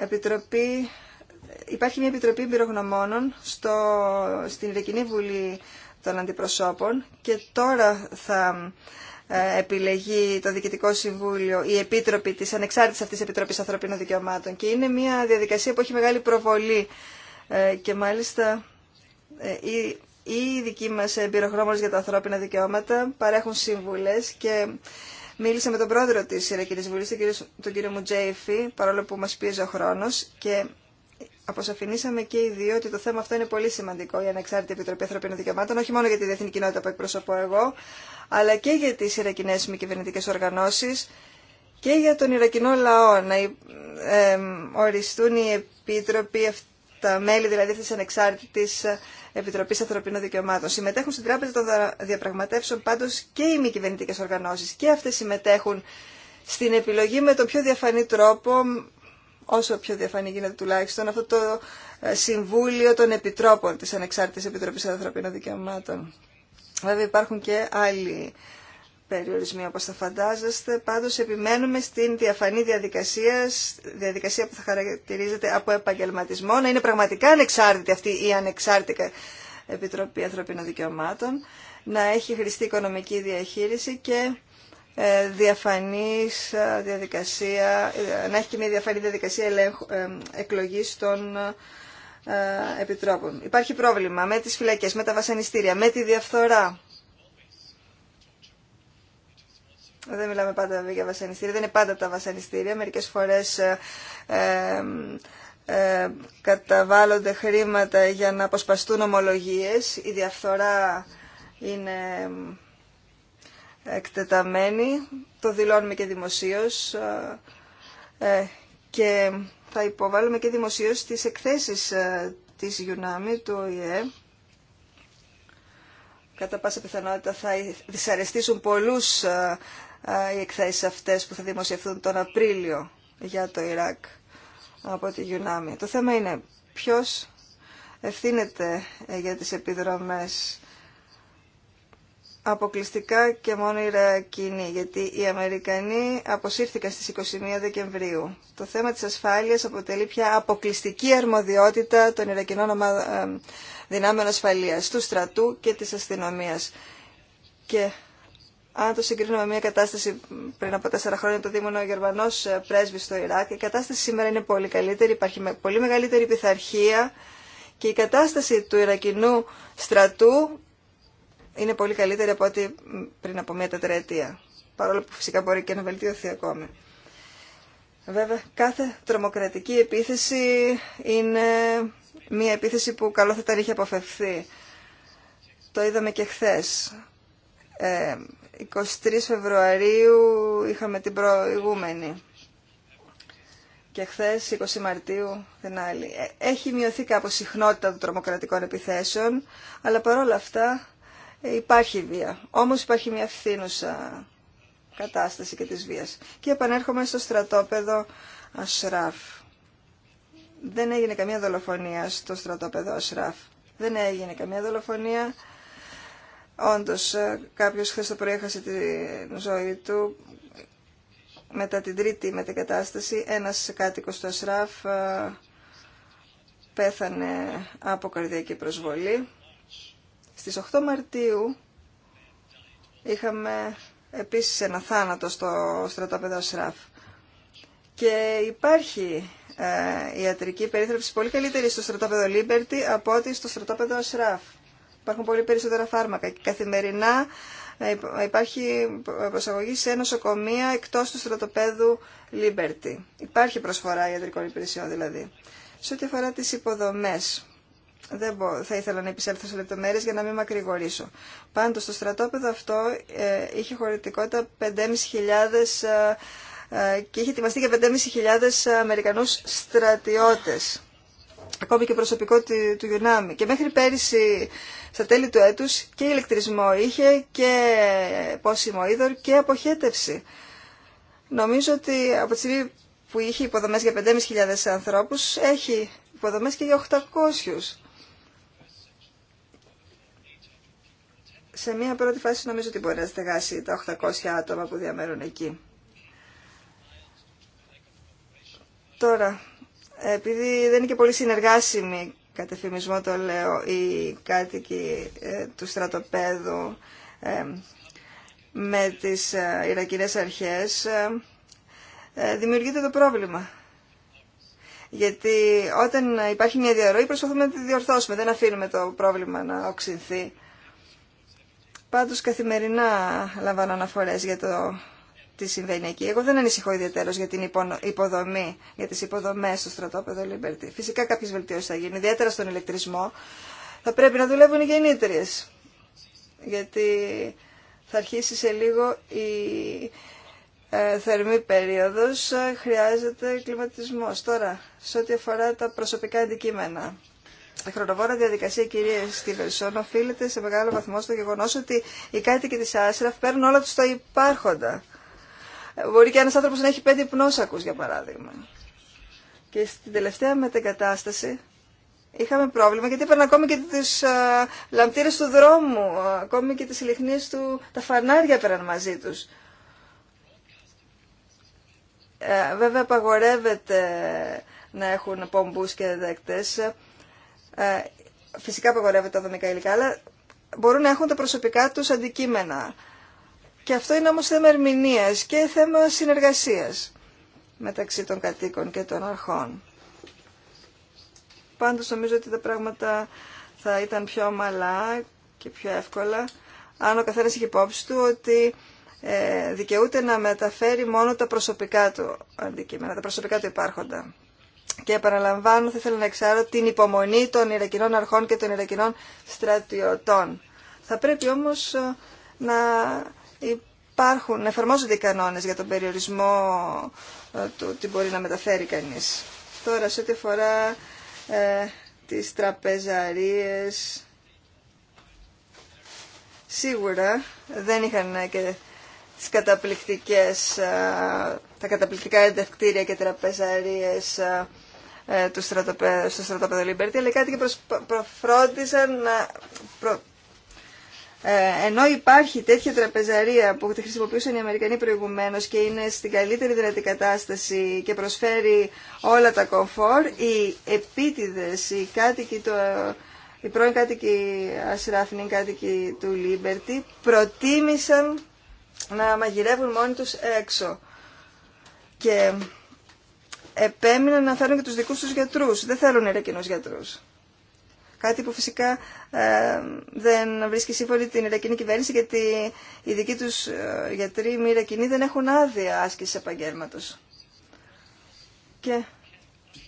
Επιτροπή υπάρχει μια επιτροπή εμπειρογνωμόνων στο, στην Ιρακινή Βουλή των Αντιπροσώπων και τώρα θα ε, επιλεγεί το Διοικητικό Συμβούλιο, η Επίτροπη της Ανεξάρτητης αυτής Επιτροπής Ανθρωπίνων Δικαιωμάτων και είναι μια διαδικασία που έχει μεγάλη προβολή ε, και μάλιστα ε, οι δικοί μας εμπειρογνώμονες για τα ανθρώπινα δικαιώματα παρέχουν σύμβουλες και μίλησα με τον πρόεδρο της Ιρακινής Βουλής, τον κύριο Μουτζέιφη, παρόλο που μας πίεζε ο χρόνος και αποσαφηνίσαμε και οι δύο ότι το θέμα αυτό είναι πολύ σημαντικό για Ανεξάρτητη Επιτροπή Ανθρωπίνων Δικαιωμάτων, όχι μόνο για τη διεθνή κοινότητα που εκπροσωπώ εγώ, αλλά και για τι Ιρακινέ μη κυβερνητικέ οργανώσεις και για τον Ιρακινό λαό να οριστούν οι επίτροποι, τα μέλη δηλαδή τη της ανεξάρτητης Επιτροπής Ανθρωπίνων Δικαιωμάτων. Συμμετέχουν στην Τράπεζα των Διαπραγματεύσεων πάντω και οι μη κυβερνητικέ οργανώσει και αυτέ συμμετέχουν στην επιλογή με τον πιο διαφανή τρόπο όσο πιο διαφανή γίνεται τουλάχιστον, αυτό το ε, Συμβούλιο των Επιτρόπων της Ανεξάρτητης Επιτροπής Ανθρωπίνων Δικαιωμάτων. Βέβαια υπάρχουν και άλλοι περιορισμοί όπως θα φαντάζεστε. Πάντως επιμένουμε στην διαφανή διαδικασία, διαδικασία που θα χαρακτηρίζεται από επαγγελματισμό, να είναι πραγματικά ανεξάρτητη αυτή η ανεξάρτητη Επιτροπή Ανθρωπίνων Δικαιωμάτων, να έχει χρηστή οικονομική διαχείριση και ε, διαφανής ε, διαδικασία, ε, να έχει και μια διαφανή διαδικασία ελέγχου, εκλογής των επιτρόπων. Υπάρχει πρόβλημα με τις φυλακές, με τα βασανιστήρια, με τη διαφθορά. Δεν μιλάμε πάντα για βασανιστήρια, δεν είναι πάντα τα βασανιστήρια. Μερικές φορές καταβάλλονται χρήματα για να αποσπαστούν ομολογίες. Η διαφθορά είναι εκτεταμένη, το δηλώνουμε και δημοσίως ε, και θα υποβάλουμε και δημοσίως τις εκθέσεις ε, της UNAMI, του ΟΗΕ. Κατά πάσα πιθανότητα θα δυσαρεστήσουν πολλούς ε, οι εκθέσεις αυτές που θα δημοσιευθούν τον Απρίλιο για το Ιράκ από τη UNAMI. Το θέμα είναι ποιος ευθύνεται για τις επιδρομές αποκλειστικά και μόνο Ιρακινή, γιατί οι Αμερικανοί αποσύρθηκαν στις 21 Δεκεμβρίου. Το θέμα της ασφάλειας αποτελεί πια αποκλειστική αρμοδιότητα των Ιρακινών δυνάμεων ασφαλείας, του στρατού και της αστυνομίας. Και αν το συγκρίνουμε με μια κατάσταση πριν από τέσσερα χρόνια, το Δήμονο Γερμανό ε, πρέσβη στο Ιράκ, η κατάσταση σήμερα είναι πολύ καλύτερη, υπάρχει πολύ μεγαλύτερη πειθαρχία και η κατάσταση του Ιρακινού στρατού είναι πολύ καλύτερη από ό,τι πριν από μία τετραετία. Παρόλο που φυσικά μπορεί και να βελτιωθεί ακόμη. Βέβαια, κάθε τρομοκρατική επίθεση είναι μία επίθεση που καλό θα ήταν είχε αποφευθεί. Το είδαμε και χθε. 23 ε, Φεβρουαρίου είχαμε την προηγούμενη και χθε 20 Μαρτίου την άλλη. Ε, έχει μειωθεί κάπως συχνότητα των τρομοκρατικών επιθέσεων, αλλά παρόλα αυτά ε, υπάρχει βία. Όμως υπάρχει μια φθήνουσα κατάσταση και της βίας. Και επανέρχομαι στο στρατόπεδο Ασράφ. Δεν έγινε καμία δολοφονία στο στρατόπεδο Ασράφ. Δεν έγινε καμία δολοφονία. Όντως ε, κάποιος χθες το προέχασε τη ζωή του. Μετά την τρίτη κατάσταση. ένας κάτοικος του Ασράφ ε, πέθανε από καρδιακή προσβολή. Στις 8 Μαρτίου είχαμε επίσης ένα θάνατο στο στρατόπεδο Σραφ. Και υπάρχει ε, ιατρική περίθρεψη πολύ καλύτερη στο στρατόπεδο Λίμπερτι από ότι στο στρατόπεδο Σραφ. Υπάρχουν πολύ περισσότερα φάρμακα και καθημερινά ε, υπάρχει προσαγωγή σε νοσοκομεία εκτός του στρατοπέδου Liberty. Υπάρχει προσφορά ιατρικών υπηρεσιών δηλαδή. Σε ό,τι αφορά τις υποδομές, δεν θα ήθελα να επισέλθω σε λεπτομέρειε για να μην μακρηγορήσω. Πάντω, το στρατόπεδο αυτό ε, είχε χωρητικότητα 5.500 ε, ε, και είχε ετοιμαστεί για 5.500 Αμερικανούς στρατιώτε, Ακόμη και προσωπικό του Γιουνάμι. Και μέχρι πέρυσι, στα τέλη του έτου και ηλεκτρισμό είχε και πόσιμο είδωρ και αποχέτευση. Νομίζω ότι από τη στιγμή που είχε υποδομέ για 5.500 ανθρώπου, έχει υποδομές και για 800. σε μία πρώτη φάση νομίζω ότι μπορεί να στεγάσει τα 800 άτομα που διαμέρουν εκεί. Τώρα, επειδή δεν είναι και πολύ συνεργάσιμη, κατ' εφημισμό το λέω, οι κάτοικοι ε, του στρατοπέδου ε, με τις ε, Ιρακινές αρχές, ε, δημιουργείται το πρόβλημα. Γιατί όταν υπάρχει μια διαρροή προσπαθούμε να τη διορθώσουμε, δεν αφήνουμε το πρόβλημα να οξυνθεί. Πάντως καθημερινά λαμβάνω αναφορές για το τι συμβαίνει εκεί. Εγώ δεν ανησυχώ ιδιαίτερω για την υποδομή, για τις υποδομές στο στρατόπεδο Λιμπερτή. Φυσικά κάποιες βελτιώσεις θα γίνουν, ιδιαίτερα στον ηλεκτρισμό. Θα πρέπει να δουλεύουν οι γεννήτριες, Γιατί θα αρχίσει σε λίγο η ε, θερμή περίοδος, ε, χρειάζεται κλιματισμός. Τώρα, σε ό,τι αφορά τα προσωπικά αντικείμενα, η χρονοβόρα διαδικασία, κυρία Στίβενσον, οφείλεται σε μεγάλο βαθμό στο γεγονό ότι οι κάτοικοι τη Άσραφ παίρνουν όλα του τα υπάρχοντα. Μπορεί και ένα άνθρωπο να έχει πέντε πνόσακου, για παράδειγμα. Και στην τελευταία μετεγκατάσταση είχαμε πρόβλημα γιατί έπαιρναν ακόμη και τι ε, λαμπτήρε του δρόμου, ακόμη και τι λιχνίε του, τα φανάρια πέραν μαζί του. Ε, βέβαια απαγορεύεται να έχουν πομπούς και δέκτες ε, φυσικά απαγορεύεται τα δομικά υλικά, αλλά μπορούν να έχουν τα προσωπικά τους αντικείμενα. Και αυτό είναι όμω θέμα ερμηνεία και θέμα συνεργασίας μεταξύ των κατοίκων και των αρχών. Πάντω νομίζω ότι τα πράγματα θα ήταν πιο ομαλά και πιο εύκολα αν ο καθένας είχε υπόψη του ότι ε, δικαιούται να μεταφέρει μόνο τα προσωπικά του αντικείμενα, τα προσωπικά του υπάρχοντα. Και επαναλαμβάνω, θα ήθελα να εξάρω την υπομονή των Ιρακινών αρχών και των Ιρακινών στρατιωτών. Θα πρέπει όμως ε, να υπάρχουν, να εφαρμόζονται οι κανόνες για τον περιορισμό ε, του τι μπορεί να μεταφέρει κανείς. Τώρα, σε ό,τι αφορά ε, τις τραπεζαρίες, σίγουρα δεν είχαν και τις καταπληκτικές ε, τα καταπληκτικά εντευκτήρια και τραπεζαρίες ε, ε, του στρατοπέ, στο στρατόπεδο Λιμπερτή, αλλά οι κάτοικοι προφρόντισαν να... Ε, ενώ υπάρχει τέτοια τραπεζαρία που τη χρησιμοποιούσαν οι Αμερικανοί προηγουμένως και είναι στην καλύτερη δυνατή κατάσταση και προσφέρει όλα τα κομφόρ, οι επίτηδες, οι κάτοικοι του... Ε, οι πρώην κάτοικοι Ασράφιν, οι κάτοικοι του Λίμπερτι, προτίμησαν να μαγειρεύουν μόνοι τους έξω και επέμειναν να φέρουν και τους δικούς τους γιατρούς. Δεν θέλουν Ιρακινούς γιατρούς. Κάτι που φυσικά ε, δεν βρίσκει σύμφωνη την Ιρακινή κυβέρνηση γιατί οι δικοί τους ε, γιατροί μη Ιρακινοί δεν έχουν άδεια άσκηση επαγγέλματο. Και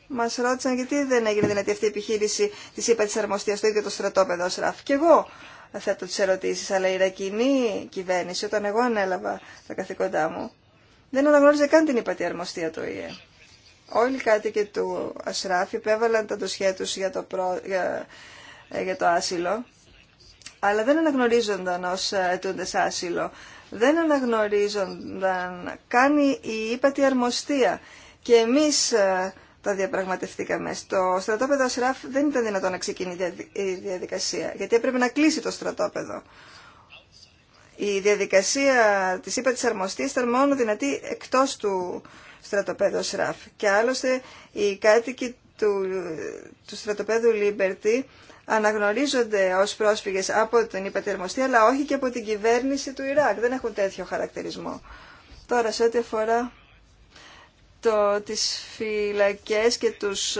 μας ρώτησαν γιατί δεν έγινε δυνατή αυτή η επιχείρηση της ΥΠΑ της Αρμοστίας στο ίδιο το στρατόπεδο ως ΡΑΦ. Και εγώ θέτω τις ερωτήσεις, αλλά η Ιρακινή κυβέρνηση όταν εγώ ανέλαβα τα καθήκοντά μου δεν αναγνώριζε καν την υπατή αρμοστία του ΙΕ. Όλοι οι κάτοικοι του Ασράφ υπέβαλαν τα ντοσιά για το, ε, για... το άσυλο, αλλά δεν αναγνωρίζονταν ως ετούντες άσυλο. Δεν αναγνωρίζονταν καν η ύπατη αρμοστία. Και εμείς ε, τα διαπραγματευτήκαμε. Στο στρατόπεδο Ασράφ δεν ήταν δυνατόν να ξεκινήσει η διαδικασία, γιατί έπρεπε να κλείσει το στρατόπεδο η διαδικασία της ΥΠΑ αρμοστής ήταν μόνο δυνατή εκτός του στρατοπέδου ΣΡΑΦ. Και άλλωστε οι κάτοικοι του, του στρατοπέδου Λίμπερτι αναγνωρίζονται ως πρόσφυγες από την ΥΠΑ αρμοστή, αλλά όχι και από την κυβέρνηση του Ιράκ. Δεν έχουν τέτοιο χαρακτηρισμό. Τώρα, σε ό,τι αφορά το, τις φυλακές και τους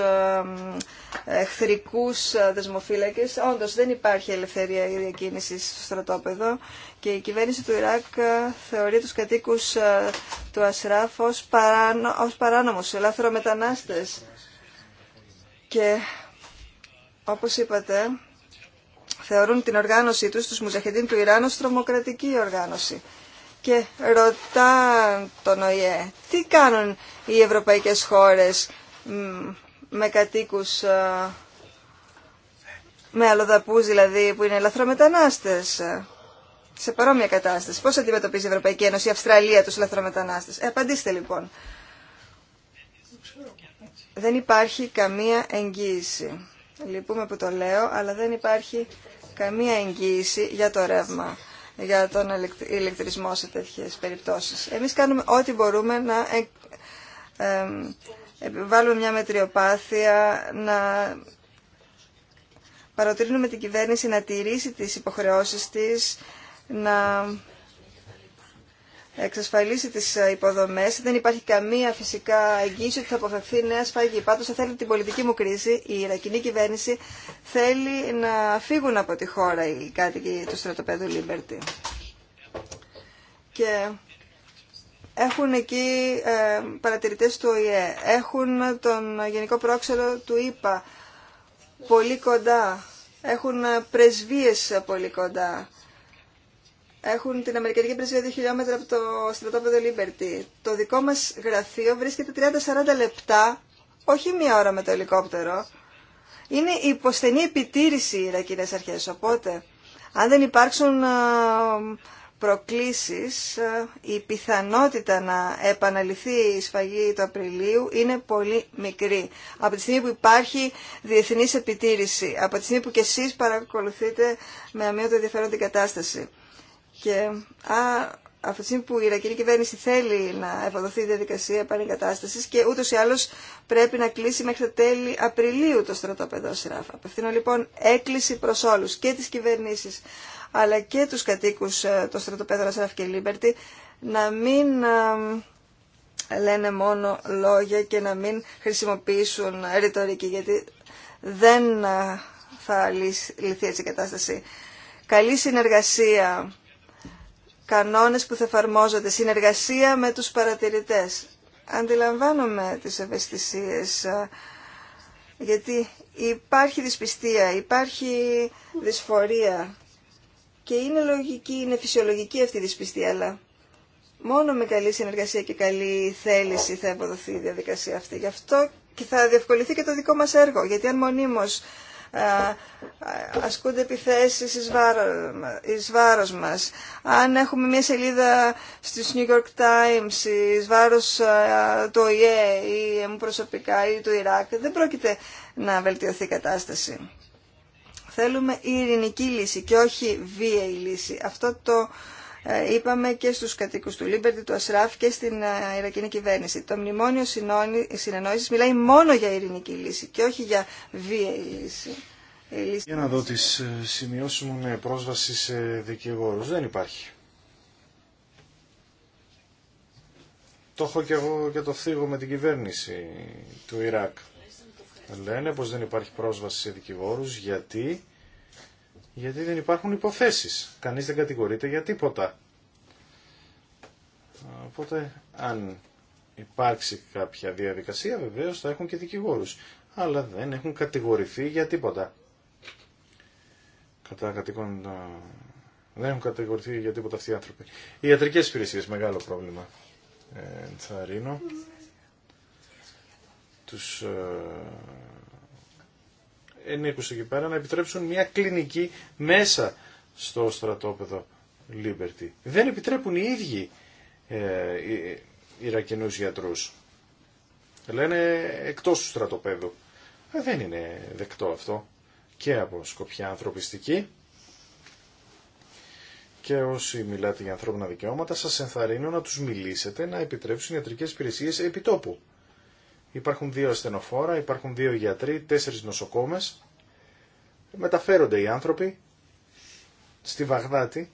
εχθρικούς ε, δεσμοφύλακες. Όντως δεν υπάρχει ελευθερία διακίνηση στο στρατόπεδο και η κυβέρνηση του Ιράκ ε, θεωρεί τους κατοίκους ε, του Ασράφ ως, παράνο, ως παράνομους, Και όπως είπατε, θεωρούν την οργάνωσή τους, τους Μουζαχεντίν του Ιράν, ως τρομοκρατική οργάνωση και ρωτά τον ΟΗΕ τι κάνουν οι ευρωπαϊκές χώρες με κατοίκους ε, με αλλοδαπούς δηλαδή που είναι λαθρομετανάστες, ε, σε παρόμοια κατάσταση. Πώς αντιμετωπίζει η Ευρωπαϊκή Ένωση, η Αυστραλία τους λαθρομετανάστες. Ε, απαντήστε λοιπόν. Δεν υπάρχει καμία εγγύηση. Λυπούμε που το λέω, αλλά δεν υπάρχει καμία εγγύηση για το ρεύμα για τον ηλεκτρισμό σε τέτοιες περιπτώσεις. Εμείς κάνουμε ό,τι μπορούμε να επιβάλλουμε μια μετριοπάθεια, να παροτρύνουμε την κυβέρνηση να τηρήσει τις υποχρεώσεις της, να εξασφαλίσει τις ε, υποδομές. Δεν υπάρχει καμία φυσικά εγγύηση ότι θα αποφευθεί νέα σφαγή. Πάντως θα θέλει την πολιτική μου κρίση, η Ιρακινή κυβέρνηση θέλει να φύγουν από τη χώρα οι κάτοικοι του στρατοπέδου Λίμπερτι. Και έχουν εκεί ε, παρατηρητές του ΟΗΕ, έχουν τον Γενικό πρόξερο, του ΙΠΑ πολύ κοντά, έχουν ε, πρεσβείες πολύ κοντά έχουν την Αμερικανική Πρεσβεία 2 χιλιόμετρα από το στρατόπεδο Liberty. Το δικό μας γραφείο βρίσκεται 30-40 λεπτά, όχι μία ώρα με το ελικόπτερο. Είναι υποστενή επιτήρηση οι Ιρακινές αρχές, οπότε αν δεν υπάρξουν προκλήσεις, η πιθανότητα να επαναληφθεί η σφαγή του Απριλίου είναι πολύ μικρή. Από τη στιγμή που υπάρχει διεθνής επιτήρηση, από τη στιγμή που και εσείς παρακολουθείτε με αμύωτο ενδιαφέρον την κατάσταση. Και α, αυτή τη που η Ιρακινή κυβέρνηση θέλει να ευοδοθεί η διαδικασία επανεγκατάσταση και ούτω ή άλλω πρέπει να κλείσει μέχρι τα τέλη Απριλίου το στρατόπεδο ΣΡΑΦ. Απευθύνω λοιπόν έκκληση προ όλου και τι κυβερνήσει, αλλά και του κατοίκου ε, των στρατοπέδων ΣΡΑΦ και Λίμπερτη να μην ε, λένε μόνο λόγια και να μην χρησιμοποιήσουν ρητορική γιατί δεν ε, θα λυθεί έτσι η κατάσταση. Καλή συνεργασία κανόνες που θα εφαρμόζονται, συνεργασία με τους παρατηρητές. Αντιλαμβάνομαι τις ευαισθησίες, γιατί υπάρχει δυσπιστία, υπάρχει δυσφορία και είναι λογική, είναι φυσιολογική αυτή η δυσπιστία, αλλά μόνο με καλή συνεργασία και καλή θέληση θα αποδοθεί η διαδικασία αυτή. Γι' αυτό και θα διευκολυθεί και το δικό μας έργο, γιατί αν μονίμως ε, ασκούνται επιθέσεις εις, βάρο, βάρος μας, αν έχουμε μια σελίδα στις New York Times εις βάρος ε, του ΟΗΕ ή μου προσωπικά ή του Ιράκ, δεν πρόκειται να βελτιωθεί η κατάσταση. Θέλουμε ειρηνική λύση και όχι βίαιη λύση. Αυτό το ε, είπαμε και στους κατοίκους του Λίμπερτη, του Ασράφ και στην ε, Ιρακινή κυβέρνηση. Το Μνημόνιο Συνεννόησης μιλάει μόνο για ειρηνική λύση και όχι για βία λύση. Για να δω τις ε, σημειώσεις μου με ναι, πρόσβαση σε δικηγόρους. Δεν υπάρχει. Το έχω και εγώ και το φύγω με την κυβέρνηση του Ιράκ. Λένε πως δεν υπάρχει πρόσβαση σε δικηγόρους γιατί γιατί δεν υπάρχουν υποθέσεις. Κανείς δεν κατηγορείται για τίποτα. Οπότε αν υπάρξει κάποια διαδικασία βεβαίως θα έχουν και δικηγόρους. Αλλά δεν έχουν κατηγορηθεί για τίποτα. Κατά κατοικών... Δεν έχουν κατηγορηθεί για τίποτα αυτοί οι άνθρωποι. Οι ιατρικές υπηρεσίες, μεγάλο πρόβλημα. Ε, θα ρίνω. Mm. Τους ε, ενίκου εκεί πέρα να επιτρέψουν μια κλινική μέσα στο στρατόπεδο Liberty. Δεν επιτρέπουν οι ίδιοι ε, οι Ιρακινούς γιατρούς. Λένε εκτός του στρατοπέδου. Ε, δεν είναι δεκτό αυτό και από σκοπιά ανθρωπιστική. Και όσοι μιλάτε για ανθρώπινα δικαιώματα σας ενθαρρύνω να τους μιλήσετε να επιτρέψουν ιατρικές υπηρεσίες τόπου. Υπάρχουν δύο ασθενοφόρα, υπάρχουν δύο γιατροί, τέσσερις νοσοκόμες. Μεταφέρονται οι άνθρωποι στη Βαγδάτη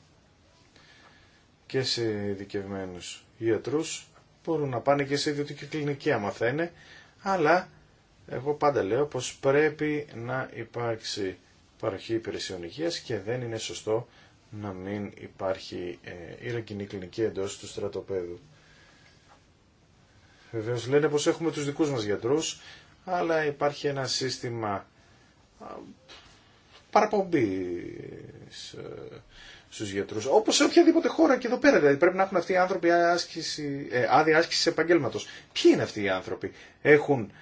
και σε ειδικευμένους ιατρούς. Μπορούν να πάνε και σε ιδιωτική κλινική άμα θένε. αλλά εγώ πάντα λέω πως πρέπει να υπάρξει παροχή υπηρεσιών υγείας και δεν είναι σωστό να μην υπάρχει ε, κλινική εντός του στρατοπέδου. Βεβαίω λένε πως έχουμε τους δικούς μας γιατρούς, αλλά υπάρχει ένα σύστημα παραπομπής ε, στους γιατρούς, όπως σε οποιαδήποτε χώρα και εδώ πέρα. Δηλαδή πρέπει να έχουν αυτοί οι άνθρωποι άσκηση, ε, άδεια άσκηση επαγγελματό. Ποιοι είναι αυτοί οι άνθρωποι. Έχουν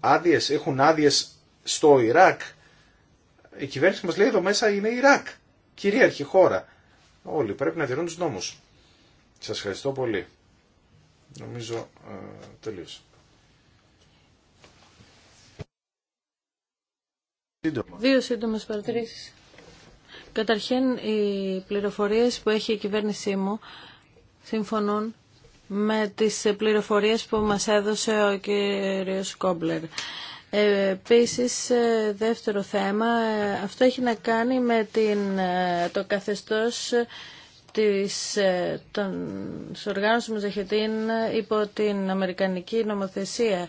άδειες, έχουν άδειες στο Ιράκ. Η κυβέρνηση μας λέει εδώ μέσα είναι Ιράκ. Κυρίαρχη χώρα. Όλοι πρέπει να τηρούν τους νόμους. Σας ευχαριστώ πολύ. Νομίζω ε, τελείωσε. Δύο σύντομε παρατηρήσει. Καταρχήν, οι πληροφορίε που έχει η κυβέρνησή μου συμφωνούν με τι πληροφορίε που μας έδωσε ο κύριος Κόμπλερ. Επίση, ε, δεύτερο θέμα, ε, αυτό έχει να κάνει με την, το καθεστώς της, ε, των οργάνωση Μουζαχετίν ε, υπό την Αμερικανική νομοθεσία.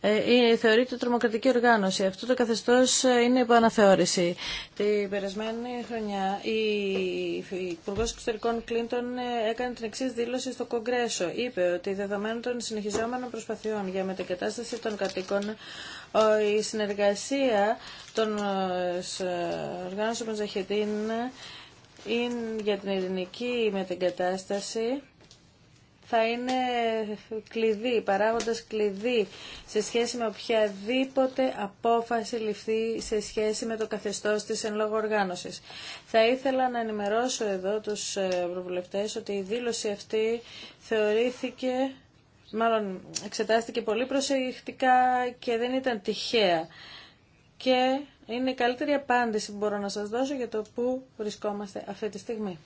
Ε, θεωρείται τρομοκρατική οργάνωση. Αυτό το καθεστώς ε, είναι υπό αναθεώρηση. Την περασμένη χρονιά η, η Υπουργός Εξωτερικών Κλίντον έκανε την εξή δήλωση στο Κογκρέσο. Είπε ότι δεδομένων των συνεχιζόμενων προσπαθειών για μετακατάσταση των κατοίκων η συνεργασία των οργάνωσεων Μουζαχετίν είναι για την ειρηνική κατάσταση, θα είναι κλειδί, παράγοντας κλειδί σε σχέση με οποιαδήποτε απόφαση ληφθεί σε σχέση με το καθεστώς της εν λόγω οργάνωσης. Θα ήθελα να ενημερώσω εδώ τους ευρωβουλευτές ότι η δήλωση αυτή θεωρήθηκε, μάλλον εξετάστηκε πολύ προσεκτικά και δεν ήταν τυχαία. Και είναι η καλύτερη απάντηση που μπορώ να σας δώσω για το πού βρισκόμαστε αυτή τη στιγμή.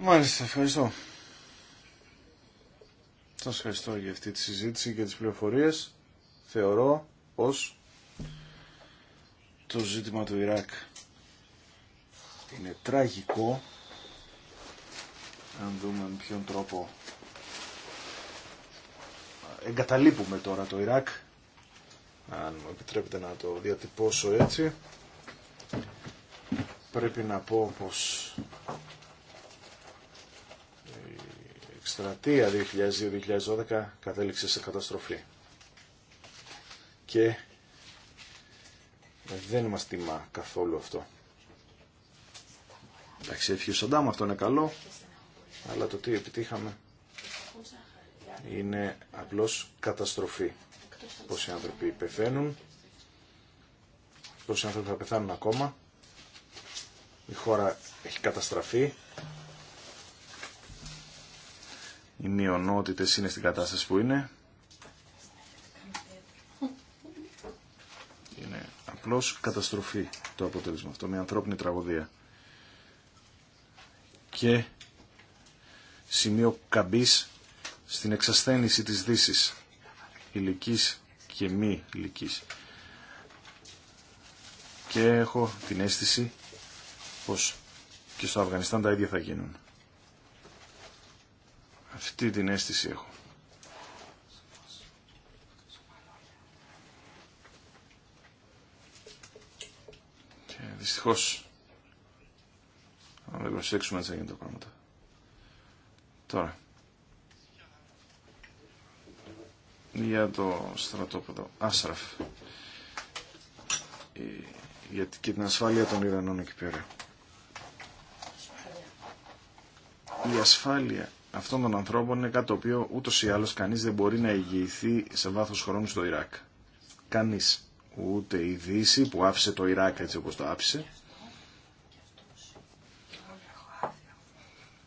Μάλιστα, ευχαριστώ. Σας ευχαριστώ για αυτή τη συζήτηση και τις πληροφορίες. Θεωρώ πως το ζήτημα του Ιράκ είναι τραγικό αν δούμε με ποιον τρόπο εγκαταλείπουμε τώρα το Ιράκ αν μου επιτρέπετε να το διατυπώσω έτσι. Πρέπει να πω πως η εκστρατεία 2002-2012 κατέληξε σε καταστροφή. Και δεν μας τιμά καθόλου αυτό. Εντάξει, έφυγε ο αυτό είναι καλό, αλλά το τι επιτύχαμε είναι απλώς καταστροφή πόσοι άνθρωποι πεθαίνουν, πόσοι άνθρωποι θα πεθάνουν ακόμα. Η χώρα έχει καταστραφεί. Οι μειονότητες είναι στην κατάσταση που είναι. Είναι απλώς καταστροφή το αποτέλεσμα αυτό, μια ανθρώπινη τραγωδία. Και σημείο καμπής στην εξασθένηση της δύση υλικής και μη υλικής. Και έχω την αίσθηση πως και στο Αφγανιστάν τα ίδια θα γίνουν. Αυτή την αίσθηση έχω. Και δυστυχώς, αν δεν προσέξουμε, έτσι θα γίνουν τα πράγματα. Τώρα. για το στρατόπεδο Άσραφ και την ασφάλεια των Ιρανών εκεί πέρα. Η ασφάλεια αυτών των ανθρώπων είναι κάτι το οποίο ούτως ή άλλως κανείς δεν μπορεί να ηγηθεί σε βάθος χρόνου στο Ιράκ. Κανείς. Ούτε η Δύση που άφησε το Ιράκ έτσι όπως το άφησε.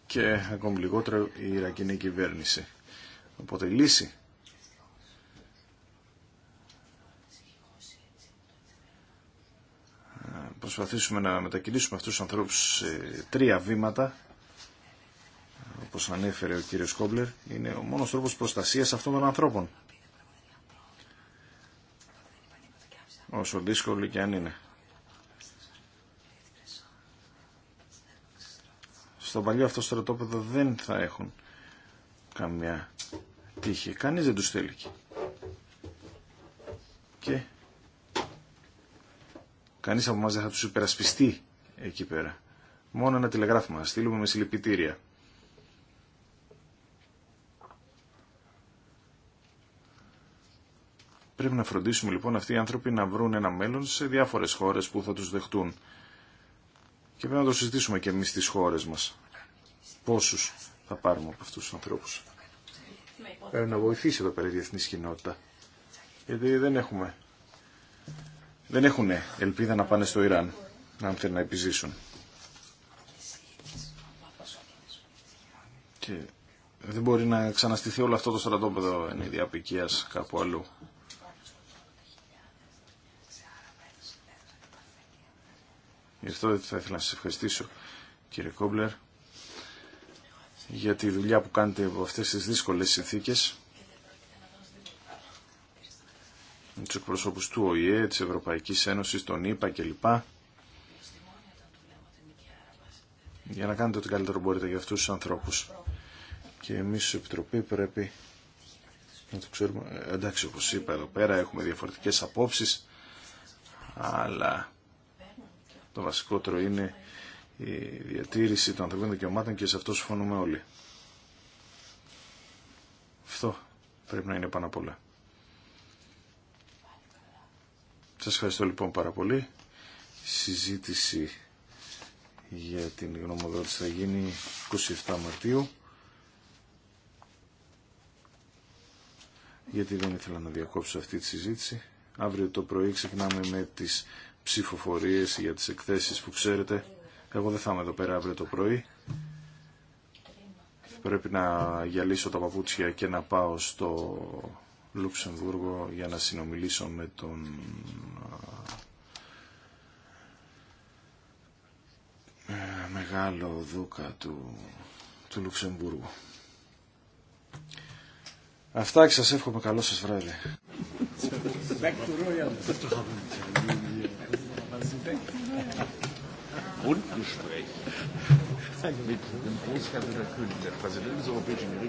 Και ακόμη λιγότερο η Ιρακινή κυβέρνηση. Οπότε η λύση προσπαθήσουμε να μετακινήσουμε αυτούς τους ανθρώπους σε τρία βήματα, όπως ανέφερε ο κύριος Κόμπλερ, είναι ο μόνος τρόπος προστασίας αυτών των ανθρώπων. Όσο δύσκολοι και αν είναι. Στο παλιό αυτό στρατόπεδο δεν θα έχουν καμιά τύχη. Κανείς δεν τους θέλει. Και Κανείς από εμάς δεν θα τους υπερασπιστεί εκεί πέρα. Μόνο ένα τηλεγράφημα. Στείλουμε με συλληπιτήρια. Πρέπει να φροντίσουμε λοιπόν αυτοί οι άνθρωποι να βρουν ένα μέλλον σε διάφορες χώρες που θα τους δεχτούν. Και πρέπει να το συζητήσουμε και εμείς στις χώρες μας. Πόσους θα πάρουμε από αυτούς τους ανθρώπους. Πρέπει να βοηθήσει εδώ πέρα η διεθνής κοινότητα. Γιατί δεν έχουμε δεν έχουν ελπίδα να πάνε στο Ιράν, αν θέλουν να επιζήσουν. Και δεν μπορεί να ξαναστηθεί όλο αυτό το στρατόπεδο εν είδη απικίας κάπου αλλού. Γι' αυτό θα ήθελα να σας ευχαριστήσω κύριε Κόμπλερ για τη δουλειά που κάνετε από αυτές τις δύσκολες συνθήκες τους εκπροσώπους του ΟΗΕ, της Ευρωπαϊκής Ένωσης, των ΗΠΑ κλπ. Για να κάνετε ό,τι καλύτερο μπορείτε για αυτούς τους ανθρώπους. Και εμείς ως Επιτροπή πρέπει να το ξέρουμε. Ε, εντάξει, όπως είπα εδώ πέρα, έχουμε διαφορετικές απόψεις, αλλά το βασικότερο είναι η διατήρηση των ανθρωπίνων δικαιωμάτων και σε αυτό συμφωνούμε όλοι. Αυτό πρέπει να είναι πάνω απ' όλα. Σας ευχαριστώ λοιπόν πάρα πολύ. Συζήτηση για την γνωμοδότηση θα γίνει 27 Μαρτίου. Γιατί δεν ήθελα να διακόψω αυτή τη συζήτηση. Αύριο το πρωί ξεκινάμε με τις ψηφοφορίες για τις εκθέσεις που ξέρετε. Εγώ δεν θα είμαι εδώ πέρα αύριο το πρωί. Πρέπει να γυαλίσω τα παπούτσια και να πάω στο Λουξεμβούργο για να συνομιλήσω με τον ε, μεγάλο δούκα του, του Λουξεμβούργου. Αυτά και σας εύχομαι καλό σας βράδυ. Und Gespräch mit dem Großkanzler Kühn, der Präsident des Europäischen